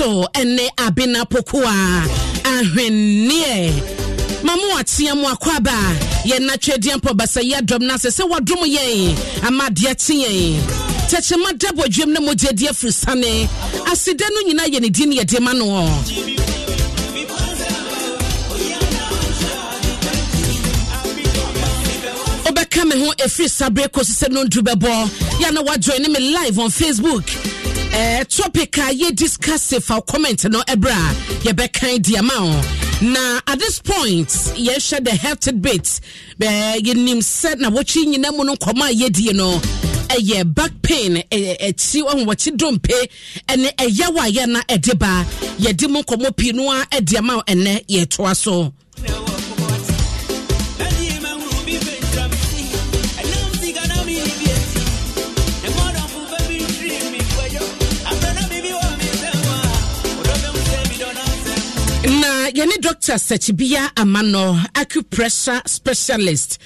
Crystal ɛne Abena Pokuwa ahwenneɛ mamu ateɛ mu akwaba yɛn natwedeɛ mpɔ basa yɛ no asɛ sɛ wadom yɛn ama adeɛ te yɛn tɛkyɛma da bɔ adwam ne mogyadiɛ firisane no nyinaa yɛ ne din yɛde ma noɔ wobɛka me ho ɛfiri saberɛ kɔsi sɛ no bɛbɔ yɛ na woajoine me live on facebook eh, topic a uh, yɛ discuss fa comment no ɛberɛ a yɛbɛkan de ama wo na at this point ye share the health bit eh, yɛnim sɛ na wɔtwe ye mu no nkɔmmɔ a di no eh, ye back pain ɛti ɔnwɔkye dompe ɛne ɛyaw a yɛna ɛde ba ye mu nkɔmmɔ pii no a ɛde ama ne ɛnɛ yɛtoa so yɛne dr sachibia amano acupressure specialist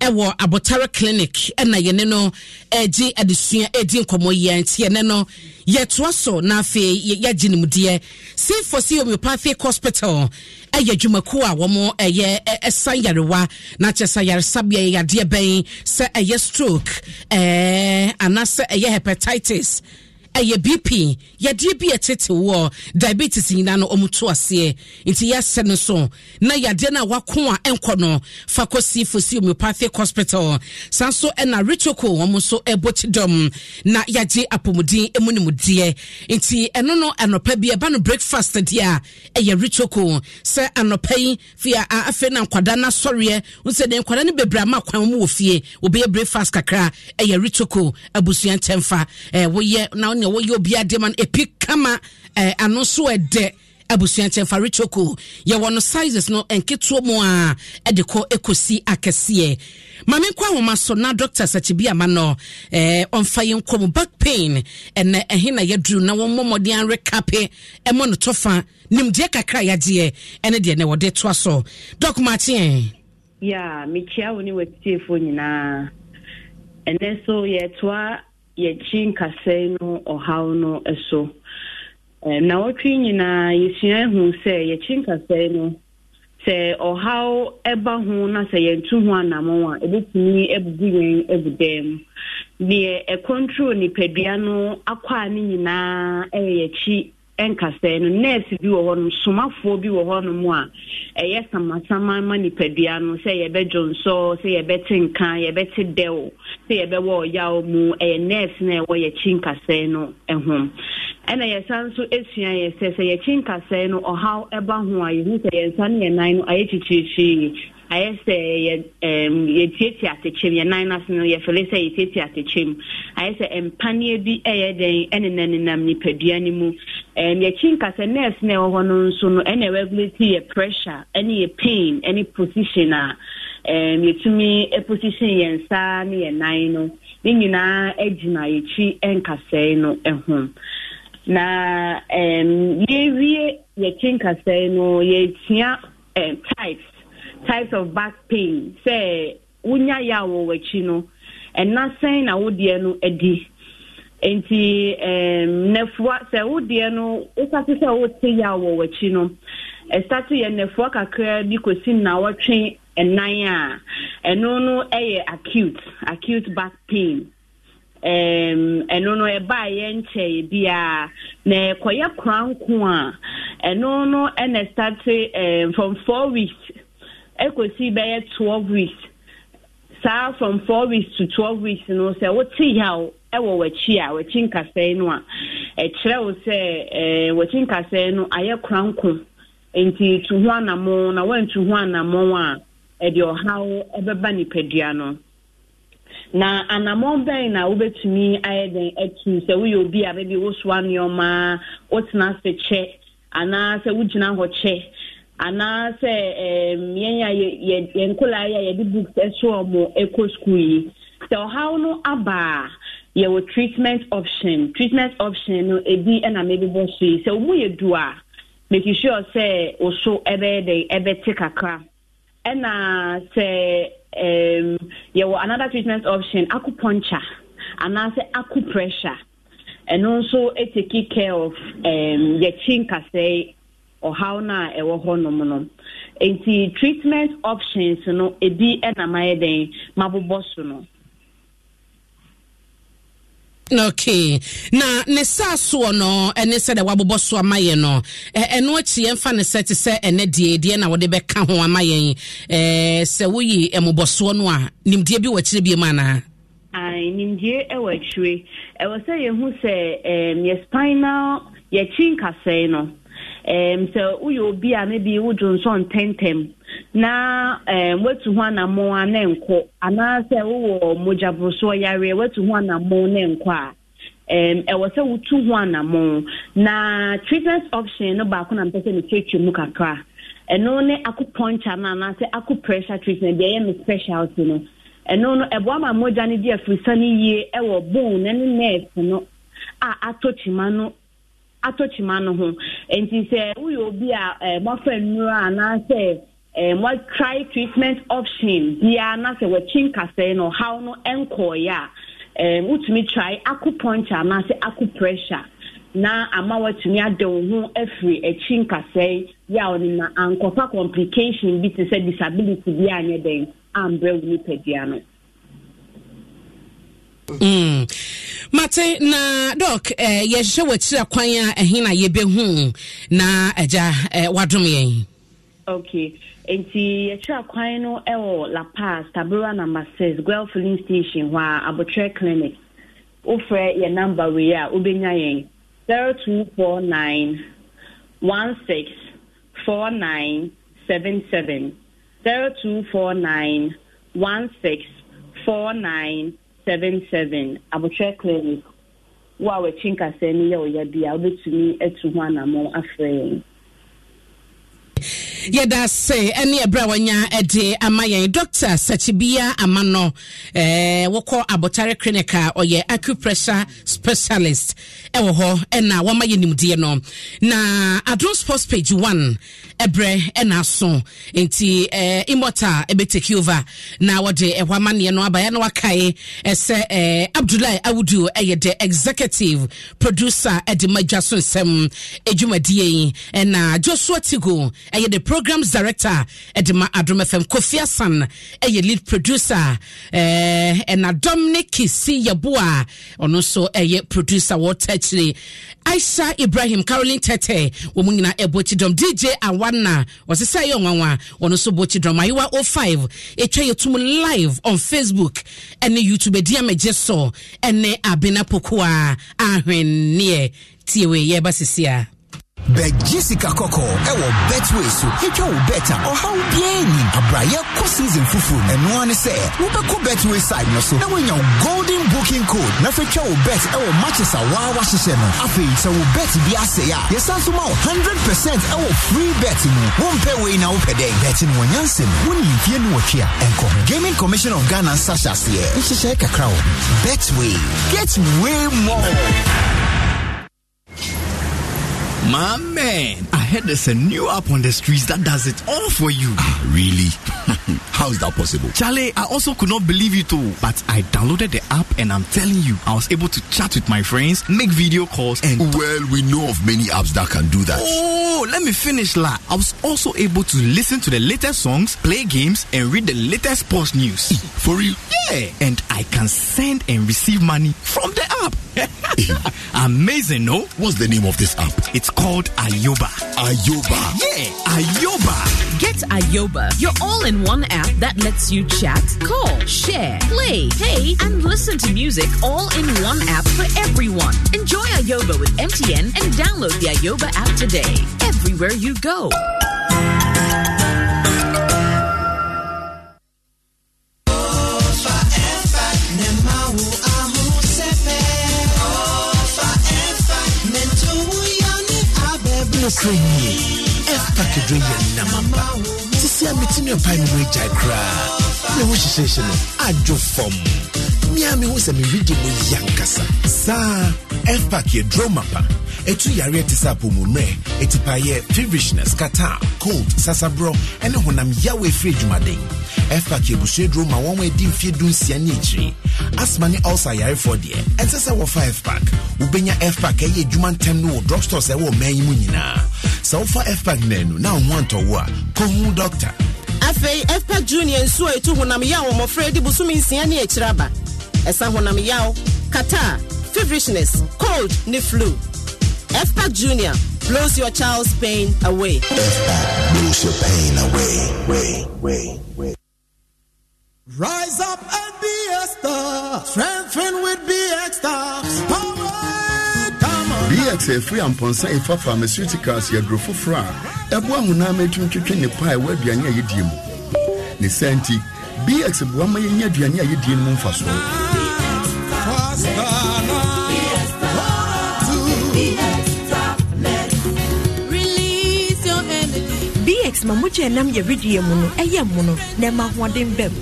ɛwɔ abotare clinic ɛna yɛne no ɛgye adesua ɛdi nkɔmmɔ yi nti yɛne no yɛtoa so na afei yɛagye nimdeɛ sefose homeopathic hospital ɛyɛ adwumakuo a wɔn ɛyɛ ɛsan yarewa na kyɛ sɛ yaresabea yɛ yadeɛ bɛn sɛ ɛyɛ stroke ɛɛ anaasɛ ɛyɛ hepatitis ɛyɛ bp yɛdeɛ bi ɛtete wɔ diabetes nyinaa no ɔmo to aseɛ nti yɛasɛ no so na yadeɛ no a wako a ɛnkɔ no fa kɔsi fosi homeopathic hospital saa nso ɛna e richoco wɔn nso ɛbɔ ti dɔm na yɛagye apɔmuden ɛmu ne mu deɛ nti ɛno no anɔpa bi ɛba e no breakfast deɛ a ɛyɛ richoco sɛ anɔpa yi fia afei na nkwadaa n'asɔreɛ nsɛ deɛ nkwadaa no bebree ama kwan mu wɔ fie obɛyɛ breakfast kakra ɛyɛ e richoco abusua ntɛmfa ɛɛ woyɛ na ɔne wɔyɛ obiara dɛm ano epi kama ɛɛ ano so ɛdɛ abusuakyɛn faritoko yɛwɔ no sizes no nketewa mu a ɛde kɔ ekosi akɛseɛ maame nkɔ ahoma so na doctor sachibi ama no ɛɛ ɔnfa yɛn kɔn mu back pain ɛnɛ ɛhe na yɛduru na wɔn mmɔmɔden arekape ɛmɔ no tɔfa nimdeɛ kakra yagyeɛ ɛne deɛ na wɔde toa so doc maakyeɛ. ya mekyia wo ne wɔ tiefo nyinaa ɛnɛ so yɛtoa yɛkyi nkasɛe no ɔhaw no so na wɔtwe nyinaa yɛsua hu sɛ yɛkyi nkasɛe no sɛ ɔhaw ba ho na sɛ yɛnto ho anammɔn a ɛbɛtumi abugu yɛn agu dan mu deɛ ɛkɔntro nipadua no akɔ a ne nyinaa ɛyɛ yɛkyi nkasa no nurse bi wɔ hɔnom somafoɔ bi wɔ hɔnom a ɛyɛ samasama ma nipadua no sɛ yɛbɛdwo nsɔ sɛ yɛbɛte nka yɛbɛte dɛw sɛ yɛbɛwɔ ɔyaw mu ɛyɛ nurse na ɛwɔ yɛkyi nkasa no ho ɛna yɛsan nso esua yɛ sɛ sɛ yɛkyi nkasa no ɔhaw ɛba ho a yɛhu sɛ yɛn nsa ne yɛn nan no ayɛ kyikyirikyiri ayɛ sɛ yɛtieti atekyem yɛnan nan nase no yɛfɛle sɛ yɛtieti mu ayɛ sɛ mpaneɛ bi ɛyɛ dɛn ne nanenam nipadua no mu yɛkyi nkasɛ sɛ nurse na ɛwɔ hɔ no nso no ɛna ɛregulate yɛ pressure ɛne yɛ pain ɛne position a yɛtumi position yɛn nsa ne yɛn nan no ne nyinaa agyina yɛkyi nkasɛe no ho na yɛwie yɛkyi nkasɛe no yɛtua types types of back pain sɛ wonya yɛ a wɔ w'akyi no ɛna sɛn na wodeɛ no adi nti um, nɛfoa sɛ wodeɛ no wosate sɛ wote yɛ a wɔ w'akyi no ɛstate yɛ nɛfoa kakra bi kɔsi nnawɔtwe ɛnan a ɛno no yɛ acute acute back pain um, ɛno no ɛbaa yɛ nkyɛe biara na ɛkɔyɛ kora nko a ɛno no ɛna from four weeks ekosi bɛyɛ twelve weeks saa from four weeks to twelve weeks no sɛ wote ya o ɛwɔ w'akyi a w'akyi nkasɛɛ no a ɛkyerɛ wo sɛ ɛɛ w'akyi nkasɛɛ no ayɛ koranko nti tu ho anammɔn na wɔntu ho anammɔn a ɛde ɔhaw ɛbɛba nipadua no na anammɔn bɛn na wobɛtumi ayɛ den etu sɛ woyɛ obi a baabi wosoa nneɛma wotena se kyɛ anaasɛ wogyina hɔ kyɛ. anaasɛ yɛnya yɛn nkolaa yi a yɛde books ɛso ɔmo ɛkɔ skuul yi sɛ ɔhaw no aba a yɛwɔ treatment option treatment option no ebi ɛna mɛbi bɔ so yi sɛ ɔmo yɛ du a making sure sɛ ɔso ɛbɛyɛ dɛ ɛbɛte kakra ɛna sɛ yɛwɔ another treatment option acupuncture anaasɛ acupressure ɛno nso care of yɛkyi nkasɛɛ. ɔhaw no a ɛwɔ nom no nti treatment options no ebi namayɛ dɛn mabobɔ so no okay na ne saa soɔ no ɛne sɛ dɛ wabobɔ so ama yɛ no ɛno akyi yɛmfa no sɛ te sɛ ɛnɛ deɛ na wode bɛka ho ama yɛn sɛ woyi mmobɔsoɔ no a nimdeɛ bi wɔ akyirɛ bi mu anaa nimdie wɔ akyire ɛwɔ sɛ yɛhu sɛ yɛ spinal yɛkyi nkasɛe no sɛ woyɛ obi a ne bi wodwo nsɔ ntɛmtɛm na watu ho anammɔn a na nkɔ anaasɛ wowɔ mogyaborosoɔ yareɛ woatu ho anammɔn na nkɔ a ɛwɔ sɛ wotu ho anammɔn na treatment option no baako na mpɛ sɛ metwetwe mu kakra ɛno ne acupuncture no anaasɛ pressure treatment deɛ ɛyɛ me specialty no ɛno no ɛboa ma mogya no di afurisa no yie ɛwɔ bone ne ne nerve no a atɔ kyima no atɔ kyima no ho nti sɛ woyɛ obi a na eh, nnuro anaasɛ eh, moatry treatment option biara na sɛ wakyi nkasɛe no ɔhaw no nkɔɔeɛ a eh, wotumi trae ako na anaasɛ ako na ama woatumi ada wo efiri afiri nkasa nkasɛe yɛ a na complication bi te sị disability bi anya deng a wo nipadua no mm. mate na dok eh, yɛhyehyɛ w'akyiri a kwan a ɛhe na yɛbɛhu na agya eh, wadom yɛn okay nti yɛkyerɛ kwan no ɛwɔ la paz tabora number six guel filling station hɔ a abotire clinic wofrɛ yɛ number wei a wobɛnya yɛn zero two four nine one six four nine seven seven zero two four nine one six four nine seven seven abotire clinic wo a wɔakyi nkasa no yɛ ɔyɛ bi wobɛtumi atu ho anammɔn afrɛ yɛn yɛda se ɛne ɛberɛ a wɔnya de ama yɛn dr sakyibia ama no eh, wɔkɔ abotare clinic a ɔyɛ acupressure specialist ɛwɔ hɔ ɛna wɔma yɛ nimdeɛ no na adron sports page 1 ɛberɛ ɛna aso nti eh, immortal ɛbɛtake over na wɔde ɛhɔ amanneɛ no abaeɛ na wakae ɛsɛ eh, abdulai awudu ɛyɛ the executive producer ɛde ma dwa so nsɛm adwumadie yi ɛna joshua tigo ɛyɛ the programs director ɛde ma adom fm kofi asan ɛyɛ lead producer eh, ɛnadɔm ne kisi yɛboa ɔno nso ɛyɛ producer wɔtakyire aisha ibrahim caroline tete wɔn mu nyinaa ɛbɔ kyi dɔm dj awana wɔsesa yɛ ɔnwanwa wɔn nso bɔ kyi dɔm ayewa 05 ɛtwa yɛ tum live on facebook ɛne youtube ɛdi amagye so ɛne abena pokoa ahwenneɛ tie wei yɛba sisi a bɛgye sika kɔkɔɔ ɛwɔ betway so atwa wo bet a ɔhaw biara nim abrayɛ kɔ season foforɔ mu ɛnoa ne sɛ wobɛkɔ betway side no so na woanya wo golden booking code na fɛtwa wo bet ɛwɔ matches a waa wahyehyɛ no afei sɛ wo bet bi asɛe a yɛsan so ma wo 100 percent ɛwɔ free bet mu wompɛ wei na wopɛ dɛn bet no wɔnya nsɛm wone mfie no wɔtwe a ɛnkɔ ho gaming commission of ghana nsahyɛ aseɛ nhyehyɛe kakra wo betway get way more My man, I heard there's a new app on the streets that does it all for you. Ah, really? How is that possible? Charlie, I also could not believe you too. But I downloaded the app and I'm telling you, I was able to chat with my friends, make video calls, and. Well, we know of many apps that can do that. Oh, let me finish, La. I was also able to listen to the latest songs, play games, and read the latest sports news. For real? Yeah. And I can send and receive money from the app. Amazing, no? What's the name of this app? It's called Ayoba. Ayoba. Yeah, Ayoba. Get Ayoba, your all in one app that lets you chat, call, share, play, pay, and listen to music all in one app for everyone. Enjoy Ayoba with MTN and download the Ayoba app today. Everywhere you go. yɛfrɛ nie ɛfa kedro yɛ nam aba sisi a meti no ɛpae me no agyae koraa ne ho hyehyɛhyɛ no adwo fam mia mi ho sɛ merigye mo yi ankasa saa fpak yɛ droma pa ɛtu yareɛ te sɛ apɔmummerɛ ɛtipayɛ feverishness kata cold sasaborɔ ne honam yawo ɛfiri adwumaden fpak abusua duro ma wɔn adi mfeɛ du nsia ne akyiri asma ne ulcer yarefoɔ deɛ ɛnsɛ sɛ wɔfa fpak wobɛnya fpak ɛyɛ adwuma ntɛm no wɔ drugstores ɛwɔ ɔman yi mu nyinaa sɛ wofa fpak naanu na wo ho antɔwo a kɔhu doctor afei fpak junior nsuo ɛtu honam yɛ a wɔmmɔfrɛ de bosome nsia ne akyiri aba ɛsa honam yaw kata feverishness cold ne flu FPA junior blows your child's pain away blows your pain away way way way rise up and be a star strengthen with bx stars bx afiri ampɔnsa ɛfa pharmaceuticals yɛduro foforɔ a ɛboa honam atumi twetwe ne pa a ɛwɔ aduane a yɛdie mu ne sa nti bx boa ma yɛnya aduane a yɛdie no mu mfasoɔ bx ma mogya ɛnam yɛredua mu no ɛyɛ mmono na ɛma ahoɔden bɛm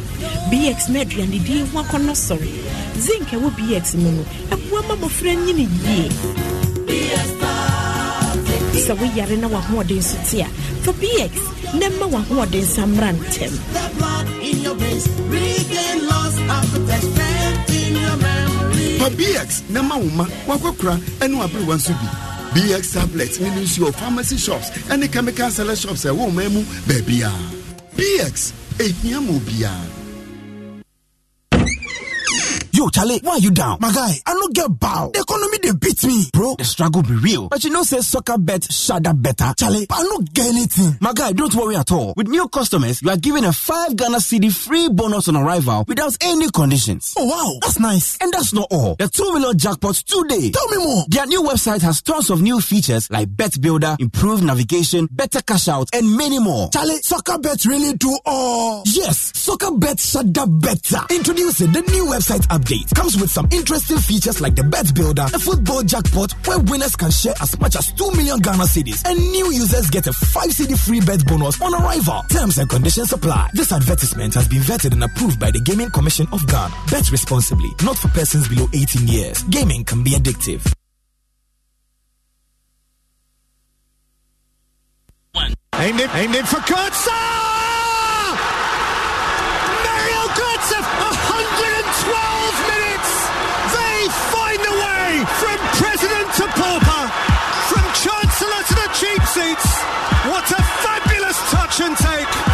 bx ma aduanedie ho akɔnnɔ sɔre zinc ɛwɔ bx mu no ɛboa ma mmɔfra nyine yie sɛ woyare na wahoɔden so te a fa bx na mma w'ahoɔden nsa mmra ntɛm pa bx na ma wo ma wakɔkora ne waberewa nso bi bx tablet ne ne nsuo pharmacy shops ne chemical seller shops ɛwɔ ɔman mu baabia bx ehia ma obiara Yo, Charlie, why are you down? My guy, I no get bow. The economy they beat me. Bro, the struggle be real. But you know, say soccer bet, shada better. Charlie, I no get anything. My guy, don't worry at all. With new customers, you are given a 5 Ghana CD free bonus on arrival without any conditions. Oh, wow. That's nice. And that's not all. The 2 million jackpot today. Tell me more. Their new website has tons of new features like bet builder, improved navigation, better cash out, and many more. Charlie, soccer bet really do all. Yes, soccer bet, shada better. Introducing the new website update comes with some interesting features like the bet builder, a football jackpot where winners can share as much as 2 million Ghana cedis, and new users get a 5 CD free bet bonus on arrival. Terms and conditions apply. This advertisement has been vetted and approved by the Gaming Commission of Ghana. Bet responsibly, not for persons below 18 years. Gaming can be addictive. One. Aimed it, aimed it for Kurtzau! seats. What a fabulous touch and take.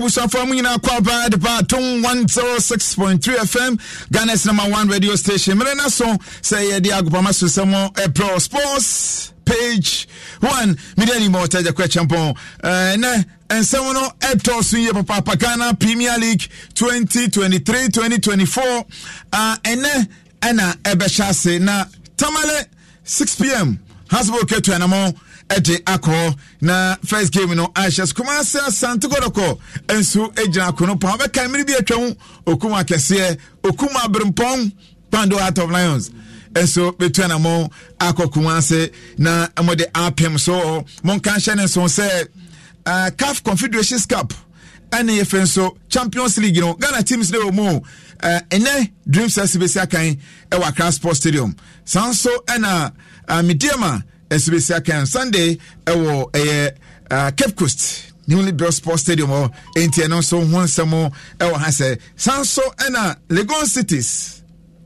abusuafoɔ mu nyinaa kɔ abaa de ba atom 106.3 fm ghana's number one radio station mmerɛ na so sɛ yɛde agopama so sɛ mo ɛprɛ sports page one mede anim ɔtagya kɔ kyɛmpɔn ɛnɛ nsɛm no ɛtɔ so yie papaapa ghana premier league 2023 2024 ɛnɛ ɛna ɛbɛhyɛ ase na tamale 6 pm hasbo ketuanamɔ ɛde akɔ na first game no ahyɛ kumase asante gɔdɔkɔ nso gyina akono pɔn bɛka mmiri bi atwa ho okum akɛseɛ okum abirempɔn pando heart of lions nso bɛtua na mo akɔ kumase na mode apem so monka hyɛ ne nso sɛ uh, caf confederations cup ɛne yɛfɛ nso champions league no ghana teams ne wɔ mu eh, ɛnɛ dream sɛ sibɛsi akan ɛwɔ accra sports stadium saa nso ɛna uh, mediama nsibesi akan sunday ɛwɔ ɛyɛ uh, cape coast newly built sports stadium hɔ enti ɛno nso ho nsɛm ɛwɔ ha sɛ san so ɛna lagos cities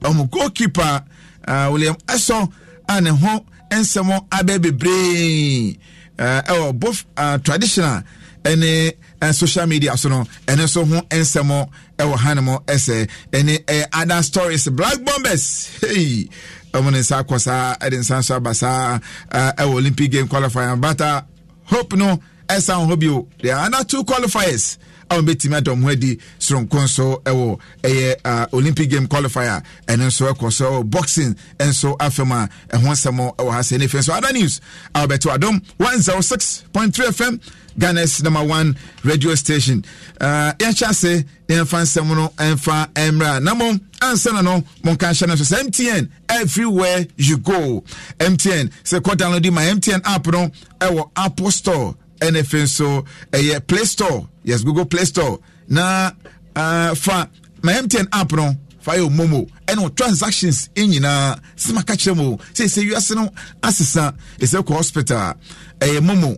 ɔmo goalkeeper uh, william ɛsɔ a ne ho nsɛm abɛ bebree ɛwɔ eh, eh, both eh, traditional ɛne social media so no ɛno so ho nsɛm ɛwɔ hanom ɛsɛ ɛne other stories black bombers hey ɔmo ne nsa akɔ saa ɛde nsa nso aba saa ɛwɔ olympic game qualifying but hope no ɛsan ho bio there are another two qualifiers a wɔn bɛtumi adɔm ho adi soronko nso ɛwɔ ɛyɛ olympic game qualifier ɛno nso ɛkɔ so ɛwɔ boxing nso afɛm a ɛho nsɛm ɛwɔ ha sɛ ne nso other news a wɔbɛto adɔm one zero oh six point three fm ghana's number one radio station uh, yɛhyɛ ase yɛmfa nsɛm no ɛmfa mmerɛ a na mo ansa na no monka hyɛ no so sɛ mtn everywhere you go mtn sɛ kɔ download my mtn app no ɛwɔ apple store ɛne afei nso ɛyɛ play store yes google play store na uh, fa ma mtn app no fa yɛ momo ɛne transactions nyinaa sima ka kyerɛ mu sɛ ɛsɛ wiase no asesa ɛsɛ kɔ hospital ɛyɛ eh, momo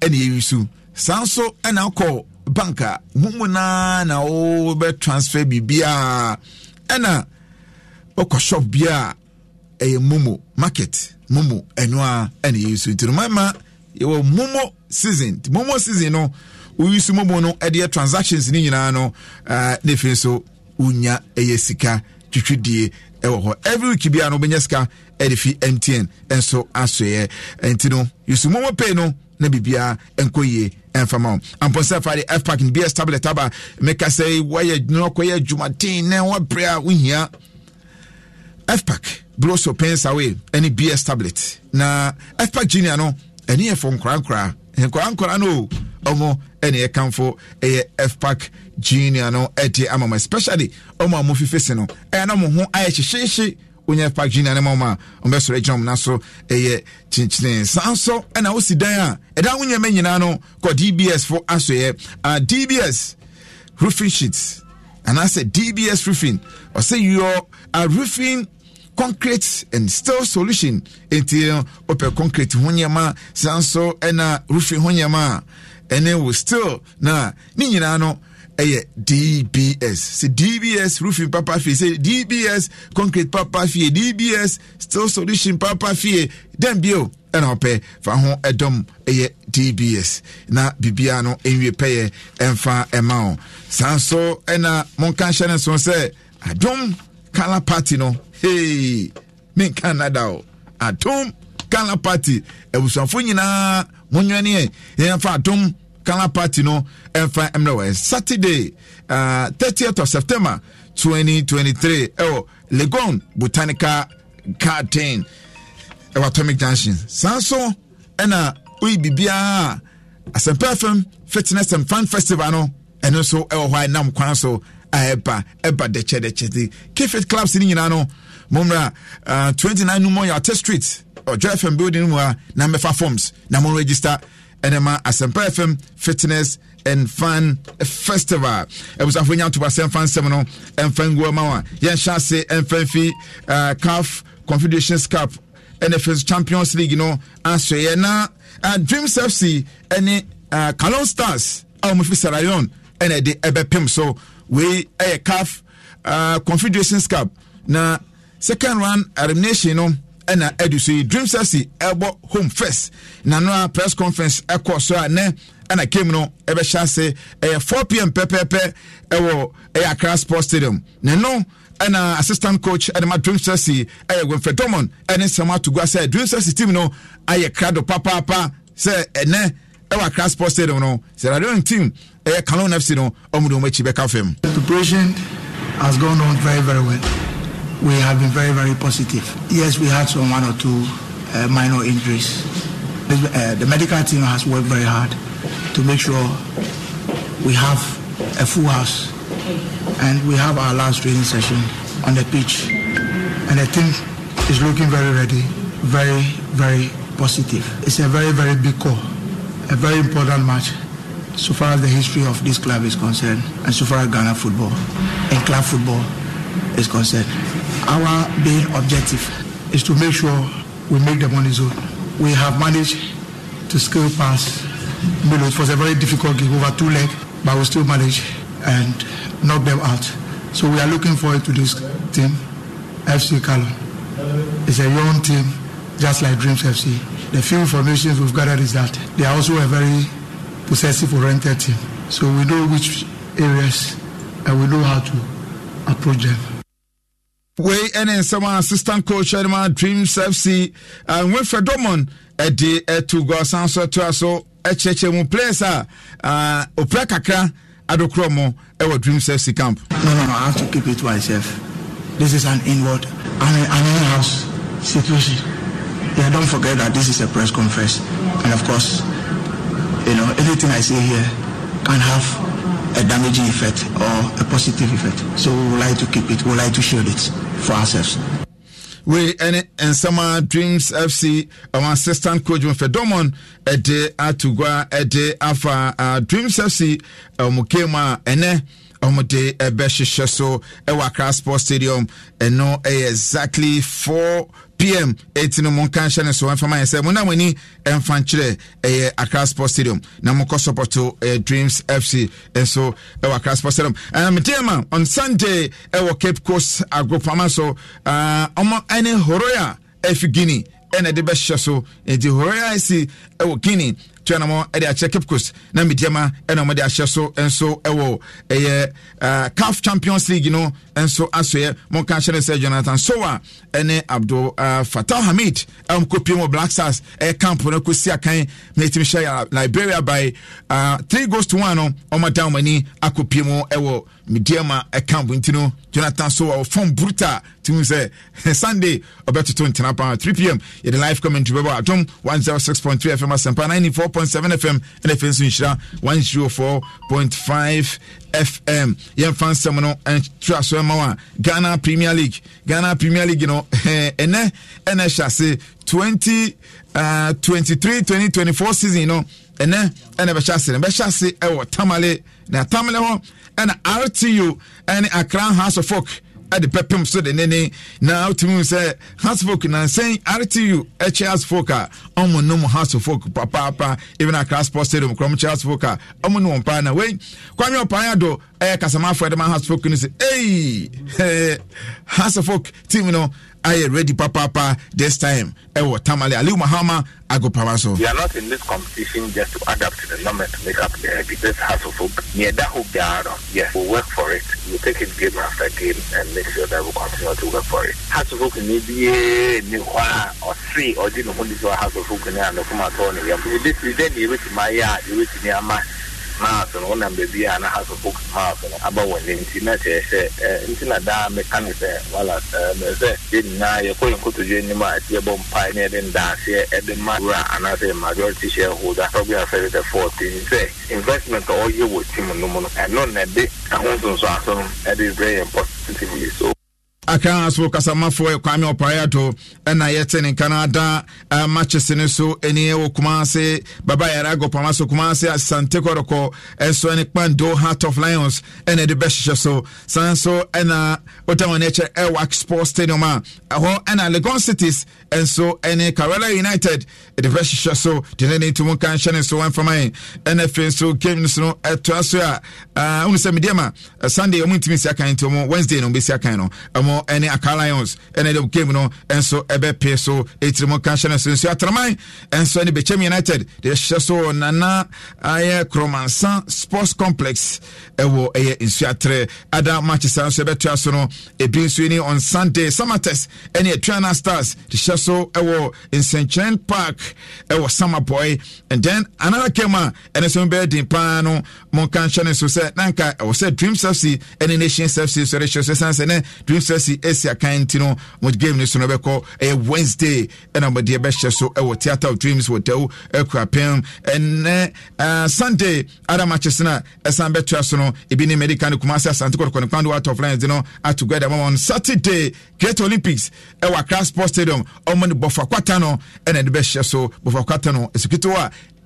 ɛne yɛwi so saa nso ɛna akɔ bank a momo naa na wobɛ transfer biribiaa ɛna wokɔ shop bia ɛyɛ eh, momo market momo ɛno a ɛne yɛwi so nti no mama yɛwɔ momo season momo season no woyi so momo no ɛdeɛ transactions ni nyinaa no uh, ne afei so wonya ɛyɛ sika twitwidie ɛwɔ hɔ every week bia no wobɛnya sika ɛde fi mtn ɛnso asɔeɛ nti no yusu momo pay no na biribiaa ɛnkɔ yie ɛmfama wo ampɔsɛ fa de fpak no bs tablet aba meka sɛ woayɛ no kɔyɛ adwumaden na woabrɛ a wohia fpak bloso pensawe ɛne bs tablet na fpak junior no ɛne yɛ fɔ nkorankoraa nkɔla nkɔla no ɔmo ɛna ɛkanfo ɛyɛ fpac junior no ɛte ama mo especially ɔmo a mo fifi si no ɛyɛ na mo ho ayɛ hyehyehye onye fpac junior no ma ɔmo a ɔmo bɛ ɛgyina ɔmo na so ɛyɛ kyinkyini san so ɛna osi dan a ɛdan ahonya mɛ nyinaa no kɔ dbs fo aso yɛ a dbs roofing sheets anaasɛ dbs roofing ɔsɛ yɔ a roofing concrete and steel solution uh, nti ɔpɛ concrete ho nneɛma san so ɛna roofing ho nneɛma a ɛne wo steel na ne nyinaa no ɛyɛ dbs sɛ dbs roofing papa fie sɛ dbs concrete papa fie dbs steel solution papa fie dɛn bio ɛna ɔpɛ fa ho ɛdɔm ɛyɛ dbs na biribiara no ɛnwie pɛyɛ ɛmfa ɛma o san so ɛna monka nhyɛ ne so sɛ adom Kala party no hey me Canada o atom kala party abusuafo nyinaa e yɛmfa atom kala party no ɛmfa mmerɛ wɔ saturday uh, 30th of september 2023 ɛwɔ legon botanical garden ɛwɔ atomic junction saa nso ɛna woyi biribiaa asɛmpa fm fitness and fun festival no ɛno nso ɛwɔ hɔ a ɛnam kwan so aɛba ɛba dɛkyɛdɛkyɛde kfit clubs no nyinaa no mommra uh, 29 no mu yɛ ate street ɔdwa fm building no mu a na mɛfa forms na mo register ɛne ma asɛmpa fm fitness and fan festival ɛbusafo nya ntobasɛm fa nsɛm no ɛmfa nguɔ ma wo a yɛnhyɛ ase ɛmfa mfi ah, caf confederations cup nfs champions league no asɔeɛ na uh, ah, dreams fc ɛne uh, ah, calon stars a wɔmfi sarayon ɛna ɛde ɛbɛpem so wei ɛyɛ caf uh, confederations cup na second round elimination no ɛna ɛdu so yi dream sexy ɛbɔ home first na no a press conference ɛkɔ so a nɛ ɛna game no ɛbɛhyɛ ase ɛyɛ four pm pɛpɛɛpɛ ɛwɔ ɛyɛ accra sports stadium na no ɛna assistant coach ɛde ma dream sexy ɛyɛ gwenfɛ dɔmɔn ɛne nsɛm ato gua sɛ dream sexy team no ayɛ krado papaapa sɛ ɛnɛ ɛwɔ accra sports stadium no sɛ radio team ɛyɛ fc no akyi bɛka fam. the preparation has gone on very very well we have been very very positive yes we had some one or two uh, minor injuries uh, the medical team has worked very hard to make sure we have a full house and we have our last training session on the pitch and the team is looking very ready very very positive it's a very very big call a very important match so far as the history of this club is concerned, and so far as Ghana football and club football is concerned. Our main objective is to make sure we make the money zone. We have managed to scale past Milo. It was a very difficult game over two legs, but we still managed and knock them out. So we are looking forward to this team, FC Calon. It's a young team, just like Dreams FC. The few information we've gathered is that they are also a very possessive oriented team. So we know which areas and we know how to approach them. wei ɛne nsɛm a assistant coach ɛnema dreams fc eh, nwefrɛ dɔmon ɛde eh, eh, ɛto gɔsan so ɛtoa so ɛkyerɛkyerɛ mu players a ah, ɔpira kakra adokorɔ mo ɛwɔ dreams fc camp no no no i have to keep it to myself this is an inward and an in-house situation yeah don't forget that this is a press conference and of course you know, anything I say here can have a damaging effect or a positive effect. So we would like to keep it, we would like to shield it for ourselves. we and Summer dreams fc our assistant coach a day ɛde atogua ɛde afa uh, dreams fc ɔmo um, game a ɛnɛ ɔmo de so ɛwɔ accra sports stadium And ɛno ɛyɛ eh, exactly four pm ɛti no mo nka nhyɛ no so ɛmfama yɛ sɛ mo na ani ɛmfa nkyerɛ ɛyɛ Accra Sports Stadium na mokɔ support ɛyɛ Dreams FC nso ɛwɔ Accra Sports Stadium medeɛma on Sunday ɛwɔ Cape Coast agropama so ɔmo ɛne Horoya ɛfi Guinea ɛna ɛde bɛhyɛ so nti Horoya asi ɛwɔ Guinea toanam eh, de akyerɛ capcos na mediama ɛnamde eh, ahyɛ so eh, nso ɛwɔ ɛyɛ calf champions league no nso asɔeɛ monka hyɛ no sɛ jonathan soa ɛne abdul fatah hamid ɛmkɔpiem wɔ black stars ɛyɛ camp no kɔsi akan mɛtumi hyɛ liberia by three goes to one no ɔma down mani akɔpie mu ɛwɔ mediama ɛka bo nti no jonathan so a ɔfam bruta timi sɛ sunday ɔbɛtoto ntena paa 3pm yɛde live commentary bɛbɔ oh point three fm asɛmpa seven fm ɛna afei nso nhyira 104.5 fm yɛmfa nsɛm no ntra so ma wo a ghana premier league ghana premier league no ɛnɛ ɛna ɛhyɛ ase three twenty uh, twenty four season you no ɛnɛ ɛna bɛhyɛ ase no bɛhyɛ ase ɛwɔ tamale na tamale hɔ ɛna rtu ɛne akra house of folk ɛde pɛpem so de nene na wotumi sɛ house folk nansɛn rtu ɛkyɛ house folk a ɔmo nom house folk papaapa even akra sports stadium korɔm kyɛ house folk a ɔmo ne wɔn paa na wei kwame ɔpan ado ɛyɛ kasamafoɔ ɛde ma house folk no sɛ ei house folk team no I am ready Papa. this time ɛwɔ tamale aliu mahama agopama so. we are not in this competition just to adapt to the number to make up the head this has of hope near that hope there are yes we we'll work for it we we'll take it game after game and make sure that we we'll continue to work for it has of hope ni bie ni or three, or ɔdi ne ho di a has of hope ni anofuma tɔ ne yam this is then yɛ bɛ ti ma yɛ a yɛ maaf no wonam baabi a na haso fox maaf no aba wɔ ne nti na kyerɛ sɛ e, nti na daa meka ne sɛ wala e, sɛ yɛ nyinaa yɛkɔ yɛ nkotodwe anim a ɛti yɛbɔ mpae ne yɛde ndaaseɛ ɛde ma wura e anaasɛ majority shareholder probably affected the fourteen sɛ investment a ɔyɛ wɔ team no mu no ɛno na ɛde ahosonso aso no ɛde brɛ yɛn positively so aka so kasamafoɔ kwame ɔpaeato na yɛte ne kanada uh, matches no so eni e wɔ kumase baba yɛra agɔpama so kumase asante kɔdɔkɔ ɛso ne kpando heart of lions ɛna de bɛhyehyɛ so san so ɛna wotam ɔne e wax sports stadium a ɛhɔ na legon cities ɛnso ɛne carolina united de bɛhyehyɛ so de ne ne ntomu ka nhyɛ ne so one for my afei so game no so no ɛtoa so a wonu sɛ medeɛ ma sunday o ɔmu ntumi si akan nti ɔmu wednesday no be ɔmbɛsi akan no ɛmo no ɛne aka lions ɛne the game no ɛnso ɛbɛpe so ɛtiri mu kanhyɛ no so nso atraman ɛnso ɛne bɛkyɛm united deɛ ɛhyɛ so nana ayɛ kromansa sports complex ɛwɔ ɛyɛ nsuatrɛ ada match saa nso ɛbɛtoa so no ebi nso ni on sunday samates ɛne atuana stars de hyɛ so ɛwɔ nsɛnkyerɛn park ɛwɔ samaboy and then another game a ɛne so bɛyɛ den paa no monka nhyɛ no so sɛ nanka ɛwɔ sɛ dreams fc ɛne nations fc so rehyɛ so san sɛ ne dreams fc chelsea asi akan nti no mo game ni so no bɛkɔ ɛyɛ wednesday ɛna mɔde ɛbɛhyɛ so ɛwɔ theatre of dreams wɔdaw akuapem ɛnɛ sunday adam akyesena ɛsan bɛtoa so no ebi ne medical no kumase asante kɔtɔkɔnekpando out of lines no ato gada mama on saturday great olympics ɛwɔ accra sports stadium ɔmo ne bɔfa kwata no ɛna ɛde bɛhyɛ so bɔfa kwata no ɛsukito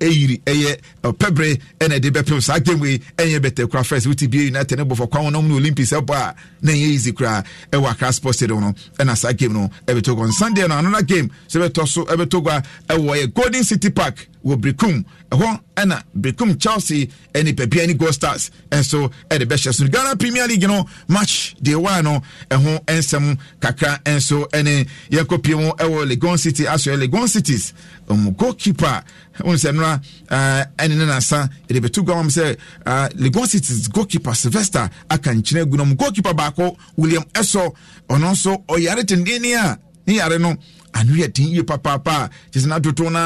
ɛyiri ɛyɛ ɔpɛbrɛ ɛna ɛde bɛpem saa game wei ɛnyɛ bɛtɛ kora first wote bia united ne bɔfɔ kwan wɔnom ne olympics ɛbɔ a na ɛnyɛ easy koraa ɛwɔ akra sports stadium no ɛna saa game no ɛbɛtɔ gɔ sunday no another game sɛ ɛbɛtɔ so ɛbɛtɔ gɔ a ɛwɔ ɛyɛ golden city park wɔ brekum ɛhɔ ɛna brekum chelsea ɛne papia ne gold stars ɛnso ɛde bɛhyɛ so ghana premier league no match day one no ɛho ɛnsɛm kakra ɛnso ɛne yɛnkɔ pie mu ɛwɔ legon city asɔɛ legon cities ɔmo um, goalkeeper wọn sɛ nora ɛne ne nasa yɛde bɛtu gua wɔn sɛ legon cities goalkeeper sylvester aka nkyɛn egu na ɔmo goalkeeper baako william ɛsɔ ɔno nso ɔyare tendeni a ne yare no ano yɛ ten yie papaapa a kyesɛ no adodow no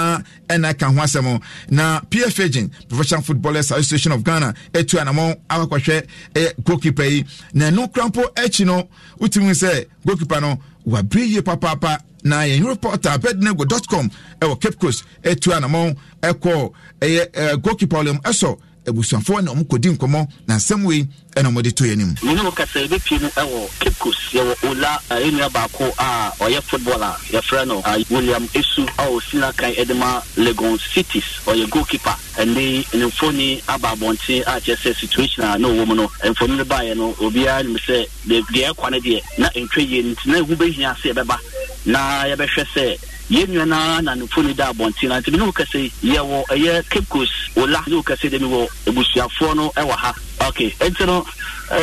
ɛna ka ho asɛm na pf agent professional footballers association of ghana atu anamɔ akɔkɔhwɛ eh, goalkeeper yi na ɛno krampo akyi no wotumi sɛ goalkeeper no wabere yie papaapa na yɛn reporter abednego com ɛwɔ eh, cape coast atu anamɔ ɛkɔ eh, ɛyɛ eh, goalkeeper olem ɛsɔ abusuafoɔ na ɔmokɔdi nkɔmmɔ na nsɛm wei ɛna ɔmɔde to yɛ no mu mene wo kasa yɛbɛpie no ɛwɔ cape yɛwɔ ola ɛnua baako a ɔyɛ football a yɛfrɛ no william esu a ɔsi na kan ɛde ma legon cities ɔyɛ goalkeeper ɛne nemfoɔ ni aba abɔnten a kyerɛ sɛ situation a na ɔwɔ mu no mfoni no baeɛ no obiara nim sɛ deɛ ɛkwa no deɛ na ntwa yie no nti na ɛho bɛhia sɛ ɛbɛba E na yɛbɛhwɛ sɛ yɛn nyinaa ara nufo ni da abɔnten na ntumi ne wo kɛ kɛse yɛwɔ ɛyɛ cape coast ola ne wo kɛse dɛm wɔ abusuafoɔ e no ɛwɔ e ha ok nti uh, uh, uh, no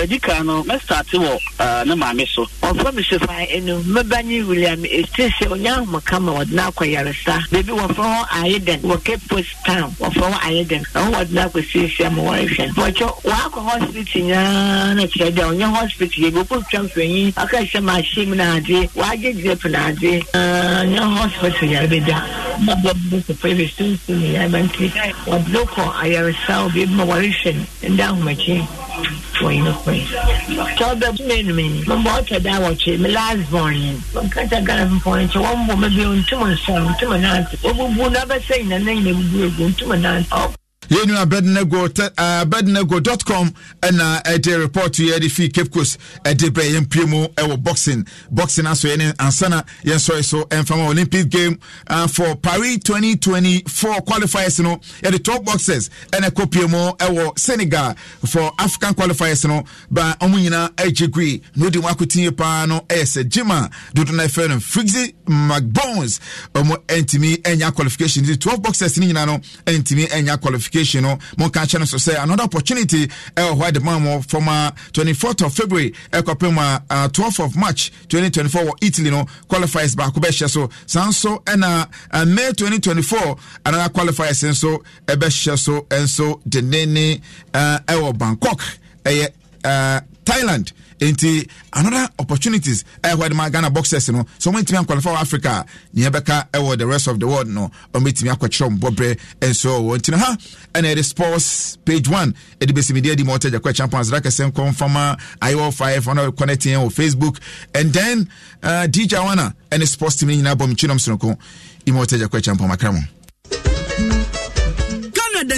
ɛdi kan no mɛsate wɔ ne maame so. wɔfrɛ me sofan enum mmeba nye william esese onyaa ahomeka ma wɔde na akɔ yaresa beebi wɔfrɛ hɔ ayeden wɔ cape coast town wɔfrɛ hɔ ayeden ɛho wɔde na akɔ siesie ama wɔrehwɛ wɔkyɛ wɔakɔ hospital nyinaa na kyerɛ dɛ ɔnyɛ hospital yɛ bi okɔ twɛn mpanyin aka hyɛ machine mu n'adze wɔagye drip n'adze ɛɛ nyɛ hospital yɛrɛ bi da mmabɔ bi kɔpɛ bi sunsun yɛrɛ bɛ nti wɔde kɔ ayaresa obi ma wɔrehwɛ no ɛda ahomeka awɔkye wɔ yi no kɔe kyɛ wobɛbu menu me mɛbɔ ɔtɔ da awɔkye me last bɔne mɛka kyɛ ghana mpɔn kyɛ wɔmbɔ mɛbi ntom nsɛm ntom nante wɔbubu no abɛsɛ nyina na nyina bubu agu ntom nante yɛnu abednego eh, abednego dot com ɛna ɛde report yɛ de fi cape coast ɛde brɛ yɛn pie mu ɛwɔ boxing boxing aso yɛ ne ansana yɛn sɔre so ɛnfam olympic game uh, for paris 2024 qualifiers no yɛde top boxers ɛna ɛkɔ pie mu ɛwɔ senegal for african qualifiers no ba wɔn nyinaa ɛgye gui na odi wɔn akutin paa no ɛyɛ sɛ jima dodo na ɛfɛ no fixie mcbones wɔn ɛntumi ɛnya qualification twelve boxers ne nyinaa no ɛntumi ɛnya qualification. You no more kyɛ no so say another opportunity ɛwɔ eh, hɔ adema mɔ from uh, 24th of february ɛkɔpem a 12th of march 2024 italy no qualifies by bɛhyɛ so sanso nso ɛna eh, eh, may 2024 another qualifiers nso ɛbɛhyɛ so so. denene ɛwɔ uh, bangkok ɛyɛ thailand nti another opportunities ɛyɛ hɔ de ma ghana boxers no so wɔn ntumi ankwalifa wɔ africa nea ɛbɛka ɛwɔ the rest of the world no wɔn bɛtumi akɔkyerɛ wɔn bɔbrɛ nso wɔ nti no ha ɛna yɛde eh, sports page one ɛde eh, bɛsi media di ma ɔtɛ jakɔ ɛkyɛn pɔn azara kɛse nkɔnfama ayɛwɔ five ɔna connecting wɔ facebook and then uh, eh, dj awana ɛne sports team ne nyinaa bɔ mu kyinom sononko ima ɔtɛ jakɔ ɛkyɛn pɔn makra mu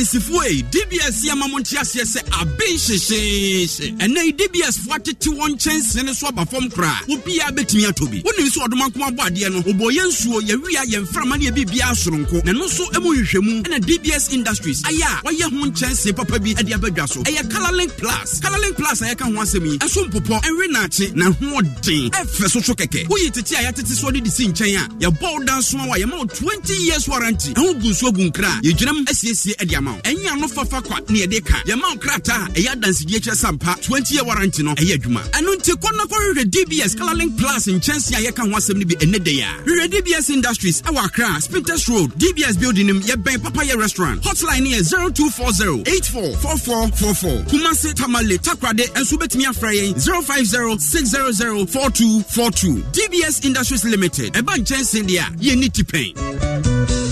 akansifoɔ yi dbs yɛ ma mo nte aseɛ sɛ abe hyehyeehye ɛnɛ yi dbs foɔ atete wɔn nkyɛnsee ne so aba fam koraa wobiaa bɛtumi atɔ bi wonim sɛ ɔdoma nkoma bɔ adeɛ no wɔbɔ yɛ nsuo yɛwia yɛmframa ne yɛbiribia asoronko nano so mu nhwehwɛmu ɛna dbs industries ayɛ a wɔayɛ ho nkyɛnsee papa bi de abadwa so ɛyɛ colorlink plus colorlink plus a yɛka ho asɛm yi ɛso mpopɔ ɛnwe naakye na hoɔden ɛfɛ so so kɛkɛ woyi tete a yɛatete so de de si nkyɛn a yɛbɔ wo danso a yɛma wo 20 years warranty ɛho gu nsuo gu nkra a yɛgyinam asiesie de ama discount ɛnyɛ ano fafa kwa ne yɛde ka yɛma wo krataa a ɛyɛ adansedie kyerɛ sampa 20 year warranty no ɛyɛ adwuma ɛno nti kɔ na kɔhwehwɛ dbs colorlink plus nkyɛnse a yɛka ho asɛm no bi ɛnɛ dɛ a hwehwɛ dbs industries ɛwɔ akra spinters road dbs building nim yɛbɛn papayɛ restaurant hotline ne yɛ 0240 844444 kumase tamale takrade nso wobɛtumi afra yɛn 050 dbs industries limited ɛba nkyɛnse deɛ a yɛnni tipɛn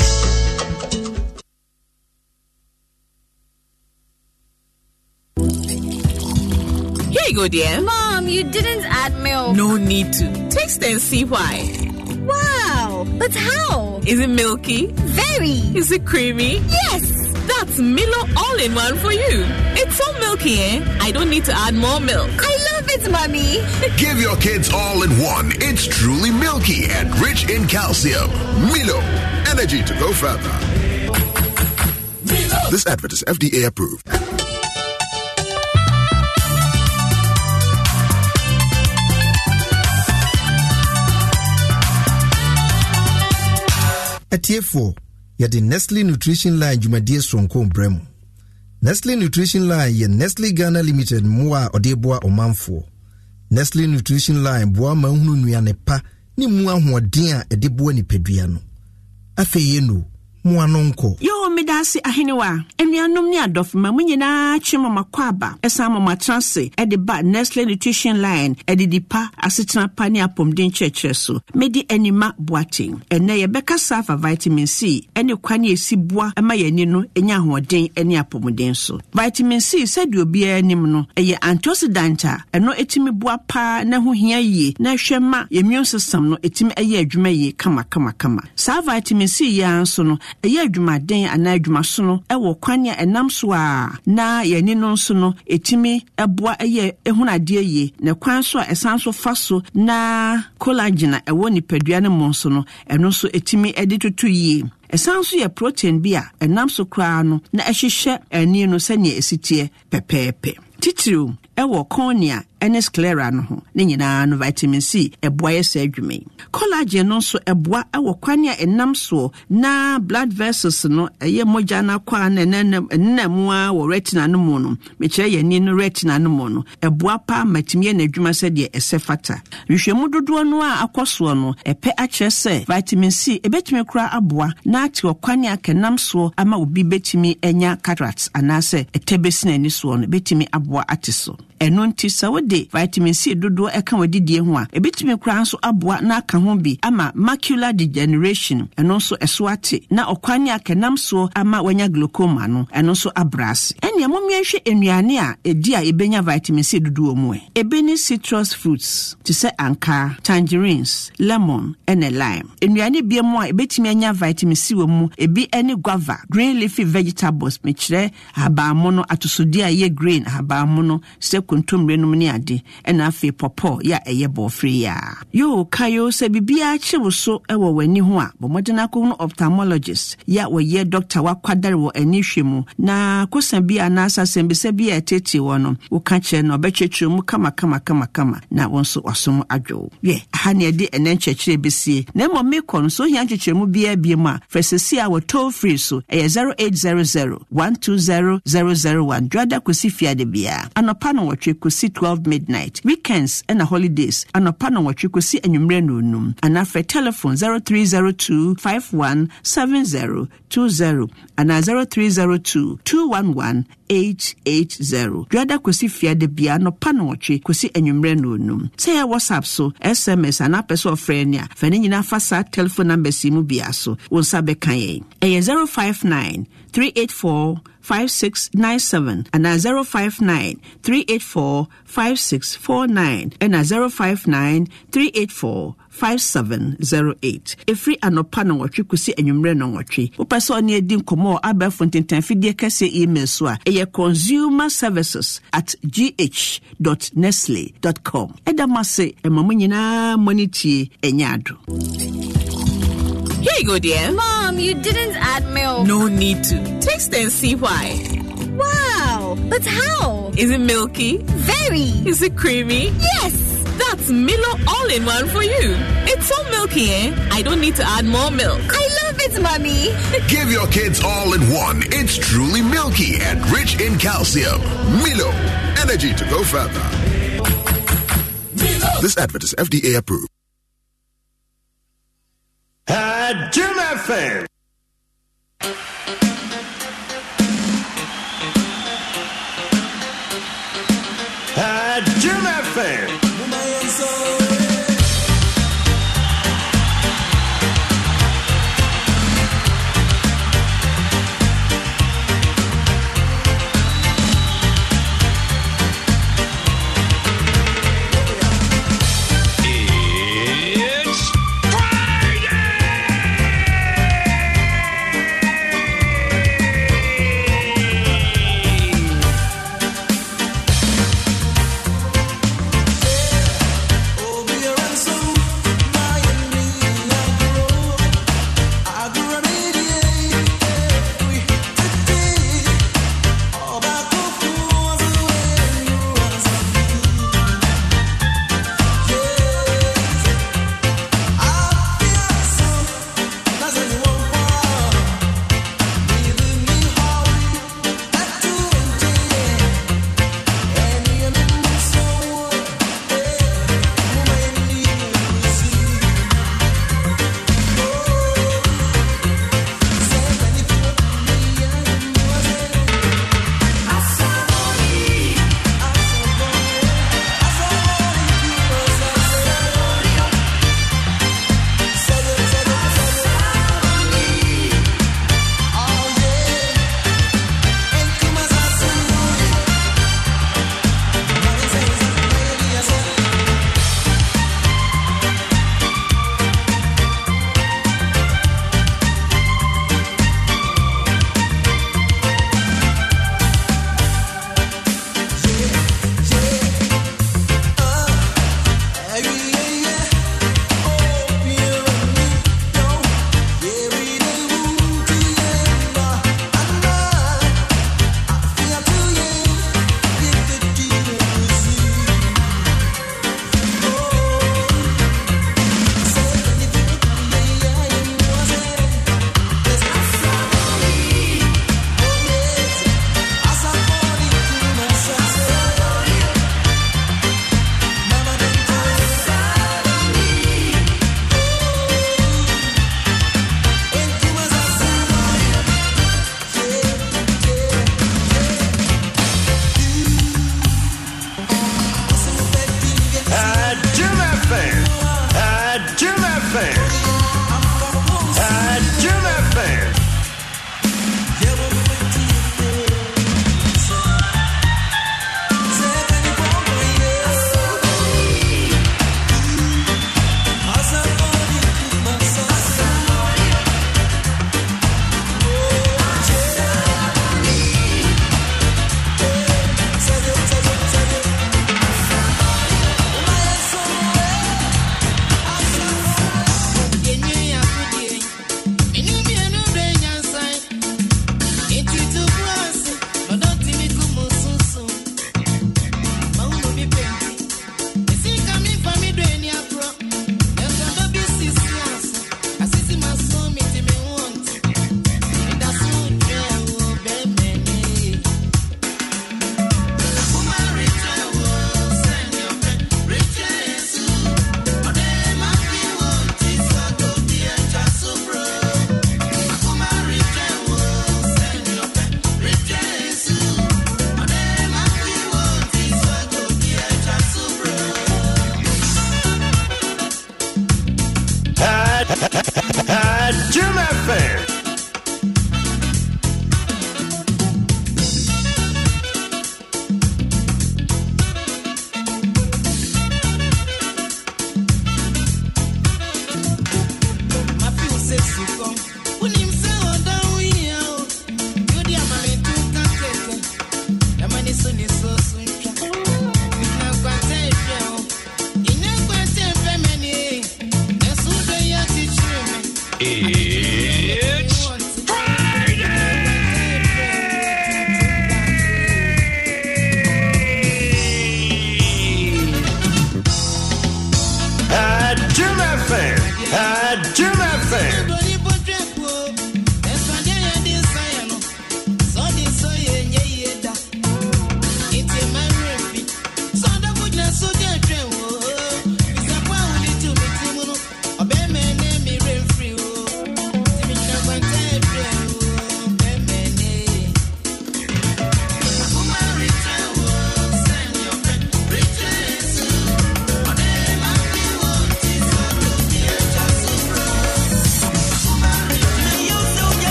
go, dear? Mom, you didn't add milk. No need to. Taste and see why. Wow, but how? Is it milky? Very. Is it creamy? Yes. That's Milo all in one for you. It's so milky, eh? I don't need to add more milk. I love it, Mommy. Give your kids all in one. It's truly milky and rich in calcium. Milo, energy to go further. Milo. This advert is FDA approved. atiefoɔ yɛde nestle nutrition line dwumadie sonko brɛ mu nestle nutrition line yɛ nestle ghana limited mmoa a ɔde boa ɔmanfoɔ nestle nutrition line boa ma hunu nnuane pa ne mu ahoɔden a ɛde boa nipadua no afei yɛ no mu ano nkɔ yɛwɔ meda ase ahenewa anuanom ne adɔfoma mu nyinaa kye mama kɔ aba ɛsan mama tena ɛde ba nestle nutrition line ɛdedi pa asetena pa ne apɔmden kyerɛkyerɛ so mede anima boaten ɛnɛ yɛbɛka safa vitamin c ɛne kwa ne ɛsi boa ma yɛani no ɛnya ahoɔden ne apɔmuden so vitamin c sɛdeɛ obiara anim no ɛyɛ antioxidant a ɛno ɛtumi boa paa na ho hia yie na ɛhwɛ ma immune system no ɛtumi ɛyɛ adwuma yie kamakamakama saa vitamin c yi ara nso no ɛyɛ adwumaden anaa adwumaso no ɛwɔ kwan a ɛnam so a na yɛni no nso no ɛtumi ɛboa ɛyɛ ehunadeɛ yie na kwan so a ɛsan so fa so na collagen a ɛwɔ nipadua no mu nso no ɛno nso ɛtumi ɛde tutu yie ɛsan nso yɛ protein bi a ɛnam so koraa no na ɛhyehyɛ ani no sɛnea ɛsi teɛ pɛpɛɛpɛ titiriw ɛwɔ cornea ne sclera no ho ne nyinaa no vitamin c ɛboa yɛ saa adwuma yi collagen no nso ɛboa wɔ kwan a ɛnam soɔ na blood vessels no ɛyɛ mogya no akɔ a na ɛnenamu a wɔ retina no mu no mekyerɛ yɛni no retina no mu no ɛboa paa matumi yɛ n'adwuma sɛdeɛ ɛsɛ fata nhwehwɛmu dodoɔ no a akɔ soɔ no ɛpɛ akyerɛ sɛ vitamin c ɛbɛtumi koraa aboa na ate ɔkwan a kɛnam soɔ ama obi bɛtumi anya cataracts anaasɛ ɛtɛ bɛsi n'ani soɔ no bɛtumi aboa ate so ɛno nti sɛ wode vitamin c dodoɔ ɛka w'adidie ho a ebitumi koraa nso aboa na aka ho bi ama macular degeneration ɛno nso ɛso ate na ɔkwan ne akɛnam soɔ ama wanya glaucoma no ɛno nso abra ase ɛnea mommea hwɛ nnuane a ɛdi a ebenya vitamin c dodoɔ mu ɛ ebe ne citrus fruits te sɛ ankaa tangerines lemon ɛne lime nnuane bi mu a ebetumi anya vitamin c wɔ mu ebi ɛne guava green leafy vegetables mekyerɛ ahabanmono atosodeɛ a ɛyɛ green ahabanmono sɛ kontomire nom ne ade ɛna afei pɔpɔ yɛ a ɛyɛ bɔɔfrɛ yi a yoo ka yoo sɛ biribiaa kyew so wɔ w'ani ho a bɔ mmɔden akɔ no ophthalmologist yɛ a wɔyɛ dɔkta wakwadare wɔ ani hwɛ mu na kosa bi anaasɛ asɛmbisa bi a ɛtetee wɔ no woka kyerɛ no ɔbɛkyerɛkyerɛ mu kamakamakamakama na wɔn nso ɔsom adwo yɛ ha ne ɛde ɛnɛ nkyerɛkyerɛ bɛsie na mmom mekɔ no so ohia nkyerɛkyerɛmu biaa bi mu a frɛ sɛsi a wɔ toll free so ɛyɛ 0800 120 001 dwada kɔsi fiade biaa anɔpa no wɔ nwɔtwe kɔsi 12 midnight weekends ɛna holidays anɔpa nɔwɔtwe kɔsi anwummerɛ no onum anafɛ telephone zero three zero two five one seven zero two zero. 51 7020 anaa 0302 211 880 duada kɔsi fiada bia nɔpa nɔwɔtwe kɔsi anwummerɛ no onum sɛ yɛ whatsapp so sms anaa pɛ sɛ ɔfrɛ ne a fa ne nyinaa fa saa telephone numbers yi mu bia so wo nsa bɛka yɛn ɛyɛ 059 5697 ana 059 384 5649 ɛna 059 384 5708 ɛfiri anɔpa no wɔtwe a anwummerɛ no wɔtwe wopɛ sɛ ɔne adi nkɔmmɔ wɔ abɛɛfo ntentanfidie kɛseɛ email so a ɛyɛ consumer services at gh nestle com ɛda mo ase ɛma mo nyinaa here you go, dear. Mom, you didn't add milk. No need to. Taste and see why. Wow, but how? Is it milky? Very. Is it creamy? Yes. That's Milo all in one for you. It's so milky, eh? I don't need to add more milk. I love it, Mommy. Give your kids all in one. It's truly milky and rich in calcium. Milo, energy to go further. This advert is FDA approved uh, Jim FM. Uh, Jim FM.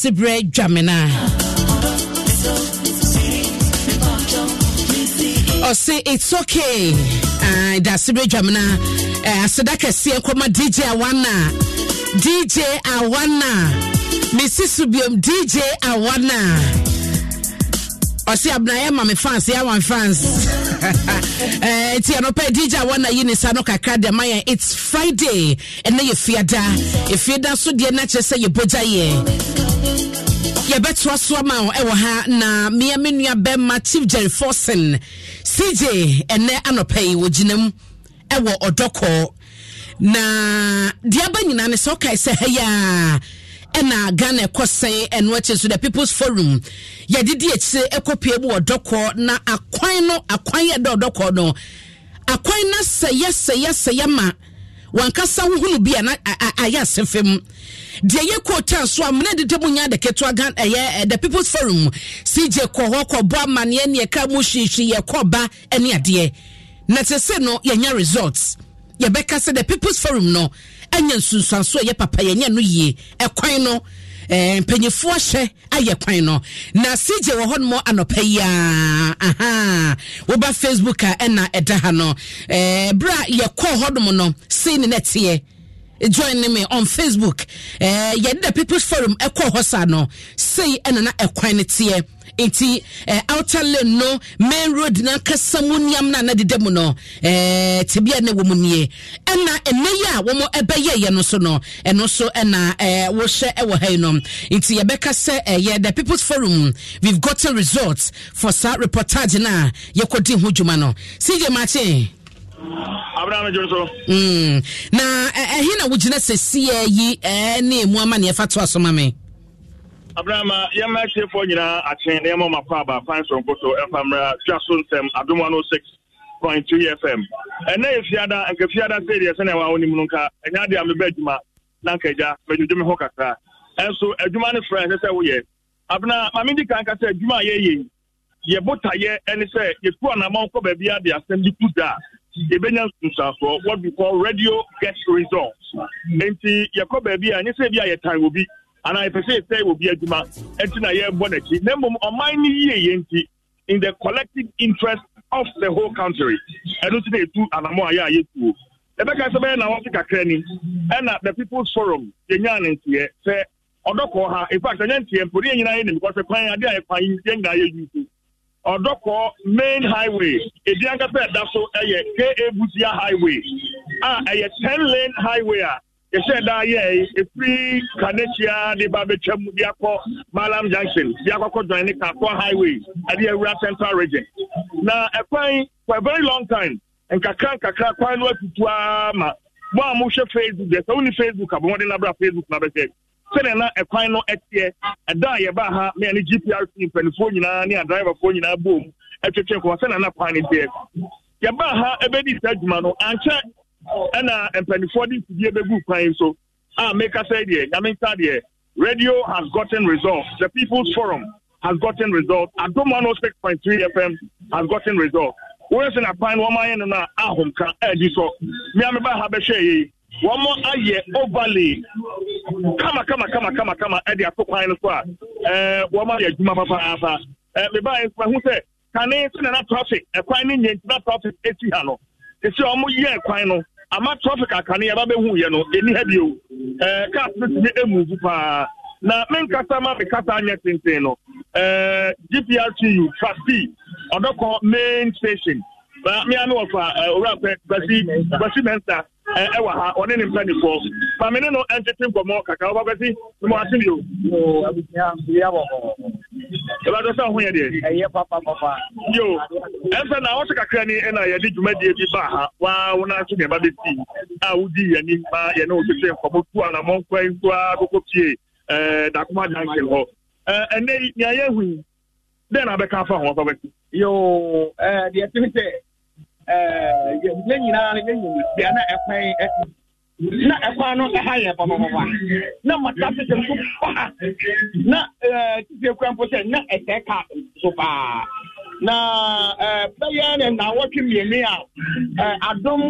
sibre dwamena ɔse oh, it's okay uh, da sibre jamina. uh, eh, aseda kɛseɛ kɔma dj awana dj awana mesi so dj awana Oh ɔsi abenayɛ ma me fans yɛ wan fans nti anɔpɛ dj awana wɔna yi ne sa no kakra deɛ ma yɛn it's friday ɛnɛ yɛ fiada yɛ fiada nso deɛ no akyerɛ sɛ yɛbogya yɛbɛtoa so ama wo ɛwɔ ha na mmea me nua bɛma chief jerry forson cj ɛnɛ anɔpɛ yi wɔgyina mu ɛwɔ ɔdɔkɔɔ na deɛ aba nyinaa ne sɛ wokae sɛ hɛyɛ a ɛna ghana ɛkɔ sɛn ɛno akyi so the people's forum yɛde di akyire ɛkɔpie mu wɔ dɔkɔɔ na akwan no akwan yɛ dɛ ɔdɔkɔɔ no akwan no sɛyɛsɛyɛsɛyɛ ma wankasa wohunu bi ana ayɛ asɛ fam deɛ yɛ kootaa so a mena deda mu nya de ketewa gan ɛyɛ eh, the people's forum cj kɔ hɔ kɔbɔ amanneɛ ne yɛka mu hwiihwi yɛkɔ ba ne adeɛ na te sɛ no yɛnya results yɛbɛka sɛ the people's forum no ɛnyɛ nsunsuanso a ɛyɛ papa yɛnyɛ no yie ɛkwan no Eh, mpanyinfoɔ hyɛ ayɛ kwan no na cj wɔ hɔnom anɔpa yi aha woba facebook a ɛna ɛda ha no eh, berɛ a yɛkɔɔ hɔnom no sei ne nɛteɛ join me on facebook eh, yɛde da peoples forum ɛkɔɔ e hɔ saa no sei ɛnana ɛkwan e no teɛ nti eh, outer lane no main road na kasa mu nneɛm na anadeda mu no eh, tebea ne wɔ mu nie ɛna ɛnɛ yi a wɔn ɛbɛyɛ yɛ no so no ɛno nso ɛna eh, wɔhyɛ ɛwɔ ha yi no nti yɛbɛka sɛ eh, ɛyɛ the people's forum we've gotten results for saa reportage na yɛkɔdi ho dwuma no cj makye abraham johnson. Mm. na ɛhe eh, eh, na wogyina sɛ siɛ yi eh, ne emu ama ne yɛfa to asoma me abrama yɛma atiefoɔ nyinaa atene na yɛma makɔ aba kwan sonko so ɛfa mmra twa so nsɛm adom 106 point 2 fm ɛnɛ yɛ fiada nka fiada sɛdeɛ sɛnea wawo nim no nka ɛnyɛ deɛ mebɛ adwuma na nka agya madwodwo me ho kakra ɛnso adwuma no frɛ ɛsɛ sɛ woyɛ abena ma medi kan ka sɛ adwuma a yɛyɛ yi yɛbotayɛ ɛne sɛ yɛtu anamma nkɔ baabi ade asɛm bi tu da a yɛbɛnya nsunsuasoɔ what we call radio get results enti yɛkɔ baabi a ɛnyɛ sɛ bi a yɛtan obi anaa ɛpɛ sɛ yɛsɛe wɔ bi adwuma ɛnti na yɛrebɔ n'akyi na mmom ɔman no yieyɛ nti in the collective interest of the whole country ɛno nti na ɛtu anammɔ a yɛ a yɛtuo ɛbɛka sɛ bɛyɛ na wɔte kakra ni ɛna the people's forum yɛnyaa ne nteɛ sɛ ɔdɔkɔɔ ha in fact ɛnyɛ nteɛ mpɔne yɛn nyinaa yɛ nim kɔsɛ kwan adeɛ a yɛkwan yɛn nyinaa yɛ yi so main highway ɛdi ankasa ɛda so ɛyɛ ka busia highway a ɛyɛ ten lane highway a yɛhyɛ daa eh, yɛ ɛfiri kanahyia de ba bɛtwam de akɔ malam junction de akɔkɔ dwan ne kakoa highway ɛde awura central region na ɛkwan for a very long time nkakra nkakra kwan no atutu ama mo a mohwɛ facebook deɛ sɛ wone facebook a bɔmmɔden nabra facebook na bɛsɛ sɛdeɛ na ɛkwan no ɛteɛ ɛda a yɛbaa ha ne ɛne gprc mpanifoɔ nyinaa ne adriverfoɔ nyinaa bom ɛtwetwe nkɔmɔ sɛdeɛ na kwan no teɛ yɛbaa ha ɛbɛdi saa adwuma no ankyɛ ɛna mpanimfoɔ de nsidie bɛgu kwan so a mekasa deɛ nyame nsa deɛ radio has gotten results the people's forum has gotten results adom 106.3 fm has gotten results wọ́n sẹ́ na kwan wọ́n ayẹ nínú ahomka so sọ mìíràn bá ha bẹ́ẹ̀ ṣe yìí wọ́n kama kama kama kama ẹ̀ẹ́dì ato kwan so a ẹ̀ẹ́ eh, wọ́n mọ ayẹ adwuma papaapa ẹ̀ẹ́ mi báyìí nso ẹ̀hún sẹ́ kane sẹ́ nana traffic ẹ̀kwan ní nyẹ ntina traffic esi ha no esi a wọ́n yẹ ẹ̀kwan no ama traffic akane yaba bɛhu yɛ no ɛni ha bio ɛɛ eh, cars bi tumi emu nfu paa na menkasa ma mekasa anyɛ tenten no ɛɛ eh, gprtu trustee ɔdɔkɔ main station baa mmea no wɔfa ɛɛ eh, owurapɛ kwasi kwasi mɛnsa. ɛwɔ ha ɔne ne mpanifoɔ ma me ne no ɛntete nkɔmmɔ kaka wobakɔsi mema ase bio ɛbɛdɔ sɛ ho yɛ deɛ yo na wɔhyɛ kakra ni ɛna yɛde bi baa ha waa wo na so nneɛma a wodii yɛni ma yɛne wo nkɔmmɔ tu pie dakoma hɔ ɛnɛ nea dɛn na afa ho yo deɛ sɛ Eh, yɛn nyinaa eh, eh, no yɛnyɛ wɔsia na ɛkwan na ɛkwan no ɛha yɛ na mata paa na mpo sɛ na ɛsɛ paa na bɛyɛ ne mmienu a adom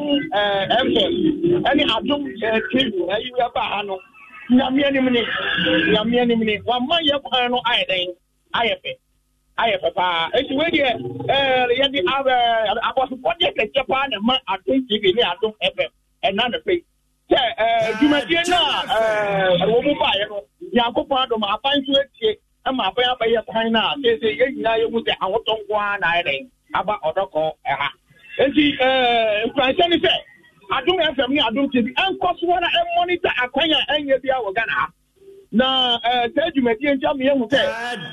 fm ɛne tv ayi ha no nim ne nim ne wama yɛ kwan no ayɛ dɛn ayɛ ayɛ pɛpaa nti wei deɛ yɛde abɔsopɔdeɛ kɛkyɛ paa na ma tv ne fm ɛna dwumadie a ɛwɔ mu baeɛ no aban so ma aban abɛyɛ kwan no a seesei yɛn nyinaa yɛhu sɛ ahotɔ nko na ayɛ dɛn aba ɔdɔkɔ ɛha nkuranhyɛ sɛ fm ne tv ɛnkɔ na ɛnyɛ bi wɔ ghana ha eh, eh, na eh, saa dwumadie nti ama ah, yɛhu sɛ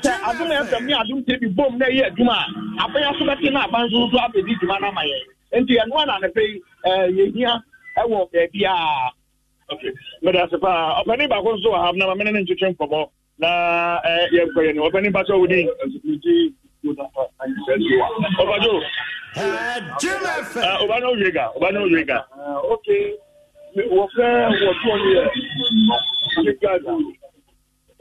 sɛ adom ɛfam ne adom tɛ bi bom na ɛyɛ adwuma a abɛya so bɛte na aba nso so abɛdi dwuma no ama yɛn nti ɛnoa na anapɛ yi eh, yɛhia ɛwɔ baabi a mede ase paa ɔpani baako nso wɔ ha na ne ntwetwe nkɔmmɔ na eh, yɛnkɔ yɛ no ba sɛ wodin ɔbajo ɔba ne ah, ok, ɔba ne owie ga wɔtoɔ no yɛ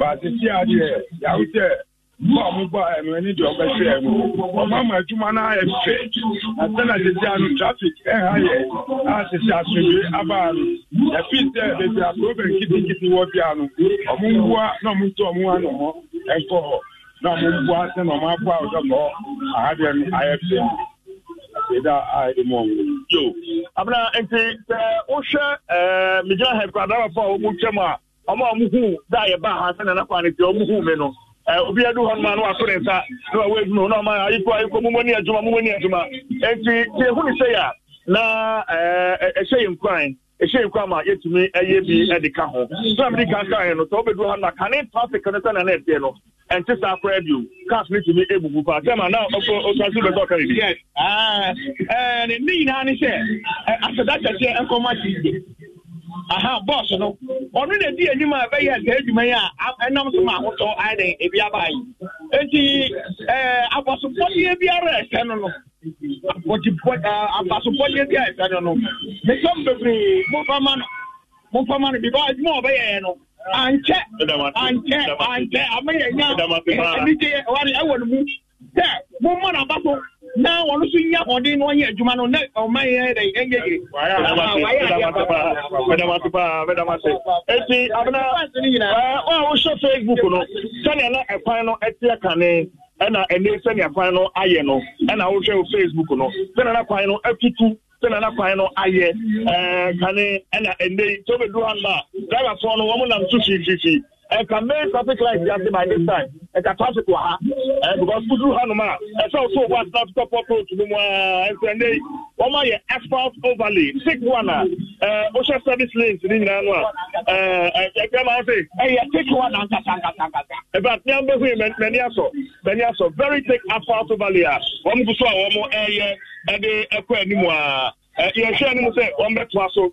baasisi adeɛ yahu sɛ mma ɔmo ba ɛnu ɛni deɛ ɔbɛsi ɛnu ɔmo ama adwuma naa yɛ fɛ na sɛnɛ sisi ano traffic ɛha yɛ a sisi asundue abaa no yɛfi sɛ beebi aprobe nkitikiti wɔ bia no ɔmo mbua na ɔmo nso ɔmo ano hɔ ɛnkɔ hɔ na ɔmo mbua sɛnɛ ɔmo aboa ɔsɛ kɔ ahadeɛ no ayɛ fɛ mu ɛda a ɛde mu ɔmo. yo abena nti sɛ wohwɛ ɛɛ migyina hɛ nkwadaa bɛ fɔ a wɔn mu twɛm a. ọma ọmụhụ da ya ha sana na kwani ti ọmụhụ me no eh, obi edu hɔ noma no wato ne nsa na wawo adwuma na ɔma ayiko ayiko mumɔ ni adwuma mumɔ eti eh, ti ehu ne ya na ɛhyɛ yɛ nkwan ɛhyɛ yɛ nkwan ma yɛtumi ɛyɛ eh, bi ɛde ka hụ. so na mi di kan kan yɛ no sɛ ɔbɛdu hɔ noma kane traffic no na na ɛteɛ e no ɛnti saa akwa bio cars n'etumi egbugbu ebubu paa sɛ ma na ɔkɔ ɔtɔ so bɛ dɔka bibi. ɛɛ ne nyinaa ne sɛ asadakyɛkyɛ nkɔmɔ ti aha bọọsụ no ọnụ na-edi enyim ebe ya nke edwuma ya ɛnam so ma ahụtọ anyị na ebi abaghị eti eh, abasopɔdeɛ biara ɛsɛ no no eh, abasopɔdeɛ bi a ɛsɛ no no mesɛm bebree momfama no momfama no biba adwuma a ɔbɛyɛ no ankyɛ ankyɛ ankyɛ na wọn nso nya ọdín ní wọn yẹ adwuma no ne ọman yẹ ẹdẹ yẹ yẹ yẹ. mẹdàmàtò paa mẹdàmàtò eti abena ẹ ọ a wọhyẹ facebook no sani ẹna ẹkwan no ẹti ẹka ni ẹna ẹni sani ẹkwan no ayẹ no ẹna wọhyẹ wọ facebook no sani ẹna kwan no ẹtutu sani ẹna kwan no ayẹ ẹẹ kani ẹna ẹni tó bẹ duro hàn náà dábàá fọ no wọn mu nam tu fìfìfì ɛka main traffic light bi ase by this time ɛka traffic wɔ ha ɛɛ because kuduru hanom a ɛsɛ ɔsɛ owó asena to top up road no mu ɛɛ nsɛnde yi wɔn ayɛ asphalt overlay six one a ɛɛ ocean service lanes ne nyinaa no a ɛɛ ɛɛ ɛkɛ maa se ɛyɛ six one ankasa ankasa ankasa. ɛfɛ ati an bɛ hu yi mɛni asɔ mɛni asɔ very thick asphalt overlay a wɔn nso a wɔn ɛɛyɛ ɛde ɛkɔ anim a ɛɛ yɛn hyɛn no mu sɛ wɔn bɛ to aso.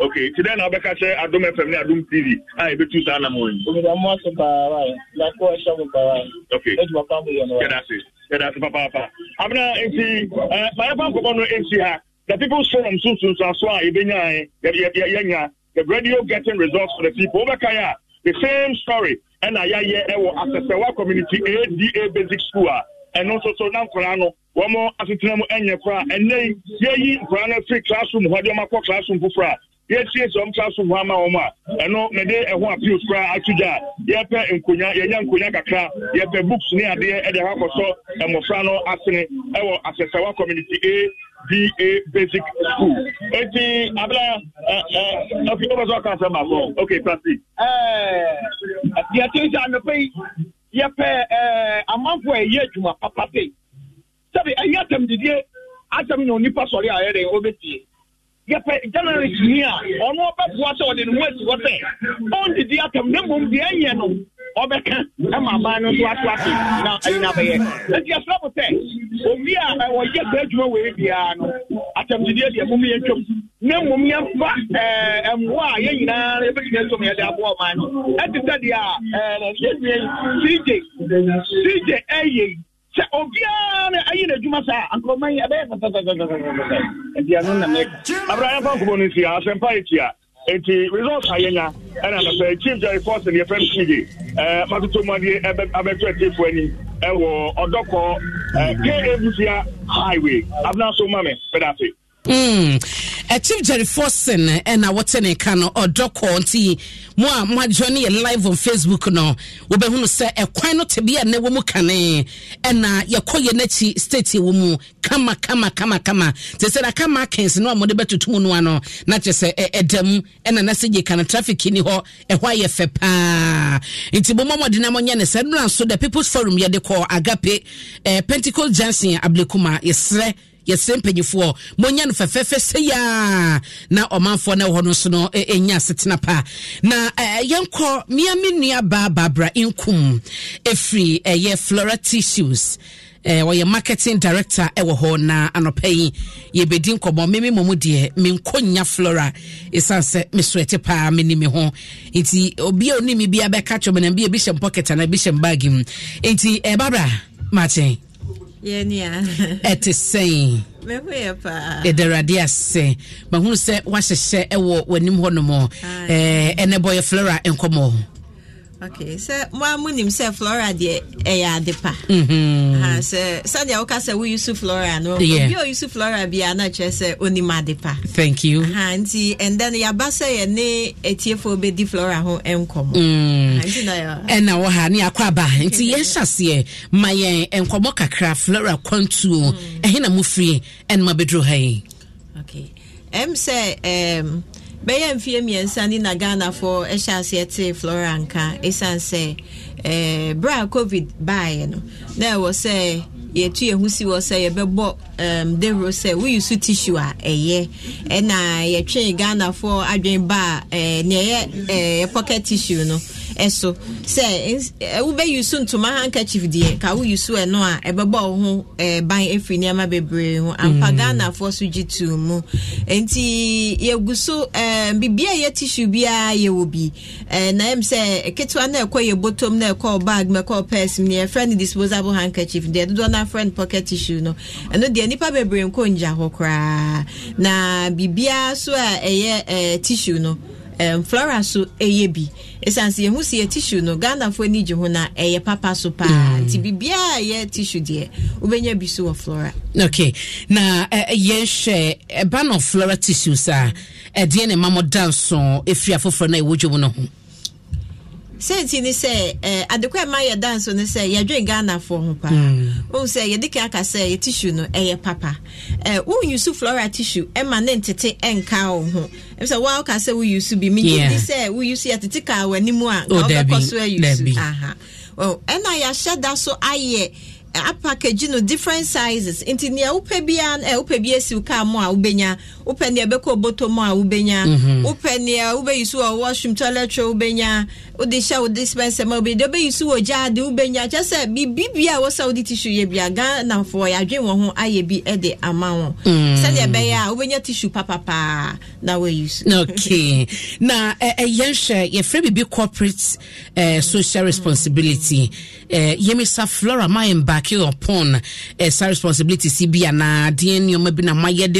okay today na wobɛka kyɛ adom fm ne adom tv a yɛbɛtu saa nam yɛdase papaapa amena nti mayɛfa nkɔbɔ no nsi eh, e ha the people's forum so sunsuaso a yɛbɛnyae yɛnya the radio getting results for the people wobɛkae a the same story ɛna yɛayɛ ɛwɔ e asɛsɛwa community ada basic school a ɛno nso so na nkwaraa no wɔn asetena mu nyɛ koraa ɛnna yi yɛyi nkwaraa no firi classroom hɔ de wɔn akɔ classroom foforɔ a yɛtie sɛ ɔm classroom hɔ ama wɔn a ɛno mede ɛho appeals koraa ato gya a yɛpɛ nkonnwa yɛnya nkonnwa kakra yɛpɛ books ne adeɛ ɛde ɛho akɔsɔ mmɔfra no asene ɛwɔ asɛsɛwa community a b a basic school. Eti abla ẹ ẹ ọkọ ọba sọ ọka sẹ ma fọ. Okay, Pasi. Ẹ ẹ di ti n ṣe àná yɛpɛ ɛɛ eh, amanfoɔ a ɛyɛ adwuma papa sei sɛbi ɛnyɛ atɛmdidie asɛm na onipa sɔre a ɛyɛ dɛ ɔbɛtie yɛpɛ general kyini a ɔno ɔbɛboa sɛ ɔde ne ho asi hɔ sɛ ɔndidi atam na mmom deɛ ɛyɛ no ɔbɛka ma aban no nso ato ase na anyina bɛyɛ nti yɛsrɛ mo sɛ obi a ɔyɛ saa adwuma wei biara no atamdidiɛ deɛ mom yɛntwam na mmom yɛmfa mmoa a yɛn nyinaa yɛbɛtumi asom yɛde aboa ɔman no ɛte sɛ deɛ a yɛnua yi cj cj ɛyɛ sɛ obiara na ayi n'adwuma saa ankorɔman yi abɛyɛ fɛfɛfɛfɛfɛfɛ nti ano na mɛka abraham fankobɔ no nsia asɛmpa yɛ tia nti result a yɛnya ɛna anapɛ chief jerry forson yɛfɛ no sige matotomuadeɛ abɛtɔ atiefo ani ɛwɔ ɔdɔkɔ kavsia highway abena so ma me mɛda ase ɛchief hmm. jerry forson ɛna wɔte ne ka no ɔdɔ kɔɔ nti mo a moadwo ne yɛ live on facebook no wobɛhunu sɛ ɛkwan eh, no tebea nnɛ wɔ mu kane ɛna eh, yɛkɔ yɛ n'akyi state wɔ mu kama kama kama kama te sɛ daka markins no a mode bɛtoto mu noa no na kyerɛ sɛ ɛda mu ɛna na sɛ gye ka no traffic ni hɔ ɛhɔ ayɛ fɛ paa nti bɔmmɔ mɔde na mɔnyɛ ne sɛ nnora nso the people's forum yɛde kɔ agape eh, pentecost johnson ablekuma yɛserɛ yɛsɛ mpanyinfoɔ monyɛ no fɛfɛɛfɛ sɛyaa na ɔmanfoɔ no wɔ no nso no ɛnya asetena paa na yɛnkɔ mmea me nnua baa baabra nkum ɛfiri ɛyɛ flora tissues wɔyɛ marketing director wɔ hɔ na anɔpa yi yɛbɛdi nkɔmmɔ meme mmɔ mu deɛ menkɔnya flora ɛsiane sɛ meso ɛte paa menimi ho nti obia onimi bia bɛka twɔ menam bia bi hyɛ mpɔket anaa bi hyɛ mbagi mu nti ɛbabra makyɛn ɛte sɛn ɛdawurade ase mahunu sɛ woahyehyɛ ɛwɔ w'anim hɔ nom ɛnɛ bɔyɛ flora nkɔmmɔ okay sɛ mo a mo sɛ flora deɛ ɛyɛ ade pa mm-hmm. sɛ sɛdeɛ woka sɛ wo use flora no obi a use flora bia na kyerɛ sɛ onim ade pa thank you uh, nti and then yɛaba sɛ yɛne atiefoɔ bɛdi flora ho nkɔmmɔ mm. ɛna wɔ ha ne akɔ aba nti yɛhyɛ aseɛ ma yɛn nkɔmmɔ kakra flora kwantuo mm. ɛhe na mofiri ɛnoma bɛduru ha yi okay ɛm sɛ um, bɛyɛ mfe mmiɛnsa ne na ghanafoɔ ɛhyɛ aseɛ te flora nka ɛsiane sɛ eh, berɛ a covid baeɛ no na ɛwɔ sɛ yɛtu yɛn ho si wɔ sɛ yɛbɛbɔ um, ehm, dehoro sɛ woyi so tissue a ɛyɛ ɛna yɛtwe ghanafoɔ adwene ba a eh, neɛ eh, pocket tissue no ɛso sɛ eh, wobɛyi so ntoma handkerchief deɛ ka woyi so ɛno a ɛbɛbɔ wo ho eh, ban ɛfiri nneɛma bebree ho ampa hmm. ghanafoɔ so gye too mu enti yɛgu so eh, biribia yɛ tissue biara yɛwɔ bi na ɛm sɛ ketewa na ɛkɔ yɛ botom na ɛkɔ bag mu ɛkɔ pɛs mu neɛ no disposable handkerchief deɛ dodoɔ no afrɛ no pocket tissue no ɛno deɛ nnipa bebree nkɔ ngya hɔ koraa na biribiara so a ɛyɛ tissue no um, flora so ɛyɛ bi ɛsiane sɛ yɛhu sɛ yɛ tissue no ghanafoɔ ni gye ho no ɛyɛ papa so paa mm. nti biribiaa yɛ tissue deɛ wobɛnya bi so wɔ flora okay na uh, yɛnhwɛ ɛba uh, flora tissue sa, ɛdeɛ uh, ne ma mɔda nso ɛfiri afoforɔ no ɛwɔ dwom no ho sɛnti ne sɛ eh, adekɔ ɛma yɛ da nso ne sɛ yɛdwe ghanafoɔ ho paa hmm. wohu sɛ yɛde ka aka sɛ yɛ tissue no ɛyɛ papa eh, woyusu flora tissue ɛma ne ntete ɛnka wo ho ɛm sɛ woa woka sɛ woyusu bi megyedi sɛ woyusu yɛtete kaa w'animu a ka oh, wobɛkɔ so ayusu ɛna yɛahyɛ da so ayɛ apackage no different sizes nti nea wopɛ bia eh, wopɛ bi asiw kaa mu a wobɛnya wopɛ nea ɛbɛkɔ boto mu a wobɛnya mm-hmm. wopɛ nea wobɛyi so wɔ washroom toilet wobɛnya wode hyɛ wo dispenser ma wobɛyi deɛ wobɛyi so wɔ gyaade wobɛnya kyɛ sɛ biribibia a wɔ sɛ wode tissue yɛ bia ghanafoɔ yɛadwen wɔn ho ayɛ bi de ama wɔn mm. sɛdeɛ ɛbɛyɛ a wobɛnya tissue papapaa na wɔyi so okay na ɛyɛhwɛ yɛfrɛ biribi corporate eh, social responsibility uh, eh, yɛmisa flora mayɛmba embarking upon uh, eh, responsibility si na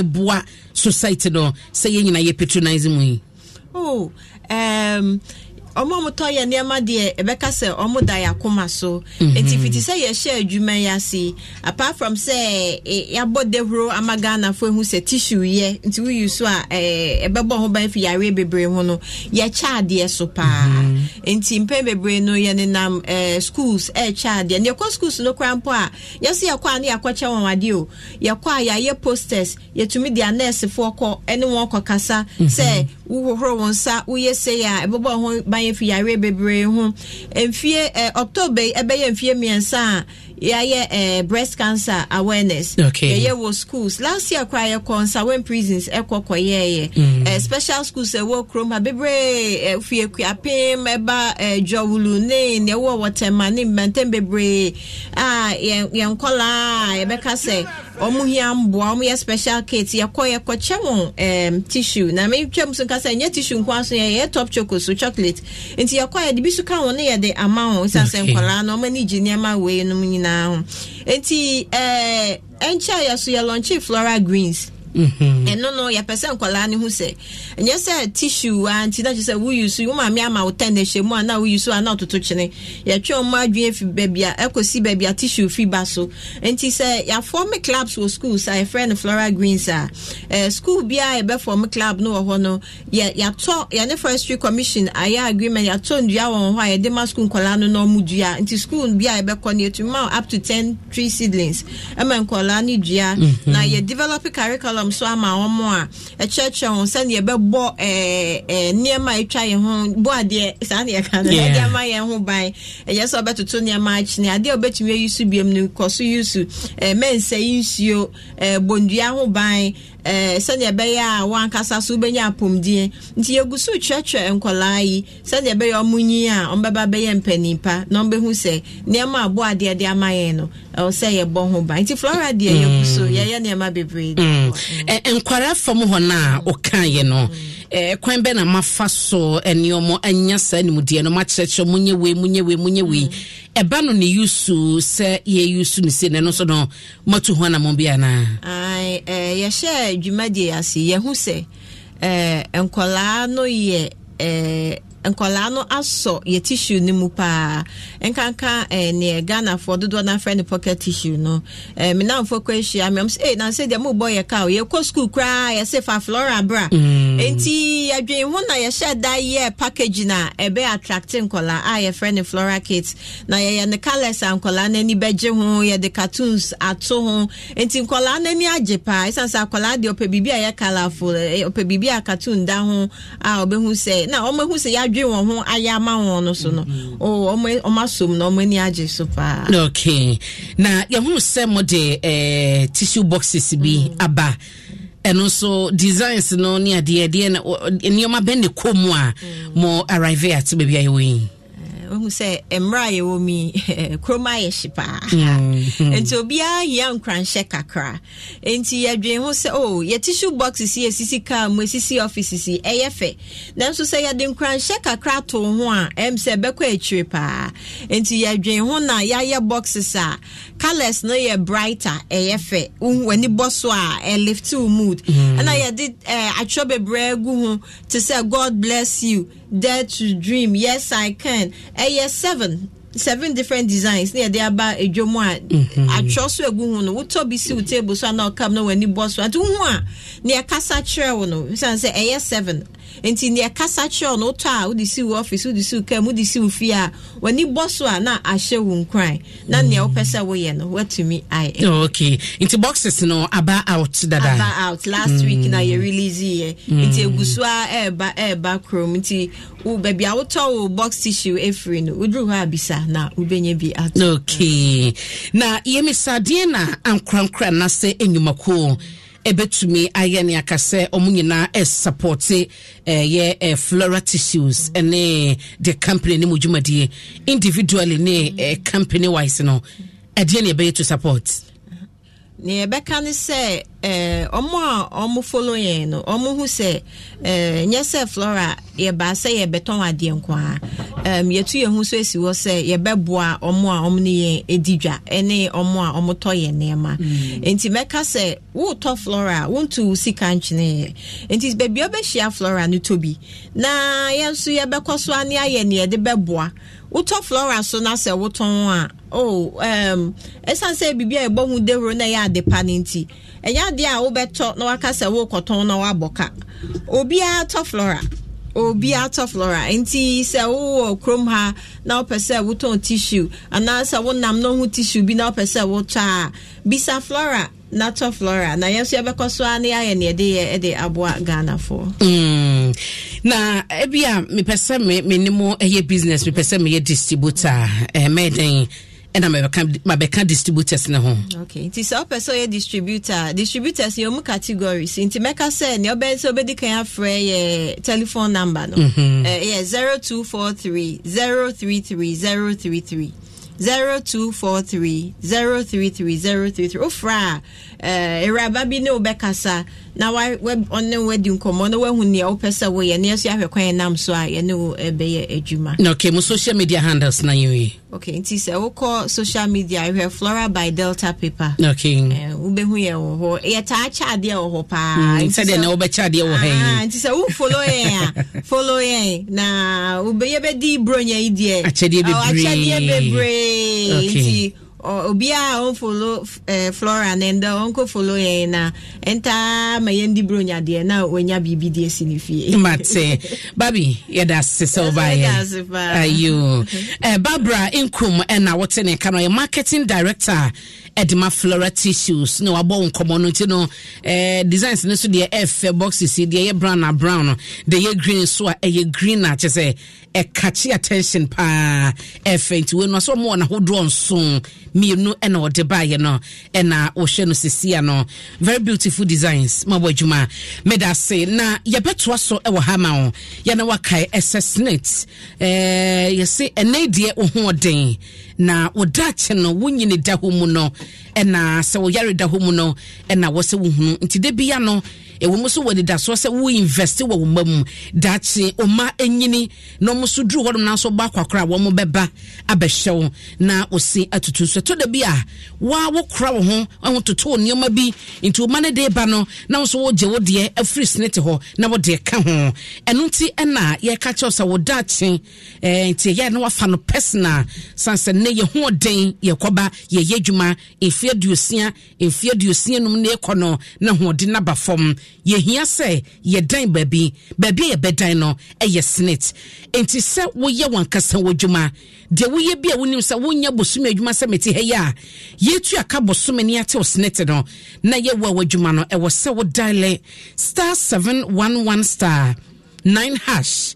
boa society no sɛ you nyinaa patronizing me. Oh, um, ọmụ a motɔ yɛ nneɛma deɛ ɛbɛka sɛ ɔmo da yɛ akoma so mhm. eti fiti ya yɛhyɛ adwuma yi apart from e, ya ama ghanafo ehu sɛ tishu yie nti wuyi so a ɛɛ ɛbɛbɔ ho ban yare bebree ho no paa mhm. nti mpe bebree no ya nenam na schools no kora mpo a yɛsɛ a o a posters ayɛ fi yareɛ bebree ho mfie eh, october yi eh, ɛbɛyɛ mfie mmiɛnsa a yɛayɛ eh, breast cancer awareness okay. yɛyɛ wɔ schools last year koraa yɛkɔ nsawen prisons ɛkɔ kɔyɛɛyɛ mm. eh, special schools ɛwɔ kurom ha bebree eh, fie kuapem ɛba eh, dwawulu ne neɛ ɛwɔ wɔtɛma ne mmɛntɛm bebree a ah, yɛn yɛn nkɔlaa yɛbɛka sɛ ɔmo hia mboa ɔmo yɛ special kit yɛkɔ yɛkɔ kyɛ mo um, tissue na metwa mu so nka sɛ nyɛ tissue nko aso yɛyɛ top choco so chocolate nti yɛkɔ yɛde bi so ka wɔn ne yɛde ama wɔn sɛ sɛ nkɔlaa no ɔmo ani gye nneɛma wei nom nyinaa ho nti ɛɛ eh, ɛnkyɛn yɛ so yɛ lɔnkye floral greens ɛno mm-hmm. no yɛpɛ sɛ nkwadaa no ho sɛ ɛnyɛ sɛ tissue a nti na kyerɛ sɛ woyi so wo maame ama wo tɛn ɛhyɛ mu a na woyi so a na ɔtoto kyene yɛtwe ɔmo adwene fi baabi a ɛkɔsi baabi a tissue fi ba so nti sɛ yɛafɔm clubs wɔ schools a yɛfrɛ no floral greens a ɛɛ school biara yɛbɛfɔm club no wɔ hɔ no yɛ yɛatɔ yɛne forestry commission ayɛ agreement yɛatɔ ndua wɔn hɔ a yɛde ma school nkwadaa no na ɔmo dua nti school biara yɛbɛkɔ no yɛtumi ma up to ten tree seedlings ɛma nkwadaa no dua mm-hmm. na yɛ develop curriculum curriculum so ama wɔn a ɛkyerɛkyerɛ wɔn sɛdeɛ ɛbɛbɔ ɛɛ ɛɛ nneɛma a ɛtwa yɛn ho bɔ adeɛ saa ne yɛka no ɛde ama yɛn ho ban ɛyɛ sɛ ɔbɛtoto nneɛma akyene adeɛ a ɔbɛtumi ayi so biam no nkɔ so yi so ɛɛ mɛnsa yi nsuo ɛɛ bondua ho ban Eh, sɛdeɛ ɛbɛyɛ a wankasa so wobɛnya apɔmdin nti yɛgu so kyerɛkyerɛ nkɔlaa yi sɛdeɛ ɛbɛyɛ ɔmo nyi a ɔmbɛba bɛyɛ mpanimpa na ɔmbɛhu sɛ nneɛma aboa adeɛ de ama yɛn no ɛwɔ sɛ yɛbɔ ho ba nti flora deɛ yɛgu so mm. yɛyɛ nneɛma bebree mm. nkwaraa fam hɔ no a ɔkaeɛ no Eh, kwan bɛ na mafa so eh, nneɛma anya saa animdeɛ no makyerɛkyerɛ monyɛ wei monyɛ wei monyɛ wei mm. ɛba no ne yusu sɛ yɛyusu no se na ɛno nso no moatu ho anammɔ bi anaa eh, yɛhyɛ dwumadie ase yɛhu sɛ nkɔlaa no yɛ nkwaraa no asɔ yɛ tissue no mu paa nkanka eh, neɛ ghanafoɔ dodoɔ no afrɛ pocket tissue no eh, menamfoɔ kɔ ahyia me sɛ eh, nansɛ deɛ mobɔ yɛ ka o yɛkɔ school koraa yɛse fa flora bra mm. enti yɛdwen ho na yɛhyɛ da yɛ package no a ɛbɛ attract nkwaraa a yɛfrɛ no flora kit na yɛyɛ ne colours a nkwaraa no ani bɛgye ho yɛde cartoons ato ho enti nkwaraa no ani agye paa ɛsiane sɛ akwaraa deɛ ɔpɛ biribi a yɛ colourful eh, ɔpɛ biribi a cartoon da ho a ɔbɛhu sɛ na ɔmahu sɛ yɛ adwe wɔn ho ayɛ ama wɔn no so no wɔn mm-hmm. oh, e, asom na wɔn ani agye so paa. okay na yɛhunu sɛ mo de eh, tissue boxes bi mm. aba. ɛno nso designs no ne adeɛ na nneɛma bɛ ne kɔ mu a mm. mo arrive at baabi a yɛwɔ yi ehu sɛ mmerɛ a yɛwɔ mi kurom ayɛ hye paa mm-hmm. nti obiara yia nkranhyɛ kakra nti yɛdwen ho sɛ o oh, yɛ tissue box si esisi car mu esisi office si ɛyɛ fɛ nanso sɛ yɛde nkranhyɛ kakra to ho a ɛm sɛ ɛbɛkɔ akyire paa nti yɛdwen ho na yɛayɛ boxes a colours no yɛ brighter ɛyɛ fɛ w'ani bɔ so a ɛlift wo mood mm. ɛna yɛde eh, atwerɛ bebree gu ho te sɛ god bless you dare to dream yes i can ɛyɛ seven seven different designs ne yɛde aba adwam a atwerɛ so agu ho no wotɔ bi si wo table so ana ɔkam na w'ani bɔ so ate wohu a ne yɛkasa kyerɛ wo no siane sɛ ɛyɛ seven nti neɛ kasa kyerɛw no wotɔ a wode si wo office wode si wo kam wode si wo fie a w'ani bɔ so a na ahyɛ wo nkran na neɛ mm. wopɛ sɛ woyɛ no woatumi ayɛ okay nti boxes no aba out dada aba out last mm. week na yɛ release yɛ mm. nti egu so a ɛɛba ɛɛba kurom nti wo baabi a wotɔ wo box tissue efiri no woduru hɔ abisa na wobɛnya bi ato okay na yɛmisadeɛ na ankorankora na sɛ enyimakuo ɛbɛtumi ayɛ ne aka sɛ ɔmo nyinaa ɛsapɔte ɛyɛ eh, ɛ eh, flora tissues ɛne eh, the company ne mu dwumadie individually ne ɛ company wise no ɛdeɛ ne ɛbɛyɛ to support. nea ɛbɛka ne sɛ ɔmo a ɔmo folo yɛn no ɔmo ho sɛ nyɛ sɛ flora yɛbaa sɛ yɛbɛtɔn adeɛ nko a yɛtu yɛn ho so esi hɔ sɛ yɛbɛboa ɔmo a ɔmo ne yɛn edi dwa ɛne ɔmo a ɔmo tɔ yɛn nneɛma mm. nti mɛka sɛ wotɔ flora wontu sika ntwene yɛ nti beebi ɔbɛhyia flora no tobi na yɛn nso yɛbɛkɔ so ani ayɛ nea yɛde bɛboa. wotɔ flora so na sɛ wotɔn a o oh, ɛm um, ɛsan sɛ biribi a ɛbɔ ho dehoro na ɛyɛ ade ne nti ɛnyɛ adeɛ a wobɛtɔ na waka sɛ wokɔtɔn na wabɔ ka obiara tɔ flora obiara tɔ flora nti sɛ wowɔ kurom ha na wopɛ sɛ wotɔn tissue anaasɛ wonam na ho tissue bi na wopɛ sɛ wotɔ a bisa flora na tɔ flora na yɛn nso yɛbɛkɔ so a na yɛayɛ neɛ de yɛ de aboa ghanafoɔ. Mm na ebi a mepɛ sɛ me me ne mo ɛyɛ business mepɛ sɛ meyɛ distributor ɛɛ mɛɛdɛn ɛna mabɛka mabɛka distributors ne ho. okay nti sɛ ɔpɛ sɛ ɔyɛ distributor distributors yɛ ɔmu categories nti mɛka sɛ nea ɔbɛn sɛ ɔbɛdi kan afrɛ yɛ telephone number no ɛyɛ zero two four three zero three three zero three three zero two four three zero three three zero three three ofra a awuraba eh, bi ne wobɛkasa na ɔne wadi nkɔmmɔ na woahu nea wopɛ sɛ woyɛ ne ɛso ahwɛ kwan yɛnam so a yɛne wo eh, bɛyɛ adwuma na okay mu social media handles na yɛwe okay nti sɛ wokɔ social media hwɛ flora by delta paper okay eh, wobɛhu yɛ wɔ hɔ yɛtaa kyɛ adeɛ wɔ hɔ paa hmm, sɛdeɛ na wobɛkyɛ adeɛ wɔ ha ah, nti sɛ wofolo yɛn a folo yɛn na yɛbɛdi bronya yi deɛ akyɛdeɛ bebree nti Obi obiaa ɔmfolo flora na ɛndɛ ɔnkɔ folo yɛn na ɛntaa ma yɛn di bronyadeɛ na wɔanya biribi deɛ si no fie mate babi yɛda ase sɛ wobaeɛ ayo babra nkum na wote ne ka na yɛ marketing director edema flora tissues na wabɔ nkɔmɔ no nti no eh, designs no so deɛ ɛfɛ boxes yi deɛ ɛyɛ brown na brown no deɛ ɛyɛ green so a ɛyɛ green na kyɛ sɛ ɛkakye attention paa ɛfɛ nti wei no sɛ ɔmɔ n'ahodoɔ nson mmienu ɛna ɔde baayɛ no ɛna wɔhwɛ no sesia no very beautiful designs ma bɔ adwuma meda ase na yɛbɛtoa so ɛwɔ ha ma wo yɛna wakae ɛsɛ snit eh, yɛse ɛnɛ deɛ wo ɔden na wɔdaakye no wonyini da hɔ mu no ɛna sɛ wɔyare da hɔ mu no ɛna wɔ sɛ wohunu nti da bia no ɛwɔ mu so wɔ nidasoɔ sɛ wo invest wɔ wo ma mu daakye ɔma anyini na ɔmo so duru hɔnom nanso bɔ akwakora a wɔn bɛba abɛhyɛ wo na ɔsi atutu so ɛtɔ da a waa wɔkora wo ho ɛho toto nneɛma bi nti ɔma ne de ba no na nso wɔgye wo deɛ afiri sinete hɔ na wɔde ka ho ɛno nti ɛna yɛka kyɛw sɛ wo daakye ɛɛ eh, nti yɛ na wafa no personal sansan ne yɛ ho ɔden yɛ kɔba yɛ yɛ adwuma efi aduosia efi aduosia num ne kɔ no na ho ɔden naba fam yɛhia sɛ yɛdan baabi baabi a yɛbɛdan no yɛ senate enti sɛ woyɛ wankasa w'adwuma deɛ woyɛ bi a wonim sɛ wonyɛ bosome adwuma sɛ mete ha yi a yɛtu aka bosome ne atew senate no na yɛwo a w'adwuma no ɛwɔ sɛ wodale star 711 star 9 hash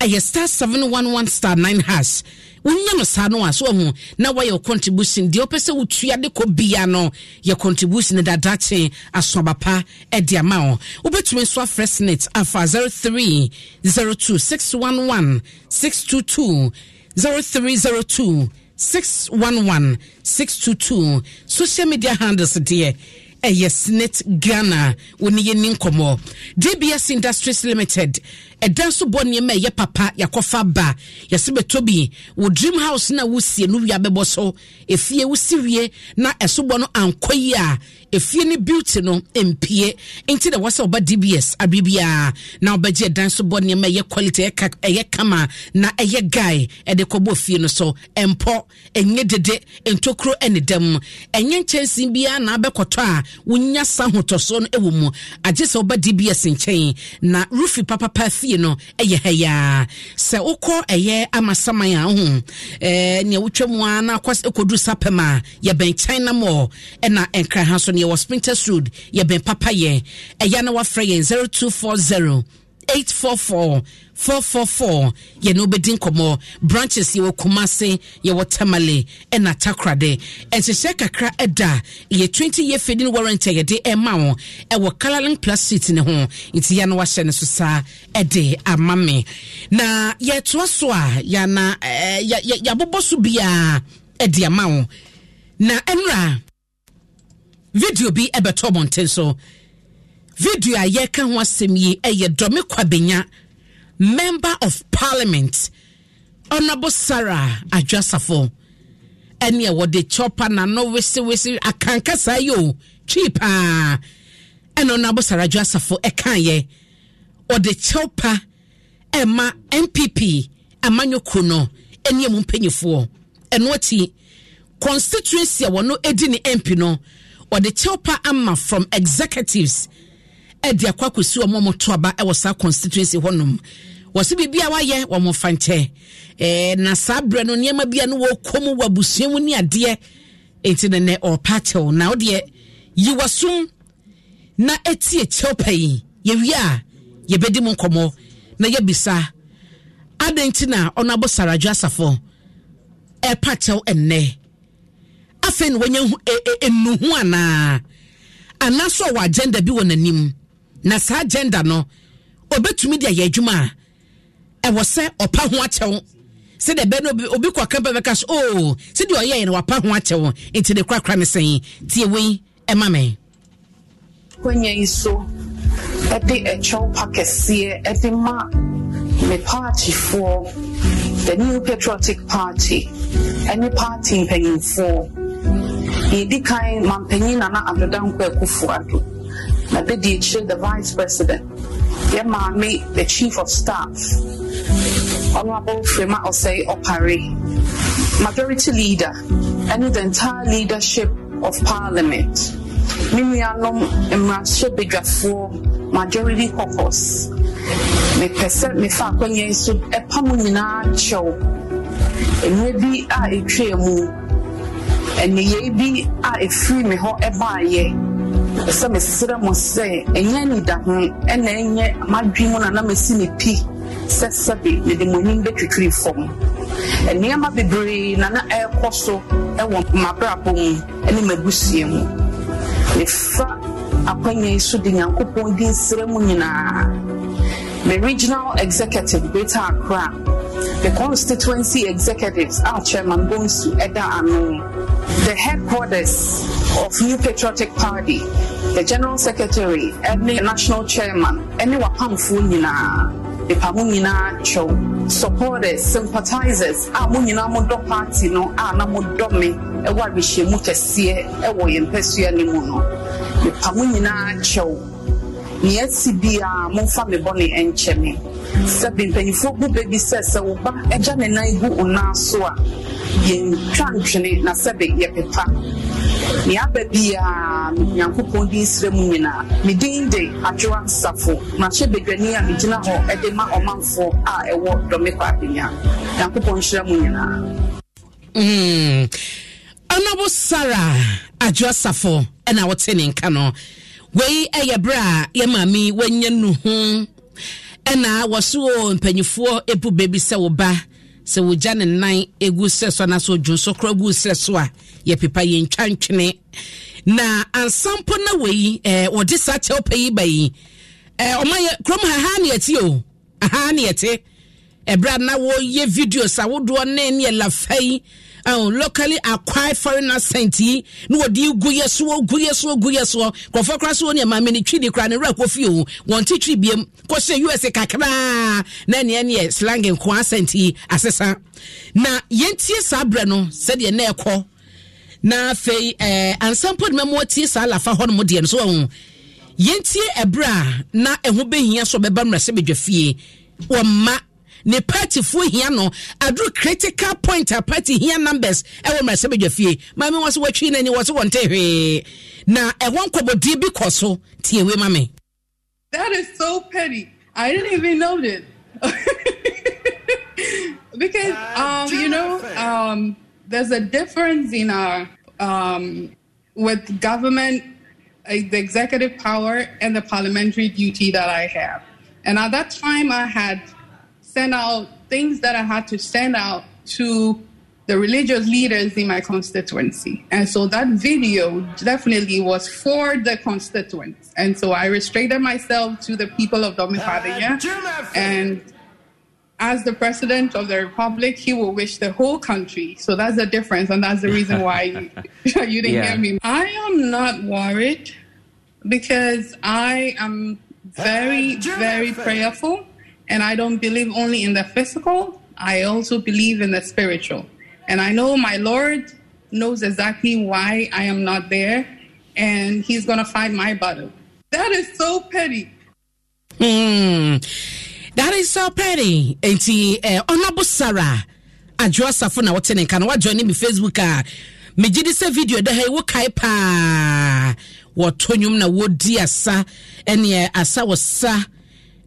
ɛyɛ star 711 star 9 hash wonya no saa no a so ahu na woayɛ wo contribution deɛ wopɛ sɛ wotua de kɔ bia no yɛ contribution dadakye asoaba pa de ama wo wobɛtumi nso afrɛ snit afa 03 02 611 622 0302 611 622 social media handles deɛ ɛyɛ snit ghana wo ne yɛni nkɔmmɔ dbs industries limited ɛdan so bɔ nneɛma ɛyɛ papa yɛakɔfa ba yɛsɛ bɛtɔ bi wo dream house na wosie no wie abɛbɔ so ɛfie wosi wie na ɛsobɔ no ankɔ yi a ɛfie ne beauty no mpie nti na wɔ sɛ dbs abere biara na wɔbɛgye ɛdan so bɔ nneɛma ɛyɛ quality ɛyɛ kama na ɛyɛ guy ɛde kɔbɔ fie no so ɛmpɔ ɛnyɛ dede ntokuro ɛne dɛm ɛnyɛ nkyɛnsee biara na abɛkɔtɔ a wonya sa ahotɔsoɔ no ɛwɔ mu agye sɛ wɔba dbs nkyɛn na rufi papapa fie fie no ɛyɛ ha yaa sɛ wokɔ ɛyɛ amasaman a ho nea wotwa mu a na kɔduru sapɛm a yɛbɛn kyɛn nam wɔ ɛna nkran ha so neɛ wɔ sprinters road yɛbɛn papa yɛn ɛyɛ na wafrɛ yɛn 0240 0844 444 yɛne wobɛdi nkɔmmɔ branches yɛwɔ kumase yɛwɔ tamale ɛna takrade ɛnhyehyɛ kakra ɛda yɛ 20 year fadin warrant a yɛde ɛma wo ɛwɔ coloring plus sheet ne ho nti yɛ no wahyɛ no so saa ɛde ama me na yɛtoa so a yɛana eh, yɛabobɔ so biaa ɛde ama wo na ɛnora video bi ɛbɛtɔ bɔnten so video a yɛreka ho asɛm yi ɛyɛ dɔme kwabenya member of parliament honorable sarah adwasafo ɛne a wɔde chopper n'ano wesewese akanka saa yi o twi paa ɛna honourable sarah adwasafo ɛkan yɛ wɔde chopper ɛma npp amanyɔkuo no ɛne ɛmu mpanyinfoɔ ɛno akyi constituency a wɔn edi ne mp no wɔde chopper ama from executives ɛde akɔ akɔsi wɔn a wɔto aba wɔ saa constituency hɔnom wɔsi biribi a wayɛ wɔn fa nkyɛ ɛɛ na saa berɛ no nneɛma bi a no wɔkɔ mu wɔ abusua mu ne adeɛ eti ne nɛ na ɔdeɛ yi wɔsom na eti akyɛw pɛyin yɛwie a yɛbɛdi mu nkɔmɔ na yɛbisa adan ti na ɔno abɔ saradwo asafo ɛɛpa akyɛw ɛnnɛ afei na wɔnyɛ e, e, enu anaa anaasɔ wɔ agenda bi wɔ n'anim na saa gender no obetumi de ayɛ adwuma a ɛwɔ sɛ ɔpa ho akyɛw sɛdeɛ ɛbɛ no obi kɔ aka bɛbɛka so oo sɛdeɛ ɔyɛ yɛ no wapa ho akyɛw nti de korakora ne sɛn tie wei ɛma me kwanya yi so ɛde ɛkyɛw pa kɛseɛ ɛde ma me paatyfoɔ the new patriotic party ɛne party mpanyimfoɔ yɛdi kan mampanyin nana adodankɔ akufo ado Adediche, the vice president, Yemami, the chief of staff, Honorable Frema Osei Opare, majority leader, and the entire leadership of parliament. Mimianom Emrashe Bedwafo, majority caucus. mepɛ sɛ mefa akɔnyɛ nso ɛpa mu nyinaa kyɛw mmerɛ bi a ɛtwaa mu ɛneyɛe bi a ɛfiri me hɔ ɛbaayɛ ɛsɛ mesrɛ mo sɛ ɛnyɛ nida ho ɛna ɛnyɛ madwe mu na na mesi ne pi sɛ sɛbe mede mo anim bɛtwitwiri fam nneɛma bebree na na ɛrekɔ so ɛwɔ m'abrabɔ mu ɛne m'abusua mu mefa akwanya yi so de nyankopɔn di nsrɛ mu nyinaa me regional executive greater accra The constituency executives, our chairman Bonsu Eda Anu, the headquarters of New Patriotic Party, the general secretary, any national chairman, any wapamfu nyinaa, the mu nyinaa supporters, sympathizers a mo party no a na mo dɔ me ɛwɔ awihyɛmu kɛseɛ ɛwɔ yɛn mpɛsua no mu no nea asi biara momfa me bɔne nkyɛ me sɛ bempanyinfoɔ gu baabi sɛ sɛ wo ba agya ne nan gu wo so a yɛntwa ntwene na sɛbe yɛpepa nea aba biara nyankopɔn din srɛ mu nyinaa me din de adwowa nsafo mahyɛ badwani a megyina hɔ de ma ɔmanfoɔ a ɛwɔ dɔme kɔ abenya nyankopɔn hyerɛ mu nyinaa ɔnɔbo hmm. sara adwowa safo ɛna wɔte ne nka no wei yɛ berɛ a yɛ maame wanya nu ho ɛna wɔso mpanyifoɔ ɛbu baabi sɛ wo ba sɛ wogya ne nan ɛgu srɛ so anaasɛ ɔdwo so korɔ gu srɛ so a yɛpepa yɛntwa ntwene na ansampo na wei eh, wɔde saa kyɛw pɛ yi ba yi eh, ɔmayɛ kurom ha ha ne yɛte o aha ne yɛte ɛberɛ a na wɔyɛ videos ahodoɔ ne ne yɛ lafa yi uh, locally acquired foreign accent yi na wɔde gu yɛ soɔ gu yɛ soɔ gu yɛ soɔ nkurɔfoɔ kora soɔ ne maame ne twiri kora ne werɛ kɔ fie o wɔn ti twiri biem kɔhyɛ usa kakraa na neɛ neɛ slang nko accent yi asesa na yɛntie saa berɛ no sɛdeɛ na ɛkɔ na afei eh, ansampo ne mɛmɔ tie saa lafa hɔ nom deɛ no so ɔho yɛntie ɛberɛ a na ɛho bɛhia so bɛba mmerɛsɛ badwa fie wɔmma ne partyfoɔ hia no aduru critical point a party hia numbers ɛwɔ mmerɛsɛ badwa fie maame wɔ so watwi n'ani wɔ so wɔn nte hwee na ɛwɔ nkɔmmɔdie bi kɔ so tie we ma me That is so petty. I didn't even know notice. because um, you know um, there's a difference in our um, with government uh, the executive power and the parliamentary duty that i have and at that time i had send out things that I had to send out to the religious leaders in my constituency. And so that video definitely was for the constituents. And so I restricted myself to the people of Dominicana. Ah, uh, and as the president of the republic, he will wish the whole country. So that's the difference. And that's the reason why you, you didn't yeah. hear me. I am not worried because I am very, very prayerful. And I don't believe only in the physical, I also believe in the spiritual. And I know my Lord knows exactly why I am not there, and He's going to find my body. That is so petty. Mm, that is so petty. Enti, uh, Honorable Sarah, adwoasafo na wɔte ne nka no wajoine me facebook a megye de video da ha yi wokae paa wɔto nnwom na wɔdi asa ɛneɛ eh, asa wɔ sa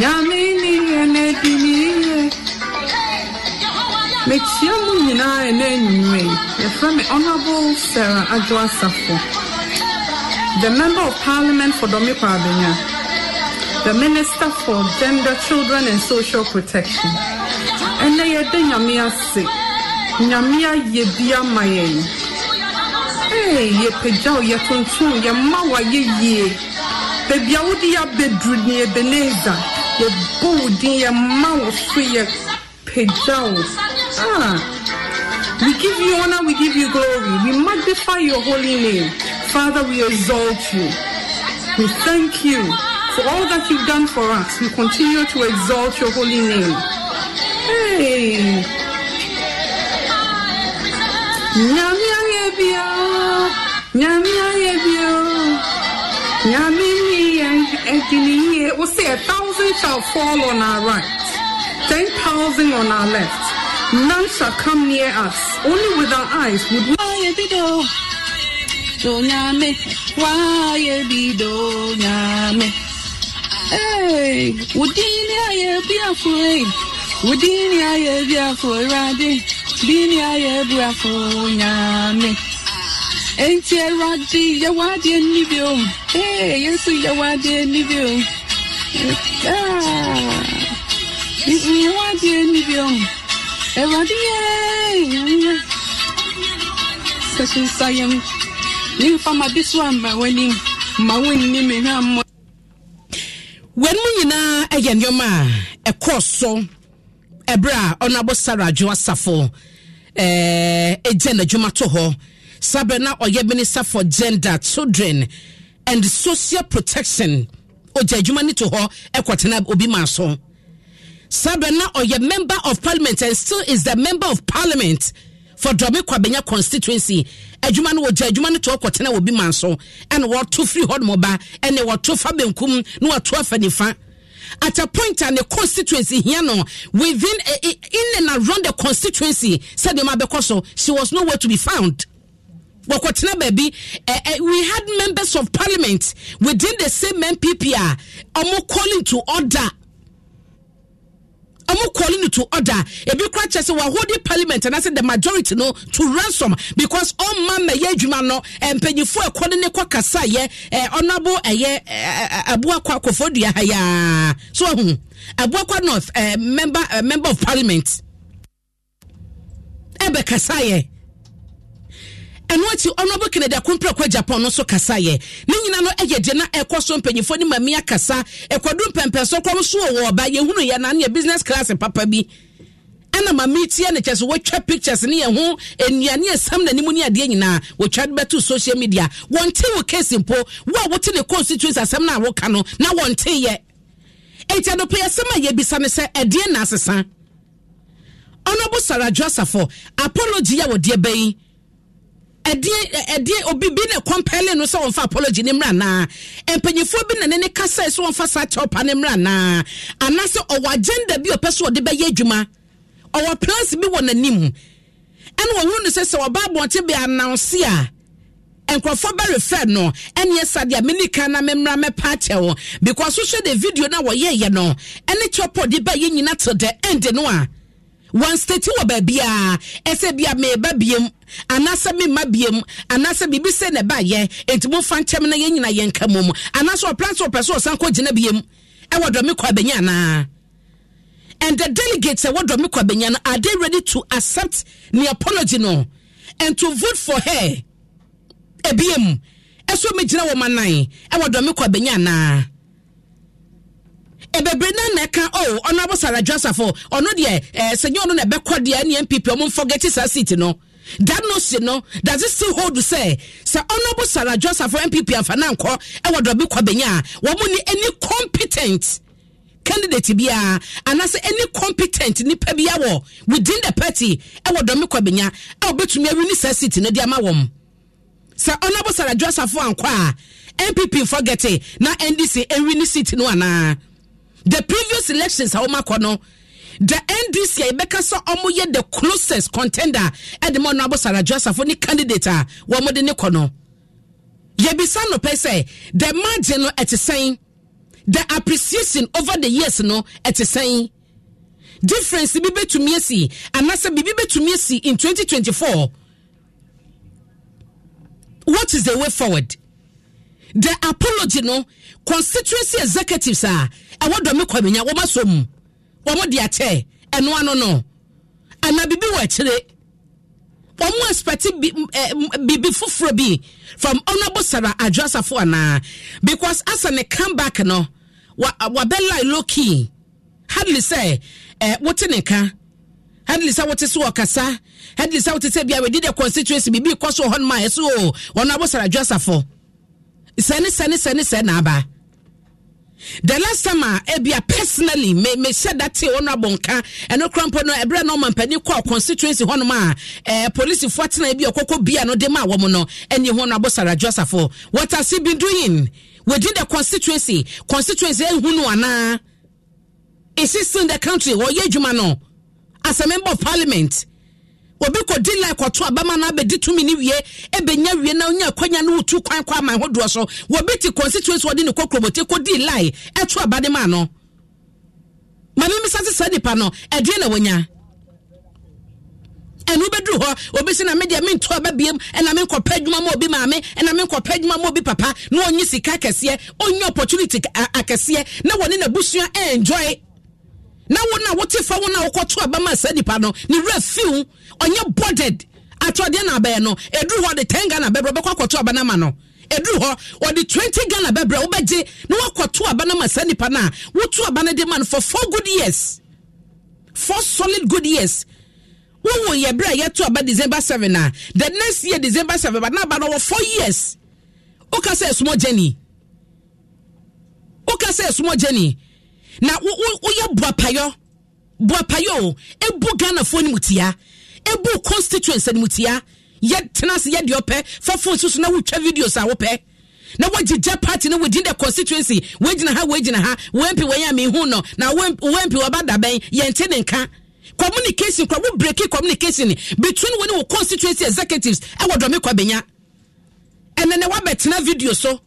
nyamini ɛnɛ dini yɛ mekyia mu nyinaa ɛnɛ nnwere yɛfrɛ me honourable sarah adwo asafo the member of parliament for dɔmipa abenya the minister for gender children and social protection ɛnɛ yɛde nyame ase nyame ayɛ bi ama yɛn yɛpagyaw yɛtontom yɛma wayɛ yie baabi a wode yɛ ne ebeneza Your wo in your mouth, free, your wo ah we give you honor we give you glory we magnify your holy name father we exalt you we thank you for all that you've done for us we continue to exalt your holy name hey Nyami, ayɛ bio nyame nyami, we'll see a thousand shall fall on our right ten thousand on our left none shall come near us only with our eyes would we. wáyé bidò dònyàmé Hey, wòdìní ayé bí àfòrè wòdìní ayé nti awurade yɛwɔ adeɛ nni bio yɛ nso yɛwɔ adeɛ nni bio ah. yɛwɔ adeɛ nni bio bi so ma nyinaa ɛyɛ nneɔma a ɛkɔɔ so ɛberɛ a ɔno adwo asafo ɛgya n'adwuma to hɔ sabena ɔyɛ minister for gender children and social protection ɔgya adwuma no to hɔ ɛkɔtena obi ma so sabena ɔyɛ member of parliament and still is the member of parliament for Dromi kwabenya constituency adwuma e no wɔgya adwuma no to hɔ kɔtena obi ma so ɛna wɔto firi hɔ nom ba ɛna wɔto fa benkum na wɔto afa nifa at a point a the constituency here no within a, eh, a, eh, in and around the constituency said the so she was nowhere to be found wɔkɔtena baabi uh, eh, uh, eh, we had members of parliament within the same npp a ɔmo calling to order ɔmo calling to order ebi kura kyerɛ sɛ wɔahode parliament and ase the majority no to ransom because ɔmma mɛyɛ adwuma no eh, mpanyinfo ɛkɔ e ne ne kɔ kasa yɛ ɛɛ ɔnabo ɛyɛ ɛɛ aboakɔ akɔfo dua ha so ɔhun hmm, aboakɔ north ɛɛ member ɛɛ member of parliament ɛbɛ kasa yɛ ɛno akyi ɔnɔbo keneda kumprɛkɔ japan no nso kasa yɛ ne nyina no ɛyɛ gye na ɛkɔ so mpanyimfoɔ ne mamia kasa ɛkɔduru mpɛmpɛso kɔm so wɔ ɔba yɛhunu yɛ na ne business class papa bi ɛna mame tie ne kyɛ so wɔtwa pictures ne yɛ ho nnuane ɛsam n'anim ne adeɛ nyinaa wɔtwa de social media wɔnte wo case mpo wo a wote ne constituency asɛm no a woka no na wɔnte yɛ ɛnti adɔpɛ yɛsɛm a yɛbisa no sɛ ɛdeɛ na asesa ɔnɔbo saradwo asafo apology a wɔdeɛ bɛyi ɛdeɛ ɛdeɛ obi bi na kɔmpɛle no sɛ wɔmfa apology ne mmerɛ anaa mpanyinfoɔ bi na ne kasa sɛ wɔmfa saa kyɛw pa ne mmerɛ anaa anaasɛ ɔwɔ agenda bi ɔpɛ sɛ ɔde bɛyɛ adwuma ɔwɔ plans bi wɔ n'anim ɛna wɔhunu no sɛ sɛ ɔba abɔnten bi anansi a nkurɔfoɔ bɛ refɛ no ɛne sadi a mene ka na memmra mɛpa akyɛw because wohwɛ de video na a wɔyɛyɛ no ɛne kyɛpɔ de bɛyɛ nyina to de end no a wɔn state wɔ baabi a ɛsɛ bi a meba biem anaasɛ mema biem anaasɛ biribi sɛ na ɛba yɛ nti mofa nkyɛm na yɛn nyina yɛn ka mu mu anaasɛ ɔpra sɛ ɔpɛ sɛ ɔsan kɔ gyina biem ɛwɔ dɔmi kɔ abɛnya anaa and the delegates ɛwɔ dɔmi kɔ abɛnya no are they ready to accept ne apology no and to vote for her ebiem ɛso mi gyina wɔn anan ɛwɔ dɔmi kɔ abɛnya anaa bebree na na ɛka o oh, ɔno abosara dwasafo oh, ɔno deɛ ɛɛ eh, sɛnyɛ ɔno na ɛbɛkɔ deɛ ɛne npp ɔmo nfɔgɛti saa seat no that no si no does it still hold sɛ sɛ ɔno abosara dwasafo oh, npp afanankɔ ɛwɔ eh, dɔbi kɔbɛnya a wɔn ni any competent candidate biara anaasɛ any competent nipa bi awɔ within the party ɛwɔ eh, dɔmi kɔbɛnya a ɔbɛtumi awi ne saa seat no de ama wɔn sɛ ɔno abosara dwasafo ankɔ a ah, npp nfɔgɛti na ndc ɛwi ne seat no anaa the previous elections a wɔn no the ndc a yɛbɛka sɛ wɔn the closest contender ɛde mu ɔnabɔ sarajua safo ne candidate ah, a wɔn de ne kɔ no yɛbisa no pɛ sɛ the margin no ɛte sɛn the appreciation over the years no ɛte sɛn difference bi bɛtumi asi anaasɛ biribi bɛtumi asi in 2024 what is the way forward the apology no constituency executives are. Ah, ɛwɔ dɔmi kɔminya wɔn aso mu wɔn de akyɛ ɛnoa no no ana bibi wɔ akyire wɔn mu expecti bi ɛ bibi foforɔ bi from honourable sarah adwasafo ana because asa ne comeback no wa wabɛ lie low key hardly sɛ ɛ wɔte ne ka hardly sɛ wɔte so wɔkasa hardly sɛ wɔte sɛ bia wɔdi de constituency bibi kɔ so wɔ hɔ nom a ɛso wɔn abɔ sarah adwasafo sɛne sɛne sɛne sɛne na the last time a ebia eh, personally me me hyɛ date wɔn abɔ nka ɛno kora mpo no ɛbrɛ na ɔma mpanin kɔ constituency hɔnom a eh, Police polisifoɔ tena ebi ɔkɔkɔ bia no de ma wɔn no ɛne wɔn abɔ sarajɔsafo what has he been doing within the constituency constituency ehunu eh, anaa is he still in the country wɔyɛ adwuma no as a member of parliament obi kò di line kɔtɔ abama na abɛdi tumi ni wie ebɛnya wie na onya akɔnya ne wotu kwan kɔ ama ahodoɔ so wobi ti constituency wɔde ne kɔ kurobote kɔ di line ɛto aba ne ma no maame mi sase saa nipa no ɛdeɛ na wonya ɛnu bɛduru hɔ obi si na mi deɛ mi ntɔ ɔbɛ biem ɛna mi nkɔpɛ adwuma ma obi maame ɛna mi nkɔpɛ adwuma ma obi papa na onyi sika akɛseɛ onyi opportunity akɛseɛ na wɔne na busua ɛnjoy na wo na wote fa wo na wokɔto aba ma saa nipa no ne werɛ fiw ɔnyɛ bɔded atɔdeɛ na abɛyɛ no ɛduru hɔ de 10 ghana bɛbrɛ wobɛkɔ akɔto aba no ama no ɛduru hɔ ɔde 20 ghana bɛbrɛ wobɛgye na woakɔto aba no ma saa nipa no a woto aba no de ma no for four good years four solid good years wowo yɛ berɛ a yɛto aba december seven na the next year december seven but na aba no wɔ four years woka sɛ ɛsomɔ gyani woka sɛ ɛsomɔ gyani na woyɛ boapayɔ boapayɔ o ebu ghanafoɔ no mu tia ebu constituency no mu tia yɛtena ase yɛde ɔpɛ fa phone soso na wotwa videos a wopɛ na wagyegya party no within the constituency woagyina ha woagyina ha wampi wɔyɛ a mehu no na wampi wɔba da yɛnte ne nka communication kora wobreki communication between wo ne constituency executives ɛwɔ dɔme kwabenya ɛnɛ ne woabɛtena video so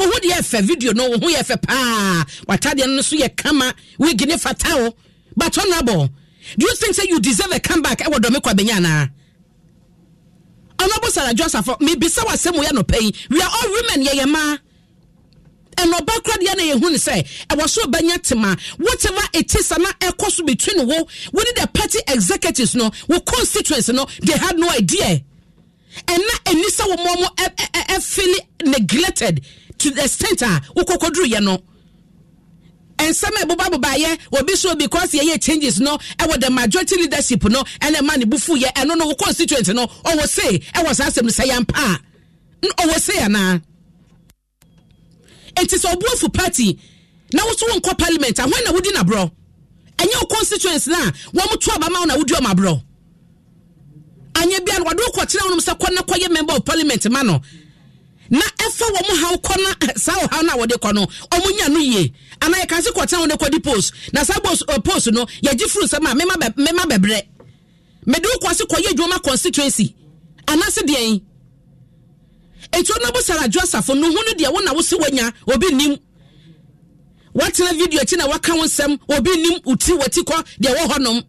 wo ho deɛ ɛfɛ video no wo ho yɛ fɛ paa watadeɛ no nso yɛ kama wigi ne fata o but honorable do you think say you deserve a comeback ɛwɔ dɔmi kɔ abɛnya anaa honorable sarah joseph mebisa wasɛm wo yɛ no pɛyi we are all women yɛyɛ mmaa ɛna ɔba kora deɛ na yɛhu ne sɛ ɛwɔ so ɔbɛnya tema whatever it is ana ɛkɔ so between wo wo ne the party executives no wo constituents no they had no idea ɛna ɛni sɛ wɔn mo ɛfili neglected to the extent a wokɔkɔduruyɛ no nsɛm a ɛboba bobaeɛ obi so because yɛyɛ changes no ɛwɔ the majority leadership no ɛna ɛma ne bufu yɛ ɛno no wo constituent no ɔwɔ se ɛwɔ saa asɛm no sɛ yɛmpa a ɔwɔ se anaa nti sɛ ɔbuafu party na woso wonkɔ parliament a hwan na wodi naborɔ ɛnyɛ wo constituents no a wɔm to aba ma wo na wodi ɔma borɔ anyɛ bia no wɔde wo kɔkyerɛ wonom sɛ kɔ na kɔyɛ member of parliament ma no na ɛfa wɔn haw kɔ na saa ɔhaw na wɔde kɔ no wɔn nya no yie ana yɛ kan se kɔtɛn wɔn kɔ di post na saa post uh, eh, post no yɛgye furu nsɛm a mɛma bɛ mɛma bɛbrɛ mɛde wokɔ se kɔyɛ adwuma constituency se deɛ yi etu ɔnabu sara adwo asafo no ho no deɛ wɔn na wɔsi wɔnya obi nim wɔtena video akyi na wɔaka wɔn nsɛm obi nim uti wɔti kɔ deɛ wɔ hɔ nom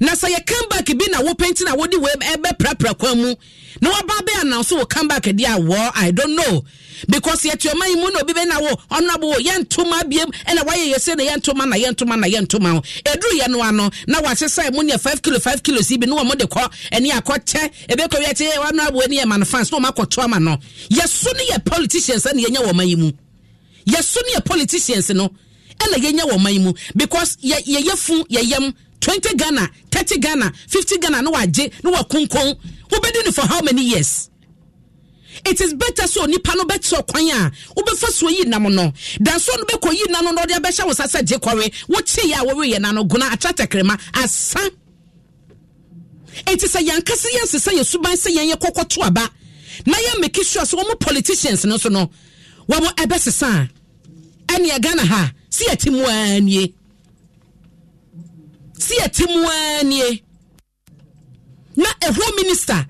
na sɛ yɛ comeback bi na wopɛnti na wode ɛbɛprapra kwan mu na waba bɛ ananso wo comeback deɛ a wɔ i don't know because yɛtuama yi mu na obi bɛ na wo ɔno abo wo yɛntoma biam ɛna wayɛ yɛ sɛ na yɛntoma na yɛntoma na yɛntoma ho ɛduru yɛ no ano na wɔahyehyɛ mu neɛ 5 kilo 5 kilo si bi ne wɔ mo de kɔ ɛne akɔkyɛ ɛbɛkɔ wiɛ kyɛ ɔno abo ani yɛ man fans na ɔmakɔto ama no yɛso ne yɛ politicians ɛne yɛnyɛ wɔ ma yi mu yɛso ne yɛ politicians no ɛna yɛnyɛ wɔ ma yi mu because yɛyɛ fu yɛyɛm Twenty ghana thirty ghana fifty ghana na wagye na wakonkon wobɛdi no for how many years it is better so nipa no bɛtɛ kwan a wobɛfa so yi nam no dansoɔ no bɛkɔ yi nam no na ɔde abɛhyɛ wo sa sɛ gye kɔre wokyeyɛ a wɔreyɛ na no guna atra tɛkrɛma asa ɛnti sɛ yɛnkasa yɛnsesa yɛ suban sɛ yɛnyɛ kɔkɔto aba na yɛmmeki sure sɛ wɔn politicians no so no wɔn ɛbɛsesa a ɛnea ghana ha si yɛ ti nie si ɛte mu ara nie na ɛho minister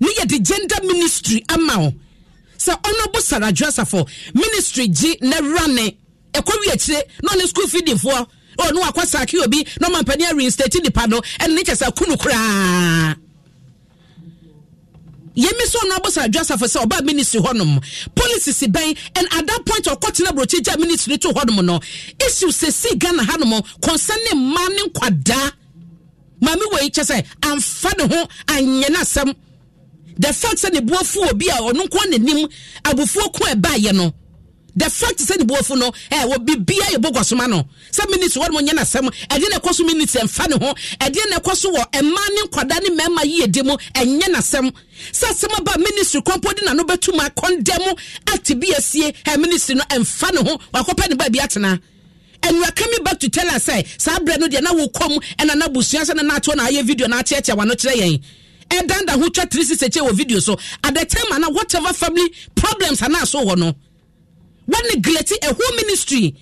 ne yɛde gender ministry ama wo sɛ ɔnɔbo saradwasafo ministry gye na rane ɛkɔwi e akyire na ɔne school feedingfoɔ ɔne wakɔ saake obi oh, na ɔmampani areinstate nipa no ɛne ne kyɛ sɛ ako no koraa yemi so no abosa adwasafo sɛ ɔbaa ministry hɔnom policy si bɛn and at that point ɔkɔtena burokyi gya ministry to hɔnom no Isu sɛsi ghana hanom concerning mmaa ne nkwadaa maame wei kyɛ sɛ amfa ne ho anyɛ no the fact sɛ ne boafu obi a ɔno nko n'anim abufuo ko ɛbaayɛ no the fact sɛ nibuafo no ɛ wɔ biribiara yɛ bɔ gɔsoma no sɛ ministry wɔn mo nyɛ n'asɛm ɛdeɛ na ɛkɔ so ministry ɛnfa ne ho ɛdeɛ na ɛkɔ so wɔ mmaa ne nkwadaa ne mmarima yie de mu ɛnyɛ n'asɛm sɛ asɛm aba ministry kɔmpo de n'ano bɛtum akɔndɛm ate bi asie ɛ ministry no ɛnfa ne ho wakɔpɛ ne baabi atena nwura kami back to tell us sɛ saa abirɛ no deɛ na wɔ kɔm ɛna na busua sɛ na n'atoɔ na ayɛ video na akyerɛkyerɛ wɔn ano kyerɛ yɛn ɛdanda ho twa three six ɛkyɛ wɔ oh, video so at the time ana whatever family problems ana aso wɔ oh, no a whole ministry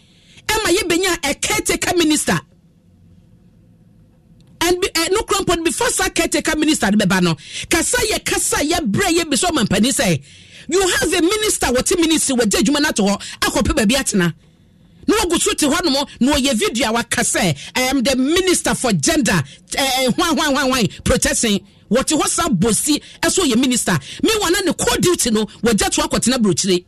ɛma yɛbɛnya a caretaker minister and be, uh, no crampon before sa caretaker minister de beba no kasa yɛ kasa yɛ brɛ yɛ bi so ɔman panin sɛ you have a minister wɔte ministry wɔgye adwuma no ato hɔ akɔpɛ baabi atena na wagu so te hɔnom na ɔyɛ video a waka sɛ i am the minister for gender hwanhwanhwanhwan uh, protection wɔte hɔ saa bosi ɛso ɔyɛ minister mewa na ne co duty no wɔgya to akɔtena burokyire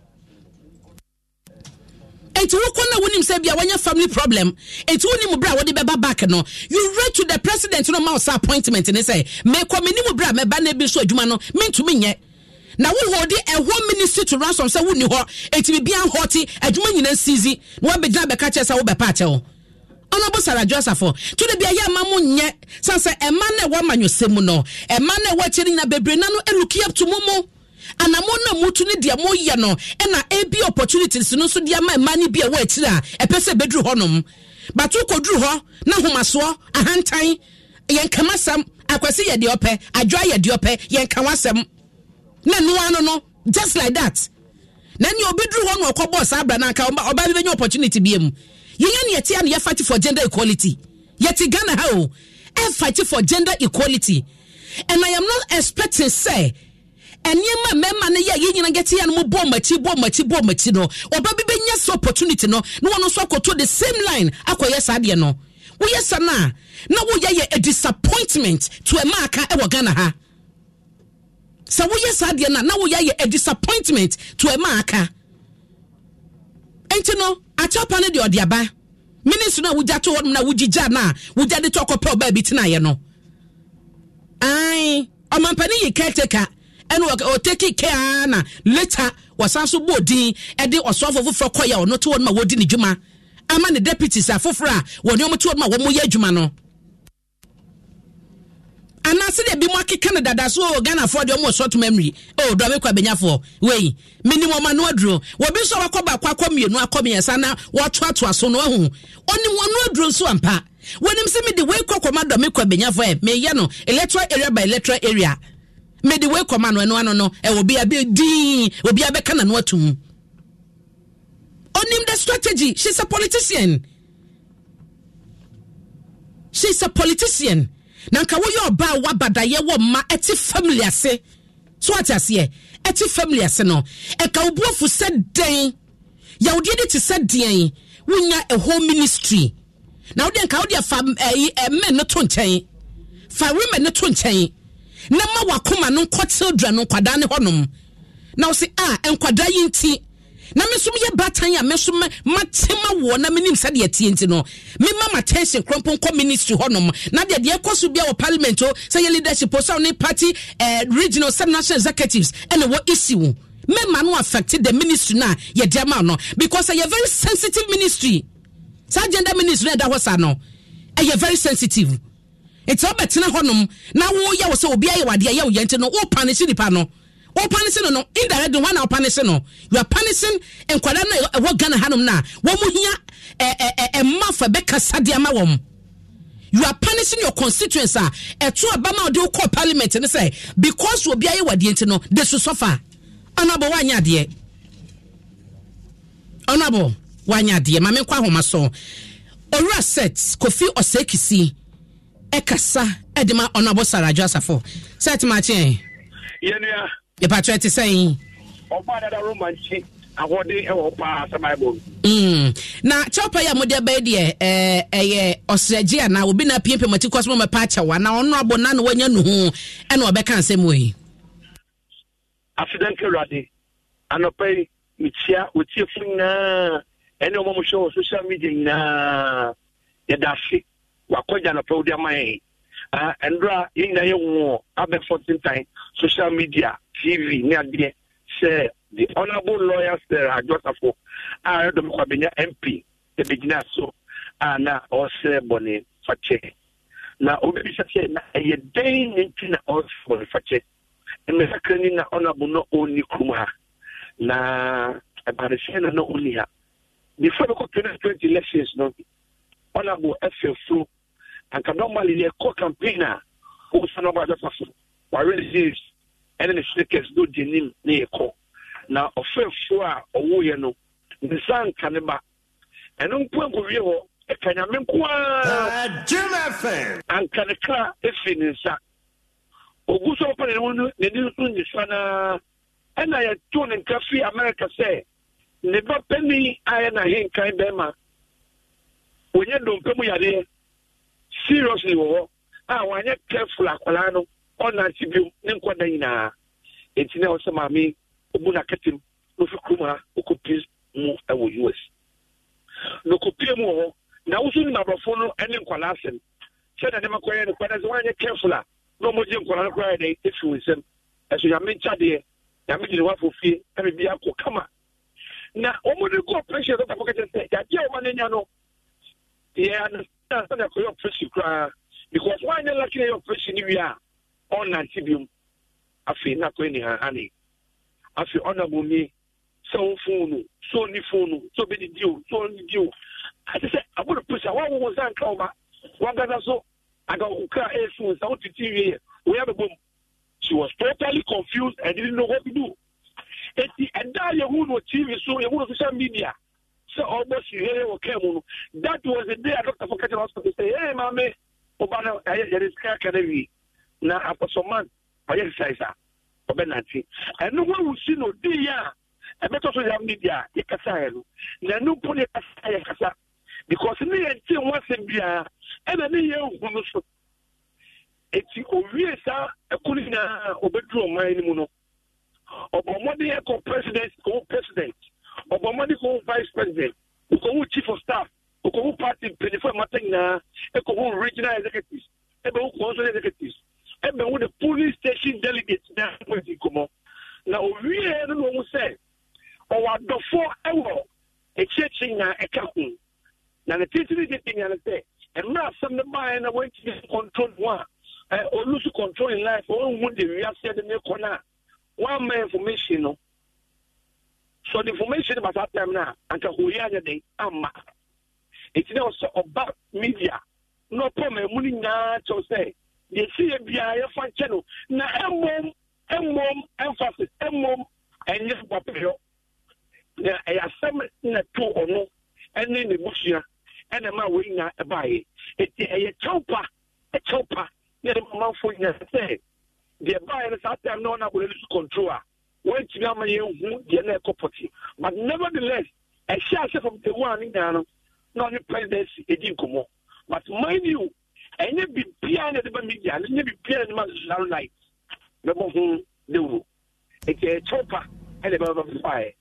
nti wokɔ no wonim sɛ bia wanyɛ family problem nti wonim berɛ a wode bɛba back no you read to the president no ma wo sɛ appointment ne sɛ mekɔ menim berɛ a mɛba no bi so adwuma no mentumi nyɛ na wohɔde ɛhɔ ministry to run ransom sɛ wonni hɔ ɛti biribia hɔte adwuma nyina sizi na woabɛgyina bɛka kyerɛ sɛ wobɛpa akyɛ wo ɔnɔbo sara josafo to de bia yɛ ama mo nyɛ san sɛ ɛma no ɛwɔ amanyɔsɛ mu no ɛma no ɛwɔ akyiri nyina bebree na no ɛluki e up to mo anamo na mutu ne deɛ moyɛ no ɛna ebi opportunities no nso deɛ ma mmaa no bi a ɛwɔ akyire a ɛpɛ sɛ ɛbɛduru hɔnom bato kɔduru hɔ na ahomasoɔ ahantan yɛn nkama sɛm akwasi yɛ deɛ ɔpɛ adwa yɛ deɛ ɔpɛ yɛn nkawa sɛm na noa no no just like that na nea obi duru hɔ no ɔkɔ bɔɔl saa abira nanka ɔba bi bɛnya opportunity bi mu yɛnyɛ ne yɛte a ne yɛfati for gender equality yɛte ghana ha o ɛfati for gender equality and i am not expecting say nneɛma mmarima no yɛ yɛ nyina gɛte yɛ no mu bɔ mmakyi bɔ mmakyi bɔ mmakyi no ɔba bi bɛnya sɛ opportunity no na wɔn nso akɔto the same line akɔyɛ saa adeɛ no woyɛ sa no a na woyɛ yɛ a disappointment to ɛma aka ɛwɔ ghana ha sɛ woyɛ saa adeɛ no a na woyɛ yɛ a disappointment to ɛma aka nti no akyɛpa no deɛ ɔde aba minisiri no a wogya to hɔ na wogyigya no a wogya de tɔkɔpɛ ɔbaa bi tenaeɛ no ae ɔmampani yi caretaker ɛna ɔtaki care na later wɔsan so bɔɔ din ɛde ɔsɔfo foforɔ kɔyɛ ɔno te hɔ no ma wɔdi ne dwuma ama ne deputies afoforɔ a wɔne ɔmo te hɔ no ma wɔn yɛ adwuma no anaasɛ deɛ bi mu akeka no dada so o ghanafoɔ deɛ ɔmo short memory o dɔbɛ kɔ abenyafoɔ wei menim ɔma no aduro wɔbi nso ɔbɛkɔ baako akɔ mmienu akɔ mmiɛnsa na wɔtoatoa so no ahu ɔnim ɔno aduro nso ampa wɔnim sɛ mede wei kɔ kɔma dɔme kɔ abenyafoɔ ɛ meyɛ no electoral area by electoral area mede wei kɔma no ɛno ano no ɛwɔ bia bɛdin obia bɛka na no atom onim the strategy she's a politician she's a politician na nka woyɛ ɔbaa wabadayɛ wɔ mma ɛte family ase so ate aseɛ ɛte family ase no ɛka wobuafo sɛ dɛn yawdeɛ de te sɛ deɛn wonya ɛhɔ ministry na wode nka wode afa eh, eh, men no to nkyɛn fa women no to nkyɛn na ma wakoma no nkɔ children no nkwadaa ne hɔnom na ɔsi a nkwadaa yi nti na me nso yɛ batan a me nso ma te ma wɔ na me nim sɛdeɛ tie nti no me ma ma tension kurɔmpo nkɔ ministry hɔnom na deɛ deɛ ɛkɔ so bi a wɔ parliament o sɛ yɛ leadership o sɛ ɔne party ɛɛ eh, regional sɛ national executives ɛna wɔ issue mmarima no affected the ministry na yɛde ama no because ɛyɛ very sensitive ministry saa gender ministry na ɛda hɔ sa no ɛyɛ very sensitive nti wobɛtena hɔnom na woyɛ wo sɛ obi ayɛ wadeɛ yɛ wo yɛ nti no wopanese nipa no wopanese no no indirect no wana wopanese no you are panising nkwadaa no ɛwɔ ghana eh, hanom no a wɔn hia ɛma eh, eh, fa bɛkasa de ama wɔn you are punishing your constituents a ɛto abama ɔde wokɔ parliament no sɛ because obi ayɛ wadeɛ nti no de so sɔfa ɔnabɔ woanyɛ adeɛ ɔnabɔ woanyɛ adeɛ ma menkɔ ahoma so owura set kofi ɔsɛ kisi ɛkasa ɛde ma ɔnabɔ saradwo asafo sɛ ɛtemakyeɛ yɛnua yɛpatro ɛte sɛ yi ɔba dada roma nkyi ahɔde ɛwɔ paa mm. na kyɛwpa yi a mode bɛyɛ deɛ ɛyɛ ɔsrɛgye anaa obi na piepiem ati kɔ so mɛpa akyɛw ɔno na na wanya no ɛna ɔbɛka nsɛm yi wɔ nyinaa wakɔgya nɔpɛ wode ama yɛn ah, ɛndora yɛn nyinaa yɛwoɔ abɛfɔ tentan social media tv ne adeɛ sɛ the honourable lawyers eh, adwɔsafo a ɛdɔm kɔ abɛnya mp ɛbɛgyina so ana na ɔsɛ bɔne fakyɛ na obɛbisa sɛ na ɛyɛ dɛn ne nti na ɔsɛ bɔne fakyɛ mmɛsakra ni na honourable no ɔnni kurom ha na ɛbanesɛ na na ɔnni ha before bɛkɔ twenty elections no honourable ɛfɛ furu anka normally ne ɛkɔ campaign ah, a wosa na ɔbaabɛfa so ware ne games ɛne ne snakers no di anim ne yɛkɔ na ɔfɛfoɔ a ɔwoyɛ no ne sa nka ne ba ɛno mpo ankɔwie hɔ ɛka nyame nko a anka ne kra ɛfiri ne nsa ogu so ɔpɛ nene mu no n'ani so nyifa naa ɛna yɛtoo ne nka fi america sɛ ne ba pani a yɛ n'ahenkan bɛrima wɔnyɛ dompa mu yadeɛ seriously wɔ hɔ a wanyɛ careful akwadaa no ɔnante biom ne nkɔda nyinaa nti na ɔsɛ maame ɔbu n'akɛtɛ mu na ofi kurom ha okɔpie mu wɔ us na okɔpie mu wɔ hɔ na woso nim aborɔfo no ne nkwadaa asɛm sɛdeɛ ne makɔyɛ no kwadaa sɛ wanyɛ careful a na ɔmɔgye nkwadaa no koraa yɛ dɛ efi wɔn nsam ɛso nyame nkyadeɛ nyame gyina wɔn afɔ fie ɛna bi akɔ kama na wɔn de kɔ pressure dɔkta fo kɛtɛ sɛ yadeɛ a wɔn anya no yɛ ano na sɛ na kɔyɛ ɔpɛsi koraa because woanyɛ laki na yɛ ɔpɛsi no wie a ɔnante biom afei na kɔyɛ ne hahane afei ɔnabɔ mie sɛ wo foonu sɛ ɔni foonu sɛ ɔbɛdi dio sɛ ɔni dio ate sɛ abɔde pɛsi a woawowo sɛ anka wo ma woagada so agawokra ɛɛsi wo nsa wotete wie yɛ woyɛ bɛbɔ mu she was totally confused and didn't know what to do eti ɛda yɛhu no tv so yɛhu no social media sɛ ɔbɔ sihɛyɛ wɔ kaa mu no that was the day a doctor for kakyɛ hospital say, hey maame ɔba no ɛyɛ yɛde sika ka no wie na apɔsɔman ɔyɛ exercise a ɔbɛnante ɛno ho awusi no diiɛ a ɛbɛtɔ so yam ne di a yɛkasaeɛ no na ɛno mpo ne yɛkasa yɛkasa because ne yɛnte ho asɛm biara ɛna ne yɛnhu no so eti owie saa ɛko no nyinaa ɔbɛduru ɔman no mu no ɔbɔ mmɔden ɛkɔ president kɔɔ president ɔbɔmmɔde kɔhu vice president ɛkɔhu chief of staff ɛkɔhu party mpanyinfoɔ ɛmata nyinaa e ɛkɔhu regional executives ɛbɛhu e council executives ɛbɛhu e the polling station delegates na ɛkɔdi nkɔmmɔ na owie no na ɔmo sɛ ɔwɔ adɔfoɔ ɛwɔ akyirikyiri nyinaa ɛka ho na ne titiri tete nyina ne sɛ mmerɛ asɛm no baeɛ na wɔntumi control ho a ɔno so control in life ɔnhu de wiase de ne kɔ no a wɔama information no so the information about that time now anka ho ya nya den amma enti na so oba media no pom emu ni nya to say the see bia ye fa che no na emom emom emphasis emom enye papio na e asem na to ono ene ne busia ene ma we nya e bae enti e ye chompa e chompa ne manfo nya say the bae na that time no na go control wɔntumi ama yɛnhu deɛ na ɛkɔ pɔte but nevertheless ɛhyɛ ahyɛ fam tɛ wɔn a ne nyinaa no na ɔne presidency edi nkɔmɔ but mind you ɛnyɛ bibia na ɛde ba media ɛnyɛ bibia na ɛde ba zaro light bɛbɔ ho lewu eti ɛkyɛw pa ɛna ɛbɛba bɛ fa yɛ.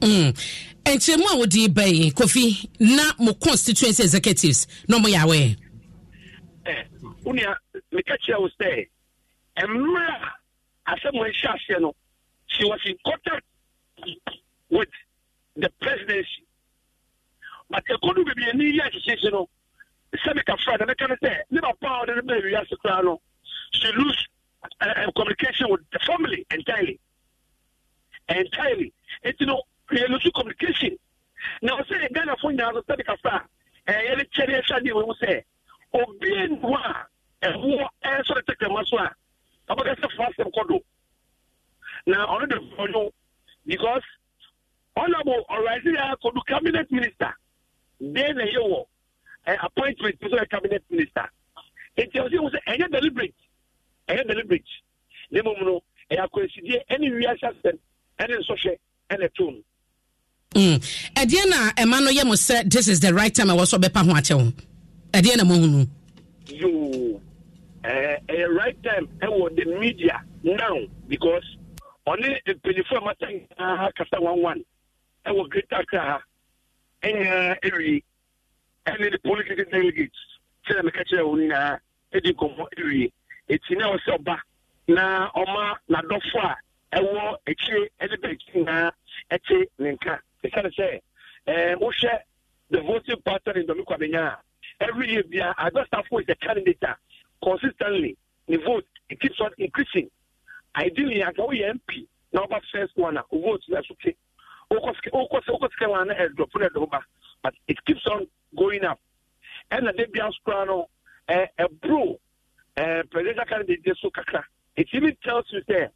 Mm. nkyɛnmu a wɔde ba yi kofi na mo constituency executives na ɔmo yɛ awɛ. ɛ wunia meka kyerɛ wo sɛ mmerɛ a asɛm wɔn ahyɛ aseɛ no she was in contact with the presidency. But the beebi ɛni yɛ ahyehyɛ no sɛbi kafra na mɛka no sɛ ne ba pa ɔde ne ba ewia ase koraa she lose uh, communication with the family entirely entirely eti no yɛ lose communication na ɔsɛ ghana fo nyinaa no sɛbi kafra ɛyɛ ne kyɛnɛ ɛhyɛ adeɛ wɔn mu sɛ obi enu a ɛho ɛsɔre tɛtɛma so a abakasɛ fo asɛm kɔdo na ɔno de fɔnyo because honourable ɔrɔdze yɛ cabinet minister den na yɛ wɔ ɛ appointment nso yɛ cabinet minister eti ɔsi ewu sɛ ɛyɛ deliberate ɛyɛ deliberate ne mu mu no ɛyɛ akɔnsidie ɛne wiase asɛm ɛne nsɔhwɛ ɛna to no. Mm. ɛdeɛ na ɛma no yɛ mo sɛ this is the right time ɛwɔ so ɔbɛpa ho akyɛw ɛdeɛ na mohu no yo ɛyɛ right time ɛwɔ the media now because ɔne mpanyinfoɔ a mata nyinaa kasa one one ɛwɔ greater accra ha ɛnyinaa awie ɛne the political delegates kyerɛ meka kyerɛ wɔn nyinaa ɛdi nkɔmmɔ awie eti na ɔsɛ ɔba na ɔma n'adɔfo a ɛwɔ akyire ɛne bɛnkyi nyinaa ɛte ne nka ɛsiane sɛ wohwɛ the voting pattern in dɔmi kwabenya a every year bia agbasafo is a candidate a consistently ne vote it keeps on increasing ideally anka woyɛ mp na woba first one a vote na so ke wokɔ second one na ɛdɔpo na ɛdɔpo ba but it keeps on going up ɛna da bia so koraa no ɛboro presidential candidate so kakra it even tells you sɛ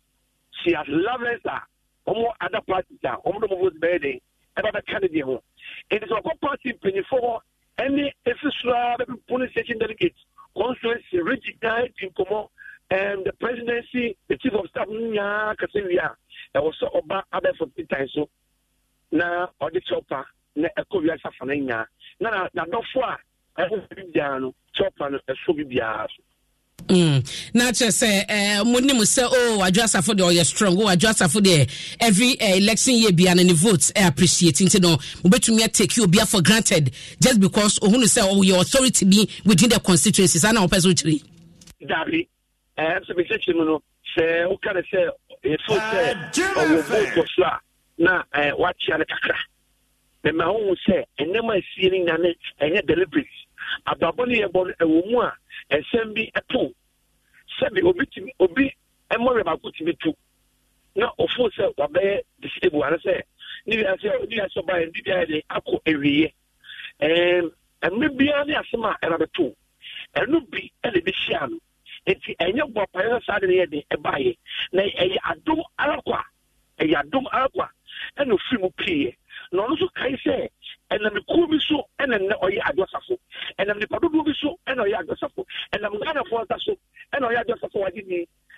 she has lovers a ɔmo other parties that ɔmo dɔm vote bɛyɛ den ɛba bɛka ne deɛ ho it is ɔkɔ party mpanyinfoɔ hɔ Any, efi soraa bɛbi polling station delegate constituency region guide nkɔmɔ um, the presidency, the chief of staff, nyinaa kasa wie a ɛwɔ sɛ ɔba abɛfo petan so na ɔde chopper na ɛkɔ wiase afa no nyinaa na n'adɔfo a ɛho bi biara no chopper no ɛso bi biara so. Mm. na kyerɛ sɛ mo nim sɛ o wadwo asafo deɛ ɔyɛ strong o oh, wadwo asafo deɛ every uh, election year bia no ne vote ɛ uh, appreciate nti no mobɛtumi atake obia for granted just because ohunu sɛ ɔyɛ authority bi within the constituency saa na wɔpɛ so kyerɛ ɛsɛ mekyɛkyerɛ mu no sɛ woka ne sɛ yɛfo sɛ ɔwɔ bookɔ so a na wakyea no kakra na ma wohu sɛ ɛnɛm a ɛsie no nyane ɛnyɛ deliberate abrabɔ no yɛbɔ no ɛwɔ mu a ɛsɛm bi ɛpo sɛbi obi tumi obi ɛmɔwerɛ e baako tumi tu na ɔfo sɛ wabɛyɛ disable ana sɛ ne wiase ne wiase ɔbaeɛ ne biara e, e de akɔ awieɛ ɛmmerɛ biara ne asɛm a ɛra bɛto ɛno bi ɛna ɛbɛhyia no nti ɛnyɛ bɔ pɛyɛ sɛ saa de ne yɛ de ɛbaayɛ na ɛyɛ adum arakwa ɛyɛ adom arakwa ɛna ofiri mu piiɛ na ɔno nso kae sɛ ɛnam ekuo bi so ɛna nnɛ ɔyɛ adwasafo ɛnam nipa dodoɔ bi so ɛna ɔyɛ adwasafo ɛnam ghanafoɔ nsa so ɛna ɔyɛ adwasafo wagye ni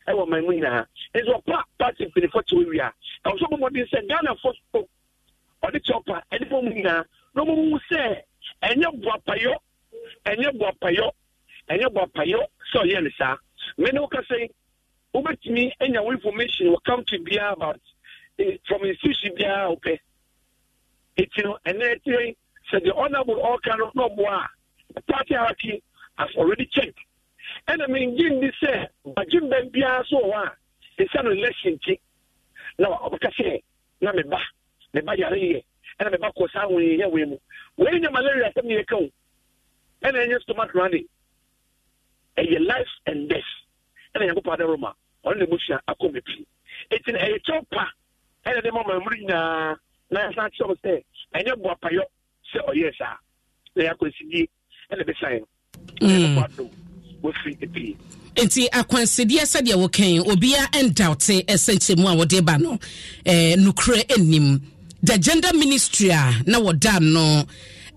ɛwɔ ɔman mu nyinaa nti ɔpa paati mpanyinfoɔ te wia ɛwɔ so ɔmɔden sɛ ghanafoɔ so ɔde kyɛ ɔpa ɛde mu nyinaa na ɔmɔ mu sɛ ɛnyɛ boapayɔ ɛnyɛ boapayɔ ɛnyɛ bɔ payɛ sɛ ɔyɛ ne saa me ne woka sɛ wobɛtumi anya wo information wɔ country biara about eh, from institution biara wopɛ ɛti no ɛnɛ tiri sɛ the honorable ɔka no na ɔboa a party hierarchy has already checked ɛna mengye ndi sɛ bagyembɛn biara so wɔ hɔ a ɛsiane no election nti na ɔbɛka sɛ na meba meba yare yɛ ɛna meba kɔ saa wɔyɛyɛ wei mu wei nya malaria asɛm ne yɛka wo ɛna ɛnyɛ stomach running ɛyɛ life and death ɛna nyankopɔn ada roma ɔno na ɛbusua akɔ mɛpi ɛti no ɛyɛ kyɛw pa ɛna de ma mmere nyinaa na yɛsan kyerɛ m sɛ ɛnyɛ boapayɔ sɛ ɔyɛɛ saa na yɛakɔsidie ɛna bɛsae no wɔfiri ɛpie nti akwansideɛ sɛdeɛ wɔkɛn obiara ɛndaute ɛsɛnkyɛmu a wɔde ba no ɛɛ nukure anim the gender ministry a na wɔda no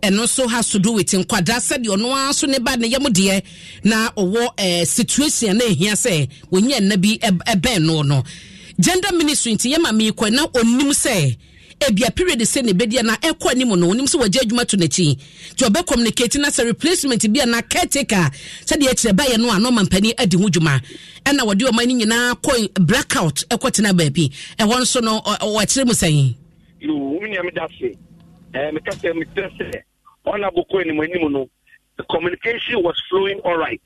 ɛno nso has to do with nkwadaa sɛdeɛ ɔno ara nso ne ba ne yam deɛ na ɔwɔ ɛɛ situation na ehia sɛ wɔnyɛ nna bi ɛbɛn no no gender ministry nti yɛma miikɔ na onim sɛ ebia period sɛ ne bɛdi na ɛkɔ anim no onim sɛ wɔgye adwuma to n'akyi nti ɔbɛ communicate na sɛ replacement bi a na caretaker sɛdeɛ ɛkyerɛ bɛyɛ no a na ɔma mpanin adi ho dwuma ɛna wɔde ɔman no nyinaa kɔ blackout ɛkɔ tena baabi ɛhɔ nso no wɔkyerɛ mu sɛn. yoo wɔn nyɛ mi da se ɛɛ mi kasa mi tẹ Honorable the communication was flowing all right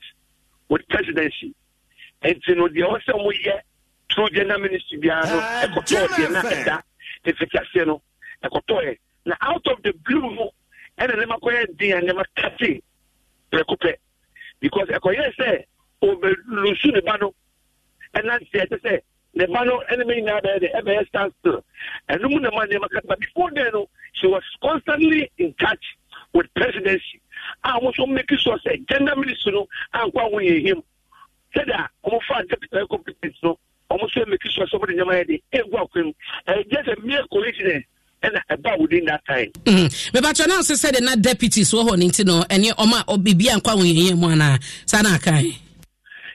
with presidency. And you know, the also we through general ministry biano, ah, ekotoye na eda, efikasi Now out of the blue, and then I'm going to and I'm cutting prekupe because ekoye say over the ne bano, and that's it. Say ne bano enemy the FBS stands still, and But before then, she was constantly in touch. with presidency a mo make sure sɛ gender ministry no ankɔ aho yɛ him sɛdeɛ ɔmo fa deputy competence no ɔmo make sure sɛ ɔmo de nneɛma yɛ de egu and just a mere coincidence. that time. mebatwa naa sɛ sɛde na deputies wɔ hɔ ne nti no ɛne ɔma a nkwa wɔyɛyɛ mu anaa saa na akae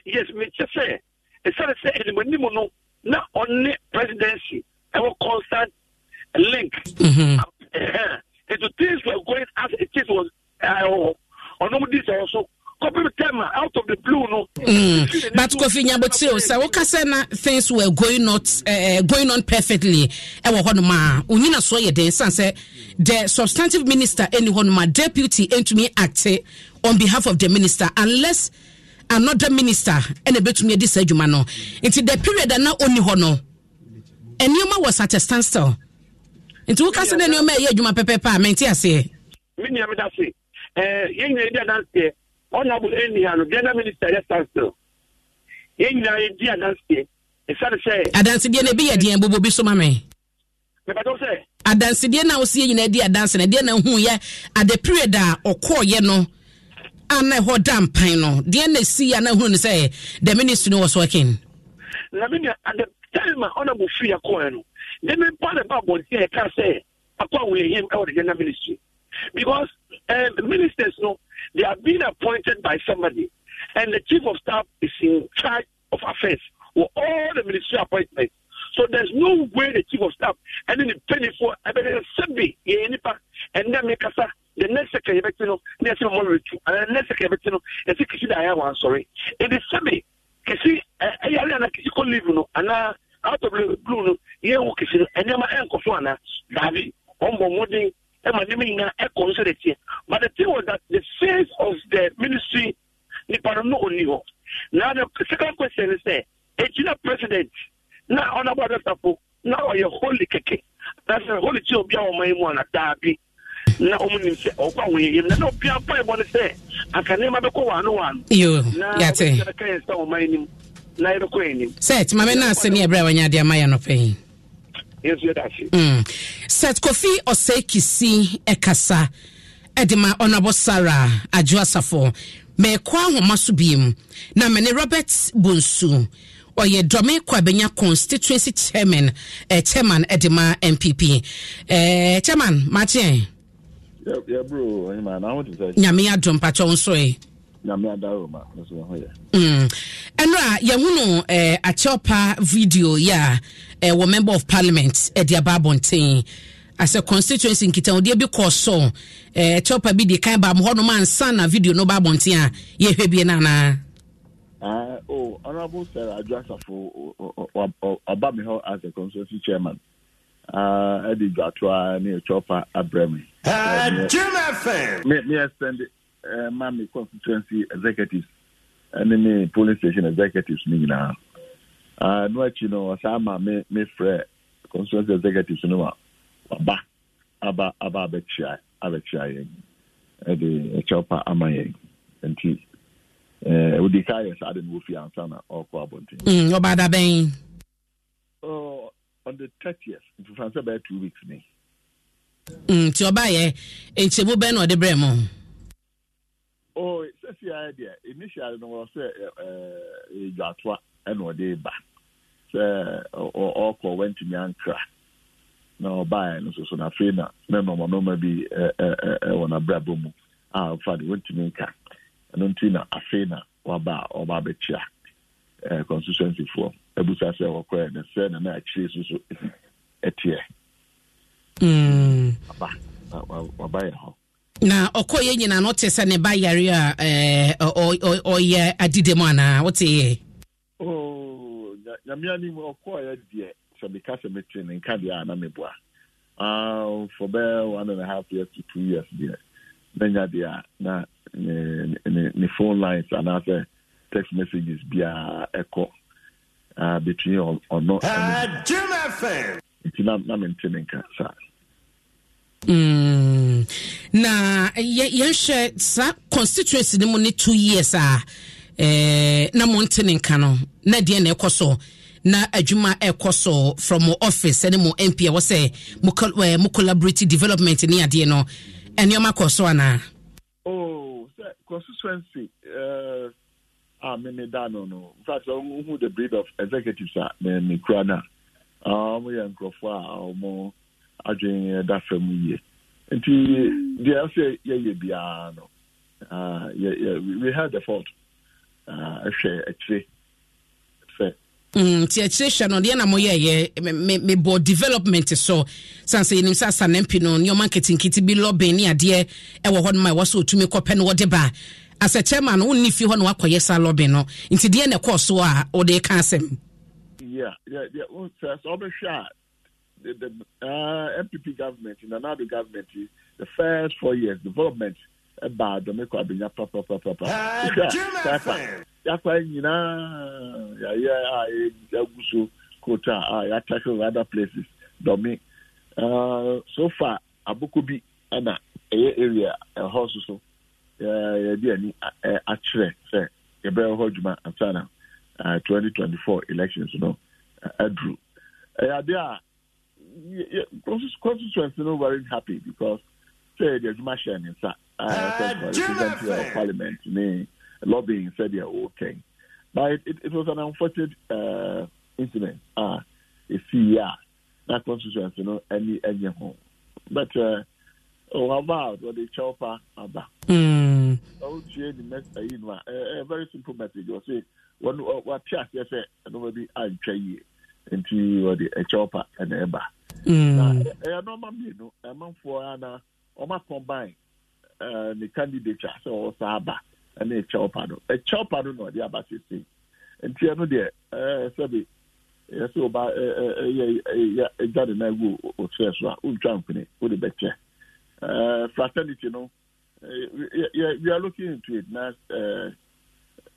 yes mekyɛ sɛ ɛsiane sɛ animanim no na ɔne presidency ɛwɔ constant link mm-hmm. uh-huh. Into things were going as it is was uh, this also. Out of the blue, no. Mm. But Kofi Nyabotio, sir, what na things were going not uh, going on perfectly. Ewo honoma, unina so ye den san say the substantive minister any honoma deputy entumi act on behalf of the minister unless another minister ɛna ebetumi edi saa adwuma no nti the period that na only hɔ no nneɛma was at a standstill nti woka se ne nneɛma ɛyɛ adwuma pɛpɛpɛ a mente aseɛ me nua meda se eh, yɛn nyinaa yɛdi adanseɛ ɔnabo ɛnia no biada minister yɛ sansil yɛn nyinaa yɛdi adanseɛ ɛsiane sɛ adansedeɛ no ebi yɛ deɛn bobo bi so ma me mepɛtɛw sɛ adansedeɛ no a wosi yɛ nyinaa di adanse no deɛ na hu yɛ ade period a ɔkɔɔyɛ no a na ɛhɔ da mpan no deɛ na ɛsi a na hunu no sɛ the minister no was working na me nua ade time a ɔnabo firi akɔɛ no ne me pa ne ba abɔnten a ɛka sɛ akɔ awoyɛyɛm ɛwɔ the general ministry because uh, ministers no they are being appointed by somebody and the chief of staff is in charge of affairs for all the ministry appointments so there's no way the chief of staff and then the penny for ɛbɛyɛ sɛbi yɛyɛ nipa ɛnna mi kasa the next second yɛbɛti no next one mo retu and the next second yɛbɛti no yɛsi kisi da ayɛ wa nsɔre ɛdi sɛbi kisi ɛyɛ ale ana kisi kɔ leave no ana. Uh, out blue no ihe kɛsi no ɛnneɛma ɛnkɔ so anaa daabi ɔmmɔ mmɔden ɛma e nneɛma nyinaa e but the thing was that the face of the ministry nipa no no hɔ na the second question e is sɛ president na ɔnabɔ adɔtafo na ɔyɛ holy keke na sɛ holy kye obi a ɔma yi ana na ɔmo nim sɛ yam na na obi apa ɛbɔ ne sɛ anka bɛkɔ na Mm. na yɛbɛkɔ anim sɛ tima mɛ no ase ne ɛberɛ a wanya adeɛ ama yɛ no pɛi sɛt kofi ɔsɛe kisi ɛkasa ɛde ma ɔnabɔ sara adwo asafo meekɔ ahoma so na mene robert bonsu ɔyɛ dɔme kɔ abɛnya constituency chairman eh, chairman ɛde ma mpp eh, chairman makyeɛ nyame adom patwɔ nsoe Mm. ɛnora yɛhu no eh, video yi a eh, wɔ member of parliament eh, de aba asɛ constituency nkitahodeɛ bi kɔɔ so eh, akyɛwpa bi de kan baa mo hɔnom ansa na video no ba abɔnten a yɛhwɛ bie no Uh, ah, oh, Honorable Sarah Adwasafo aba me hɔ as a constituency chairman ah, Eddie Gatua ne ɛtwɔpa abremi. Eh, eh, me. Jim FM. Me extend it ma me constituency executives ne eh, me polling station executives ah, no nyinaa uh, akyi no saa ma me mefrɛ constituency executives no a waba aba aba abɛkyia abɛkyia yɛn ɛde ɛkyɛw pa ama yɛn nti eh, wodi ka yɛ saa de no wɔfie ansa na ɔkɔ abɔnten mm, ɔbaada bɛn oh, on the thirtieth nti fansɛ bɛyɛ two weeks ni mm, nti ɔbaayɛ nkyɛmu bɛn na ɔde brɛ mu Oh, eh, eh, o sisi ayɛ deɛ initial no wɔ sɛ ɛɛ edwatoa ɛna ɔde ba sɛ ɔkɔ wɛntumi ankra na ɔbaeɛ no soso na afei eh, na na nɔɔma nɔɔma bi ɛɛ mu a ɔfa de wɛntumi nka ɛno nti na afei na waba a ɔba abɛkyia ɛɛ constituency foɔ ebusa sɛ na sɛ na na akyire soso ɛteɛ. aba waba yɛ hɔ. na ɔkɔyɛ nyinaa no ɔte sɛ ne ba yare a eh, ɔyɛ adide mu anaa woteyɛ oh, nyame anim ɔkɔɔyɛ deɛ sɛ meka sɛ metwe ne nka deɛ a na meboa um, for bɛɛ one and a half years to two years deɛ na nya deɛ a na ne phone lines anaasɛ text messages biara ɛkɔ uh, between ɔno nti na mente ne nka saa mm. na na yɛnhwɛ saa constituency no mu ne two years a eh, na monte ne nka no na deɛ na ɛkɔ so na adwuma ɛkɔ so from mo office ne mo mp a wɔsɛ mo, eh, mo collaborative development ne adeɛ no ɛnneɛma kɔ so anaa oh, constituency uh, a mene da no no infact wohu the breed of executives a mekura no a ah, ɔmoyɛ nkurɔfoɔ a ɔmo adwene ɛda fam yie nti deɛ ɛsɛ yɛyɛ biara no ah, we had the fault ah, ɛhwɛ akyire sɛ mm, nti akyire hwɛ no deɛ na moyɛyɛ mebɔ development so sane sɛ yɛnim sɛ asanampi no nneɔma nketenkete bi lɔben ne adeɛ ɛwɔ hɔ no ɛwɔ sɛ ɔtumi kɔpɛ no wɔde baa asɛ kyɛma no wonni fie hɔ na wakɔyɛ saa lɔben no nti deɛ na ɛkɔɔ so a wode ka asɛm the, the uh, MPP government, in the government, the first four years, development about the Abinya, papa, papa, papa. Yakwa nyinaa yaya a egu so quota a yatackle other places domi so far aboko bi area ɛhɔ so yeah, yɛde yeah, akyerɛ sɛ yɛbɛyɛ hɔ adwuma ansana 2024 elections no aduru yeah, adeɛ a constituency no very happy because say the Jumasha and his representative of parliament me lobbying said they are okay. But it, it, it was an unfortunate uh, incident. Ah, uh, a CER, that constituency know any any home. But uh, oh about or hmm. the chopper I Mm. Oh, the message. Uh, uh, a very simple message. You say, when uh, what trust, yes, and nobody I'm trying. nti wɔde ɛkyɛw pa ɛna ɛba mm. na ɛyɛ nɔɔma mmienu ɛmanfoɔ ana ɔma combine eh, ne candidature sɛ ɔsa aba ɛna ɛkyɛw pa no ɛkyɛw pa no na ɔde aba sese nti ɛno deɛ ɛɛ eh, sɛbi yɛsɛ ɔba ɛyɛ eh, ɛyɛ ɛgya de na egu ofeɛ so a ɔntwa nkwene ɔde bɛkyɛ ɛɛ fraternity no ɛɛ yɛ we are looking into it na ɛɛ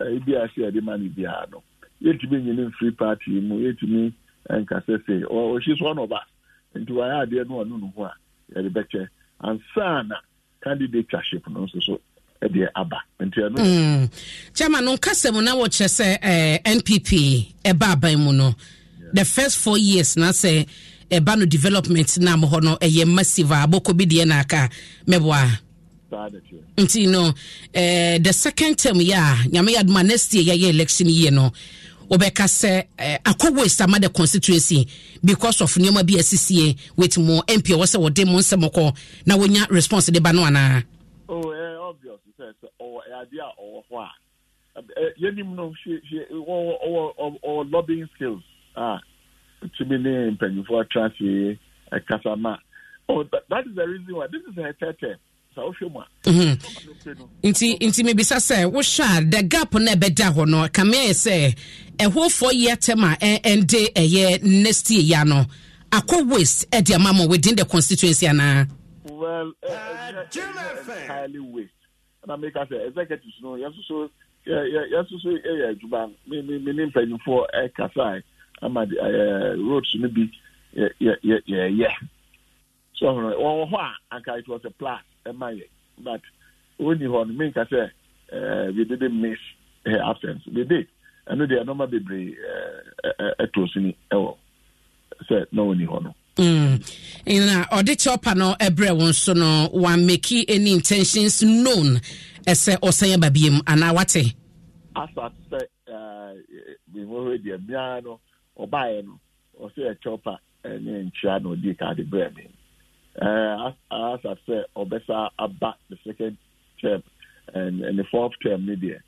ebi a biara no. yɛtumi nyine mfiri party mu yɛtumi eh, nkasɛ se ɔhyi so ɔna ɔba nti wayɛ adeɛ no ɔno no ho a yɛde bɛkyɛ ansa na candidate ship no nso so ɛdeɛ aba nti ɛno gyama hmm. no nkasɛm na wɔkyerɛ sɛ eh, npp ɛba aban mu no the first four years na sɛ ɛba no development na mo hɔ no ɛyɛ massive a abɔkɔ bi deɛ na aka mɛboa nti no eh, the second term yɛ a nyame yɛ adoma next year yɛyɛ election yie no wɔbɛka sɛ eh, akɔwɔ esama the constituency because of nneɛma bi asisie wait mo mp ɛwɔ sɛ wɔde mo nsɛm kɔ na wɔnya response de ba no anaa. o oh, ɛ eh, obvious sɛ sɛ ɔwɔ oh, ɛade eh, a ɔwɔ oh, hɔ a eh, yɛnim no hwɛ hwɛ ɔwɔ ɔwɔ ɔwɔ lobbying skills a ah, tumi ne mpanyinfoɔ atrase ɛkasa ma oh that, that is the reason why this is her third term. Mhm. nti nti mebisa sɛ wohwɛ a the gap no ɛbɛda hɔ no kameɛ sɛ ɛho yi atɛm a ɛnde ɛyɛ next year no akɔ waste ɛde ama ma within the constituency anaa well, uh, uh, entirely waste. And I make us know, yes, so, yeah, yes, so, yeah, Juba, meaning paying for a cafe, roads may be, yeah, so wɔwɔ hɔ a anka it was a plan ɛma yɛ but wɔnni hɔ no menka sɛ uh, we didn't miss her absence we did ɛno deɛ nɔɔma bebree ɛto so ɛwɔ sɛ na wɔnni hɔ no na ɔde kyɛwpa no ɛbrɛ wo nso no wameki any intentions known ɛsɛ ɔsan yɛ babiam anaa wate asat sɛ mmɔhɔ deɛ mmea no ɔbaeɛ no ɔsɛ ɛkyɛwpa ne nkyia na ɔdii kaade brɛ me Eh, as, I said, Obesa about the second term and, and the fourth term media.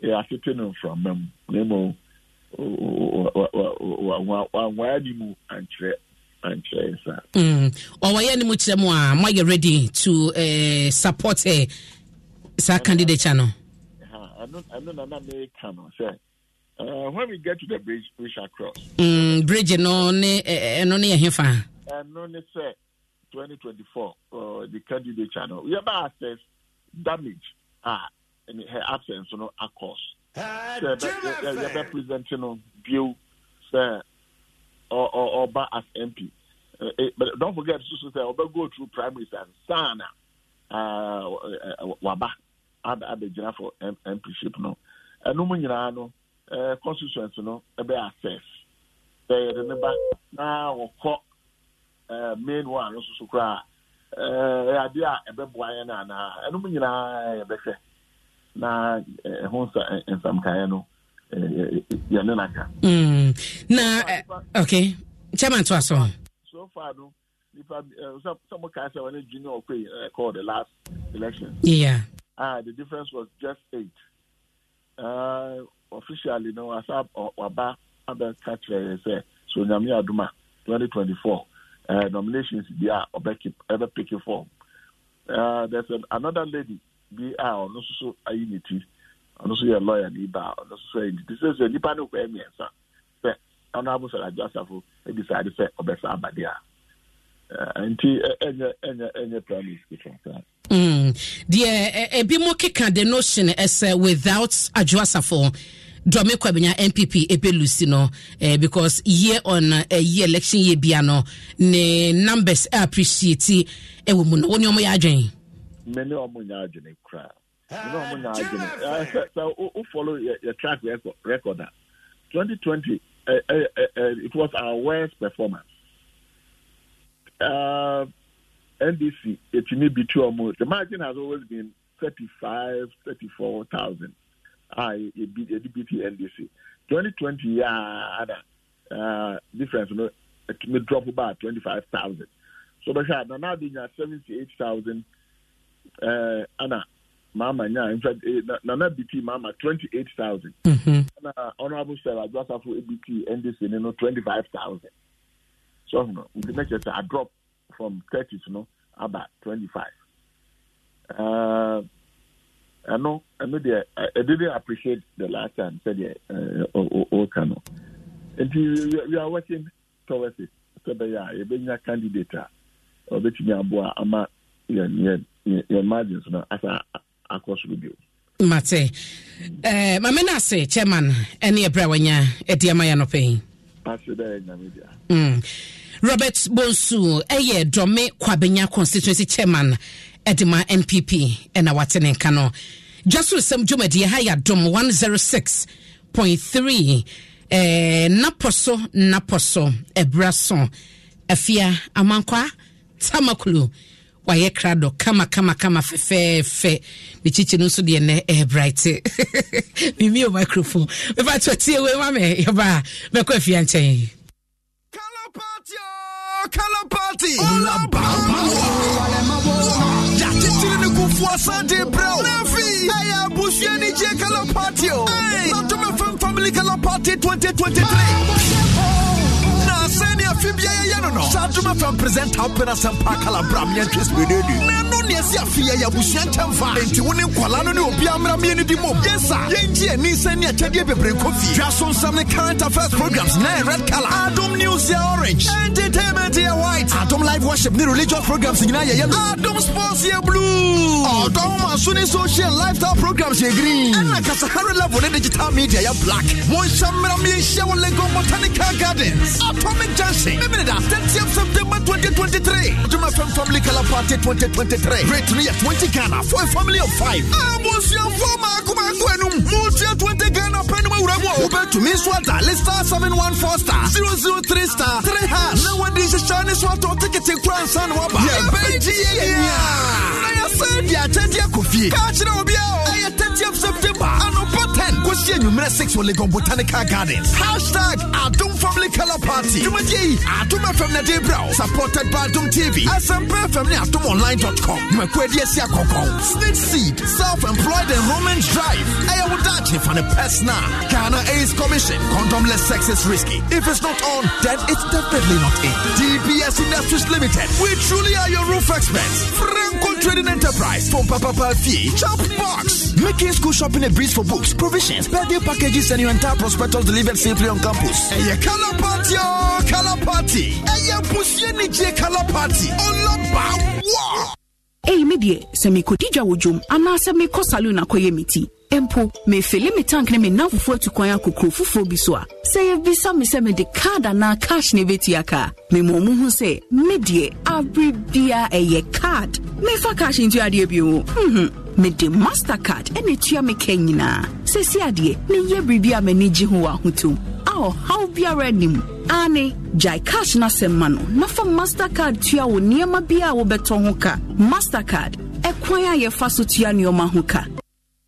Yeah, I sit in from them. Nemo, why do you and ɔwɔyɛ no mu kyerɛ mu a moayɛ ready to uh, support uh, eh, saa candidature no ɛno nana meka no sɛ Uh, when we get to the bridge, we shall cross. Mm, bridge no ne ɛno ne yɛ hefa. ɛno ne sɛ 2024 uh, the candidate channel we have access damage ah in her absence you know of course on present sir, or or ɔba as mp uh, eh, but don't forget susu sɛ we go through primaries and sana uh, uh, waba abɛgyina for mpship no ɛno mu nyinaa no constituency no ɛbɛ access sɛ yɛde remember now or wɔkɔ Eh, main one nso so koraa ɛyɛ eh, adeɛ a ɛbɛboa yɛn no anaa ɛnom nyinaa yɛbɛhwɛ na ɛho eh, nsɛmkaeɛ no yɛne naka mm. na ok chairman to aso so far no nipa some mokae sɛ wɔne junior ɔkɔi ɛkɔɔ the last election yeah ah, the difference was just eight uh, officially no asa waba abɛka kyerɛ yɛ sɛ so nyame adoma 2024 uh, nominations bi a ɔbɛki ɛbɛpiki form uh, there's an, another lady bi a ɔno nso ayi ne ti ɔno nso yɛ lawyer ne ba ɔno nso ayi ne ti sɛ sɛ nipa ne kɔɛ mmiɛnsa sɛ ɔno abo sɛ adwa asafo ebisa ade sɛ ɔbɛsa abade a uh, nti ɛnyɛ ɛnyɛ ɛnyɛ primary school concern. Mm. deɛ ebi mo keka the notion ɛsɛ without adwa asafo. Drome Kwabena NPP Epelusi no eh, because year on uh, year election year bia no ne numbers uh, appreciate ɛwɔ eh, mu no wɔn nneɛma yɛ adwene. Mene ɔmo nyɛ adwene kura. Mene ɔmo nyɛ adwene. Ah, Sɛ o follow your track record record a twenty twenty it was our worst performance. Uh, NDC etimi bitu ɔmo the margin has always been thirty five thirty four thousand a yɛde bi ti ndc 2020 yi a ada difference no me drop ba thousand so bɛhwɛ a nana de nya 78000 uh, ana maama nya in fact eh, nana bt maama 28000 mm-hmm. ana honorable sarah adwasafo bt ndc ne no thousand so no nti na kyerɛ sɛ adrop from thirty s no aba twenty five. ɛno ɛno deɛ I didn't appreciate the last time sɛdeɛ ɔka no nti we are working towards it sɛ bɛyɛ a yɛbɛnya candidate a ɔbɛtumi aboa ama yɛn yɛn margins na asa akɔ soro bio mate eh, mame no ase chairman ɛne ɛberɛ a wanya ɛde ama yɛ nɔpɛi ase dɛ nyame dea mm. robert bonsu ɛyɛ dɔme kwabenya constituency chairman ɛde npp ɛna wate ne nka no dwa so sɛm dwumadie ha yɛ adom 106.3 eh, napɔ so napɔ so ɛbra so afia amankwa tamakulu wayɛ krado kama kama kama fɛfɛɛfɛ mekyikyi no nso deɛ nɛ ɛbrite memio microphone mefa tɔtie wei ma me yɛbaa mɛkɔ afia nkyɛn Color party! All about power! for Sunday Brow. Nafi, I am Bushiani J Color Party. Not to my family Color Party 2023. sɛnea afi bia yɛyɛ no no saa adoma fam present open asɛmpa kalabra meantwe sbededi na ɛno ne ɛsi afe yɛyɛ abusua nkyɛmfa enti wo ne nkwala no ne obia mmra meɛ no di mom gye sa yɛngye ani sɛnea kyɛdeɛ bebree nkɔ fie dwa so nsɛm ne current affairs programs na ɛ red color adom news yɛ orange entertainment yɛ white adom live worship ne religious programs nyinaa yɛ yellow adom sports yɛ blue ɔdɔm maso ne social lifestyle programs yɛ green ɛna kasahare level ne digital media yɛ black monhyɛ mmra meɛhyɛ wo botanical gardens atom Atomic Junction. Memenida, 30th September 2023. Juma Fem Family Color Party 2023. Rate 3 at 20 Ghana for a family of five. Abusia ah, Foma Kumangu Enum. Multia 20 Ghana Penuma Uramu. Uber to Miss Water. Lista 714 star 003 star 3 hash. No one is is Chinese water ticket in Crown San Waba. Yeah, Benji, yeah. I said, yeah, 30th Kofi. Catch it, Obia. I 30th September. Anopa. 10 Kwasi Enyumere 6 for Legon Botanical Gardens. Hashtag Adum Family Color Party. Jumaji Adum FM Nade Brow. Supported by Adum TV. SMP FM ne adumonline.com. Mwekwedi Esia Koko. Snitch Seed. Self-Employed and Enrollment Drive. Eya Wudachi fan a Pesna. Ghana Ace Commission. Condomless sex is risky. If it's not on, then it's definitely not in. DBS Industries Limited. We truly are your roof experts. Franco Trading Enterprise. for Papa Fee. Chop Box. Making school shopping a breeze for books. provisions, birthday packages, and your entire prospectus delivered safely on campus. And your color party, color party. And your Pusiani color party. Oh, love, Eyi me deɛ sɛ mekɔdi dwa wɔ dwom anaasɛ mekɔ mpo mefele me tank ne mena nam fufuo atu kwan akokuro foforɔ bi so a sɛ yɛbisa me sɛ mede card anaa cash na ɛbɛtua ka a mu hu sɛ me deɛ ɛyɛ card mefa cash ntua bio mede mastercard ɛna ɛtua me ka nyinaa sɛsi adeɛ meyɛ biribi a m'ani gye ho wɔ ahotom a ɔhaw biara anim ane gyae cash no asɛm no na fa mastercard tua wo nneɛma bi a wobɛtɔ ho ka mastercard ɛkwan a yɛfa so tua nneɔma ho ka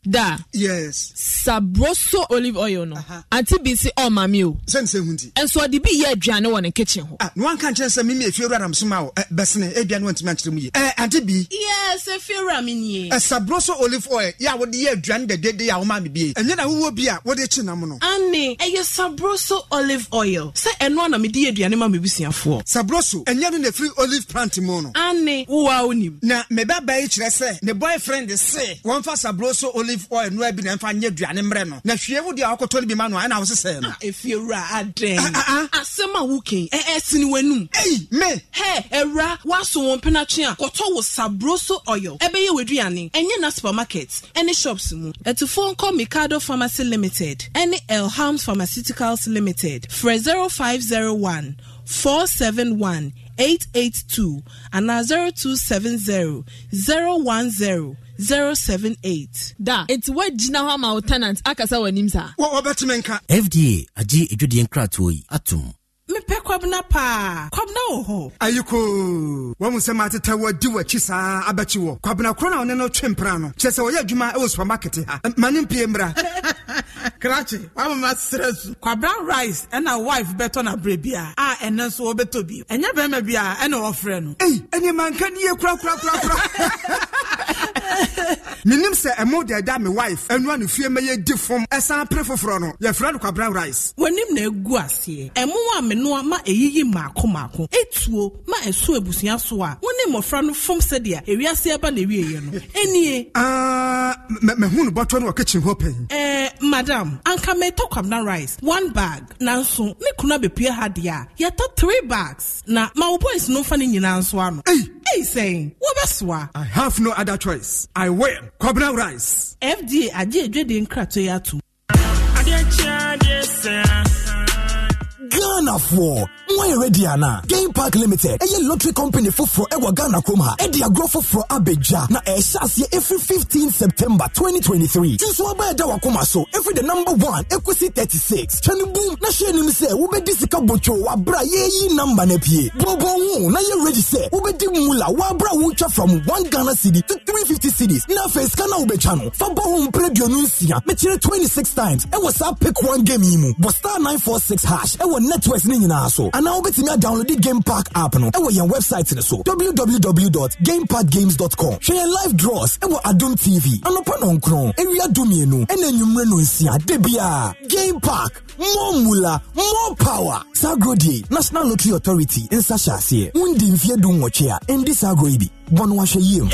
da yes sabroso olive oil no anti bi si ɔma oh, mi o sɛn sɛ hun ti ɛnso ɔde bi yɛ aduane wɔ ne kitchen hɔ ah na wanka nkyɛn sɛ mimi efi ewura nam soma o ɛ bɛsene ebia ne wɔntumi ankyerɛ mu yie ɛ anti bi yes efi ewura mi nie ɛ sabroso olive oil yɛ a wɔde yɛ aduane dɛdɛdɛ yɛ a wɔma mi bie ɛnyɛ na wuwo bi a ah, wɔde ekyi nam no ani ɛyɛ eh, sabroso olive oil sɛ ɛno na mi di yɛ aduane ma mi busuafoɔ sabroso ɛnyɛ no na efiri olive plant mu no ani wuwa onim na mɛ bɛ ne boyfriend eh, se wɔnfa sabroso olive olive oil no bi na mfa nyɛ aduane mmerɛ no na hwie wo deɛ akɔtɔ no bi ma no ɛna wo sesɛɛ no ɛfie ah, wura adɛn ah, ah, asɛm a woken ɛɛsene w'anum ei me hɛ ɛwura woaso wɔn penatwe a kɔtɔ wo sabroso oil ɛbɛyɛ w'aduane ɛnyɛ na supermarket ɛne shops mu ɛtufoɔ nkɔ mikado pharmacy limited ɛne elhams pharmaceuticals limited frɛ 0501 471 882 anaa 0270 010 078 da It's woagyina hɔ ama wo tenant akasa w'anim saa wɔbɛteme fda agye adwadeɛ nkratoɔ yi atom mepɛ kwabena paa kwabena wɔ hɔ ayiko wahu sɛ maateta wadi w'akyi saa abɛkyi wɔ kwabena korɔ na ɔne no twe mpra no kyerɛ sɛ wɔyɛ adwuma ɛwɔ supamakete ha ma mpie mmra krakye rice ena wife bɛtɔ no aberɛ bia a ɛno nso wɔbɛtɔ bio ɛnyɛ bɛrima bia ɛna wɔfrɛ no ei ɛneɛma nka menim sɛ ɛmo deɛ ɛda me wife ɛnoa ne fie mɛyɛ di fom ɛsan pere foforɔ no yɛfrɛ no kwabra rice w'anim na ɛgu aseɛ ɛmo a menoa ma ɛyiyi maako maako ɛtuo ma ɛso abusua so a wo ne mmɔfra no fom sɛdeɛ ewiase ɛba na ewieɛ no ɛnie ah, mahu no bɔtɔ no wɔ kitchen hɔ pɛn ɛɛ eh, madam anka mɛtɔ kwabra rice one bag nanso ne kuna bepie ha deɛ a yɛtɔ three bags na ma wo boys no mfa ne nyinaa nso ano ei ei sɛn wɔbɛsoa i have no other choice rice. I win. Cobra rice. FDA, I did, did, did, did, did, did, did, ghanafoɔ wɔn yɛrɛ ready, ana game park limited ɛyɛ lottery company foforɔ ɛwɔ ghana kurom ha ɛdi for foforɔ abɛgya na ɛhyɛ aseɛ every 15 september 2023. twenty three tuntun abɛɛ da so efi the number one ekusi thirty six twɛni boom na hyɛn nim Ube wobɛdi sika wabra ye namba na pie bɔbɔn wo na yɛ ready Ube wobɛdi mula wabra wucha from one ghana city to three fifty cities na afei sika ube channel. no fa bɔ ho mpere duonu nsia mekyerɛ times ɛwɔ saa pick one game yi mu star nine four six hash ɛwɔ network request ne nyinaa so anaa download adownload game park app no ɛwɔ yɛn website no so www.gameparkgames.com hwɛ yɛn live draws ɛwɔ adom tv anɔpa nɔnkron awia dumienu ɛna anwummerɛ no nsia da bia game park more mula more power sagro die national lottery authority nsa hyɛ aseɛ wondi mfeɛ du nwɔtwe a ɛndi sagro yi bi bɔ no wahwɛ yie mu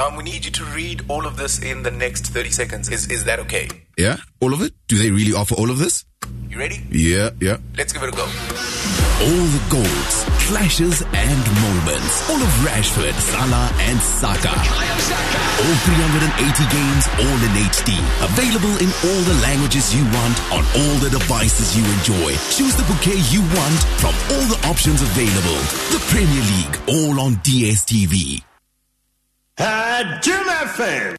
Um, we need you to read all of this in the next 30 seconds. Is, is that okay? Yeah, all of it? Do they really offer all of this? You ready? Yeah, yeah. Let's give it a go. All the goals, clashes, and moments. All of Rashford, Salah, and Saka. All 380 games, all in HD. Available in all the languages you want on all the devices you enjoy. Choose the bouquet you want from all the options available. The Premier League, all on DSTV. I do my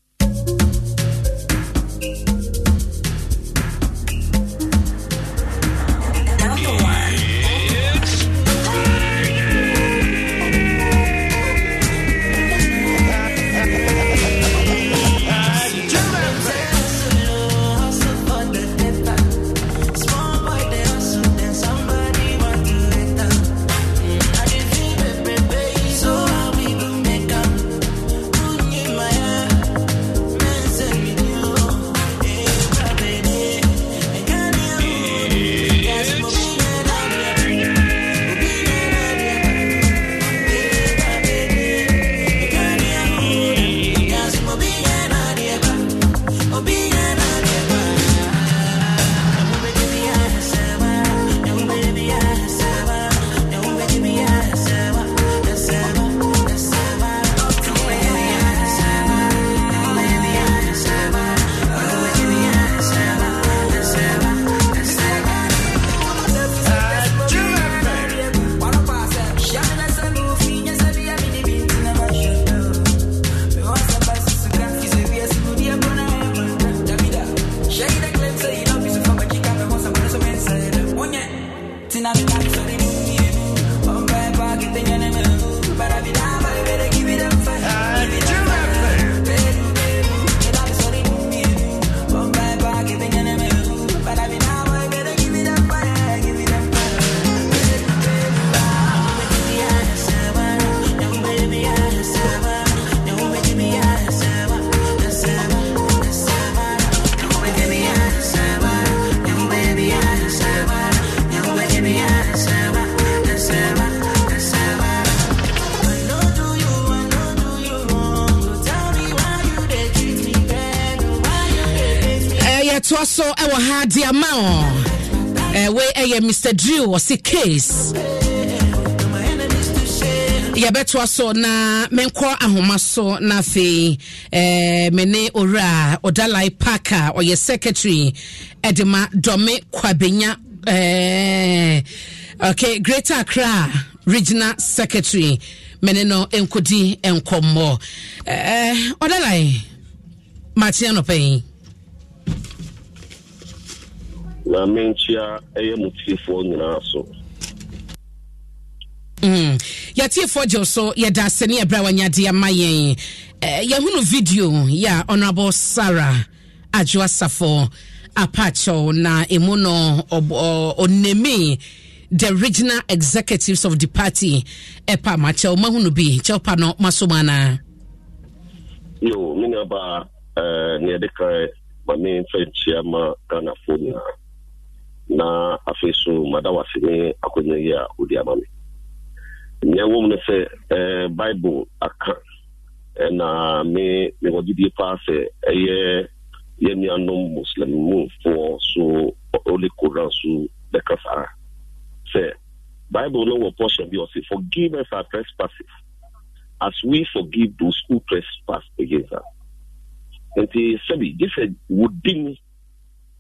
nyinaa de ama wɔn ɛwɛ ɛyɛ mr drew wɔsi case yɛbɛtoa so na menkɔ ahoma so na afei eh, me ne owura ɔdalai park a ɔyɛ secretary ɛde ma dɔme kwabenya eh, okay greater accra regional secretary me no nkɔdi nkɔmmɔ eh, ɔdalai mate anɔpa yi na menkyia ɛyɛ mo tiefoɔ nyinaa so mm. yɛtiefoɔ gyew so yɛda ase ɛberɛ a wanyade ama yɛn yɛhunu video yɛ a honorable sara adwo asafo apakyɛw na ɛmu no ɔnemi the regional executives of the party ɛpa ma kyɛw mahunu bi kyɛw pa no maso anaa yo menuabaa uh, neɛde kae ma memfa nkyia ma ghanafoɔ nyinaa na afei so mada wase ne akonnwa yi a wode ama me nea wɔ mu no sɛ eh, bible aka eh, na me mewɔgyedie paa sɛ ɛyɛ yɛ nuanom muslim mumfoɔ so ole koran so bɛka saa sɛ bible no wɔ portion bi ɔse forgive us our trespasses as we forgive those who trespass against us nti sɛbi gye sɛ wodi mu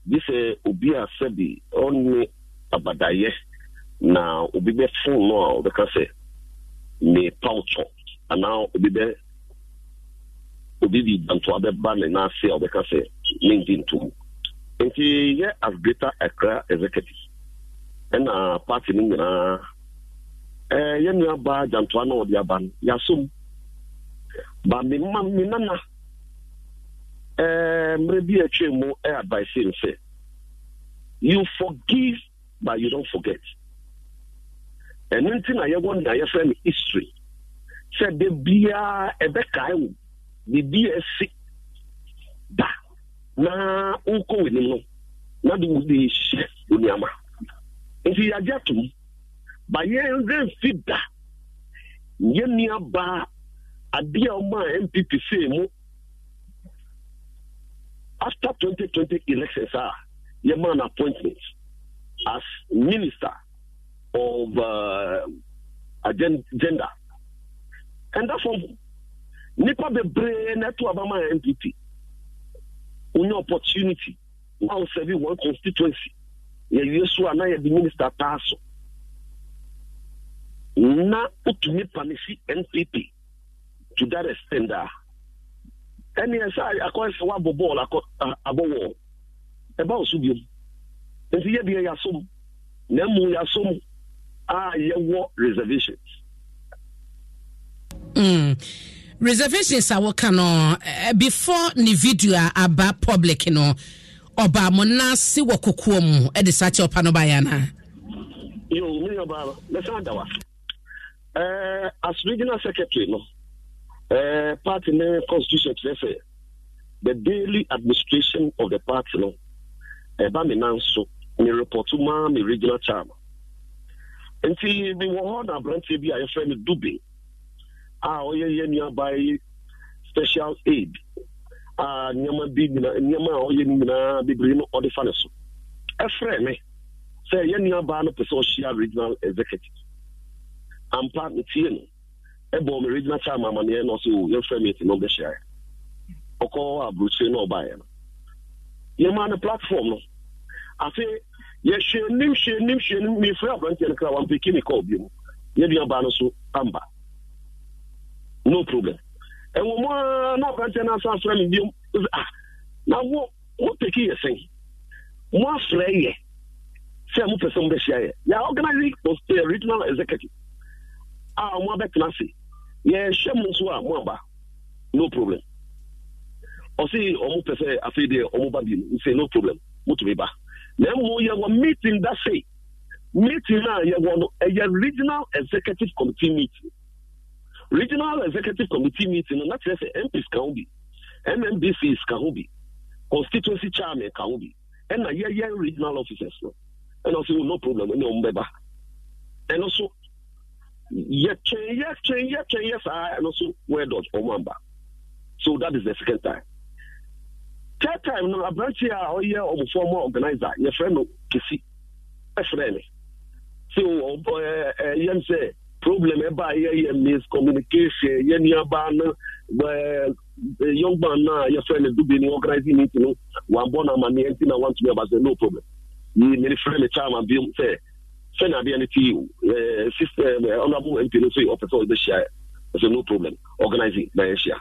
bi obi asebi sɛbi abadaye na obibe bɛfo no a ɔbɛka sɛ mepa ana obibe obi bɛ obi bi na bɛba ne naase a ɔbɛka sɛ mengye nto mu nti yɛ as greater accra executive ɛna party no nyinaa ɛɛ yɛn nua baa gyantoa na ɔde aba no yɛasom ba me ma nana Eh, mmerɛ bi atwa mu advice no sɛ you forgive but you don't forget ɛno na yɛwɔ nea yɛfrɛ no history sɛ da biara ɛbɛkae wo biribi a ɛsi da na wokɔ na de wode hyɛ onuama nti yɛagye atom ba yɛnrɛmfi da yɛnnuabaa adeɛ a after 2020 elections are, your man appointment as Minister of uh, Gender. And that's all. Nipa be na to abama MPP. Onye opportunity Now o serve one constituency. Yɛ wie so a na minister taa so. Na otumi panisi NPP to that extent that uh, ɛne ɛsɛ akɔyɛ sɛ woabɔ bɔɔl abɔ wɔ ɛba wo so biom nti yɛdeɛ yɛasom na mmom yɛasom a yɛwɔ reservations mm. reservations a wɔka no uh, before ne video a aba public no ɔbaa mo nase wɔ kokoɔ mu ɛde saa kyɛ ɔpa no baeɛ anaa yo menyɛ ɔbaa no mɛsa da wa uh, as regional secretary no Eh, party na constitution kyerɛ sɛ the daily administration of the party no ɛba me nan me report maa me regional chairman nti mewɔ hɔ na aberanteɛ bi a yɛfrɛ no dube a ɔyɛ yɛ nnuaba yi special aid Ah nneɛma bi nyina nneɛma a ɔyɛ no nyinaa bebree no ɔde fa ne so ɛfrɛ me Say yɛ nnuabaa no pɛ sɛ regional executive I'm ampa metie no ɛbɔ ɔmo regional time amaneɛ na ɔsɛ o yɛfrɛ meeting na ɔbɛhyia yɛ ɔkɔ aburukyire na ɔbaeɛ no yɛmaa no platform no afe yɛhwɛ anim hwɛ anim hwɛ anim mefiri aberanteɛ no kra wampɛki ne kɔɔ bio mu ya baa no amba no problem ɛwɔ ah, a na aberanteɛ no asan frɛ me biom regional executive ah, a yɛhwɛ mu nso a mo aba no problem ɔsi ɔmo pɛ sɛ afei deɛ ɔmo ba bi mu nse no problem motumi ba na mo yɛwɔ meeting da sei meeting a yɛwɔ no ɛyɛ regional executive committee meeting regional executive committee meeting no na kyerɛ sɛ mps ka ho bi mmdcs ka ho bi constituency chairman ka ho bi ɛna yɛyɛ regional officers no ɛna ɔsi no problem ɛna ɔmo bɛba ɛno so yɛkyɛn yɛkyɛn yɛkyɛn yɛ saa ɛno so wɛdɔs ɔmo amba so that is the second time third time no aberante a ɔyɛ ɔbofo ɔmo organizer yɛfrɛ no kesi ɛfrɛ me so ɔbɔ ɛɛ yɛn sɛ problem ɛba yɛyɛ miscommunication yɛn nuaba no ɛɛ young man na yɛfrɛ no dubi ni organizing meeting no wɔn abɔ n'amaneɛ nti na wɔn ntumi aba sɛ no problem yìí mi ni fẹ́rẹ̀ mi tá a ma bí sɛnea adeɛ no ti honorable eh, eh, mp no so ɔpɛ sɛ ɔbɛhyia ɛsɛ no problem organise na yɛhyia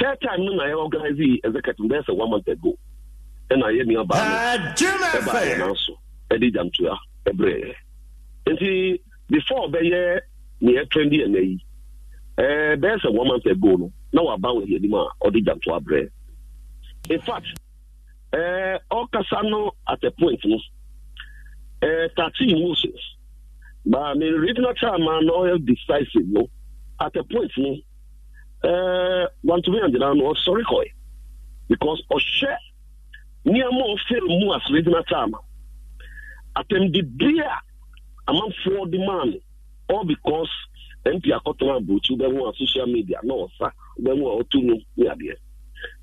third time no na yɛ organise executive bɛyɛ sɛ one month ago ɛna yɛ nua baa no ah, ɛbaa yɛ nanso ɛde gyamtoa ɛberɛ nti before bɛyɛ neɛ trendy ɛnɛ yi eh, bɛyɛ sɛ one month ago no na waba wɔ yɛnim a ɔde gyamtoa berɛ in fact ɔkasa no at a point no uh, 13 Moses. But I mean, regional chairman, all eh, decisive, no? At a point, no? Uh, one to be and no, sorry, koi. Because Oshe, near more fail more as regional chairman. At them, the beer among four demand, all because MP Akotona Buchu, then one social media, no, sir, then one or two, no, yeah,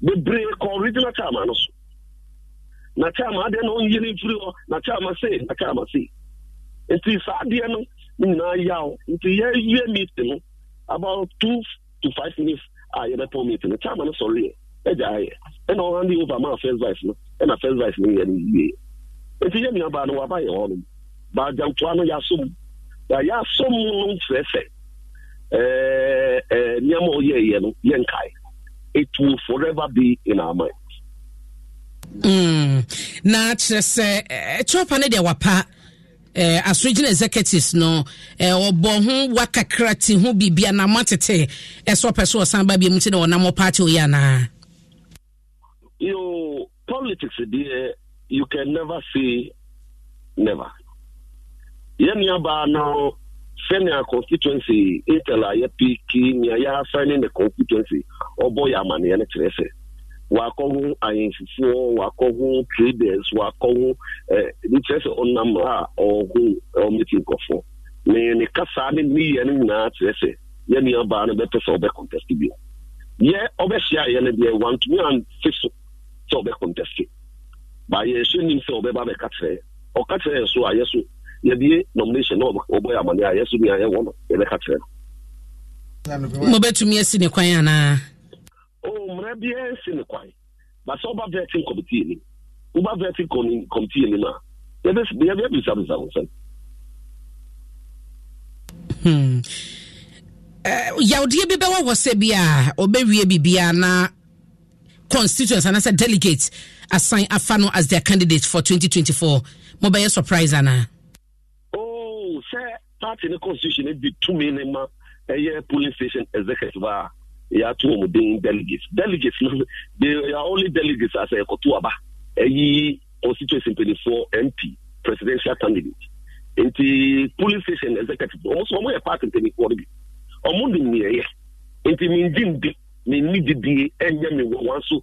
bebree kɔ regional chairman no so na chama adịghị na onye ihe n'ifiri ọ na chama si na chama si nti saa adịghị no nyinaa ya ọ nti ya ihe meeting about two to five minutes a yɛbɛtɔn meeting no chama no sɔrɔ yɛ ɛgya ayɛ ɛna ɔhan de over maa first vice no ɛna first vice na nti waba ya na no it will forever be in our mind. Mm. na kyerɛ sɛ chopper no deɛ wapa eh, executives no ɔbɔ ho wakakra te ho biribia na matete ɛsɛ ɔpɛ so ɔsan ba bia mu na ɔnam ɔpaate oyi anaa yo politics deɛ you can never say never yɛn no sɛnea constituency intel nea ne constituency ɔbɔ yɛ amaneɛ no kyerɛ wakɔ ho ahemfifoɔ traders wakɔ ho ne kyerɛ sɛ ɔnam a ɔho ɔmɛti nkɔfoɔ ne ne ne nyinaa kyerɛ sɛ yɛ no sɛ ɔbɛ bi yɛ ɔbɛhyia yɛ deɛ wantumi so sɛ ɔbɛ ba nim sɛ ɔbɛba bɛka kyerɛ ɔka kyerɛ so so nomination na ɔbɔ yɛ amane a so a yɛwɔ no yɛbɛka kyerɛ no mobɛtumi asi ne kwan anaa oh mmara biara si ne kwan basa ọba vetting committee ni ọba vetting committee ni ma yẹbi yẹbi ebisa bisa wọn sẹni. yawdeɛ bi bɛwɔ wɔ sɛ bi a ɔbɛwie bibia na constituents anaasɛ delegates asan afa no as their candidate for 2024 mo mobɛyɛ surprise ana. oh sɛ party ne constitution bi tumi ne ma ɛyɛ polling station executive a yɛato wɔ mu den delegates delegates no they are only delegates as a ɛkɔto aba eyi constituency mpanimfoɔ mp presidential candidate nti polling station executive ɔmo nso ɔmo yɛ party mpanimfoɔ no bi ɔmo nim nti mi ndi ndi mi ni ɛnyɛ mi wɔ wɔn nso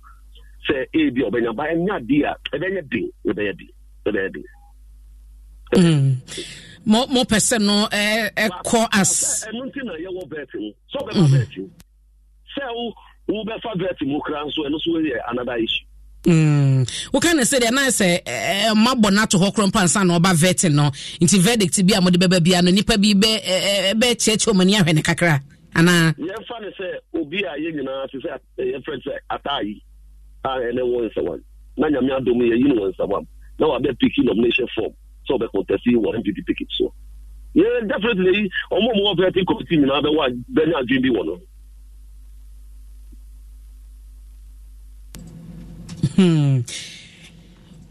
sɛ ebi ɔbɛnya ɛnyɛ adi a di. mo mo pɛ sɛ no ɛkɔ as. ɛnu ti na yɛ wɔ bɛɛti mu sɔ ma bɛɛti mu. sɛ wo wobɛfa vet mu kra nso ɛno so yɛ another issue mm. woka ne sɛdeɛ na sɛ mabɔ no ato hɔ korɔ mpa nsa na ɔba vet no nti verdict bi a mode bɛba bia no nnipa bi bɛkyiakyi ɔmani ahwɛ ne kakra anaa yɛmfa ne sɛ obi a yɛ nyinaa te sɛ yɛfrɛ sɛ ataayi a ɛnɛ wɔ nsɛwam na nyame adom yɛyi no wɔ nsɛwam na wabɛ piki nomination form sɛ ɔbɛkɔntɛsi wɔ mpp piki so yɛ definitely yi ɔmɔ mu wɔ vetting committee nyinaa bɛwɔ bɛne adwen bi wɔ no Hmm.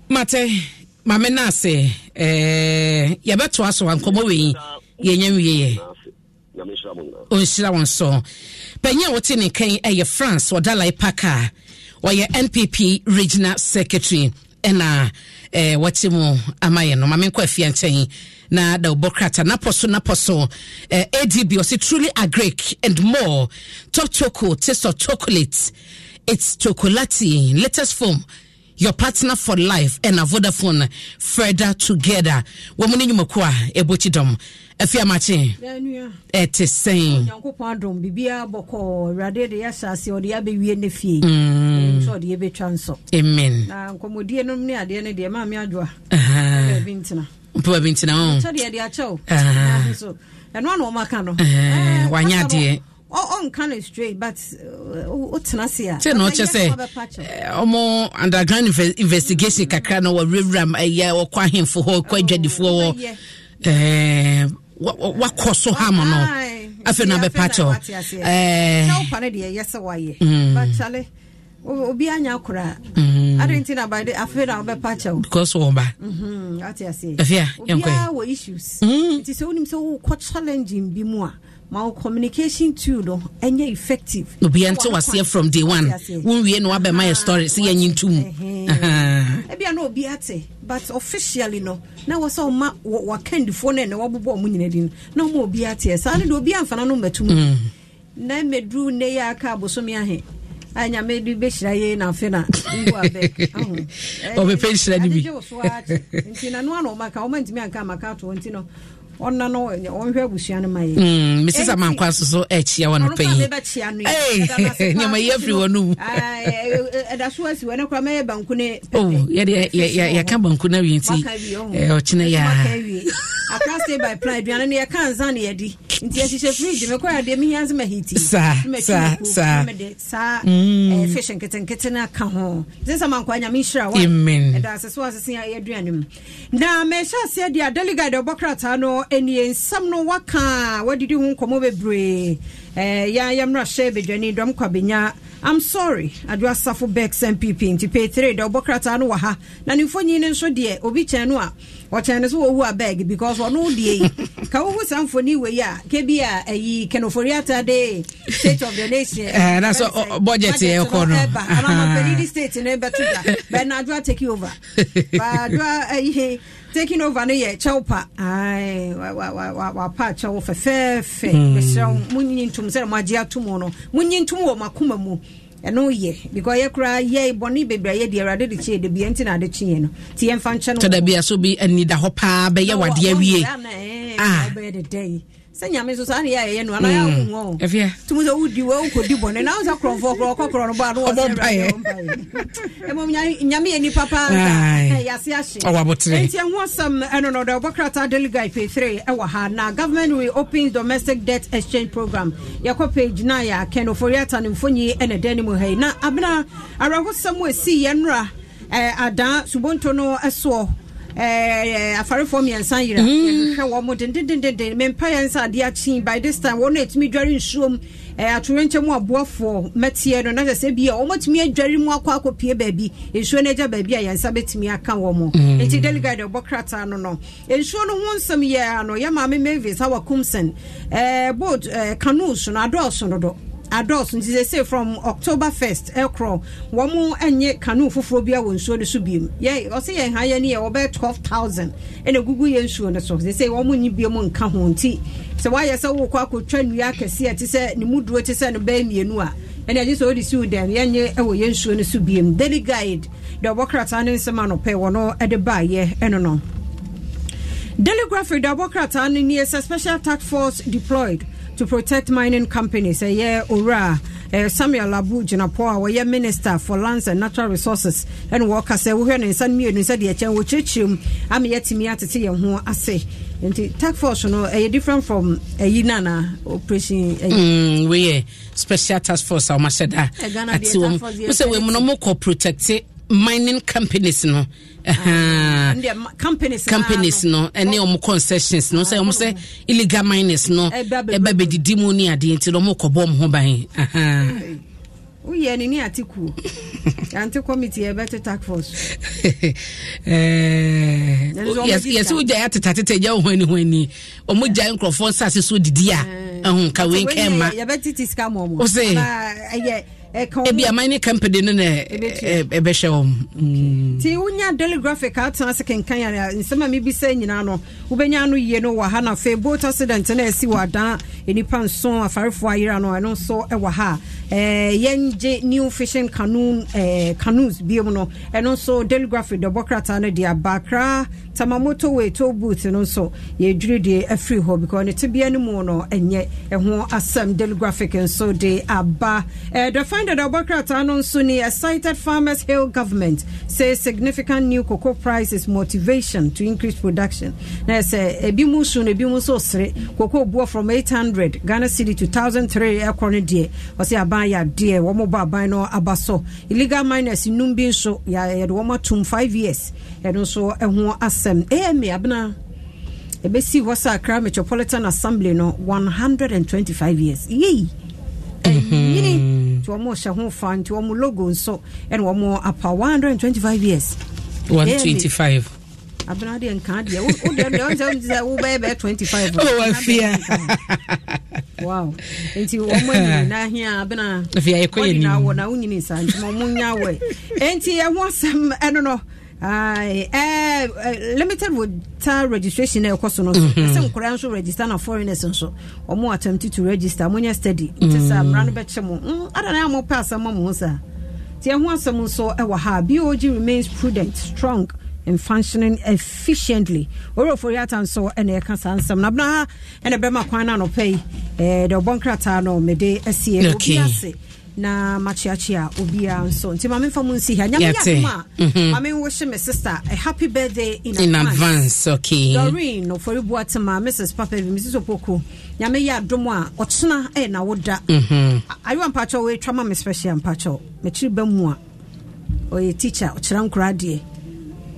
matɛ maame no ase eh, yɛbɛtoa so ankɔmmɔ wei yɛnya wieɛ ɔnhyira wɔn so panyin a wɔte ne nkan ɛyɛ france ɔdalai park a ɔyɛ npp regional secretary ɛna eh, wɔte mu ama yɛ no maame nkɔ afia nkyɛn na da wobɔ krata napɔ so napɔ so eh, adb ɔse truly agric and more top choco taste of chocolate It's Chocolati, latest form. Your partner for life and a Vodafone further together. Woman in Yumakwa, a bochidom. afi amakye ɛte sɛn nyankopɔn adom biribiaa bɔkɔ awurade de yɛhyɛase ɔde yɛabɛwie ne fie mm. sɛ ɔde yɛbɛtwa nsɔ amen na nkɔmmɔdie nom ne adeɛ no deɛ maa me adwoa baabi ntena mpa baabi ntena ɔ sɛdeɛ de akyɛw ɛno ana ɔmaka no wanyɛ adeɛ ɔnka straight but na ɔkyɛ sɛ ɔmo underground investigation kakra no wɔwerɛwura m wɔkɔ ahemfo hɔ kɔ adwadifoɔ wɔ wakɔ so ham no afei no bɛpa kyɛw obi anya kora ade nti na bade afei na wobɛpa kyɛw because wɔ ba afia yɛnkɔɛ obiaa wɔ issues nti sɛ wonim sɛ wokɔ challenging bi mu a ma communication tool no ɛnyɛ effective obia nte waseɛ from day one wonwie no wabɛma yɛ story sɛ yɛnyi nto mu ebia na obi ate but officially no na wɔ sɛ ɔma wakandifoɔ no ɛnɛ wabobɔ ɔmo nyina din na ɔma obi ateɛ saa ne deɛ obi amfana no mmɛto mu mm. na mmɛduru nne yɛ aka abosome ahe anyame de bɛhyira yɛ na afe na ɔbɛpɛ nhyira no bi nti nanoa na ɔmaka ɔma ntumi anka amaka ɔna no ɔnhwɛ abusua no ma yɛ mese mm, sa mankwa so so akyia wɔ no panyinneɛma yi afiri wɔ no mu ɛda so asi banku ne oh, banku no awie nti ɔkyena yɛa by nti ahyehyɛ fridge mekɔra deɛ mehia nse mahiti saa fish nketenkete no aka ho nti sɛ mankoa nyame nhyira wa ɛda asɛ so asese yɛaduane mu na mehyɛ aseɛ deɛ a delegade ɔbɔkrataa no ɛnie nsɛm no waka wadidi ho nkɔmmɔ bebree eh, yɛa yɛmmra hyɛ badwani dɔm kwabɛnya I'm sorry aduasafo bex npp nti petire da ɔbɔ krataa no wɔ ha na ne mfonyi no nso deɛ obi kyɛn no a ɔkyɛn no so wɔwu a beg? because ɔno die. yi ka wohu saa mfoni wei a kebi a ayi kenofori atade state of the nation Eh. na uh, so budget yɛ kɔ no No. ɛba anamapɛni di state no bɛto da bɛnadua take you over baadua ayi eh, taking over no yɛ kyɛw pa wapa akyɛw fɛfɛɛfɛ mesrɛ wo monyi ntom sɛ moagye atom no monyi ntom wɔ makoma mu ɛno yɛ because yɛ koraa yɛ bɔne bebree yɛ deɛ awurade de kyeɛ dabiɛ nti na ade kyeɛ no nti yɛmfa nkyɛ no tɛda bia so bi anida hɔ paa bɛyɛ wadeɛ awie eh, ah. bɛyɛ sɛ nyame so saa ne no anaa hmm. sɛ wodi wa bɔne na wo sɛ no bɔ wɔsɛ nyame yɛ nipa paa yɛase ɛho asɛm ɛno no 3 ɛwɔ ha na government we open domestic debt exchange program yɛkɔ page na yɛ akɛnoforiata ne mfonyi ɛne dɛ no mu na abena awerɛhosɛm a ɛsii yɛ eh, adan subonto no ɛsoɔ Eh, afarefoɔ mmiɛnsa yera yɛhwehwɛ mm. wɔ mo dendendenden mempa yɛ nsa adeɛ akyen by this time wɔn na ɛtumi dware nsuom eh, atoyɛnkyɛ mu aboafoɔ mɛteɛ no na kyɛ sɛ bia ɔmatumi adware mu akɔ akɔpie baabi nsuo no agya baabi a yɛnsa bɛtumi aka wɔ mu mm. nti delegate ɛbɔ krataa no no nsuo no ho nsɛm yɛ ano yɛ maame mavis awakomsen eh, boat canoes no adɔɔso no Adults. nti sɛ sɛ from october 1st ɛkorɔ wɔn mo nyɛ kanu foforɔ bi a wɔ nsuo no so biem yɛ ɔsɛ yɛn ha yɛ ne yɛ wɔbɛyɛ 12000 ɛna gugu yɛ nsuo no so sɛ say wɔn mo nyi biem nka ho nti sɛ wayɛ sɛ wokɔ akɔtwa nnua kɛseɛ te sɛ ne mu duro te sɛ no bɛyɛ mmienu a ɛne agye sɛ wode siw dɛm yɛnyɛ wɔ yɛ nsuo no so biem daily guide deɛ ɔbɔ krataa ne nsɛm anɔpɛ wɔ no de baayɛ ɛno no daily graphic deɛ ɔbɔ krataa no nie sɛ special task force deployed to protect mining companies eh, yeah, owura a eh, samuel abu gyinapo a wɔyɛ minister for lands and natural resources And ɛne wɔka sɛ wohwɛ ne nsa no mmienu sɛdeɛ ɛkyɛn wɔkyerɛkyerɛ mu ama yɛatumi atete yɛn ho ase nti task force you know, ɛyɛ eh, different from ɛyi nana operation mm, We're special task force ah, a wɔn ahyɛ da ati wɔn mo sɛ wɔn mu no protect mining companies no. companies no ɛne ɔmo oh. concessions no sɛ ɔmo sɛ illegal miners no ɛba eh, bɛdidi mu ne adeɛ nti no ɔmo kɔbɔ ɔmo ho ban woyɛ ne ne atiku ante committee ɛbɛte eh, task force yɛsɛ wogyae atetateta gya wo hɔani hɔani ɔmo gyae nkurɔfoɔ nsase so didi a ɛho nka wei nkɛ ma yɛbɛtete sika mɔ mo wo sɛ ɛyɛ ebi eh, aman ne company no na ɛbɛhyɛ wɔn. nti wonya daily graphic atena ase kenkan a nsɛm a mebisa nyinaa no wobɛnya ano yie no wɔ ha na afei boat accident na ɛsi wɔ adan nipa nson afarefoɔ ayera no ɛno nso eh, wɔ ha yɛngye eh, new fishing canoe canoes biom no ɛno nso daily graphic dɔbɔ no de aba tamamoto wei toll booth no nso yɛdwiri deɛ afiri hɔ because ne tebea no mu no ɛnyɛ ɛho asɛm demographic nso de aba uh, the finder da ɔbɔkrataa no nso ni excited farmers hail government say significant new cocoa prices motivation to increase production na ɛsɛ ebi mu su na ebi mu nso sere cocoa boɔ from 800 ghana city to 2003 ɛkɔ no deɛ ɔsɛ aban yɛ adeɛ wɔn bɔ aban no aba so illegal miners num bi nso yɛde wɔn atum 5 years ɛno nso ɛho asɛm asɛm ama abena ɛbɛsi hɔ sɛ akra metropolitan assembly no 125 years yei mhm. ɛyini nti ɔmo hyɛ ho fa nti ɔmo logo nso ɛna ɔmo apa 125 years 125 abena deɛ nka deɛ wodeɛ ɔnsɛ sɛ wobɛyɛ 25 wafia ɛho asɛm ɛno no Aye. Eh, eh, limited water registration na ɛkɔ so no so mhm. ɛsɛ nkɔla nso register na foreigners nso ɔmo attempt to register mo nyɛ steady nti sɛ mhm. mmara no bɛkyɛ mo mm adana mo pɛ asɛm mo ho saa ti ɛho asɛm nso ɛwɔ ha BOG remains prudent strong and functioning efficiently ɔrɔfori ata nso ɛna ɛka saa nsɛm na abena ha ɛna bɛma kwan na anɔpɛ yi ɛɛ eh, deɛ ɔbɔ nkrataa no mede ɛsie obi ase. na makyeakye a obiara nso nti maame mfa mu nsi ha nyame yɛ ma mhm. maame me sister a happy birthday in, in advance, advance okay. doreen ofori boatema mrs papa bi mrs opoku nyame yɛ adom a ɔkyena ɛyɛ eh, na woda mhm. ayewa mpakyɛ wɔatwa ma me special mpakyɛ mekyiri ba mu a ɔyɛ teacher ɔkyerɛ nkora adeɛ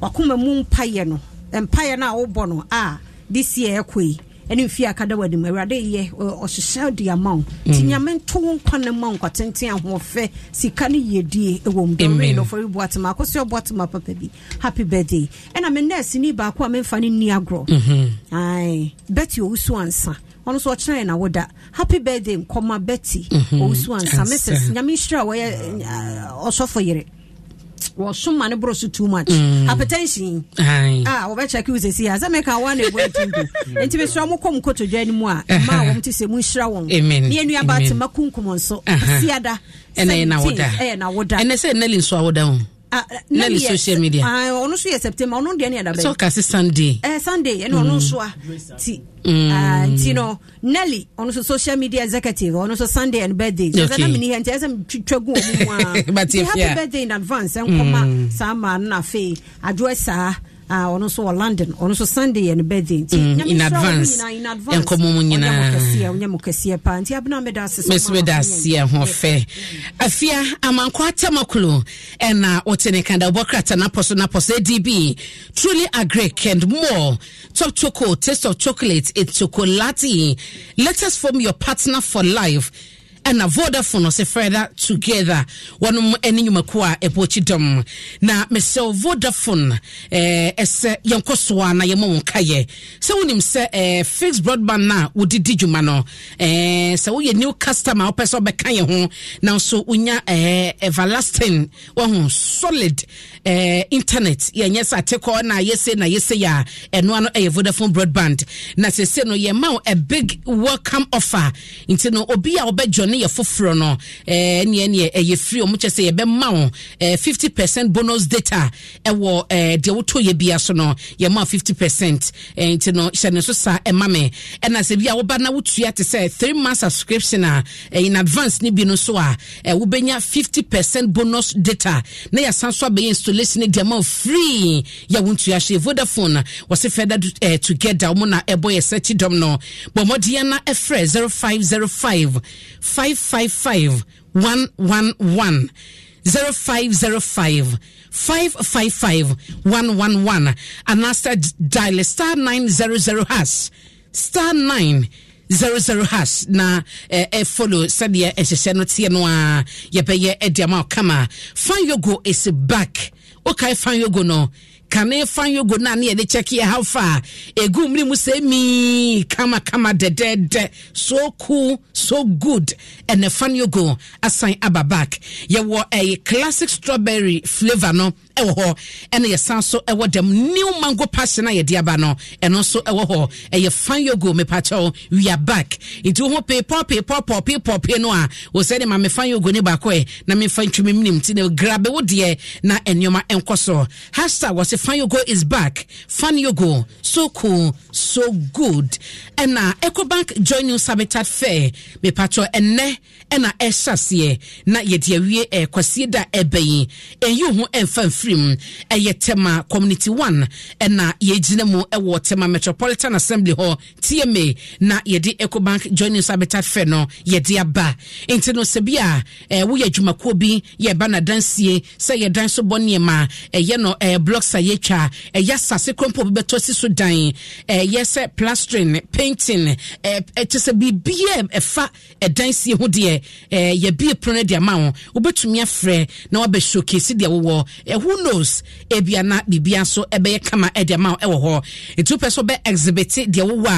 wakoma mu mpayɛ no mpayɛ no a wobɔ no a this year ɛkɔ yi ɛne mfie akada wanim awurade yɛ ɔhyehyɛ de ama wo nti mm. nyame nto wo nkwa no ma wo nkwatenten ahoɔfɛ sika no yɛdie ɛwɔ m dɔmrei nɔfɔre boatema akɔsɛ ɔboatema papa bi happy birthday ɛna me nɛɛseni baako a memfa no nni agorɔ bɛti ɔwu so ansa ɔno nso ɔkyerɛ na woda happy birthday nkɔma bɛti ɔwu so ansa mrs nyame nhyira wɔyɛ ɔsɔfo yere wɔso ma no borɔ so too much mm. hypertension a ah, wɔbɛkyɛke wo sɛsi a sɛ meka woa na ɛbɔ atimpo enti mesrɛ mo kɔ m kɔtodwa no mu a ma wɔm te sɛ monhyira wɔn ne anuaba te ma kunkum nso siada ɛnɛ yɛ nawoda ɛnɛ sɛ nnali nso awoda ho Uh, ah, nelly ah, social media ah, ɔno nso yɛ september ɔno deɛ ne yɛ dabɛ sɔka se sunday ɛɛ eh, sunday ɛna ɔno nso a ti mm. nti no nelly ɔno nso social media executive ɔno nso sunday and birthday so ɛna mini hɛ nti ɛsɛ twitwa gu ɔmo mu a happy birthday in advance ɛnkɔma mm. saa maa no na afei adwoɛ saa. ɔno ah, nso wɔ london ɔno nso sunday yɛ ne birthday nti mm, in advance nkɔmmɔ mu nyinaa onyɛ paa nti abena aseɛ ho fɛ afia amankɔ atam ɛna wote ne kanda napɔ so napɔ so adb truly agric and more top choco taste of chocolate it's chocolate let us form your partner for life ɛna vodafone sɛ further together wɔnom ne nnwumako a ɛbɔkyi dɔm na mesɛw vodafone ɛsɛ eh, eh, yɛnkɔ so eh, a na yɛmɔ wo kayɛ sɛ wonim sɛ fix broadband no a wode di dwuma no eh, sɛ woyɛ new customer wopɛ sɛ wobɛka yɛ ho nanso wonya everlasting wahu solid eh, internet yɛnyɛ sɛ atekɔ na yɛse na yɛse yɛ a ɛnoa no ɛyɛ vodafone broadband na sɛse no yɛma wo a big welcome offer nti no obi a wobɛjoin ne yɛ foforɔ no eh, ɛneɛ neɛ ɛyɛ firi ɔmo kyɛ sɛ yɛbɛma wo 50 eh, percent bonus data ɛwɔ eh, eh, deɛ wotɔ yɛ bia so no yɛma 50 percent eh, nti no hyɛ ne so saa ɛma me ɛna sɛ bi woba na wotua te sɛ 3 month subscription a in advance ne bi no so a wobɛnya 50 percent bonus data na yɛsan so abɛyɛ installation deɛ ma free yɛ wo ntua hyɛ vodaphone wɔse further together ɔmo na ɛbɔ yɛ sɛti dɔm no bɔ na ɛfrɛ 0505 555 and master dial star 900 has star 9 zero zero hash na eh, eh, follow sɛdeɛ ɛhyehyɛ no teɛ no ah. eh, a yɛbɛyɛ ɛde ama ɔkama fan yogo is back wokae fan yogo no kane fa yogo no a ne check kyɛkeɛ how far ɛgu mmere mu sɛ mii kamakama dɛdɛɛdɛ so cool so good And ɛnɛ fa yogo asan aba back yɛwɔ a classic strawberry flavor no wɔ hɔ ɛna yɛsan so ɛwɔ dɛm new mango passion a yɛde aba no ɛno nso ɛwɔ hɔ ɛyɛ fan yogo mepakyɛw we are back nti wo ho peepɔ peepɔ pɔ peepɔ pee no a wɔ sɛ de ma mefa yogo ne baakɔ ɛ na memfa ntwumi mnim nti na grabe wo deɛ na nneɛma nkɔ so hashtag wɔ sɛ fan yogo is back fan yogo so cool so good ɛna ecobank join new sabitat fair mepakyɛw ɛnɛ ɛna ɛhyɛ aseɛ na yɛde awie ɛkɔsie da ɛbɛn ɛyi ho ɛmfa mfiri anniversary mu ɛyɛ tema community one ɛna yɛgyina mu ɛwɔ tema metropolitan assembly hɔ tma na yɛde ecobank joining so abɛta fɛ no yɛde aba nti no sɛ bi a woyɛ adwumakuo bi yɛba nadansie sɛ yɛdan so bɔ nneɛma ɛyɛ no blocks a yɛtwa ɛyɛ asase krompo bi si so dan ɛyɛ sɛ plastering painting ɛkyɛ sɛ biribiaa ɛfa ɛdan sie ho deɛ yɛbie pono no de ama wo wobɛtumi afrɛ na wabɛhyokesi deɛ wowɔ ɛho who knows ebi ana biribi nso ebe kama ɛde ama ɛwɔ hɔ etu pɛ so eh, eh, eh, be exhibit deɛ wowɔ a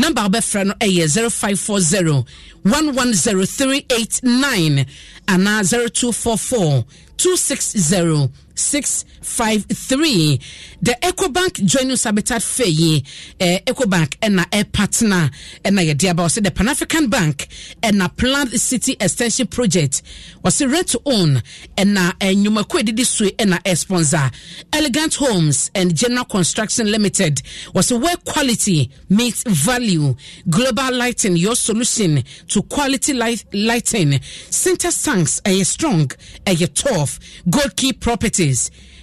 number a wobɛfrɛ 0540 110389 and 0244 zero two four four two six zero. 653 the ecobank joinu sabitat fei eh, ecobank ɛna eh, partner ɛna eh, yɛde aba the pan african bank and eh, planned city extension project ɔsɛ rent to own and eh, nnwumako eh, ɛdidi soe ɛna a sponsor elegant homes and general construction limited a where quality meets value global lighting your solution to quality light, lighting center tanks a eh, strong a eh, tough gold key property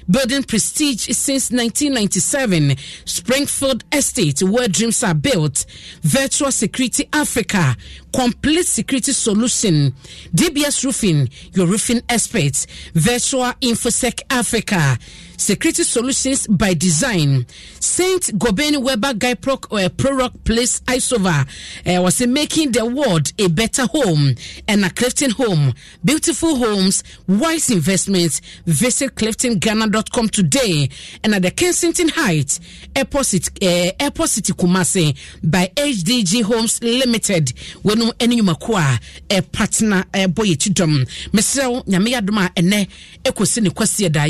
building prestige since 1997, Springfield Estate, where dreams are built, Virtual Security Africa, Complete Security Solution, DBS Roofing, your roofing experts, Virtual InfoSec Africa, Security Solutions by Design, Saint Gobain Weber Guy Proc, uh, Prorock Place Isova uh, was uh, making the world a better home and a Clifton home. Beautiful homes, wise investments. Visit CliftonGhana.com today and at the Kensington Heights, Airport City, uh, Airport City Kumasi by HDG Homes Limited. Wenu eni yumakua a partner a uh, boy chidom. Mr. nyamia duma ene ekosi ni da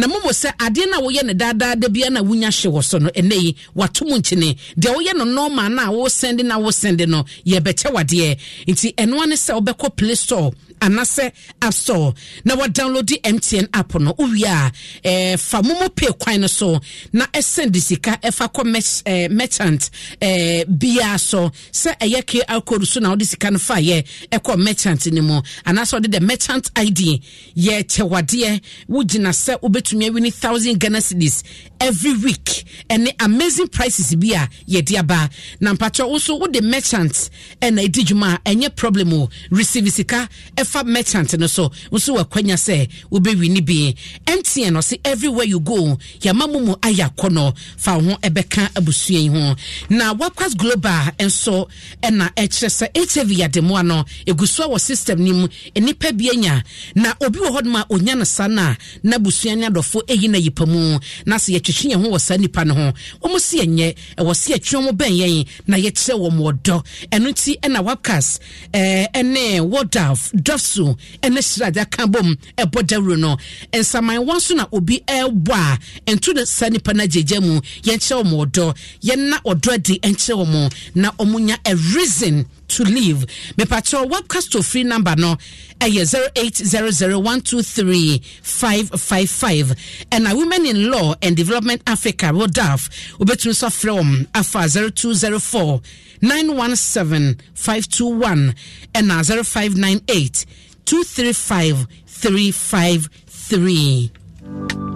na mmom sɛ adeɛ no a woyɛ no daadaada bia na wonya hye wɔ so no ɛnɛ yi wato mu nkyene deɛ woyɛ no normal no a wosɛnde na wosɛnde no yɛbɛkyɛ wadeɛ nti ɛnoa ne sɛ wobɛkɔ play store anasɛ app store na wɔdownload mtn app no wowie a eh, fa momo pay kwan no so na ɛsɛnde sika ɛfa kɔ eh, merchant eh, biaa so sɛ ɛyɛ kr code so na wode sika no faayɛ ɛkɔ merchant no mu anaasɛ wode the merchant id yɛ kyɛwadeɛ wogyina sɛ wobɛtumi awi ne 1000 ghana every week ɛne amazing prices bi a yɛde aba na mpakyɛ woso wode merchant ɛna ɛdi dwuma a ɛnyɛ problem o receive sika ɛfa merchant no so nso wakwanya sɛ wobɛwi ne bi mtn ɔse everywhere you go yɛma mu mu ayɛ akɔnɔ fa wo ho ɛbɛka abusua yi ho na wakwas global nso ɛna ɛkyerɛ sɛ hiv yɛde mmoa no ɛgu so wɔ system no mu nnipa bi anya na obi wɔ hɔnom a ɔnya no sa no a na abusua ne adɔfo ɛyi no yipa mu na sɛ twetwe yɛn ho wɔ saa nipa no ho wɔn si ɛnyɛ ɛwɔ si ɛtwe wɔn bɛn yɛn na yɛkyerɛ wɔn ɔdɔ ɛno nti ɛna wapcas ɛɛ ɛne wɔdaf dɔfso ɛne hyerade aka bom ɛbɔ dawuro no nsaman wɔn nso na obi ɛɛbɔ a ɛntu ne saa nipa no agyegya mu yɛnkyerɛ wɔn ɔdɔ yɛn na ɔdɔ adi ɛnkyerɛ wɔn na wɔn nya a reason to leave webcast to free number no eh, zero eight zero zero one two three five five five. And a women in law and development africa rodaf wobɛtumi nso afrɛ from afa 0204 917 521 zero five nine eight two three five three five three. 0598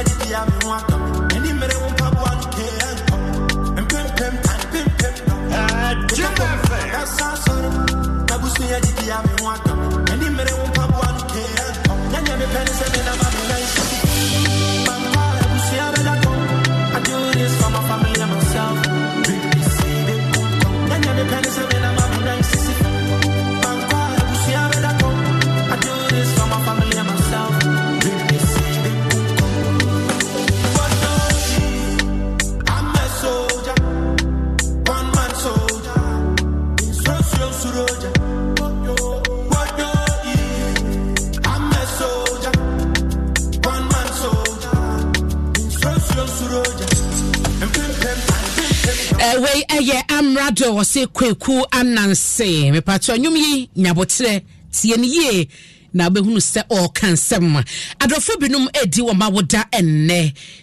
I'm That's wei ɛyɛ amrado wɔse kwaku ananse mepatɔ nnwom yi nyaboterɛ tie no yie na wobɛhunu sɛ ɔɔka nsɛm adɔfo binom ɛdi wɔ ma woda ɛnnɛ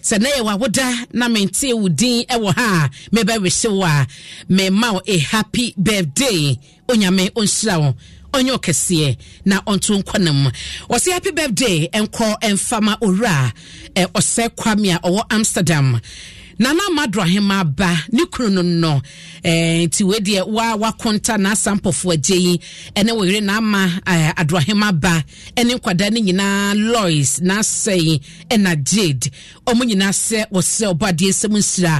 sɛ na yɛwɔ awoda na mentee wo din ɛwɔ ha a mebɛwehye wo a mema wo a happy birthday onyame ɔnhyira wo ɔnyɛ ɔkɛseɛ na ɔnto nkɔ ne mu ɔsɛ happy birthday ɛnkɔ ɛmfama owura ɔsɛ kwame a ɔwɔ amsterdam nana madrahima aba ne kunu no no eh, nti wei deɛ wa wakonta n'asampɔfoɔ agye yi ɛne wɔyere n'ama eh, adrahima aba ɛne nkwadaa no nyinaa lois n'asɛe ɛna jade ɔmo nyinaa sɛ wɔsɛ ɔbaadeɛ nsɛm nsira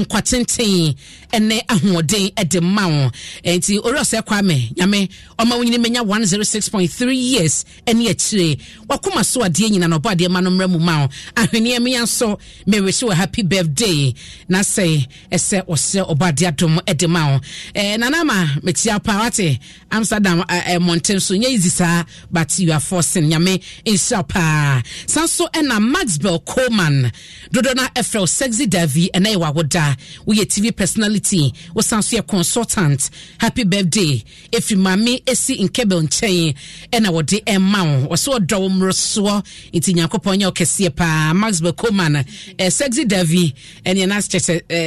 nkwa tenten ɛne ahoɔden ɛde ma wɔn nti ori kwame nyame ɔma nyinaa menya one zero six point three years ɛne akyire wakoma so adeɛ nyinaa na ɔbaadeɛ ma no mmerɛ mu ma wɔn ahweniɛ mmea nso mɛrɛhyɛ wɔ happy birthday na sɛ ɛsɛ ɔsɛ ɔbaadeɛ adom ɛde ma wɔn ɛɛ e, nanama mɛtia paa wate amsterdam ɛɛ mɔnten so nyɛ easy saa but you are forcing nyame nhyira paa san so ɛna maxwell coleman. one dodoɔ sexy davi ɛna woda. wawoda woyɛ tv personality wosan so yɛ consultant happy birthday ɛfiri maame ɛsi nkɛbel nkyɛn ɛna wɔde ɛma wo ɔsɛ ɔdɔ wo mmorosoɔ nti nyankopɔn nyɛ ɔkɛseɛ paa max becoman eh, sexy davi ɛneɛ na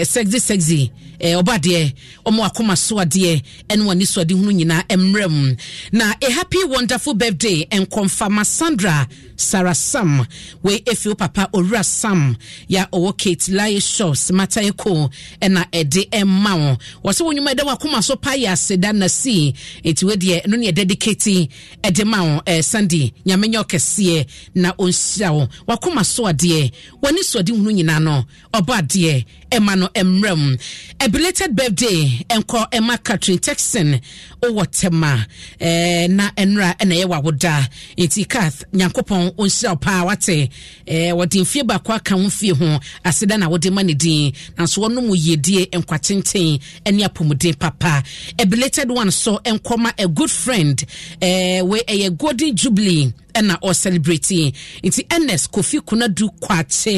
sexy sexy ɔba eh, adeɛ ɔmo akoma so adeɛ ɛne wɔn ani hunu nyinaa mu na a happy wonderful birthday nkɔmfama sandra sarasam wei ɛfiri wo papa owura sam sam ya ɔwɔ kate lai shops matae ko ɛna ɛde ɛma wɔn wɔsɛ wɔn nnwuma ɛda wɔn akoma so pa yɛ aseda na si eti wɔ ɛno ne ɛda ɛde ma wɔn ɛɛ eh, sandi nyame ɔkɛseɛ na ɔnhyira wɔn wakoma so adeɛ wɔn ani so ɔde hunu nyinaa no ɔbɔ adeɛ ɛma no mmerɛ a belated birthday nkɔ ɛma catherine texan ɔwɔ tɛma ɛɛ eh, na nwura ɛna ɛyɛ wawoda eti kath nyankopɔn ɔnhyira paa wate ɛɛ eh, wɔde mfie baako waka ho fie ho aseda na wode ma ne din nanso wɔnom yiedie nkwatenten ne apɔmuden papa a belated one so nkɔma a good friend eh, wei ɛyɛ eh, golden jubilee ɛna ɔcelebrating nti ns kofi kunadu kwakye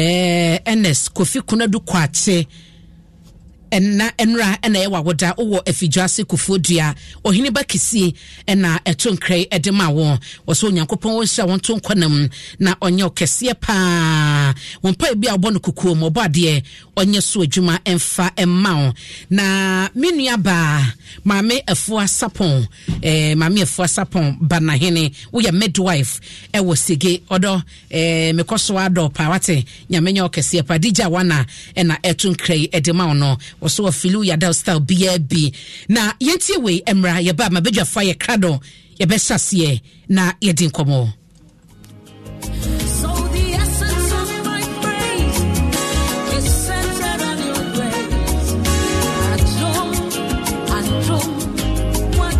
eh, ns kofi kunadu kwakye ɛna nnura ɛna ɛwɔ awoda wɔ afidwase kufuo dua ɔhene ba kɛsie ɛna ɛto nkran ma wɔn wɔsɛ onyankopɔn wɔn to na ɔnyɛ ɔkɛseɛ paa wɔn bi a ɔbɔ no kukuo mu ɔbɔ adeɛ ɔnyɛ so adwuma ɛmfa ɛmma wɔn na me nua baa maame ɛfoa sapɔn ɛɛ eh, maame ɛfoa sapɔn banahene woyɛ midwife ɛwɔ sege ɔdɔ ɛɛ eh, mekɔ so adɔ paa wate nyame nyɛ ɔkɛseɛ paa digya wana ɛna ɛto ma wɔn no ɔso afili yada style biaa bi na yɛntie wei mmara yɛba mabɛdwafa yɛkra dɔ yɛbɛhyɛ aseɛ na yɛdi nkɔmmɔ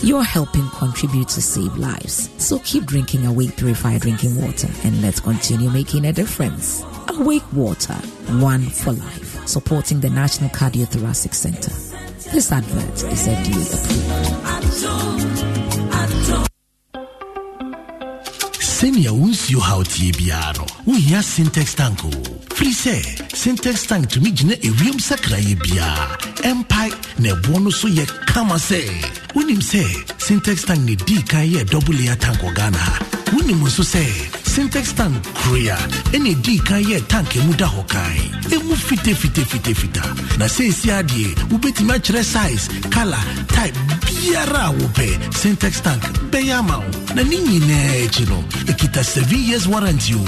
you're helping contribute to save lives. So keep drinking Awake Purified Drinking Water and let's continue making a difference. Awake Water, one for life, supporting the National Cardiothoracic Center. This advert is FDA approved. sɛnea wo nsuo haw tie biara no wohia sintex tank o firi sɛ sintex tank tumi gyina ewiam sakrayɛ biara ɛmpae na ɛboɔ no so yɛ kama sɛ wonim sɛ sintex tank ne dii kan yɛ double layer tank wɔ ghana ha wonim nso sɛ syntax tank korea ɛna ɛdii kan yɛ tank mu da hɔ kan ɛmu fitafitafitafita na seesi adeɛ wobɛtumi akyerɛ size kala type biara a wopɛ syntax tank bɛyɛ ama wo na ne nyinaa akyi no ɛkita seven years warranty o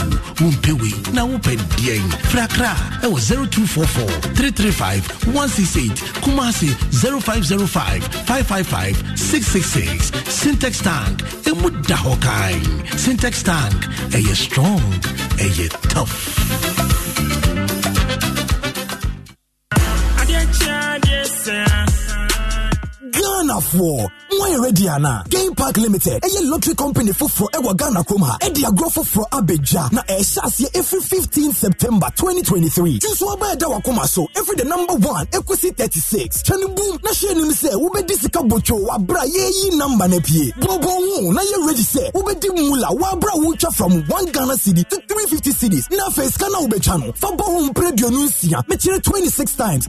wompewe na wopɛ deɛn frakra ɛwɔ 0244 335 168 kumase 0505 555 666 syntex tank ɛmu da hɔ kan syntex tank ɛyɛ eh, strong ɛyɛ eh, tough ghanafoɔ wɔn Why ready ana game park limited a lottery company foforɔ ɛwɔ ghana kurom ha ɛdi for foforɔ abegya na ɛhyɛ aseɛ every 15 september 2023. twenty three by aba ɛda wa so every the number one ekusi 36. six boom na hyɛn nim sɛ wobɛdi sika botwo wabra yɛɛyi namba na pie bɔbɔ ho na yɛ ready sɛ wobɛdi mula wabra wotwa from one ghana city to 350 fifty cities na afɛ sika na channel. no fa bɔ ho mpere duonu nsia mekyerɛ twenty six times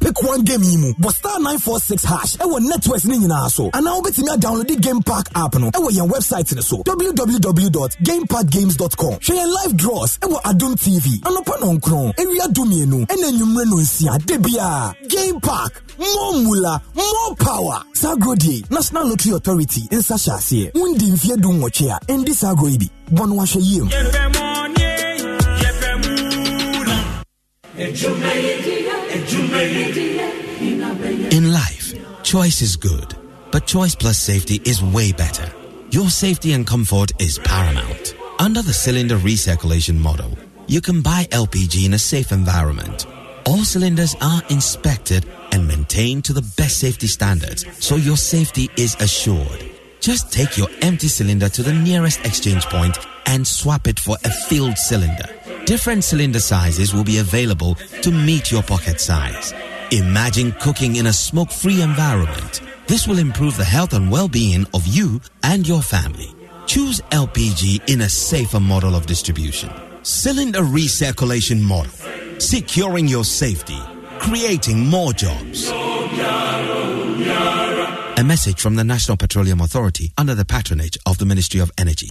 pick one game yi mu bɔ star nine four six net networks ne nyinaa so anaa wobɛtumi adownload game park app no ɛwɔ yɛn website no so www.gameparkgames.com hwɛ yɛn live draws ɛwɔ adom tv anɔpa nɔnkron ewia dumienu ɛna enyimire no nsia debia game park more mula more power sagro die national lottery authority nsa hyɛ aseɛ wundi mfie dum wɔkye a ɛndi sagro yi bi bɔ no ahwɛ yie In life. Choice is good, but Choice Plus safety is way better. Your safety and comfort is paramount. Under the cylinder recirculation model, you can buy LPG in a safe environment. All cylinders are inspected and maintained to the best safety standards, so your safety is assured. Just take your empty cylinder to the nearest exchange point and swap it for a filled cylinder. Different cylinder sizes will be available to meet your pocket size. Imagine cooking in a smoke-free environment. This will improve the health and well-being of you and your family. Choose LPG in a safer model of distribution. Cylinder recirculation model. Securing your safety. Creating more jobs. A message from the National Petroleum Authority under the patronage of the Ministry of Energy.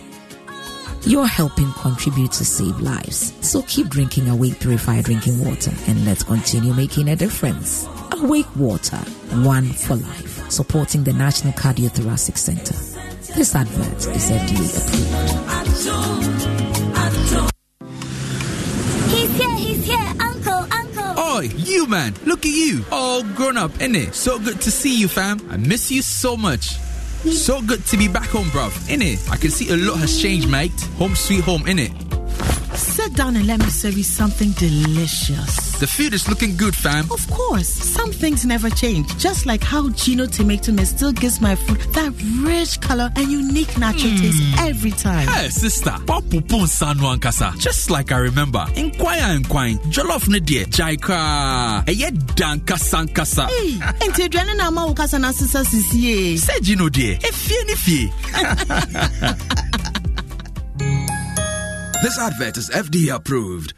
you're helping contribute to save lives. So keep drinking Awake Purified Drinking Water and let's continue making a difference. Awake Water, one for life, supporting the National Cardiothoracic Center. This advert is FDA approved. He's here, he's here, Uncle, Uncle. Oi, you man, look at you, all grown up, innit? So good to see you, fam. I miss you so much. So good to be back home, bruv, innit? I can see a lot has changed, mate. Home sweet home, innit? Sit down and let me serve you something delicious. The food is looking good, fam. Of course, some things never change. Just like how Gino tomato mist still gives my food that rich color and unique natural mm. taste every time. Hey, sister, popupon sanwan kasa. Just like I remember, inquire inquire, jollof ne dear, jaika, eye danka sankasa. Hey, ente dwene na ma ukasa na sisa sisiye. Say Gino dear, efie ni fie. This advert is FDA approved.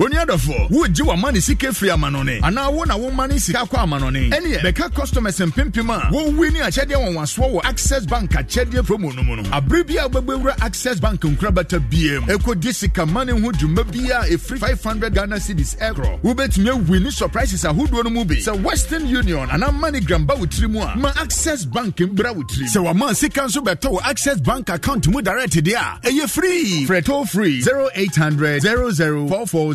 oni adɔfoɔ wogye wama ne sika firi amanɔne anaa wo na woma ne sika kɔ amanɔne ɛneɛ bɛka customers mpempem a wowi ne akyɛdeɛ wɔnwasoɔ wɔ access bank akyɛdeɛ promo no mu no abere bi a wobɛbɛwura access bank nkorabata biam ɛkɔgye sika ma ne ho dwuma bia ɛfiri 500 ghana cities ɛkorɔ wobɛtumi awi ne surprises ahodoɔ no mu bi sɛ western union anaa ma ne gramba wo tiri mu a ma access bank mbra wo tiri sɛ wama sika nso bɛtɔ wo access bank account mu direct deɛ a ɛyɛ free frɛ toll free 0800 0044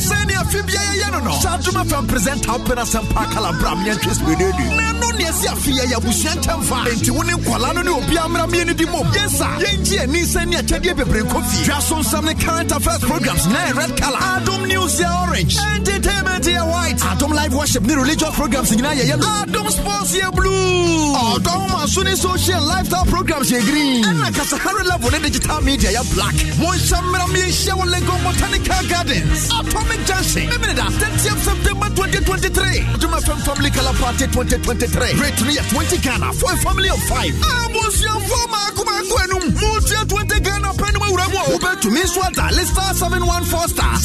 sɛne afe biara yɛ no no saa adwuma fam present wopene asɛmpa kalabra meantwe sɛdɛdu na ɛno ne ɛsi afi yɛyɛ abusua nkyɛmfa enti wo ne nkwala no ne obia mmra meɛ no di mom yɛsa yɛngye eni sɛ ne akyɛdeɛ bebree kɔ fie twa so nsɛm ne current affairs programs na ɛ red color adom news yɛ orange entertainment yɛ white adom live worship ne religious programs nyinaa yɛ yellow adom sports yɛ blue ɔdɔm ma so ne social lifestyle programs yɛ green ɛna kasahare level ne digital media yɛ black monhyɛ mmra meɛhyɛ wɔ legon botanical gardens atom Atomic Junction. Eminida, 10th September 2023. Juma Fem Family Color Party 2023. Rate 3 at 20 Ghana for a family of 5. Abusia Foma Kumakwenum. Multia 20 Ghana Penuma Urabo. Uber to Miss Water. Lista 714 star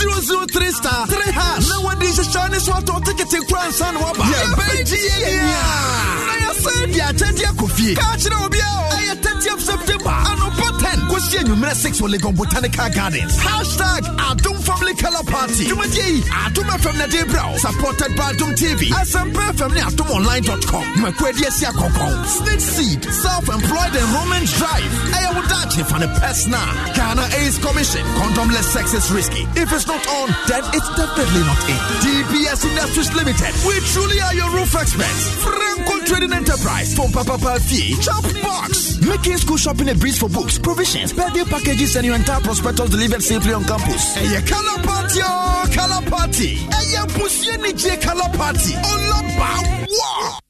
003 star 3 hash. No one is a shiny swat ticket in Crown San Waba. Yeah, Benji. yeah. I said, yeah, 10th of September. it over here. 30th September. Anopa 10. Question number 6 for Legon Botanical Gardens. Hashtag Adum Family Color Party dwumadie yi adom fm na de supported by adom tv asɛmpa fm ne adom online.com dwumakuadi asi akɔnkɔn snake seed self-employed enrollment drive ɛyɛ wo daakye fa ne pɛsna ghana aids commission condomless sex is risky if it's not on then it's definitely not in dbs industries limited we truly are your roof experts franco trading enterprise from papa fee chop box making school shopping a breeze for books provisions birthday packages and your entire prospectus delivered safely on campus. you cannot part your Color Party. Ẹyẹ busie ni jẹ Color Party. Ọlọ́ba wọ̀.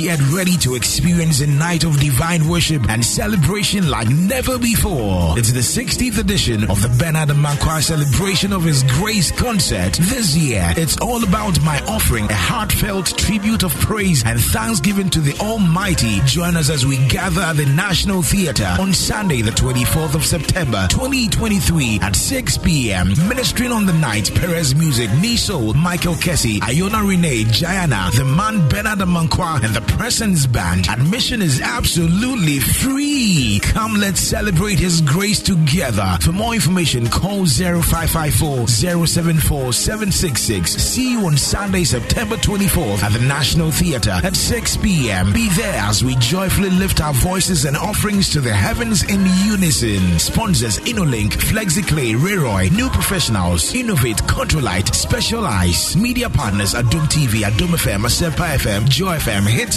yet ready to experience a night of divine worship and celebration like never before. It's the 16th edition of the Bernard Mankwa Celebration of His Grace concert. This year, it's all about my offering a heartfelt tribute of praise and thanksgiving to the Almighty. Join us as we gather at the National Theatre on Sunday, the 24th of September, 2023 at 6 p.m. Ministering on the night, Perez Music, Niso, Michael Kessie, Iona Renee, Jayana, the man Bernard Mankwa, and the Presence band Admission is absolutely free. Come, let's celebrate His grace together. For more information, call 0554 074 766. See you on Sunday, September 24th at the National Theatre at 6 p.m. Be there as we joyfully lift our voices and offerings to the heavens in unison. Sponsors inolink FlexiClay, Reroy, New Professionals, Innovate, Controlite, Specialize, Media Partners, Adum TV, Adum FM, Asepa FM, Joy FM, Hits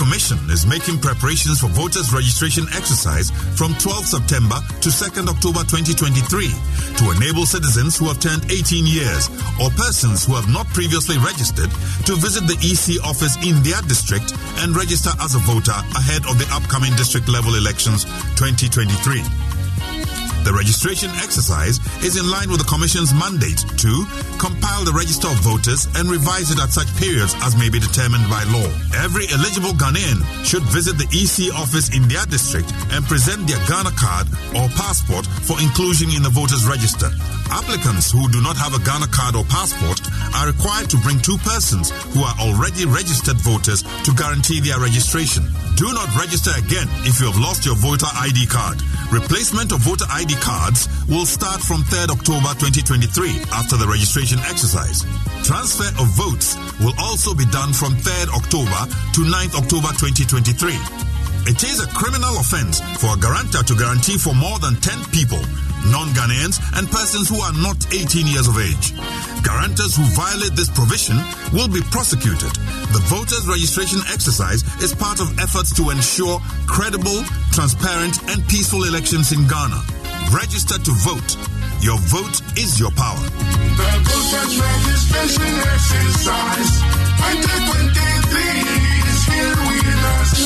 Commission is making preparations for voters' registration exercise from 12 September to 2nd October 2023 to enable citizens who have turned 18 years or persons who have not previously registered to visit the EC office in their district and register as a voter ahead of the upcoming district level elections 2023. The registration exercise is in line with the Commission's mandate to compile the register of voters and revise it at such periods as may be determined by law. Every eligible Ghanaian should visit the EC office in their district and present their Ghana card or passport for inclusion in the voters' register. Applicants who do not have a Ghana card or passport are required to bring two persons who are already registered voters to guarantee their registration. Do not register again if you have lost your voter ID card. Replacement of voter ID ID cards will start from 3rd October 2023 after the registration exercise. Transfer of votes will also be done from 3rd October to 9th October 2023. It is a criminal offense for a guarantor to guarantee for more than 10 people, non Ghanaians, and persons who are not 18 years of age. Guarantors who violate this provision will be prosecuted. The voters' registration exercise is part of efforts to ensure credible, transparent, and peaceful elections in Ghana. Register to vote. Your vote is your power. The voters registration exercise 2023 is here with us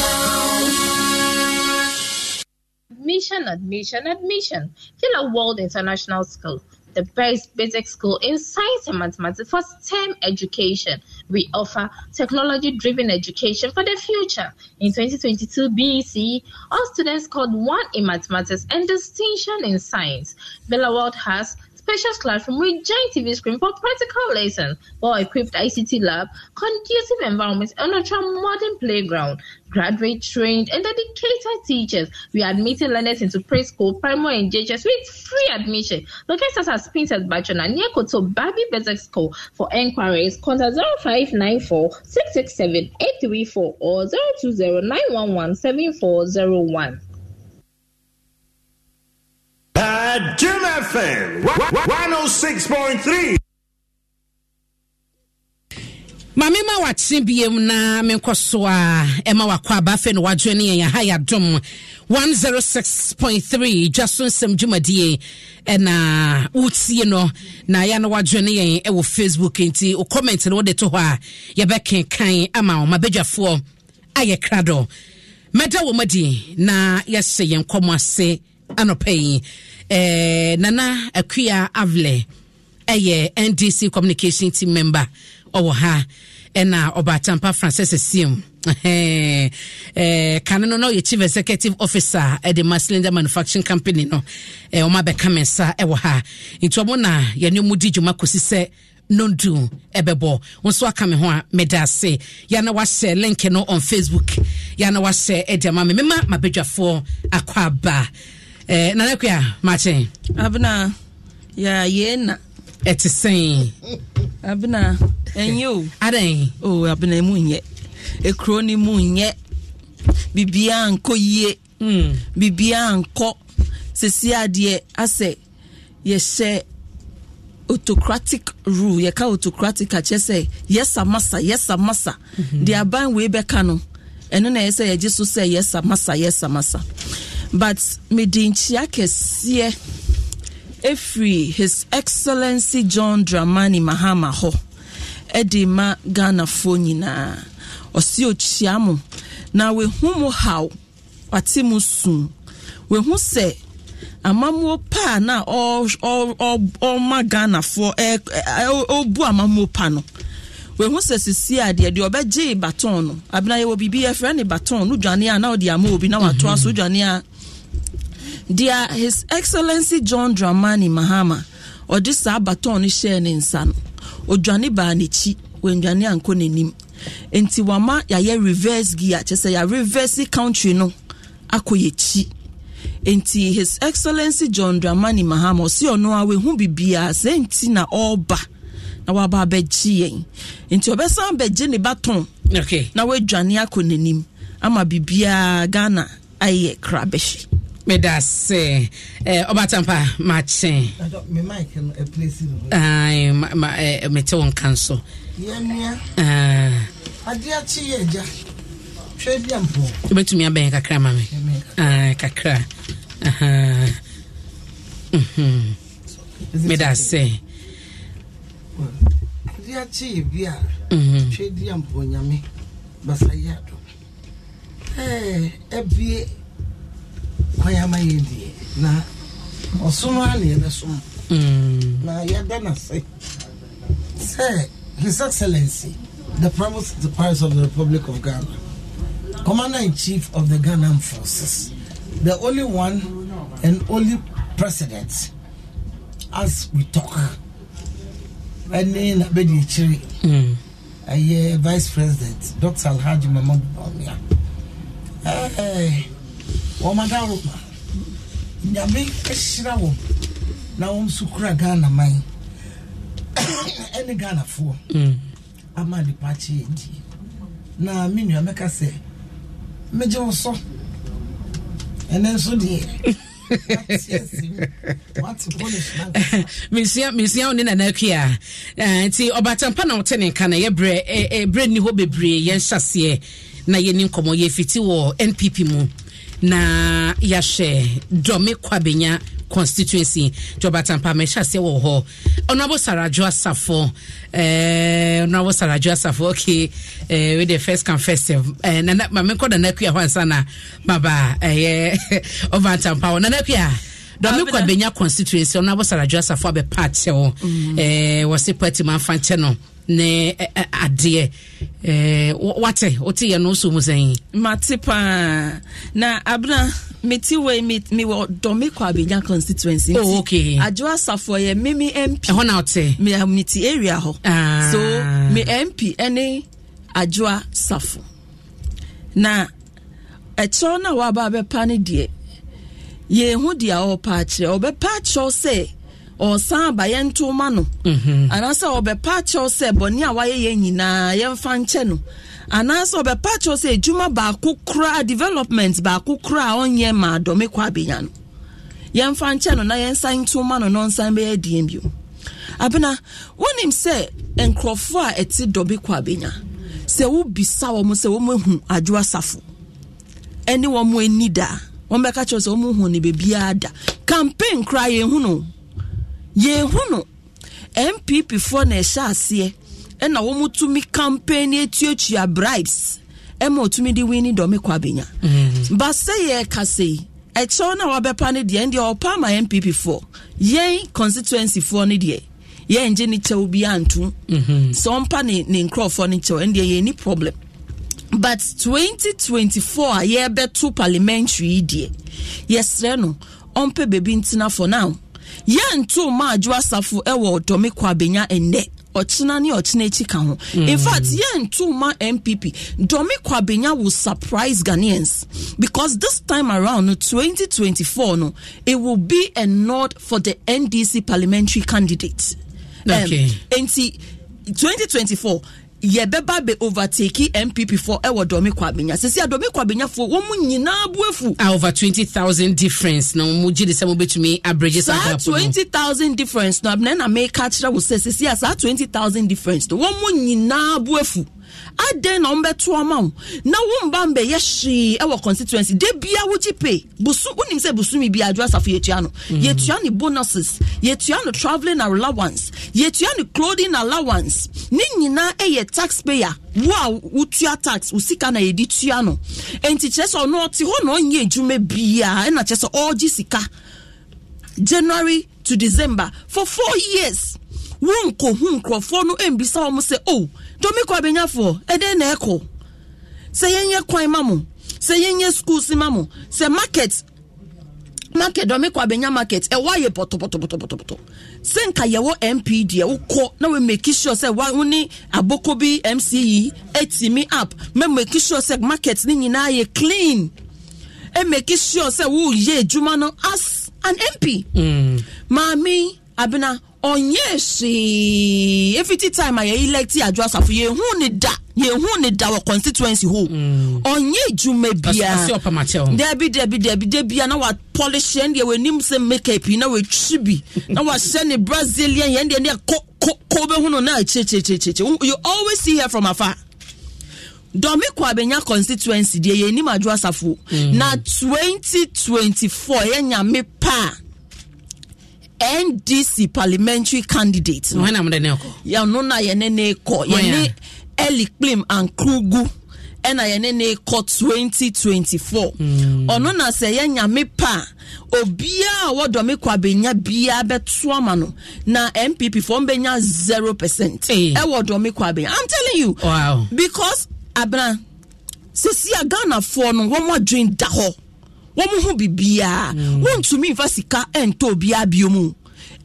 now. Admission, admission, admission. Hello World International School, the best basic school in science and mathematics for STEM education we offer technology driven education for the future. In 2022 BEC, all students scored 1 in mathematics and distinction in science. Bella World has spacious classroom giant TV screen for practical lessons, well-equipped ICT lab, conducive environment, and ultra-modern playground graduate trained and dedicated teachers. We are admitting learners into preschool, primary, and JHS with free admission. Locate us at Princess Bachona near Koto Baby Bezek School. For enquiries, contact 0594 667 834 or 020 by Jim FM 106.3. maame ma wakye biem na menkɔ so a ɛma wakɔ aba afei na yɛn aha yɛadom 106.3 dwa so nsɛm dwumadie ɛna wotie no na yɛ na wadwo ne yɛn ɛwɔ facebook nti wo comment no wode to hɔ a yɛbɛkenkan ama wo mabadwafoɔ ayɛ krado mɛda wɔ madi na yɛhyɛ yɛn nkɔmmɔ ase anɔpa yi eh, nana akua avle ɛyɛ eh, ndc communication team member ɔwɔ ha ɛna ɔbaatampa francis siem eh, eh, kane no na ɔyɛ chief executive officer ɛde eh, ma cylinder manufacturing company no ɔma bɛka me nsa ɛwɔ ha nti ɔmo na yɛne mu di dwuma kɔsi sɛ nondu ɛbɛbɔ nso aka me ho a meda ase yɛa na wahyɛ link no on facebook yɛa na wahyɛ ɛde ama me mema mabadwafoɔ akɔ aba Eh, nana kua makye abena yɛ yee na ɛte sɛn abena ɛnyɛ o adɛn o oh, abena mu nyɛ ekuro ni mu nyɛ bibia nkɔ yie bibia nkɔ hmm. sisi adeɛ asɛ yɛhyɛ autocratic rule yɛka autocratic akyɛ sɛ yɛsa masa yɛsa masa mm -hmm. deɛ aban wei bɛka no ɛno na ɛyɛ sɛ yɛgye so sɛ yɛsa masa yɛsa masa but mede nkyia kɛseɛ ɛfiri his excellency john dramani mahama hɔ ɛde ma ghanafoɔ nyinaa ɔse okyia mo na wehu mu haw wate mu sum wehu sɛ amamuo paa na ɔma ghanafoɔ ɔbu e, e, amammuo pa no wehu sɛ sisi adeɛ deɛ ɔbɛgye baton no abena yɛwɔ biribi yɛfrɛ ne baton no dwane a na ɔde ama obi na watoa so mhm. dwane a deɛ his excellency john dramani mahama ɔde saa baton no hyɛɛ ne nsa no odwane baa n'akyi wandwane ankɔ n'anim nti wama yɛayɛ reverse gear kyɛ sɛ yɛareverse country no akɔ yɛkyi nti his excellency john dramani mahama ɔsi ɔno a wehu bibiara sɛ nti na ɔreba na waba abɛgye yɛn nti ɔbɛsan bɛgye ne baton okay. na wadwane akɔ n'anim ama bibiara ghana ayɛ krabɛhye meda sɛ ɔbatampa makye mete wo nka nso wobɛtumi abɛn kakra ma mhm. me kakra meda sɛ adeɛ kye yɛ bi a twɛ di a mpɔ nyame basayɛ adɔ ɛbie eh, eh, kwan ama die na ɔsom oh, a na yɛbɛsom hmm. na yɛda n'ase sɛ his excellency the prime the price of the republic of ghana commander in chief of the ghana forces the only one and only president as we talk ɛne n'abɛdi akyire ɛyɛ vice president dr alhaji mamadu bamia ɛɛ. wɔmadaworo nyame ahyira wɔ na wɔn nso kura ghana man ɛne ghanafoɔ mm. ama nipa akyi na me nua mɛka sɛ megye wo so ɛnɛ nso deɛ mesua wo ne nana akui a eh, nti ɔbatampa na wote ne nka no yɛberɛ eh, eh, nni hɔ bebree yɛnhyɛseɛ na yɛni nkɔmmɔ yɛfiti wɔ npp mu na yɛahyɛ dɔme kwabenya constituency jɔbatampa mɛhyɛ aseɛ wɔ hɔ ɔnoabo saradwo asafo eh, ɔnoabo saradwo asafo okay eh, we the first come first serve eh, nana mame nkɔ nana kua eh, hɔ ansa na maba ɛyɛ ɔbantampa wɔ nana dɔme kwabenya constituency ɔnoabo saradwo asafo abɛpa akyɛ wo mm. eh, wɔ se pɔ atim amfa nkyɛ no ne eh, eh, adeɛ eh, wate woteyɛ no so mu sɛn mate paa na abena mete wei mewɔ dɔme kɔ abɛnya constituency oh, okay. adwo asafoɔ yɛ meme mp ɛhɔ na wote mete area hɔ ah. so me mp ne adwoa safo na ɛkyerɛw no a wɔaba bɛpa no deɛ yɛhu deɛ ɔɔpa akyerɛ ɔbɛpa akyerɛw sɛ ɔsan aba yɛn ntoma no mhm. anaasɛ ɔbɛpa akyɛw sɛ bɔne a wayɛ yɛn nyinaa yɛmfa nkyɛ no anaasɛ ɔbɛpa akyɛw sɛ adwuma baako koraa development baako koraa a ɔnyɛ ma adɔme kɔ abenya no yɛmfa nkyɛ no na yɛnsan ntoma no na ɔnsan bɛyɛ deɛ bio abena wonim sɛ nkurɔfoɔ a ɛte dɔme kɔ abenya sɛ wobisa wɔ m sɛ wɔm ahu adwoa safo ɛne wɔm ani daa wɔm bɛka kyerɛw sɛ wɔm hu ne baabiaa da campaign koraa yɛhu no yɛhu no npp foɔ na ɛhyɛ aseɛ ɛna wɔn tumi campaign etuatua bribes ɛma otumi de win dɔmi kɔ abenya mm-hmm. basɛ yɛ kasa yi ɛkyɛw na wabɛpa ne deɛ ɛndeɛ ɔpa ama npp foɔ yɛn constituency foɔ ne deɛ yɛn gye ne kyɛw bi antum mm-hmm. sɛ ɔmpa ne ne nkurɔfoɔ ne kyɛw ɛndeɛ yɛn ni problem but 2024 a yɛrebɛto parliamentary deɛ yɛsrɛ no ɔmpɛ baabi ntena for now. tu ma juwa safo wɔ dɔme kɔ abenya ene, otunani ne ɔkyena akyi ka ho in mm. fact tu ma mpp dɔme kɔ abenya will surprise ghanaians because this time around 2024 no it will be a nod for the ndc parliamentary candidate okay. um, nti 2024 yɛbɛba bɛ overtake npp fɔ ɛwɔ dɔmi kwabenya sisi adɔmi kwabenya fo wɔn mu nyinaa bu efu. a over twenty thousand difference na mo gyi de sɛ mo betumi abiriji saa agaapo no. saa twenty thousand difference na abena mɛ kakyira wosɛ sisi a saa twenty thousand difference no wɔn mu nyinaa bu efu adɛn na ɔmbɛto ama wo na womba mbɛyɛ hyee ɛwɔ constituency da bia wogye pe busu wonim sɛ busumi bia adwo asafo yɛtua no yɛtua mm-hmm. ne bonuses yɛtua no travelling allowance yɛtua ne clothing allowance ne nyinaa ɛyɛ e taxpayer wo a wotua tax wo sika na yɛde tua no enti kyerɛ sɛ ɔno ɔte hɔ na ɔnyɛ adwuma biaa ɛna kyerɛ sɛ ɔregye sika january to december for four years wonkɔhu nkurɔfoɔ no mbisa wɔ m sɛ o oh, tomi kɔ abenyafoɔ ɛdɛn na ɛkɔ sɛ yɛnyɛ kwan ma mo sɛ yɛnyɛ schools ma mo sɛ market market dɔmi kɔ abenya market ɛwɔ e ayɛ pɔtɔpɔtɔpɔtɔpɔtɔ sɛ nka yɛwɔ mp deɛ wokɔ na we make sure sɛ wa wone aboko bi mc yi e, eti mi app mɛ make sure sɛ market ni nyinaa yɛ clean ɛ e make sure sɛ woyɛ adwuma no as an mp. Mm. maame abina ɔnyɛ hwee efiti time a yɛyi lɛkti adwo asafo yɛhu ne da yɛhu ne da wɔ constituency ho ɔnyɛ mm. edwuma biara dɛbi dɛbi dɛbi dɛbi a na wa polish yɛn deɛ w'anim sɛ makeup yi na w'atwi bi na w'ahyɛ ne brazilian yɛn deɛ ne yɛ ko ko ko bɛhu no na akyekyekyekye you always see her from afar dɔmi kɔ abɛnya constituency deɛ yɛnim adwo asafo mm. na twenty twenty four yɛ nyame paa ndc parliamentary candidate no yɛno na yɛne ne kɔ yɛne eli kplim ankrugu ɛna yɛne ne kɔ 2024 ɔno mm. na sɛ yɛ nyame pa a obiaa a wɔdɔ me kɔ abɛnya biaa bɛto no na mpp fɔ mbɛnya zero percent ɛwɔ dɔ mi kɔ abɛnya i'm telling you wow. because abena sɛsi a ghanafoɔ no wɔn adwene da hɔ wɔn ho bibiara mm. wɔntumi nfa sika ntɔ obiara bio mu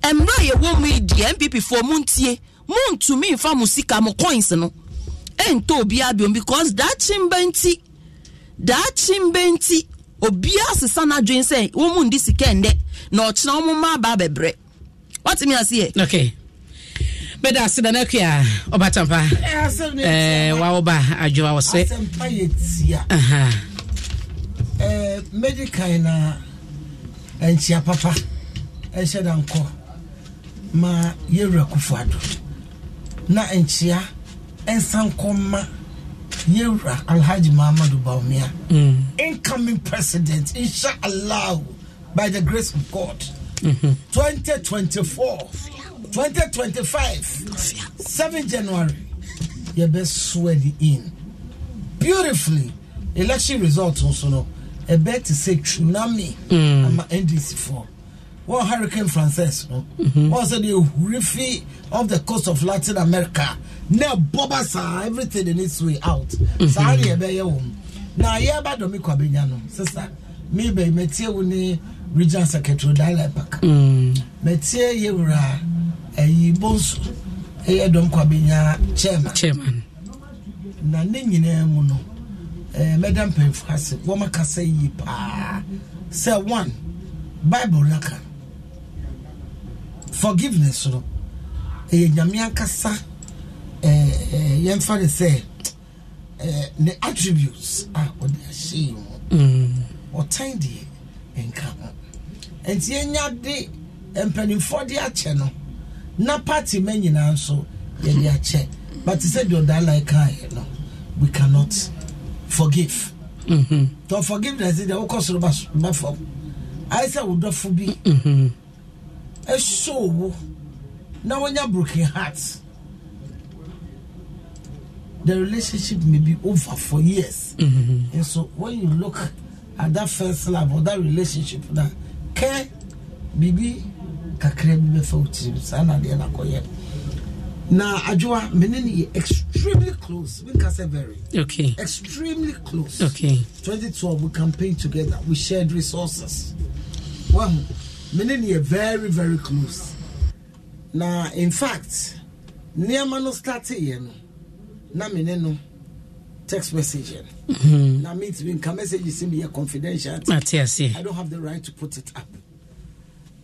mmerɛ a yɛwɔ mu yi deɛ npp foɔ mu ntie wɔntumi nfa mu sika mu coins no ntɔ obiara bio mu because daakye mbɛ nti daakye mbɛ nti obiara sisa n'adwene sɛ wɔn mu ndi sika ndɛ na ɔkyerɛ wɔn mma aba abɛbrɛ wɔtumi aseɛ. okay bɛda ase da nakua ɔbatampa eh, ɛɛ eh, wawɔba adwowa wɔ sɛ eh, medical na nkyia papa ɛhyɛ eh, da nkɔ ma yɛwura kufu ado na nkyia nsa nkɔ yɛwura alhaji muhammadu baumia mm. incoming president insha allah by the grace of god mm-hmm. 2024 2025 7 january yɛbɛsoa ne in beautifully election results nso no ɛbɛ te sɛ tsunami hmm. ama ndc foɔ wɔn hurricane frances no mm-hmm. wɔn sɛ de ehuri fi off the coast of latin america na bɔba saa everything in its way out saa ne yɛbɛyɛ wɔn na yɛba dɔmi kɔ abɛnya no sisan mi bɛyi mɛtie wo ne regional secretary dialect park mɛtie mm. yewura ɛyi e bonsu ɛyɛ dɔm kɔ abɛnya chairman na ne nyinaa mu no. Eh, mmɛda mpanyinfo ase wɔn akasa yie paa sɛ one bible laka forgiveness no ɛyɛ eh, nyame ankasa ɛɛ yɛmfa ne sɛ ɛɛ ne attributes a ɔde ahyɛ yi mu ɔtan deɛ nka ho nti yɛnya de eh, mpanyinfoɔ de akyɛ no na party mɛ nyinaa nso yɛde akyɛ but sɛ deɛ ɔda like ayɛ no we cannot. Mm -hmm. forgive mm-hmm. to forgiveness deɛ wokɔ soro ba fam ayɛ sɛ forgive. dɔfo bi now when you wonya broken hearts, the relationship may be over for years mm-hmm. and so when you look at that first love or that relationship that care bibi kakra bi bɛfa wo tirim saa na deɛ nakɔyɛ no now, Ajua, mene ne extremely close we can say very okay extremely close okay 2012 we campaigned together we shared resources well mene ne very very close Now, in fact nneɛma no starteeɛ no na me no text message mm-hmm. na me message you see me a confidential i don't have the right to put it up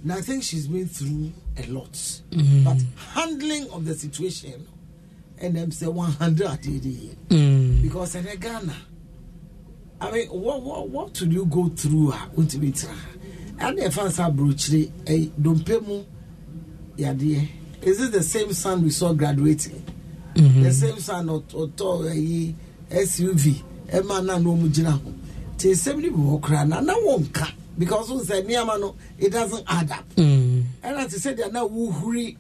now I think she's been through a lot, mm. but handling of the situation, and them say 100 mm. because in Ghana, I mean, what what what would you go through? Ah, and the fans are brochure. Eh, don't pay more. Yeah, dear. Is it the same son we saw graduating? Mm-hmm. The same son or SUV. Emma na no mujina. Te same ni na na wonka. because n sɛ nneɛma no it doesn't add up ɛna te sɛ deɛ na wohuri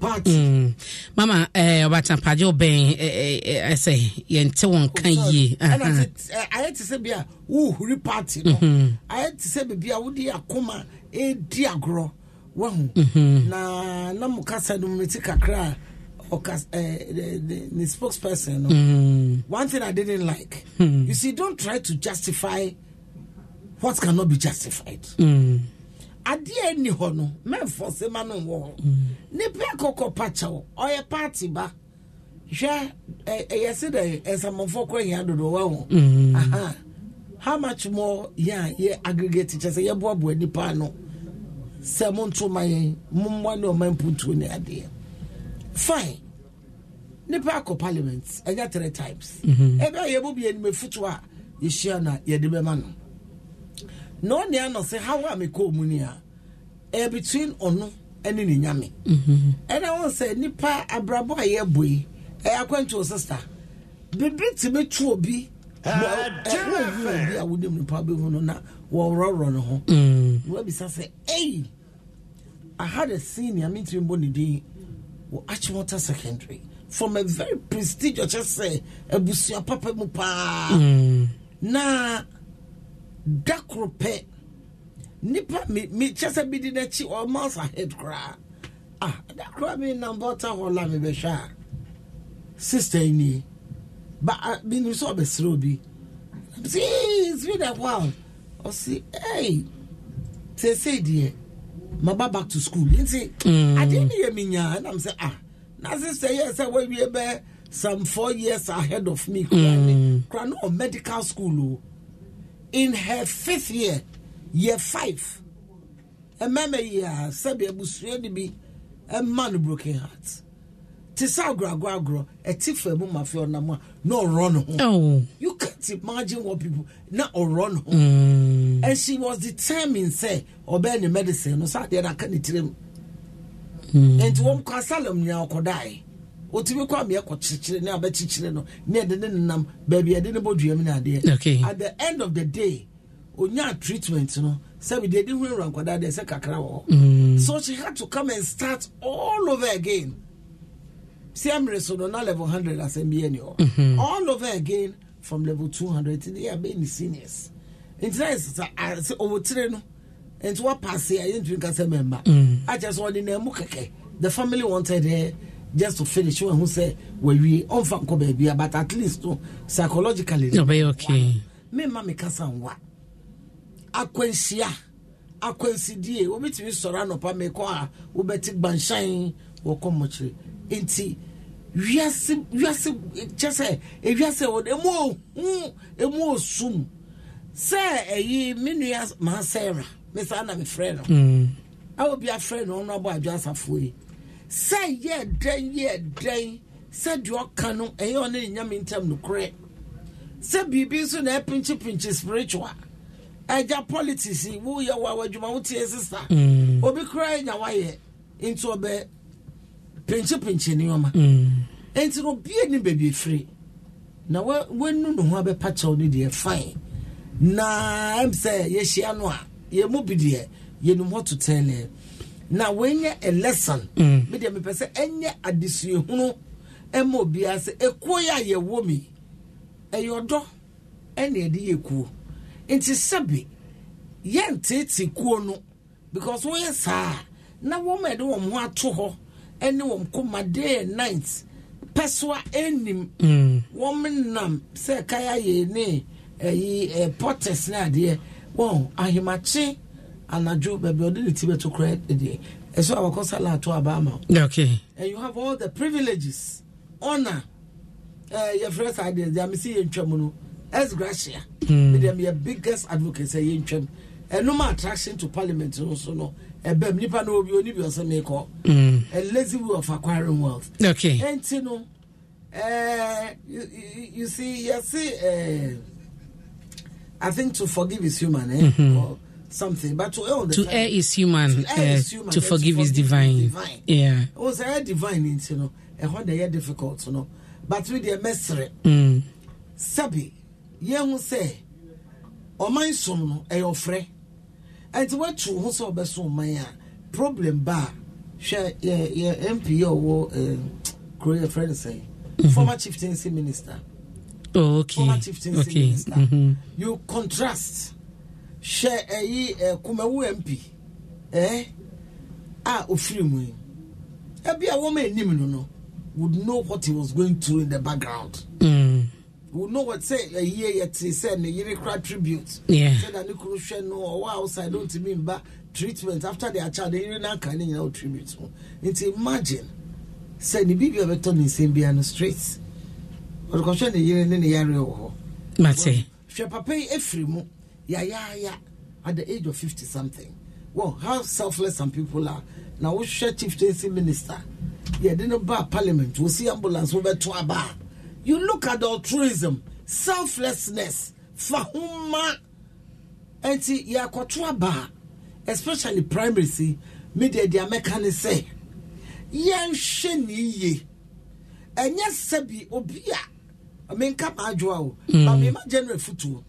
party. Mm. mama ɔbata pagye ɔbɛn ɛsɛ yɛnte wɔn ka yie. ayɛ te sɛ bi a wohuri party no ayɛ te sɛ baabi a wode akoma ɛredi eh, agorɔ wahu mm-hmm. na na mo no mmeti kakra a. Okas, eh, spokesperson. No? Mm. One thing I didn't like. Mm. You see, don't try to justify what cannot be justified. Mm. adeɛ ni hɔ no mɛnfɔ sema no mm. wɔ hɔ nipa kɔkɔ pakyɛw ɔyɛ paati ba hwɛ ɛyɛ si dɛ nsamɔfo kɔ yɛn adodo wɔ wɔn mm. how much more yɛn yɛ aggregate kyɛ sɛ yɛboaboa nipa ano sɛ mo ntoma yɛn mo mmoa ne ɔman mpuntuo ne adeɛ fine nipa akɔ parliament ɛnyɛ three times mm-hmm. ɛbɛ yɛ bo bi yɛn nimefutu a yɛhyia na yɛde bɛma no na ɔne ano sɛ haw a mekɔɔ mu ni a ɛyɛ eh, between ɔno ne ne nyame mm-hmm. ɛna wɔn sɛ nipa abrabɔ a yɛbɔ yi ɛyɛ akwantuo sister bibiri tumi tu obi ɛwɔ eh, eh, obi a wɔde mu nipa bɛhu no na wɔworɔworɔ ne ho mm. wɔabisa sɛ ɛyi I had a senior meeting one day wɔ Achimota Secondary from a very prestigious just say abusua papa mu paa mm. na da koro pɛ nipa mi mi kyɛ sɛ bi di n'akyi almost ahead koraa ah da koraa mi nam bɔta hɔ la mi bɛhwɛ a sista yi ni ba a mi nim sɛ ɔbɛsrɛ obi see it's been a while ɔsi hey sese deɛ ma ba back to school nti mm. adeɛ ni yɛ mi nya ɛnam sɛ ah na sista yɛ sɛ wɔwie bɛ some four years ahead of me koraa ni mm. koraa no wɔ medical school o. Oh. in her fifth year, year five, a mama year, Sabia Busredi be a man broken heart. Tisagra Guagro, a tifa mumma fiona ma, no run home. Oh. You can't imagine what people, not or run home. Mm. And she was determined, say, or the medicine, or Sadia, I can't tell him. And to one casalum now could die. otumi kɔ amea kɔ kyekyere ne abɛkyekyere no ne ɛde ne nenam baabi ɛde ne bɔdua mu ne okay. at the end of the day onya treatment no sɛbi deɛ ɛde hu nwura nkwadaa deɛ sɛ kakra wɔ hɔ mm. so she had to come and start all over again si amere so no na level hundred asɛm bi yɛ ne hɔ all over again from level two hundred ti ne yɛ abɛɛ ne seniors nti na yɛ sisa sɛ ɔwɔ tire no nti wa paase mm. a yɛ ntumi nkasa mɛmba akyɛ sɛ ɔde na kɛkɛ the family wanted her just to finish wọn ho sɛ wɔawie ɔmfa nkɔ baabi but at least no psychologically ɔbɛyɛ okay mema me kasa nwa akwanhyia akwansidie wobɛtumi sɔre anɔpa mekɔ a wobɛte gbanhyɛn wɔkɔ mmɔkyere nti wiase wiase kyɛ sɛ ewiase wɔ emu ohun emu osum sɛ ɛyi me nua maa sɛra me saa na me frɛ no a obi afrɛ na ɔno abɔ adwa asafoɔ yi sɛ yɛ dɛn yɛ dɛn sɛ deɛ ɔka no ɛyɛ ɔne ne nyame ntam nokorɛ sɛ biribi nso na ɛpinkyipinkyi spiritual ɛgya politics woyɛ wɔ mm. a w'adwuma wotie sisa obi koraa nya wayɛ nti ɔbɛ pinkyipinkyi nneɛma nti no obie ne baabi firi na wanu ne ho abɛpakyɛw no deɛ fine na ɛm sɛ yɛhyia no a yɛn mu bi deɛ yɛnum hɔ to tɛlɛɛ na wɔnyɛ a lesson mm. me deɛ mepɛ sɛ ɛnyɛ adesuahunu ma obiara sɛ ekuo yi a yɛwɔ mi ɛyɛ ɔdɔ ɛna yɛde yɛ kuo nti sɛbi yɛnteete kuo no because wɔyɛ saa na wɔn a yɛde wɔn ho ato hɔ ɛne wɔn kɔma day and night pɛsoa ɛnim mm. wɔn nam sɛ kaya yɛ ne ɛyi e ɛ e pɔtɛs ne adeɛ wɔn ahemakye. anadwo baabi ɔde ne ti bɛto kora deɛ ɛso a wakɔ sala ato aba ama wo okay. and you have all the privileges honor uh, yɛfrɛ saa deɛ deɛ mesi yɛntwa mu no s gracia medeɛ hmm. meyɛ biggest advocate sɛ eh, yɛntwam ɛnom eh, attraction to parliament no so no ɛbɛm eh, nipa no obi oni bi ɔsɛ mekɔ a hmm. lazy way of acquiring wealth okay. ɛnti no uh, you, you see yɛse uh, i think to forgive is human eh? mm-hmm. Or, something. But to err, to err is human. To, err uh, is human, to eh, forgive, to forgive is, divine. is divine. Yeah. It oh, was err divine, you know. And how they are difficult, you know. But with the mystery, mm. Sabi, you say, or my son, a your friend. And what you also be so my problem bar. Share your yeah, eh, MP or uh, Korea friend say, mm-hmm. former chieftaincy minister. Oh, okay. Former chieftaincy okay. minister. Mm-hmm. You contrast hyɛ ɛyi ɛkumawu mp ɛɛ a ofiri mu yi ebi a wɔn anim no no would know what he was going through in the background. Mm. would know what say ɛyi yɛ ti sɛ ne yere kura tribute. Yeah. sɛ na ne kuru hwɛ no ɔwɔ outside don ti mean ba treatment after their child ne yere n'aka ne nyinaa o tribute ho nti imagine sɛ ne bibi a bɛtɔ ne nsɛm bi ano straight ɔdɔkɔhwɛ ne yere ne ne yare wɔ hɔ. mate. hwɛ papa yi efiri mu yeah, yeah, yeah, at the age of 50 something. Well, how selfless some people are. Now, what's your chieftaincy minister? Yeah, they don't buy parliament. We'll see ambulance over to a bar. You look at altruism, selflessness, fahuma, uh, and see, yeah, bar, especially primary, see, media, their mechanic say, yeah, shiny ye. And yes, Sebi, Obia, I mean, come, I draw, hmm. but my general football.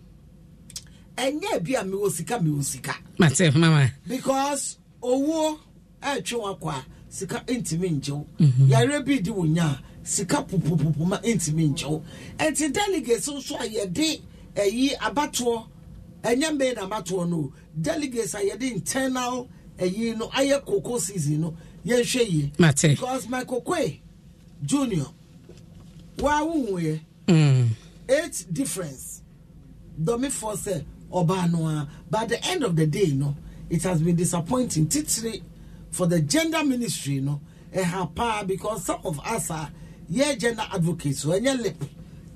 ɛnyɛ bi a mewɔ sika mewɔ sika. mate mama. because owó ɛtwe wakɔ a sika ntumi nkyew. Mhm. yàrá bi di wonya sika pupupupu ma ntumi nkyew ɛnti delegates nso a yɛde ɛyi eh, abatoɔ ɛnyɛ mbɛn na abatoɔ no delegates a yɛde internal ɛyi eh, no ayɛ koko season no yɛnhwɛ yie. mate because my kokoe junior wàá wùwù yɛ. eight difference domi fɔ sɛ. Obanoa. But at the end of the day, you know, it has been disappointing. Titri for the gender ministry, you know, and because some of us are yeah gender advocates, so any lip,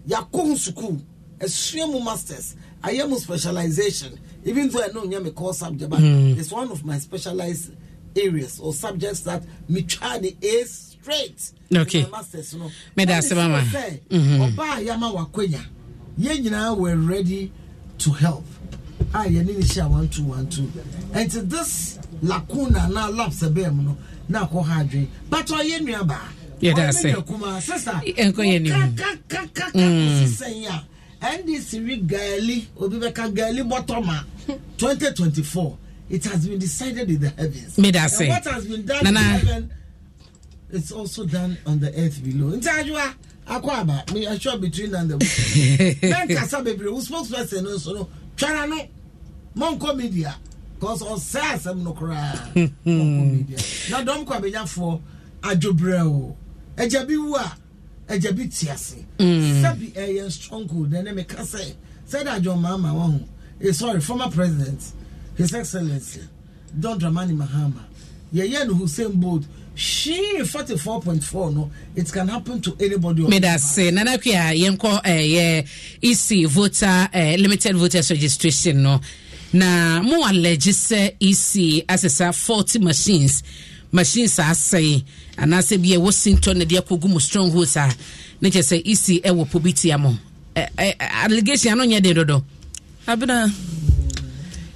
yakun school, extreme masters, I am specialization. Even though I know me core subject, but mm. it's one of my specialized areas or subjects that me Michani is straight. Okay. Masters, you know. Me da se mama. Mm-hmm. Oba yama wakwenya. Ye nyina were ready to help. a yɛne ne hyia one two one two nti this lacuna na laps ɛbɛn mu no na akɔ ha adwene but ɔyɛ nuabaa yɛda sɛ ɛnkɔ yɛ ne mm. ndc ri gaali obi bɛka gaali twenty-four. it has been decided in the heavens. meda sɛ what has been done Nana. in heaven it's also done on the earth below. nti ajuwa akɔ aba me assure between and the weekend. bɛn kasa bebree wo spokesperson no so no twɛrɛ no mɔnkɔ media cause ɔsɛ asɛm no koraa mɔnkɔ media na dɔm kɔ abɛnyafoɔ adwobrɛ o agya bi wu a agya bi te ase sɛbi ɛyɛ stronghold ɛnɛ meka sɛ sɛde adwɔ maama wɔn ho sorry former president his excellency john dramani mahama yɛyɛ no hussein bolt she 44.4 no it can happen to anybody Meda nanakwe a yɛnkɔ ɛyɛ ec eh, e voter eh, limited voters registration no na mo allegye sɛ ec asesa machines machines asɛe anaasɛ bi ɛwɔ sintɔ na de mu strongholds a ne kyerɛ sɛ ec ɛwɔ tia mo eh, allegation ano nyɛ den dodo abena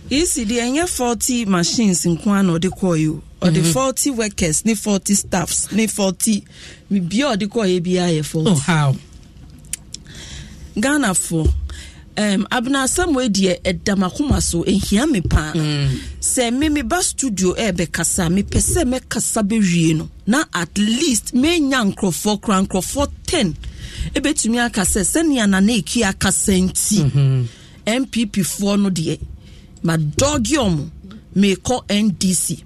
ec deɛ ɔde kɔɔ yi o ɔde mm -hmm. forty workers ne forty staffs ne forty bibi a ɔde kɔɔ ebi ayɛ forty. oh how. ghana fo um, abenasɛm wei deɛ ɛda makoma so ɛhia mm. me paa mm. sɛ me meba studio ɛɛbɛkasa eh, mepɛ sɛ mɛkasa bɛwie no na at least menya nkurɔfoɔ kora nkurɔfoɔ 10 ɛbɛtumi e aka sɛ sɛnea nana ɛki akasa nti mm -hmm. mpp foɔ no deɛ madɔge ɔmo meekɔ ndc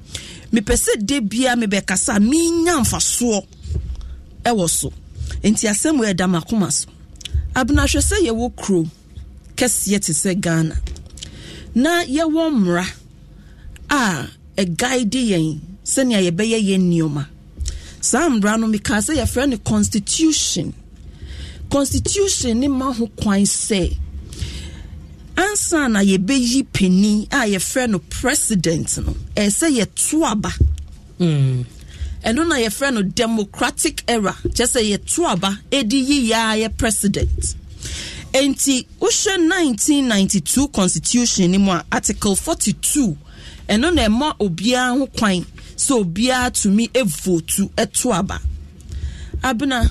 mepɛ sɛ de bia mebɛkasa a menya mfasoɔ ɛwɔ so nti asɛm wɔ ɛda makoma so abena hwɛ sɛ yɛwɔ kurom kɛseɛ te sɛ ghana na yɛwɔ mmara a ɛguide yɛn sɛnea yɛbɛyɛ yɛn nneɛma saa mmara no mekaa sɛ yɛfrɛ no constitution constitution ne ma ho kwan sɛ ansa na yɛbɛyi panin a yɛfrɛ no president no ɛsɛ yɛto aba hmm. ɛno na yɛfrɛ no democratic era kyɛ sɛ yɛto aba ɛdi yiyia yɛ president nti wohwɛ 1992 constitution ni mu a article 42 ɛno na ɛma obiara ho kwan sɛ obiara tumi evotu ɛto aba abena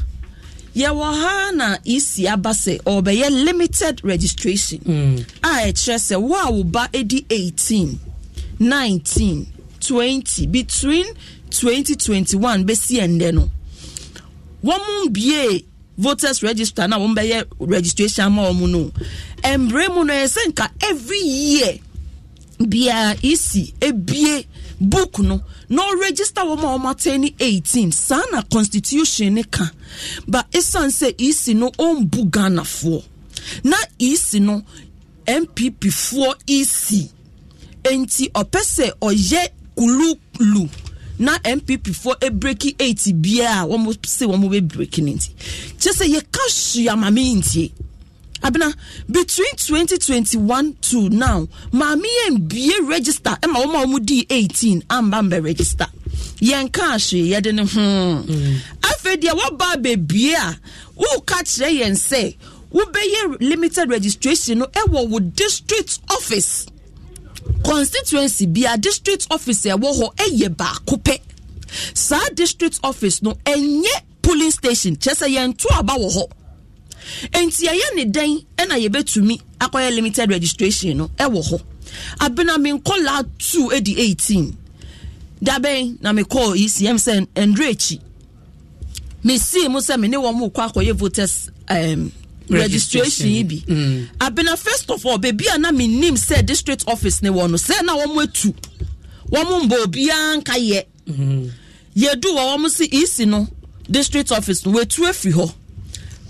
yɛwɔ ha na esi aba sɛ ɔbɛyɛ limited registration mm. a ɛkyerɛ sɛ wo a wo ba di eighteen nineteen twenty between twenty twenty one bɛsi ɛndɛ no wɔn bie voters register na wɔn bɛyɛ registration ma wɔn no mbere mu no yɛ sɛ nka every year bia esi ebie book no na no register wɔn a wɔn atɛn ni eighteen saa na constitution ne ka ba esan sɛ ec no ɔmbu ghanafoɔ na ec no npp foɔ ec nti ɔpɛ sɛ ɔyɛ kululu na npp foɔ ebreki eight bia a wɔn se wɔn bɛ breki ne nti kyɛ sɛ yɛ ka sua maame ntie abena between 2021 to now maame yɛn bie register ɛma wɔn a wɔn di 18 amba mbɛ register yɛn kaa hwee yɛde ne ho mm. afei deɛ wɔba abɛbie a wɔɔka kyerɛ yɛn sɛ wobɛyɛ limited registration no ɛwɔ wo district office constituency bia district office ɛwɔ hɔ ɛyɛ baako pɛ saa district office no ɛnyɛ polling station kyerɛ sɛ yɛn to aba wɔ hɔ nti ɛyɛ ne dɛn ɛna yɛbɛtumi akɔyɛ limited registration no ɛwɔ hɔ abena mi nkɔ laa two ɛdi eighteen dabɛn na mi kɔɔ ecm sɛ ndre akyi mi mu sɛ mi ne wɔn mu kɔ akɔyɛ voters um, registration yi bi mm. abena first of all beebi a na mi nim sɛ district office ne wɔ no sɛ na wɔn etu wɔn mbɔ obiara nka yɛ mm-hmm. yɛdu wɔ wɔn si ec no district office no wɔtu efi hɔ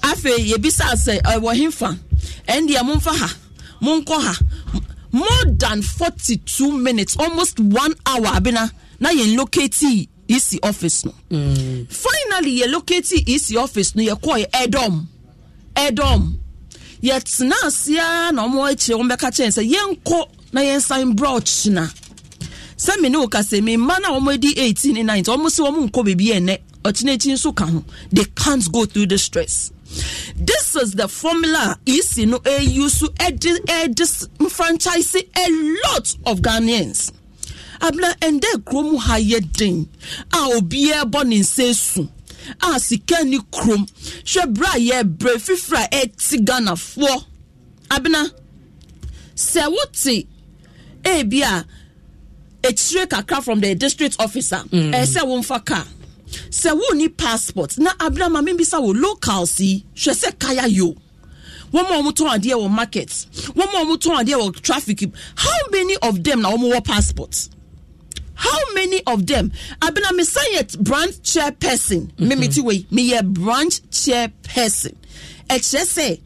afei yɛbisa sɛ ɛwɔ hemfa ɛndeɛ momfa ha monkɔ ha more than 42 minutes almost one hour abena na yɛn locate ec office no. Mm. finally yɛ locate ec office no yɛkɔ yɛ ɛdɔm ɛdɔm yɛtena aseɛ na wɔn akyire wɔn bɛka kyɛn sɛ yɛnkɔ na yɛnsan brɔ ɔkyena sɛmi ne okasa mi mma na wɔn adi eighteen ne nineteen wɔn si wɔn nkɔ beebi yɛn nɛ ɔkyena akyi nso ka ho they can't go through the stress this is the formula EC no use to disenfranchise a lot of Ghanaians. abena chrome higher thing. yɛ den a obiara bɔ ne nsa esu a sika ni kurom hwɛ bere a yɛbrɛ fifiri a ɛti e ghanafoɔ abena sɛ wote ebi a e a car from the district officer ɛsɛ mm. e wɔn fa car. sɛ wonni passport na abena ma membisa wo local si hwɛ sɛ kaya yo wɔn a wɔtɔn adeɛ wɔ market wɔn a wɔtɔn adeɛ wɔ traffic how many of them na wɔn passport how many of them abena mesan yɛ branch chairperson mm -hmm. mimiti wei meyɛ branch chairperson ɛkyerɛ sɛ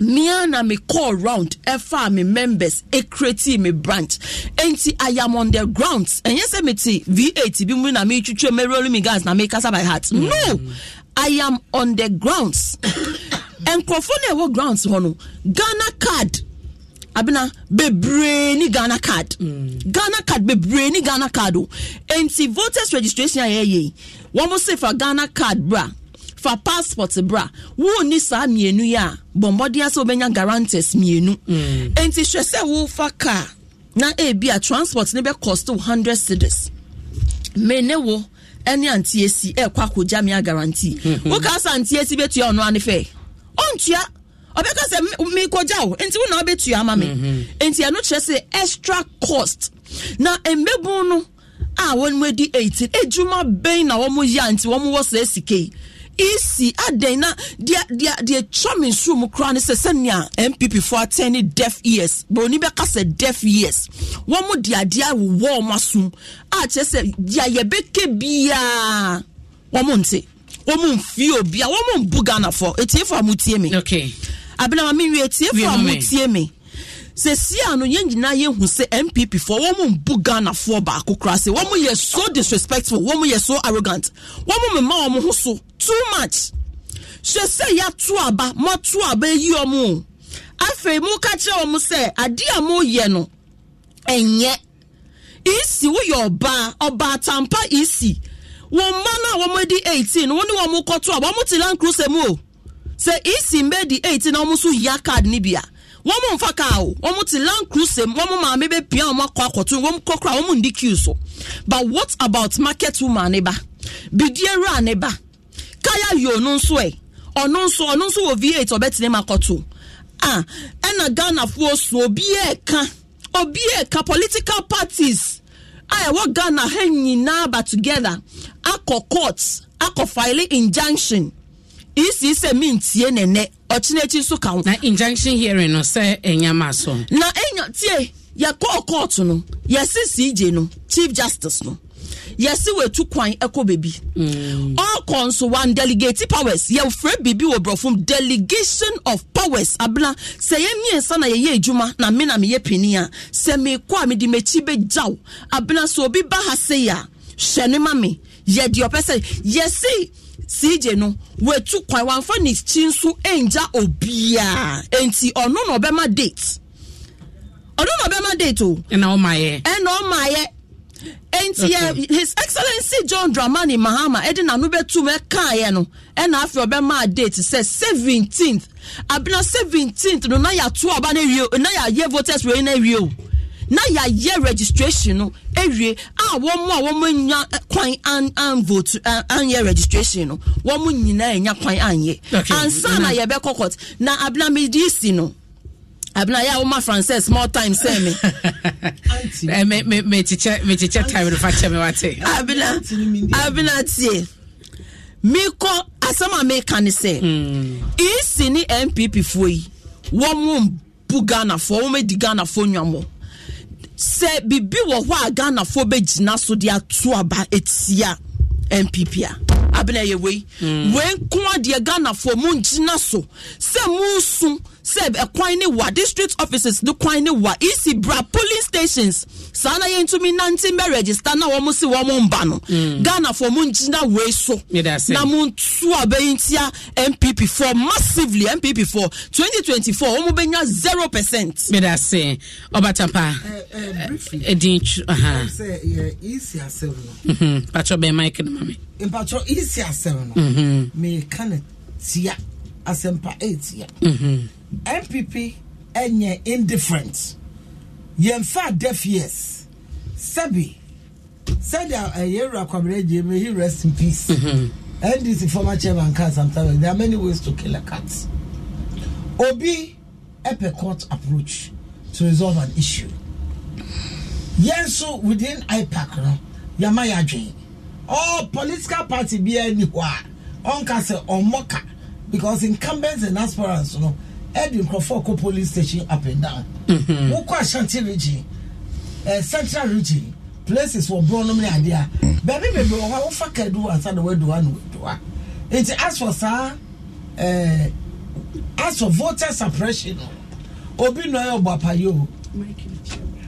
Me na me call round ɛfa me members ekreti me branch nti i am on the ground And yes, me ti v8 bi mu na me twitwa me rolling me gas na me kasa by heart hmm. no i am on the grounds nkurɔfoɔ na ɛwɔ grounds hɔ no ghana card abena bebree ni ghana card mm. ghana card bebree ni ghana card o oh. nti voters registration a yɛyɛ yi wɔn mo se fa ghana card bra fa passport bra wonni saa mmienu yi a bɔmmɔden asɛ wobɛnya guarantors mmienu mm. enti hwɛ sɛ wofa car na ebi eh, a transport ne bɛ cost 100 cedis me ne wo ɛne auntie si ɛkɔ akɔgya eh, me a guarantee hmm. woka sɛ auntie si bɛtua ɔno ane fɛ ɔntua ɔbɛka sɛ mekɔgya wo nti wo na wobɛtua ama me nti ɛno kyerɛ sɛ extra cost na mmɛbu no a wɔn mu adi 18 adwuma bɛn na wɔn yɛ nti wɔn wɔ saa sika yi esi adɛn ah, na deɛ twa me nsuo mu koraa ne sɛ sɛnea npp fo atɛn ne deaf ears bɔnni bɛka sɛ deaf ears wɔn mo de adeɛ awowɔ wɔn asom a kyerɛ sɛ deɛ yɛbɛka biara wɔn mo nte wɔn mo nfi obi a wɔn mo nbu ghana fo etie fo a mo tie mi abinama mi wie etie fo a mo tie mi. Okay sɛ sia no yɛn nyinaa yɛhu sɛ npp foɔ wɔn mbu ghanafoɔ baako koraa sɛ wɔn yɛ so disrespectful wɔn yɛ so arrogant wɔn mema wɔn ho so too much hyɛ sɛ yɛato aba mɔto aba yi wɔn o afei mo ka kyerɛ wɔn sɛ adeɛ a moyɛ no ɛnyɛ esi woyɛ ɔbaa ɔbaa tampa esi wɔn mma no a wɔn adi eighteen wɔn ne wɔn kɔto a wɔn te land mu o sɛ esi mbɛ di eighteen na wɔn nso ya card ne bia wɔn mu nfa kaa o wɔn mu ti land cruiser mu wɔn maame bɛ pia wɔn akɔ akɔto wɔn mu kɔkora wɔn mu ndi queue so but what about market woman ne ba bidie kaya yoo no nso ɛ ɔno nso ɔno nso wɔ v8 ɔbɛtene mu akɔto a ah, ɛna ghanafoɔ so obi ɛka obi ɛka political parties a ɛwɔ ghana ha nyinaa ba together akɔ court akɔ filing injunction esi sɛ mintie nenɛ ɔkyena akyi nso ka ho. na injunction hearing no sɛ enyama so. na enya tie yɛkɔɔ kɔɔto no yɛsi cj no chief justice no yɛsi wetu kwan ɛkɔ beebi. Mm. ɔkɔ nso one delegate powers yɛfrɛ biribi wɔ borɔfom delegation of powers abena sɛ yɛ mmiɛnsa na yɛyɛ adwuma na mi na meyɛ panin a sɛ meekɔ a mede m'akyi bɛgyaw abena sɛ obi ba ha sei a hyɛ ne ma me yɛdeɛ ɔpɛ sɛ yɛsi cj no wetu kwan wamfa ne kyi nso ngya obiara nti ɔno na ɔbɛma date ɔno na ɔbɛma date o. ɛna ɔmayɛ. ɛna ɔmayɛ nti yɛ eh, his excellence john dramani mahama ɛde n'ano bɛtum ɛkaayɛ no ɛna afei ɔbɛma date sɛ seventeenth abena seventeenth no na yɛ ato aba na yɛ na yɛ ayɛ voters wei na yɛ o na yɛayɛ registration no awie e a wɔn a wɔn anya eh, kwan an an vote eh, an anyɛ registration no wɔn nyinaa anya kwan anyɛ ansa na yɛbɛkɔ court na abinamidi si no abinaya woma francis small time sɛ me eh, mekyekyɛ time no fa kyɛ me wate abina tie mekɔ asɛm a meka ne sɛ ec hmm. ne mpp foɔ yi wɔmo bu ghanafoɔ wɔmɛdi ghanafoɔ nnwammɔ sɛ biribi wɔ hɔ a ghanafoɔ bɛgyina so de ato aba ɛtia npp a abena ɛyɛ wei mm. wei nko adeɛ ghanafoɔ mu so sɛ mu sɛ ɛkwan eh, ne wa district offices no kwan ne wa ec bra polling stations saa na yɛntumi nante mbɛ register na wɔn si wɔn mba no mm. ghanafoɔ mo ngyina wei so na mo ntu abɛyintia npp foɔ massively npp foɔ twenty twenty four wɔn bɛnya zero percent. mbɛda se ɔbata pa ɛdin tu sɛ ec asɛm no. mpatwɔ bɛn maik no mi. mpatwɔ ec asɛm no. tia mm-hmm. npp ɛnyɛ indifferent yɛmfa deaf years sɛbi sɛdeɛ ɛyɛwura kwamina gye may he rest in peace mm-hmm. And this is former chairman kan sometimes there are many ways to kill a cat obi ɛpɛ court approach to resolve an issue yɛn nso within ipac no yɛma yɛ adwene all oh, political party be anywhere. hɔ a ɔnka because incumbents and aspirants you Know, ɛde nkurɔfoɔ kɔ police station up and down mhm. wokɔ ashanti region uh, central region places wɔ borɔ nom ne adeɛ a mhm. baabi bebree wɔ hɔ a wofa kaadu ansa na woadua na woadua nti as for saa uh, as for voter suppression obi na ɔyɛ ɔbɔ apayɛ o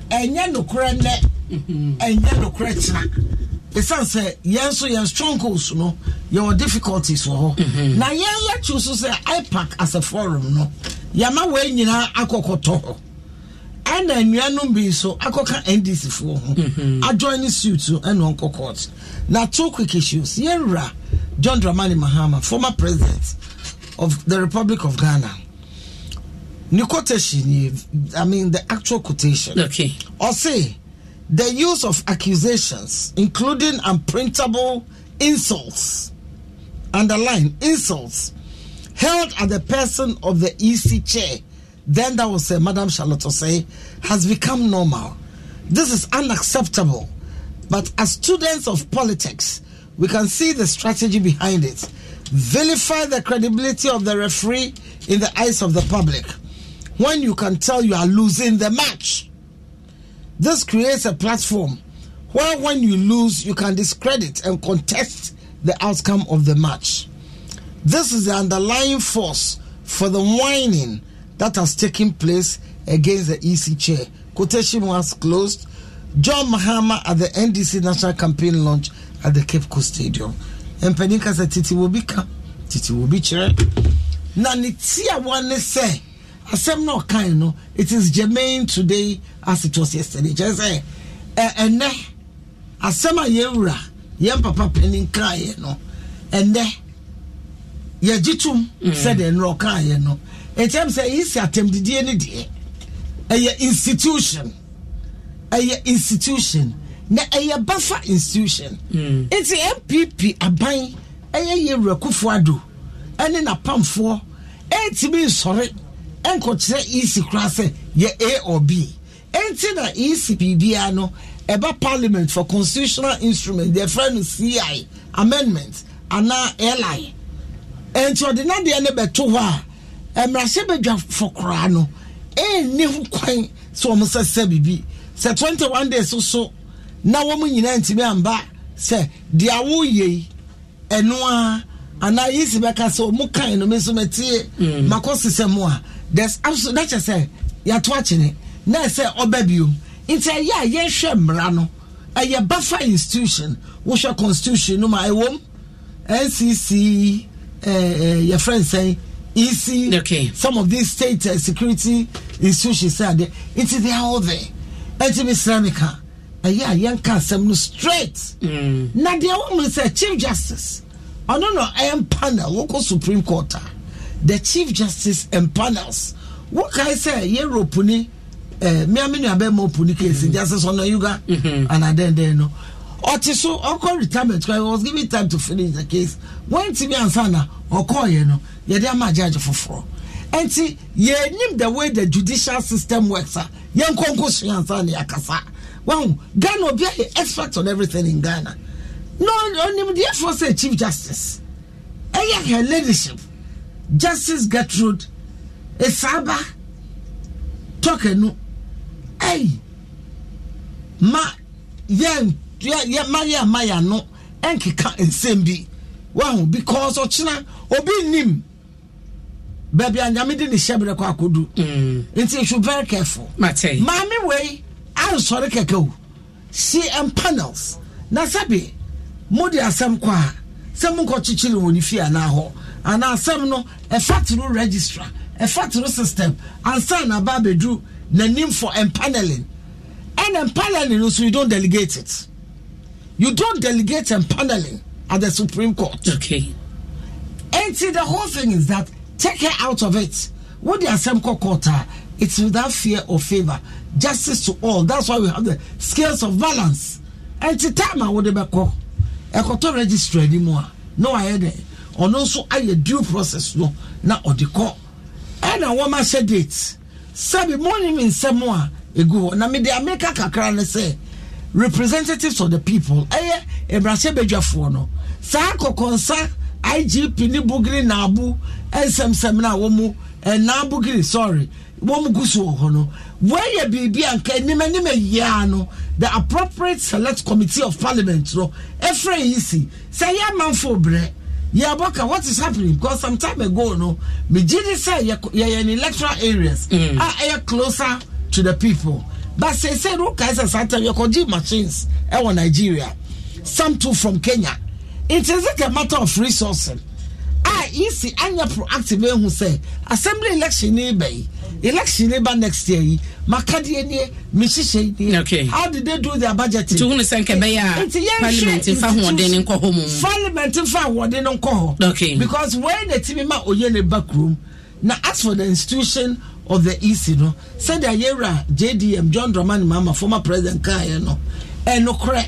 ɛnyɛ nokorɛ nnɛ mhm. ɛnyɛ nokorɛ kyena ɛsiane sɛ yɛn nso yɛn strongholds no yɛwɔ difficulties wɔ hɔ mhm. na yɛn yɛtu so sɛ ipac as a forum no yɛama wɔn nyinaa akɔkɔtɔ hɔ ɛna nnuanom bi nso akɔka ndc foɔ ho mhm. adjoin suit no ɛna ɔnkɔ court na two quick issues yɛnwura john dramani mahama former president of the republic of ghana ne quotation i mean the actual quotation okay ɔse. Okay. the use of accusations, including unprintable insults, underline insults, held at the person of the EC chair, then that was uh, Madame Charlotte say, has become normal. This is unacceptable. But as students of politics, we can see the strategy behind it. Vilify the credibility of the referee in the eyes of the public when you can tell you are losing the match. This creates a platform where when you lose, you can discredit and contest the outcome of the match. This is the underlying force for the whining that has taken place against the EC chair. Quotation was closed. John Mahama at the NDC national campaign launch at the Cape Coast Stadium. And Peninka said, Titi will be come. Titi will be chair. say. asɛm na ɔkae no it is germane today as it was yesterday kyerɛ sɛ ɛnɛ asɛm a yɛwura yɛn papa panin kaeɛ no ɛnɛ yɛgye tom mm. sɛdeɛ nnora ɔkaeɛ no ɛkyɛm sɛ yɛsi atɛmdidie no deɛ ɛyɛ institution ɛyɛ institution na ɛyɛ bafa institution mm. nti npp aban ɛyɛ yɛwura kufuado ɛne napamfoɔ ɛntumi nsɔre nkɔkyerɛ ec koraa sɛ yɛ a or b ɛnti na ec biribiara no ɛba e parliament for constitutional instrument yɛfrɛ no ci amendment anaa airline nti ɔde nadeɛ no bɛto hɔ a mmarahyɛbadwafo koraa no ɛnni ho kwan sɛ wɔn sɛsɛ biribi sɛ twenty one days so na wɔn nyinaa ntumi amba sɛ deɛ awoyɛ yi ɛnoa anaa yɛsi bɛka sɛ wɔn kan no mi nso mɛtie mm. makɔ sisɛ mu a. there's absolute na say you're watching it. Now say bio nti it's a sure, mmara no ɛyɛ Buffalo institution your constitution no ma ɛwɔ NCC. Your friends say ec okay. some of these state uh, security institutions sɛ adeɛ nti they are all there ɛnti mesrɛ ne ka i a yɛnka asɛm no straight mm. na deɛ wɔmene sɛ chief justice ɔno oh, no I am panel, local supreme court the chief justice empowers wokae sɛ yɛ ropuni ɛɛ eh, mmea mi nua bɛɛ ma opuni case justice yuga. Onanuga anadɛndɛn no ɔte so ɔkɔ retirement kɔ he was giving time to finish the case wɔn ti mi ansa na ɔkɔɔyɛ no yɛde ama judge foforɔ ɛnti yɛnim the way the judicial system works a ah. yɛn nkonko so yɛn ansa na yɛakasa wɔn Ghana obi ayɛ expert on everything in Ghana No, ɔnim deɛ fɔ sɛ chief justice ɛyɛ her ladyship justice gertrude esaaba tɔkɛ no ɛyi ma yɛ yɛ ma yɛ ma yɛ ano ɛnkeka nsɛm bi wahu because ɔkyena obi nim baabi a nyame de ne hyɛbrɛ kɔ akodu mm. nti you should very careful maame wei ansɔre kɛkɛ o cm panels na sɛbi mo de asɛm kɔ a sɛ mo nkɔ kyikyiri wɔ ne fie anaa hɔ anaa asɛm no ɛfa toro registrar ɛfa toro system ansa na aba abɛduru n'anim for empaneling and empaneling no so you don delegate it you don delegate empaneling at the supreme court. okay. and see the whole thing is that take her out of it wo de asɛm kɔ court a it's without fear or favour justice to all that's why we have the scales of balance and ti time a wo de bɛ kɔ ɛkɔtɔ registrar ni mu a no ayɛ dɛ. ɔno nso ayɛ due process no na ɔde kɔ ɛna wɔn ahyɛ date sɛbi morning nsɛm a egu hɔ na mede ameka kakra ne sɛ representatives of the people ɛyɛ ebrase bedwafoɔ no saa kɔkɔnsa igp ne bugiri naabu nsɛmsɛm na wɔn mu ɛnaa bugiri sorry wɔn mu gu so wɔ hɔ no wɔyɛ biribi a nka anim anim ayiaa no the appropriate select committee of parliament no efra yi si sɛ yɛ amanfo brɛ yeah boka what is happening because some time ago no mejidi say yɛyɛ in electoral areas mm. Ah, eh, you closer to the people but say say no guys and santa yɛkɔgye machines eh, want nigeria some too from kenya it is like a matter of resources a yisi anya proactive ehu sɛ assembly election ni bɛ yi election ni ba next year yi maka deɛ nie mi hyehyɛ yi nie okay how did they do their budgeting. nti hunu sɛ nkɛbɛyɛ a parliament nfa ahoɔden ne nkɔ hɔ mu. parliament nfa ahoɔden ne nkɔ hɔ. okay because wɔn na ti mi ma oyɛ ne back room na as for the institution of the ec no sɛdeɛ yɛwura jdm john dramani mama former president kaa yɛ no ɛnokorɛ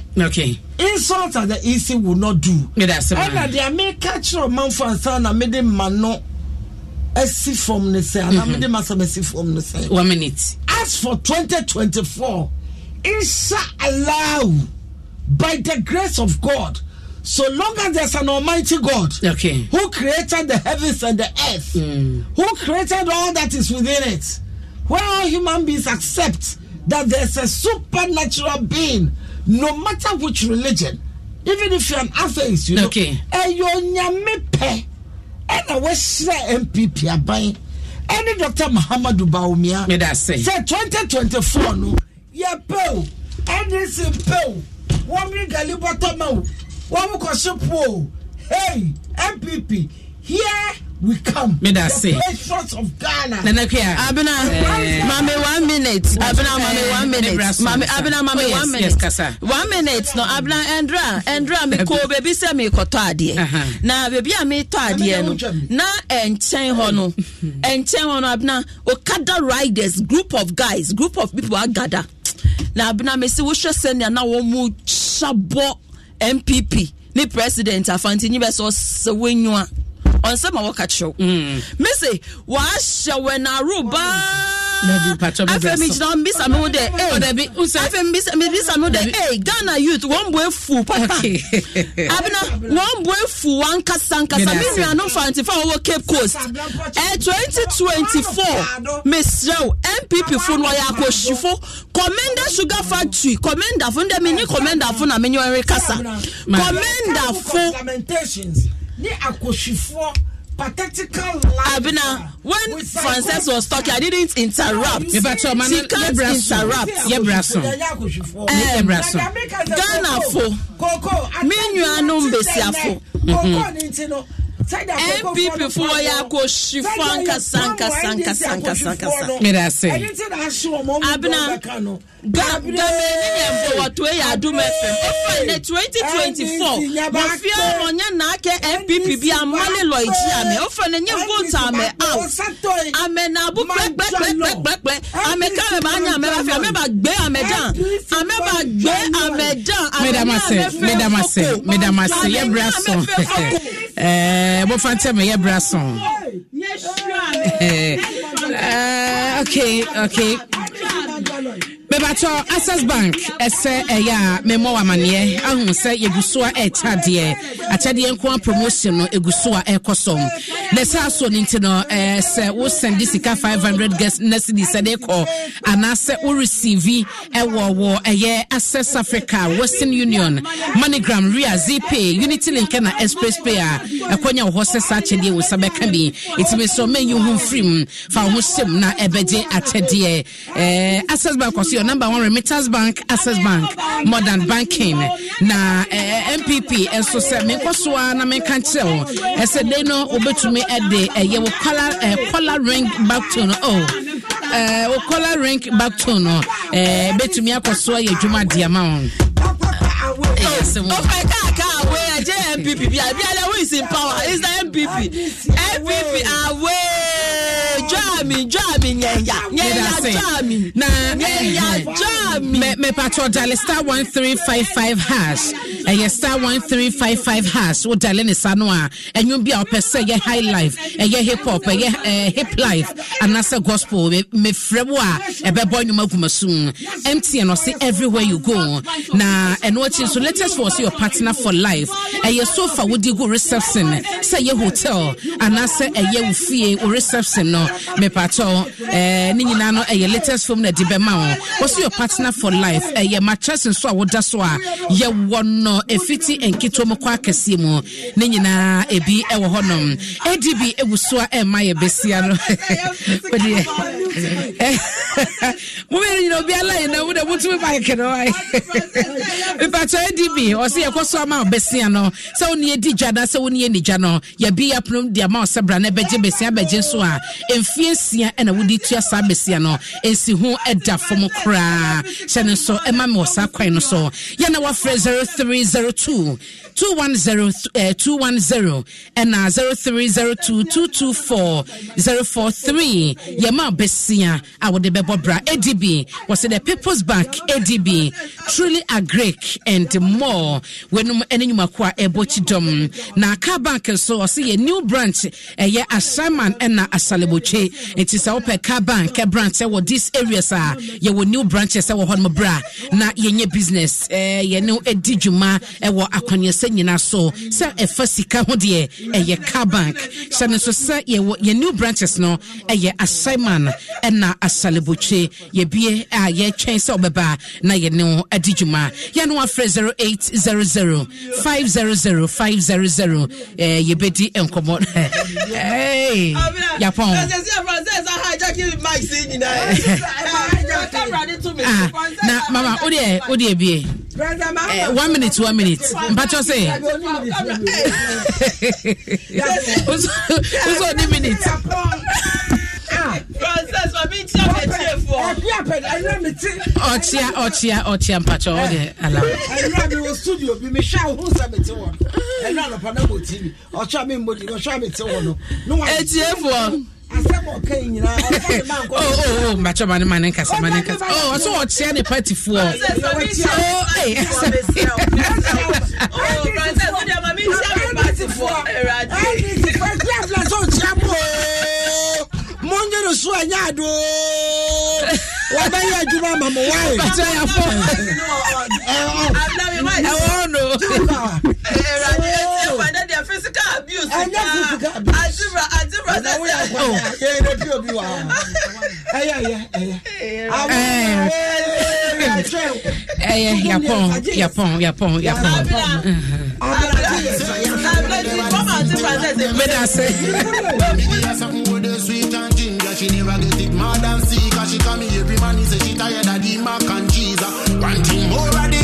insult at the easy will not do ɛna deɛ meka kyerɛ ɔmanfo ansa na mede ma no asi fam no sɛ anaa mede mm-hmm. masɛm asi fam no sɛ one minute as for 2024 allow by the grace of god so long as there's an almighty god okay. who created the heavens and the earth mm. who created all that is within it where all human beings accept that there's a supernatural being no matter which religion, even if you're an atheist, you okay. know, and you nyamepe, and I was MPP aban, and Dr. Muhammad Baumia, me that say, say 2024 no, yeah, pew, and this is pew, one bring Galibotomo, one will hey, MPP, here. we come. Meda say. shots of Ghana. Nana Kia. Abena. Eh. Mami one minute. Abena eh. mami one minute. Mami Abena oh, mami one minute. Yes kasa. One minute no Abena Andra, Andra, mi ko baby say mi ko to adie. Uh-huh. Na baby a mi to adie no. Na enchen ho no. Enchen ho no Abena Okada riders group of guys group of people are gather. Na Abena me say wo hwe sɛ na wo mu chabɔ MPP ni president afanti nyi bɛ sɛ ɔsɛ wɔnyua ɔnsɛm a wɔka kyerɛw mm. mese waahyɛ wɛ naaro baa afei mi gyina mbisa mi ho dɛ ee afei mi bisa mi ho dɛ ee ghana youth wɔn bo efu papa abina wɔn bo efu wɔn nkasa nkasa mi nua no fanti fa wɔwɔ cape coast ɛ twenty twenty four mesrɛw npp fo no ɔyɛ commander sugar factory commander fo ndɛ mi nye commander fo na mi nye wɔn rekasa commander fo ne akɔhwifoɔ pathetical life. Abina, when Frances was talking, I didn't interrupt. She can't interrupt. Um, Ghana fo, me nuanom besiafo npp fún wọn yà kó si fún ankasa ankasa ankasa ankasa ankasa. mìíràn ase abina gàmé níyẹn bọ̀ wọ́tò ẹ̀yà àdúmọ̀ fm ọ̀fọ̀ ẹ̀ twenty twenty four wọ́fí ọmọ yẹn nà á kẹ́ npp bí amálẹ̀ lọ ìjì àmì ọ̀fọ̀ ẹ̀ yẹn vote àmì out àmì nà abú pẹ́pẹ́pẹ́pẹ́pẹ́ àmì kárẹ̀ bá yẹn àmì bàfẹ́ àmì bà gbé àmì dàn àmì bà gbé àmì dàn àmì ní àmì fẹ́ fọ́kọ̀ àmì ní àmì fẹ́ fọ́kọ̀. Eh, bɔfra ntɛ meyɛ bra song eh, eh, okay okay mebatɔ access bank ɛsɛ ɛyɛ a memmɔ wɔ amanneɛ ahom sɛ yɛgu so e a ɛɛkyɛ adeɛ akyɛdeɛ nko a promotion no ɛgu e so a ɛrekɔ so na saa so no nti no e, sɛ wosɛnde sika 500 gas na sidi sɛ dekɔ anaasɛ woreceive ɛwɔ wɔ ɛyɛ access africa western union MoneyGram ria zpa unity link na express pay a ɛkɔnya wɔ hɔ sɛ saa akyɛdeɛ wo sa bɛka bi ɛtumi sɛ ɔmanyi ho mfirim fa wo ho hyɛm na ɛbɛgye akyɛdeɛ access bank ɔso your number one remittance bank access bank modern banking na eh, eh mpp nso eh, eh, sɛ menkɔ so a na menka kyerɛ wo ɛsɛ dei no wobɛtumi de ɛyɛ wo collar ring back to no oh wo collar ring back to no bɛtumi akɔ so ayɛ my de ama wo ɔpɛ kaakaa wei agye mpp bia the wo oh is in power is the mpp mpp away jami jami nyɛya nyɛya jami na nyɛya jami. mɛpatɔ dale star one three five five hash. ɛyɛ star one three five five hash wo dale ne sa no a ɛnwom bi a wopɛ sɛ ɛyɛ high life ɛyɛ hip hop ɛyɛ ɛɛ eh, hip life anaasɛ gospel mefrɛ wo a ɛbɛbɔ nnwom aguma so mtn ɔse everywhere you go na ɛno akyi so? latest for ɔse your partner for life ɛyɛ sofa wodi go reception sɛ ɛyɛ hotel anaasɛ ɛyɛ wo fie wo reception no mepatɔ ɛɛ ne nyinaa no ɛyɛ latest film na ɛde bɛma wo ɔse your partner for life ɛyɛ eh, mattress nso a woda so a ah, yɛwɔ no no ɛfiti nketoa mu kɔ akɛseɛ mu ne nyinaa ebi ɛwɔ hɔnom adb ɛwu so ɛma yɛ bɛsia no wodeɛ mobɛyɛ nyina obiala yɛ na wode motumi bike no mepatɔ adb ɔsɛ yɛkɔ so ama bɛsia no sɛ wo ne yɛdi gya na sɛ wo ne yɛni gya no yɛbi aponom de ama ɔsɛ bra na ɛbɛgye bɛsia bɛgye nso a ɛmfie nsia ɛna wode tua saa bɛsia no ɛnsi ho ɛda fam koraa hyɛ no nso ɛma me wɔ saa kwan no so yɛna wafrɛ 03 0302 210 uh, 210 ɛna 0302 224 043 yɛma bɛsia a wɔde bɛbɔ bra adb wɔsɛ the people's bank adb truly agric and more wɔnum ne nnwumako e a ɛbɔ kyidɔm na car bank nso ɔsɛ yɛ new branch ɛyɛ eh, asaman ɛna eh, asalebokye nti sɛ wopɛ car bank eh, branch ɛwɔ this areas a yɛwɔ new branches ɛwɔ hɔ nom bra na yɛnyɛ business ɛɛ yɛne di dwuma nyinaa ɛwɔ akɔneɛsɛ nyinaa so sɛ ɛfa sika ho deɛ ɛyɛ car bank hyɛ no nso sɛ yɛwɔ yɛn new branches no ɛyɛ asaiman ɛna asalebotwe yɛbie a yɛtwɛn sɛ ɔbɛba na yɛne ho adi dwuma yɛno afrɛ 0800 500 500 yɛbɛdi nkɔmmɔ yɛpɔn Ah, na mama o deɛ o deɛ bie eh, one minute one minute mpatsɔ se nso ni minute. ɔkyea ɔkyea ɔkyea mpatsɔ o deɛ ala. ɛnura mi wɔ studio bi mi hwɛ ahu sɛ mi ti wɔ no ɛnura nɔpɔ na mo ti mi ɔtɔ mi mo di ɔtɔ mi ti wɔ no. etiefoɔ mbakyɛ ma ne ma ne nkasa ma ne nkasa ɔsɛ wɔkyea ne patifoɔ monye no so anya ado wɔbɛyɛ adwuma ma mo wae ɛyɛ yapɔn yapɔn yapɔn yapɔn medase she never get it mad and see. Cause she call me every man, he say she tired of the mac and cheese. Uh. One thing more of the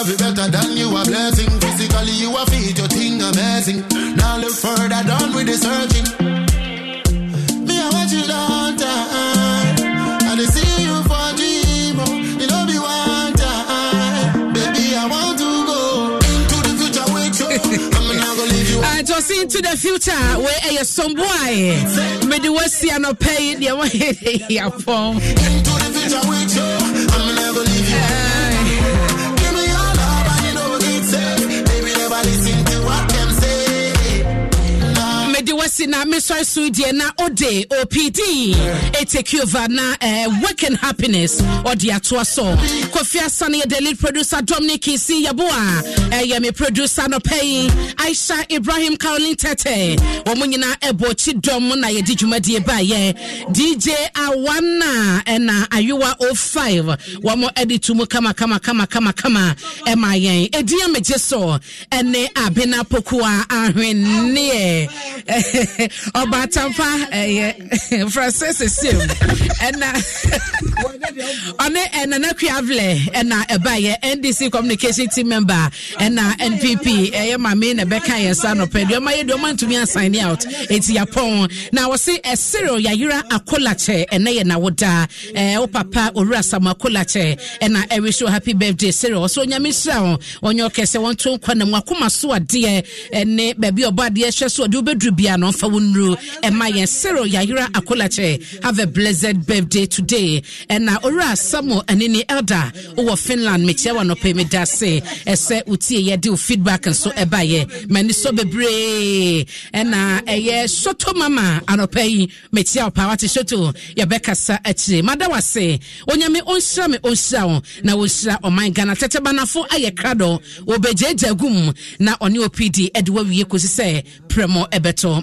love you better than you are blessing. Physically, you are feed your thing amazing. Now look further down with the searching. Me, I want you down time. I see you for dream. You know, be one time. Baby, I want to go into the future with you. I'm not gonna leave you. I just into the future where I eh, are some boy. Me, the West, i are not paying. You're my head. Into the future with you. I'm going never leave you. Mercy na Mr. Sudie na Ode OPD take over na uh, work and happiness or the so. Kofi Asani the lead producer Dominic Isi Yabua. Ɛyɛ eh, me producer no Aisha Ibrahim Kaolin Tete. Wɔn nyinaa ɛbɔ kyi dɔm na yɛde dwumadie baayɛ. DJ Awana ɛna Ayewa 05 wɔn ɛde tu mu kama kama kama kama kama ɛma eh, yɛn. Edi amegye so ɛne Abena pokuwa ahwenneɛ ọba atamfa ɛyɛ francis sim ɛna ɔne ɛnana kuavlɛ ɛna ɛbaayɛ ndc communication team member ɛna npp ɛyɛ maame na ɛbɛka yɛn sa nɔpɛ deɛma yɛ deɛma ntumi asign out eti yapɔn na wɔsi ɛsero yayira akolakyɛ ɛnɛ yɛ nawoda ɛɛ wo papa owura samu akolakyɛ ɛna ɛwish happy birthday sero ɔsɛ onyame hyira wɔn ɔnyɛ ɔkɛsɛ wɔn to nkwa na mu akoma so adeɛ ɛne baabi ɔbɔ adeɛ hyɛ so ɔde wobɛduru bia no wɔmfa wo nnuro ɛma yɛn sero yayera akolakyɛ have a blessed birthday today ɛna owura samuel ɛne ne elda wowɔ finland mekyia wɔ nɔpɛ meda se ɛsɛ wotie yɛde wo feedback nso ɛbayɛ m'ani sɔ bebree ɛna ɛyɛ soto mama anɔpɛ yi mekyia wo paa wate soto yɛbɛkasa akyire mada wase onyame ɔnhyira me ɔnhyira wo na wɔnhyira ɔman ghana tɛtɛ banafo ayɛ krado wɔbɛgyaagya gum na ɔne opd ɛde wawie kɔsi sɛ prɛmɔ ɛbɛtɔ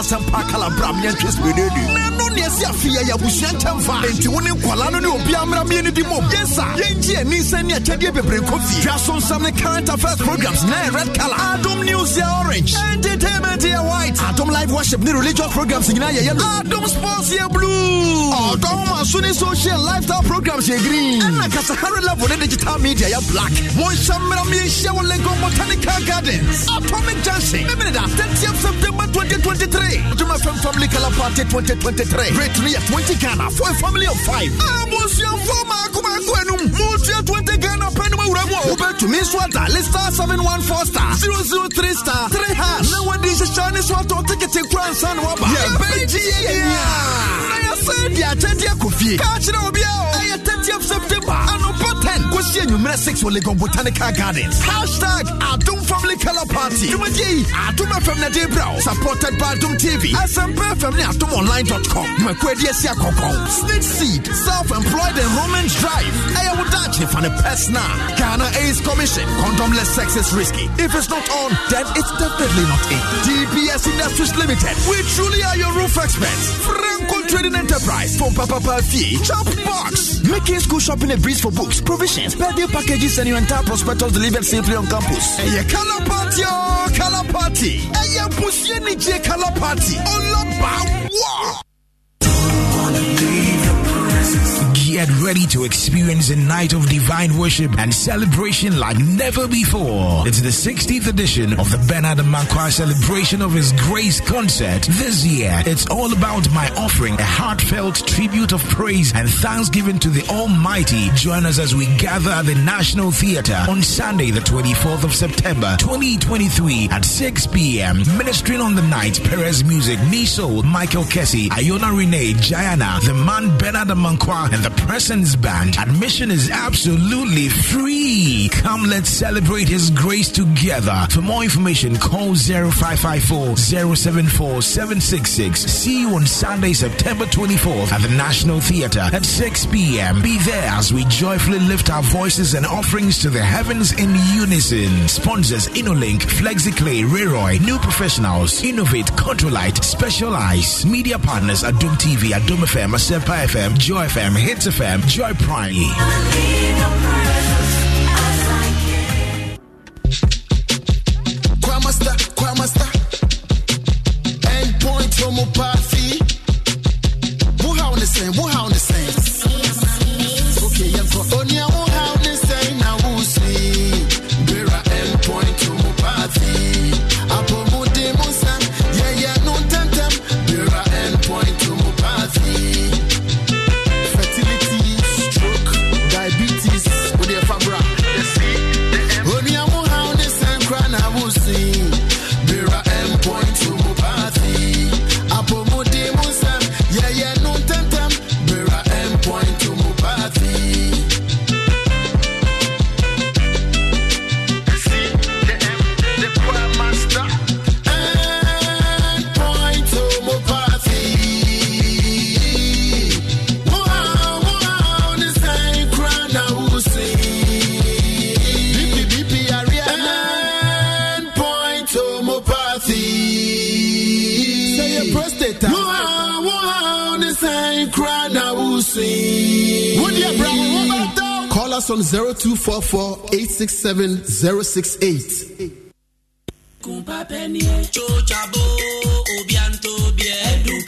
na sɛmpa kalabra meɛntwe sɛbɛdɛdi yɛsi afei yɛ abusua nkyɛn fa wo ne nkɔla no ne obi amra yɛngye ani ne akyɛdeɛ bebree fie so nsɛm ne current affairs programs na red color adom news yɛ orange entertainment yɛ white adom live worship ne religious programs nyinaa yɛ yellow adom sports yɛ blue ɔdɔm aso ne social lifestyle programs yɛ green ɛna kasahare level ne digital media yɛ black monhyɛ mmara me yɛhyia wɔ botanical gardens atomic junction memeneda 30th september 2023 adom fm family color party 2023 celebrate three at 20 Ghana for a family of five. Abusia ah, Voma Kumaku Enum, Multia 20 Ghana Penuma Uramo, Uber to Miss Water, Lista 714 star, 003 star, 3 hash. Now when this is Chinese water ticket in Grand San Waba, yeah, Beijing. I said, yeah, 30th Kofi, Kachina Obia, I 30th September, 10 Kwasi Enyumere 6 wɔ Legon Botanical Gardens. Hashtag Adum Family Color Party. Dwumadie yi Adum FM na Brow, Supported by Adum TV. Asempa FM ne adumonline.com. Dwumakuo adi asi akɔkɔ. Snitch Seed Self-Employed and Enrollment Drive. I Ɛyɛ wo daakye fa ne pɛsna. Ghana Ace Commission. Condomless sex is risky. If it's not on, then it's definitely not in. DBS Industries Limited. We truly are your roof experts. Franco Trading Enterprise. From Papa Fee. Chop Box. Making school shopping a breeze for books. provisions. Birthday packages and your entire prospectus delivered simply on campus. And your color party, oh, color party. And your Pusieni J color party. Oh, love, wow. get ready to experience a night of divine worship and celebration like never before. It's the 16th edition of the Bernard Mankwa Celebration of His Grace concert. This year, it's all about my offering a heartfelt tribute of praise and thanksgiving to the Almighty. Join us as we gather at the National Theatre on Sunday, the 24th of September, 2023 at 6 p.m. Ministering on the night, Perez Music, Niso, Michael Kessie, Iona Renee, Jayana, the man Bernard Mankwa, and the Presence Band. Admission is absolutely free. Come, let's celebrate His grace together. For more information, call 0554 074 766. See you on Sunday, September 24th at the National Theatre at 6 p.m. Be there as we joyfully lift our voices and offerings to the heavens in unison. Sponsors InnoLink, FlexiClay, Reroy, New Professionals, Innovate, Controlite, Specialize, Media Partners, Adum TV, Adum FM, Asepa FM, Joy FM, Hits FM, Joy Prime. Promo party. the same, muhaw the same. Okay, yeah, for only That's on 0244 867 068.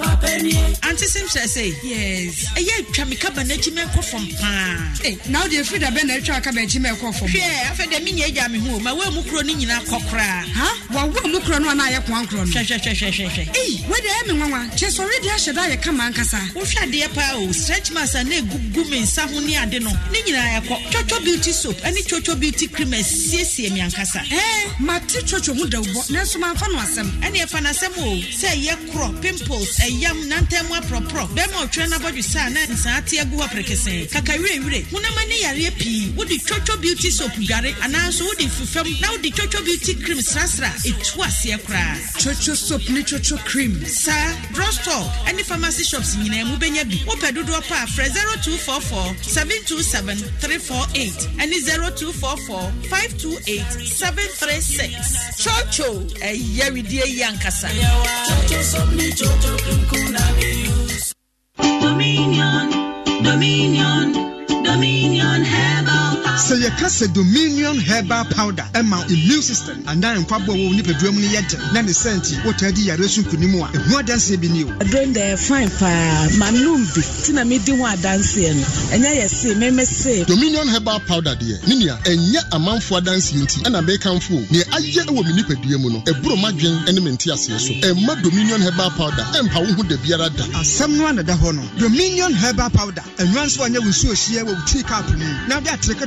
Auntie Simsa say. Yes. Ɛyɛ atwa mi kaba n'akyi mɛ kɔ fam paa. Ee eh, na o de efi dabe na atwa kaba akyi mɛ kɔ fam. Hwɛ afɛ dɛ mi nya egya mi ho ma wo emu kuro ne nyinaa kɔ koraa. Ha wa wo emu kuro a n'ayɛ kwan kuro no. Hwɛhwɛhwɛhwɛhwɛ. Ee stretch marks a na egugu mi nsa ho ne ade beauty soap ɛne twotwo beauty cream ɛsiesie mi ankasa. Ɛɛ ma ti twotwo ho dawubɔ nanso ma fa no asɛm. Ɛne pimples ɛyam nantam aporɔporɔ bɛrima ɔtwerɛ no abɔdwe sɛ a na nsaa te agu hɔ prekesɛn kakawerɛwerɛ hunama ne yareɛ pii wode twotwo beauty soap dware anaaso wode fifam na wode twotwo beauty cream srasra ɛtu aseɛ koraa twotwo soap ne twotwo cream saa drustore ne pharmacy shops nyinaa mu bɛnya bi wopɛ dodoɔ pa fre frɛ 0244 727 348 ɛne 0244 528 736 chocho ɛyɛ e, widie yi ankasa yeah, Dominion, Dominion, Dominion, heaven. sɛ yɛka sɛ dominion herbal powder ɛma immune system anaa nkwaboa wɔ nipadua mu no yɛ den na ne sɛ nti wotaa di yare so nkonim a ɛho adanseɛ bi ni o adurom dɛ fine paa manom bi nti na medi ho adanseɛ no ɛnyɛ yɛ see meme see dominion herbal powder deɛ ne nua ɛnyɛ amanfoɔ adanseɛ nti ɛna mekamfo o neɛ ayɛ wɔ me nipadua mu no ɛboro madwen ne me nte aseɛ so ɛmma dominion herbal powder ɛmpa wo ho da biara da asɛm no anada hɔ no dominion herbal powder ɛnwa nso anyɛ wo nsuo hyiɛ wɔ wo tii kap no mu na wode aterekɛ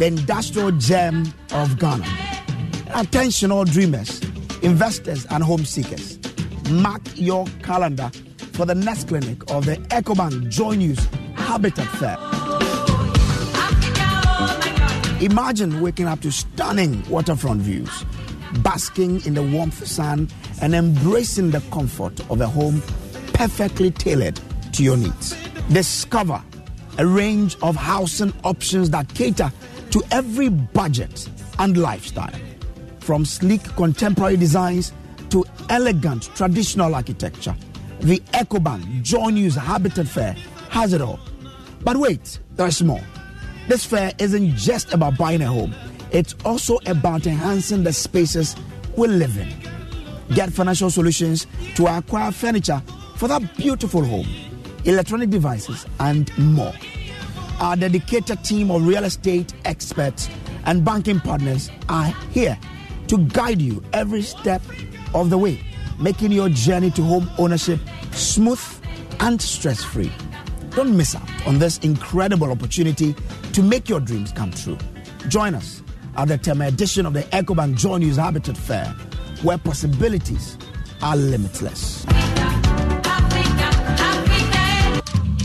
the industrial gem of Ghana. Attention, all dreamers, investors, and home seekers. Mark your calendar for the next clinic of the EcoBank Joy News Habitat Fair. Imagine waking up to stunning waterfront views, basking in the warmth of sun, and embracing the comfort of a home perfectly tailored to your needs. Discover a range of housing options that cater to every budget and lifestyle. From sleek contemporary designs to elegant traditional architecture, the Ecobank Joy News Habitat Fair has it all. But wait, there's more. This fair isn't just about buying a home, it's also about enhancing the spaces we live in. Get financial solutions to acquire furniture for that beautiful home, electronic devices, and more. Our dedicated team of real estate experts and banking partners are here to guide you every step of the way, making your journey to home ownership smooth and stress free. Don't miss out on this incredible opportunity to make your dreams come true. Join us at the Tema edition of the EcoBank Join News Habitat Fair, where possibilities are limitless.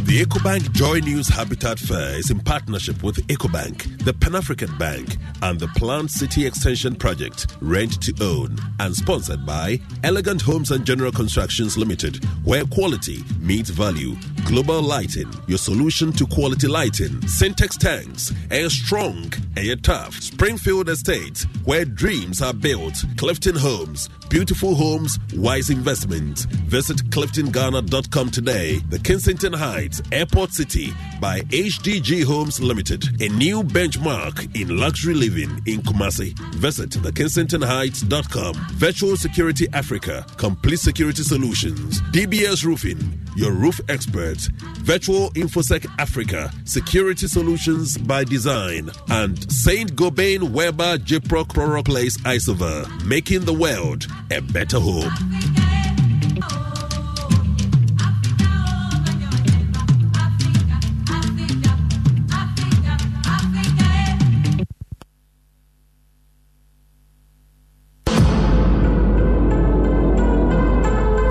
The EcoBank Joy News Habitat Fair is in partnership with EcoBank, the Pan African Bank, and the Plant City Extension Project, Rent to Own, and sponsored by Elegant Homes and General Constructions Limited, where quality meets value Global Lighting, your solution to quality lighting. Syntex Tanks, Air Strong, Air Tough. Springfield Estate, where dreams are built. Clifton Homes, beautiful homes, wise investment. Visit cliftonghana.com today. The Kensington Heights, Airport City, by HDG Homes Limited. A new benchmark in luxury living in Kumasi. Visit thekensingtonheights.com. Virtual Security Africa, complete security solutions. DBS Roofing, your roof expert Virtual InfoSec Africa, Security Solutions by Design, and St. Gobain Weber Jiproc Proroplace Isover, making the world a better home.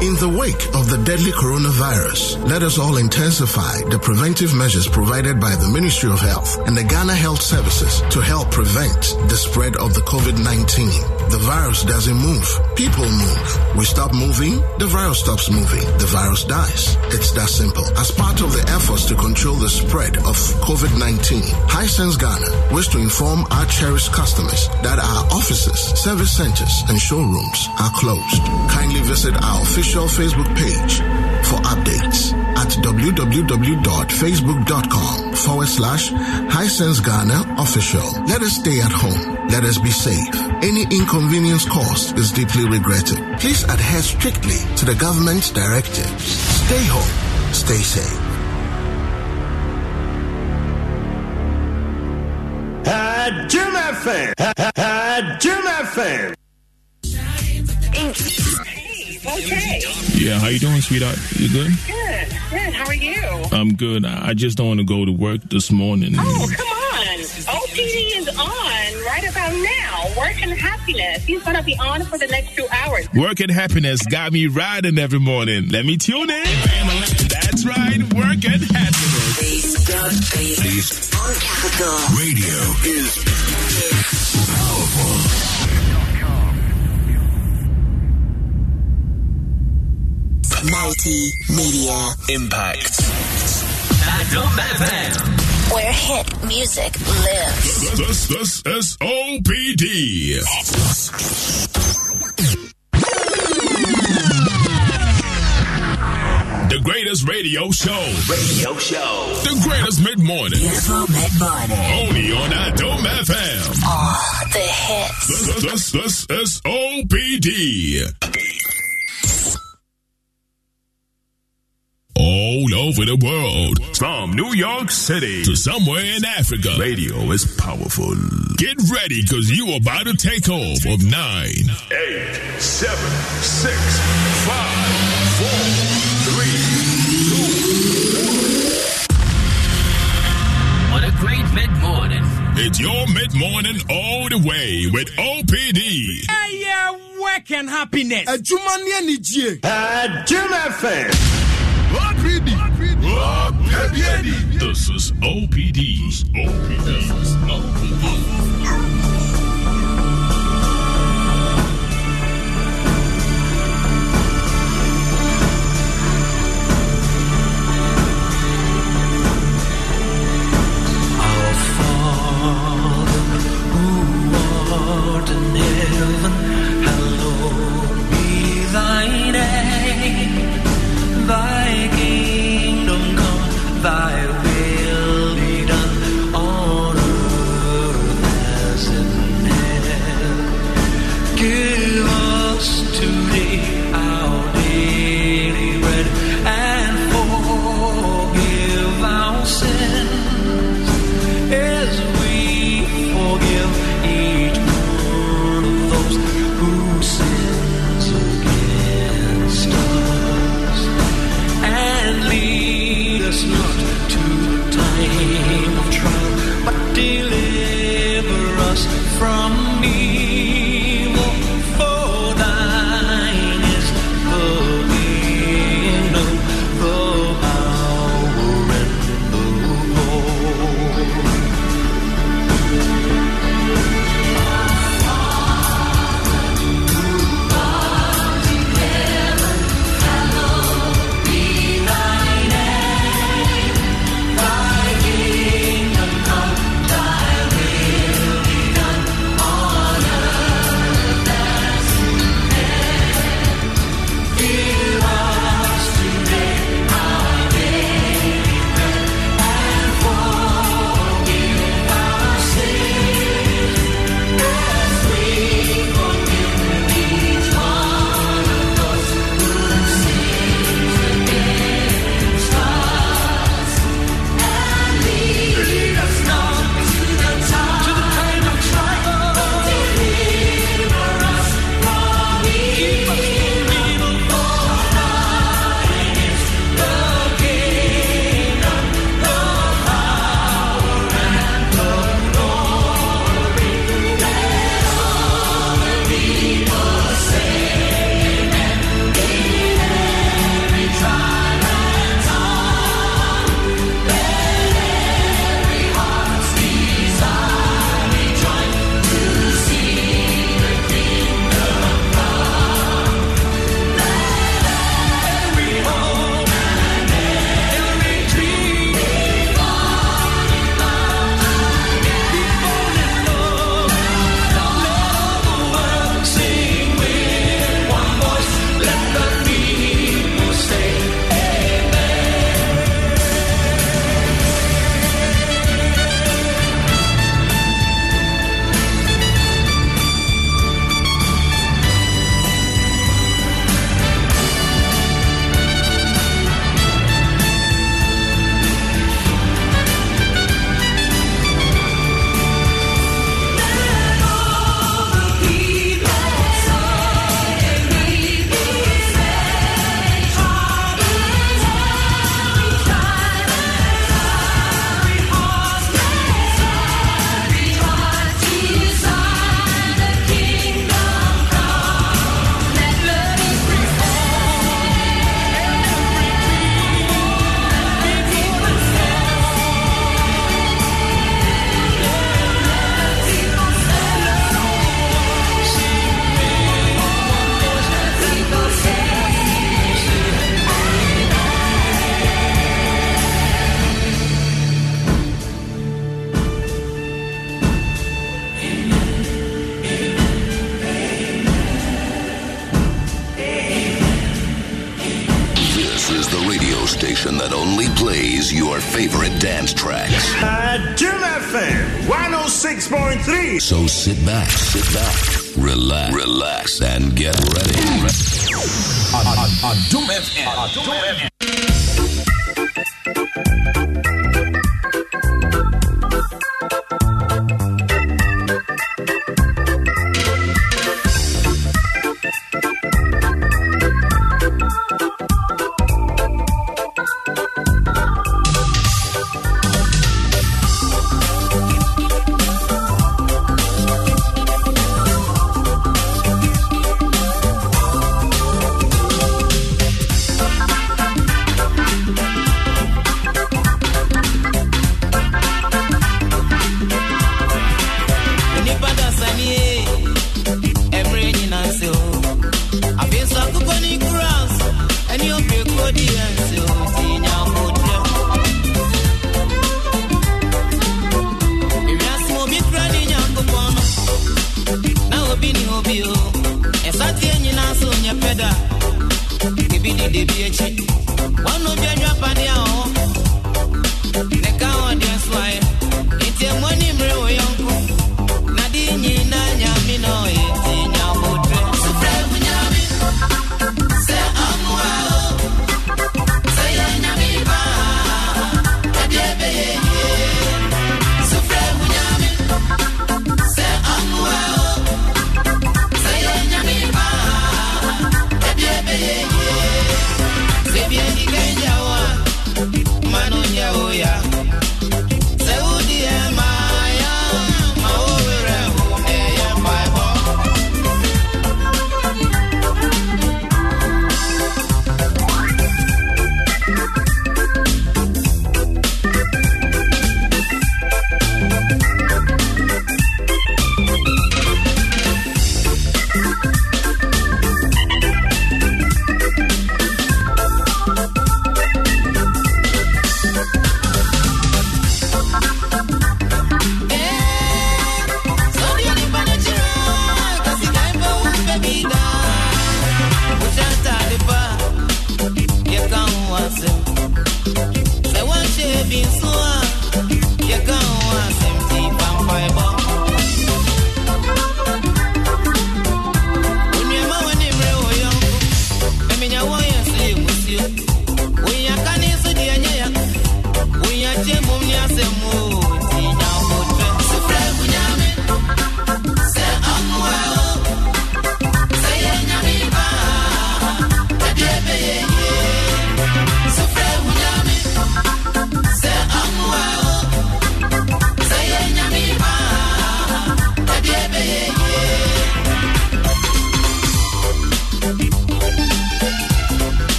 In the wake the deadly coronavirus, let us all intensify the preventive measures provided by the Ministry of Health and the Ghana Health Services to help prevent the spread of the COVID 19. The virus doesn't move, people move. We stop moving, the virus stops moving, the virus dies. It's that simple. As part of the efforts to control the spread of COVID 19, Hisense Ghana wishes to inform our cherished customers that our offices, service centers, and showrooms are closed. Kindly visit our official Facebook page page. For updates at www.facebook.com forward slash Sense Ghana official. Let us stay at home. Let us be safe. Any inconvenience caused is deeply regretted. Please adhere strictly to the government's directives. Stay home. Stay safe. Jim FM. Jim FM. Okay. Yeah, how you doing, sweetheart? You good? Good. Good. How are you? I'm good. I just don't want to go to work this morning. Oh, come on. OPD is on right about now. Work and happiness. He's going to be on for the next two hours. Work and happiness got me riding every morning. Let me tune in. That's right. Work and happiness. Please, God, please. please. On Capital. Radio is powerful. Multimedia Impact. Madam FM. Where hit music lives. This, this this S O P D. The greatest radio show. Radio show. The greatest mid morning. Beautiful mid morning. Only on Atom FM. All oh, the hits. This, this, this S O P D. OPD. all over the world. From New York City to somewhere in Africa, radio is powerful. Get ready because you you're about to take off of 9, 8, 7, 6, 5, 4, 3, 2, 1. What a great mid-morning. It's your mid-morning all the way with OPD. Hey, yeah, work and happiness. A Juman Yenijie. A Jim this is OPD. This is OPD. This is OPD. Father who art in heaven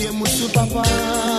é muito papa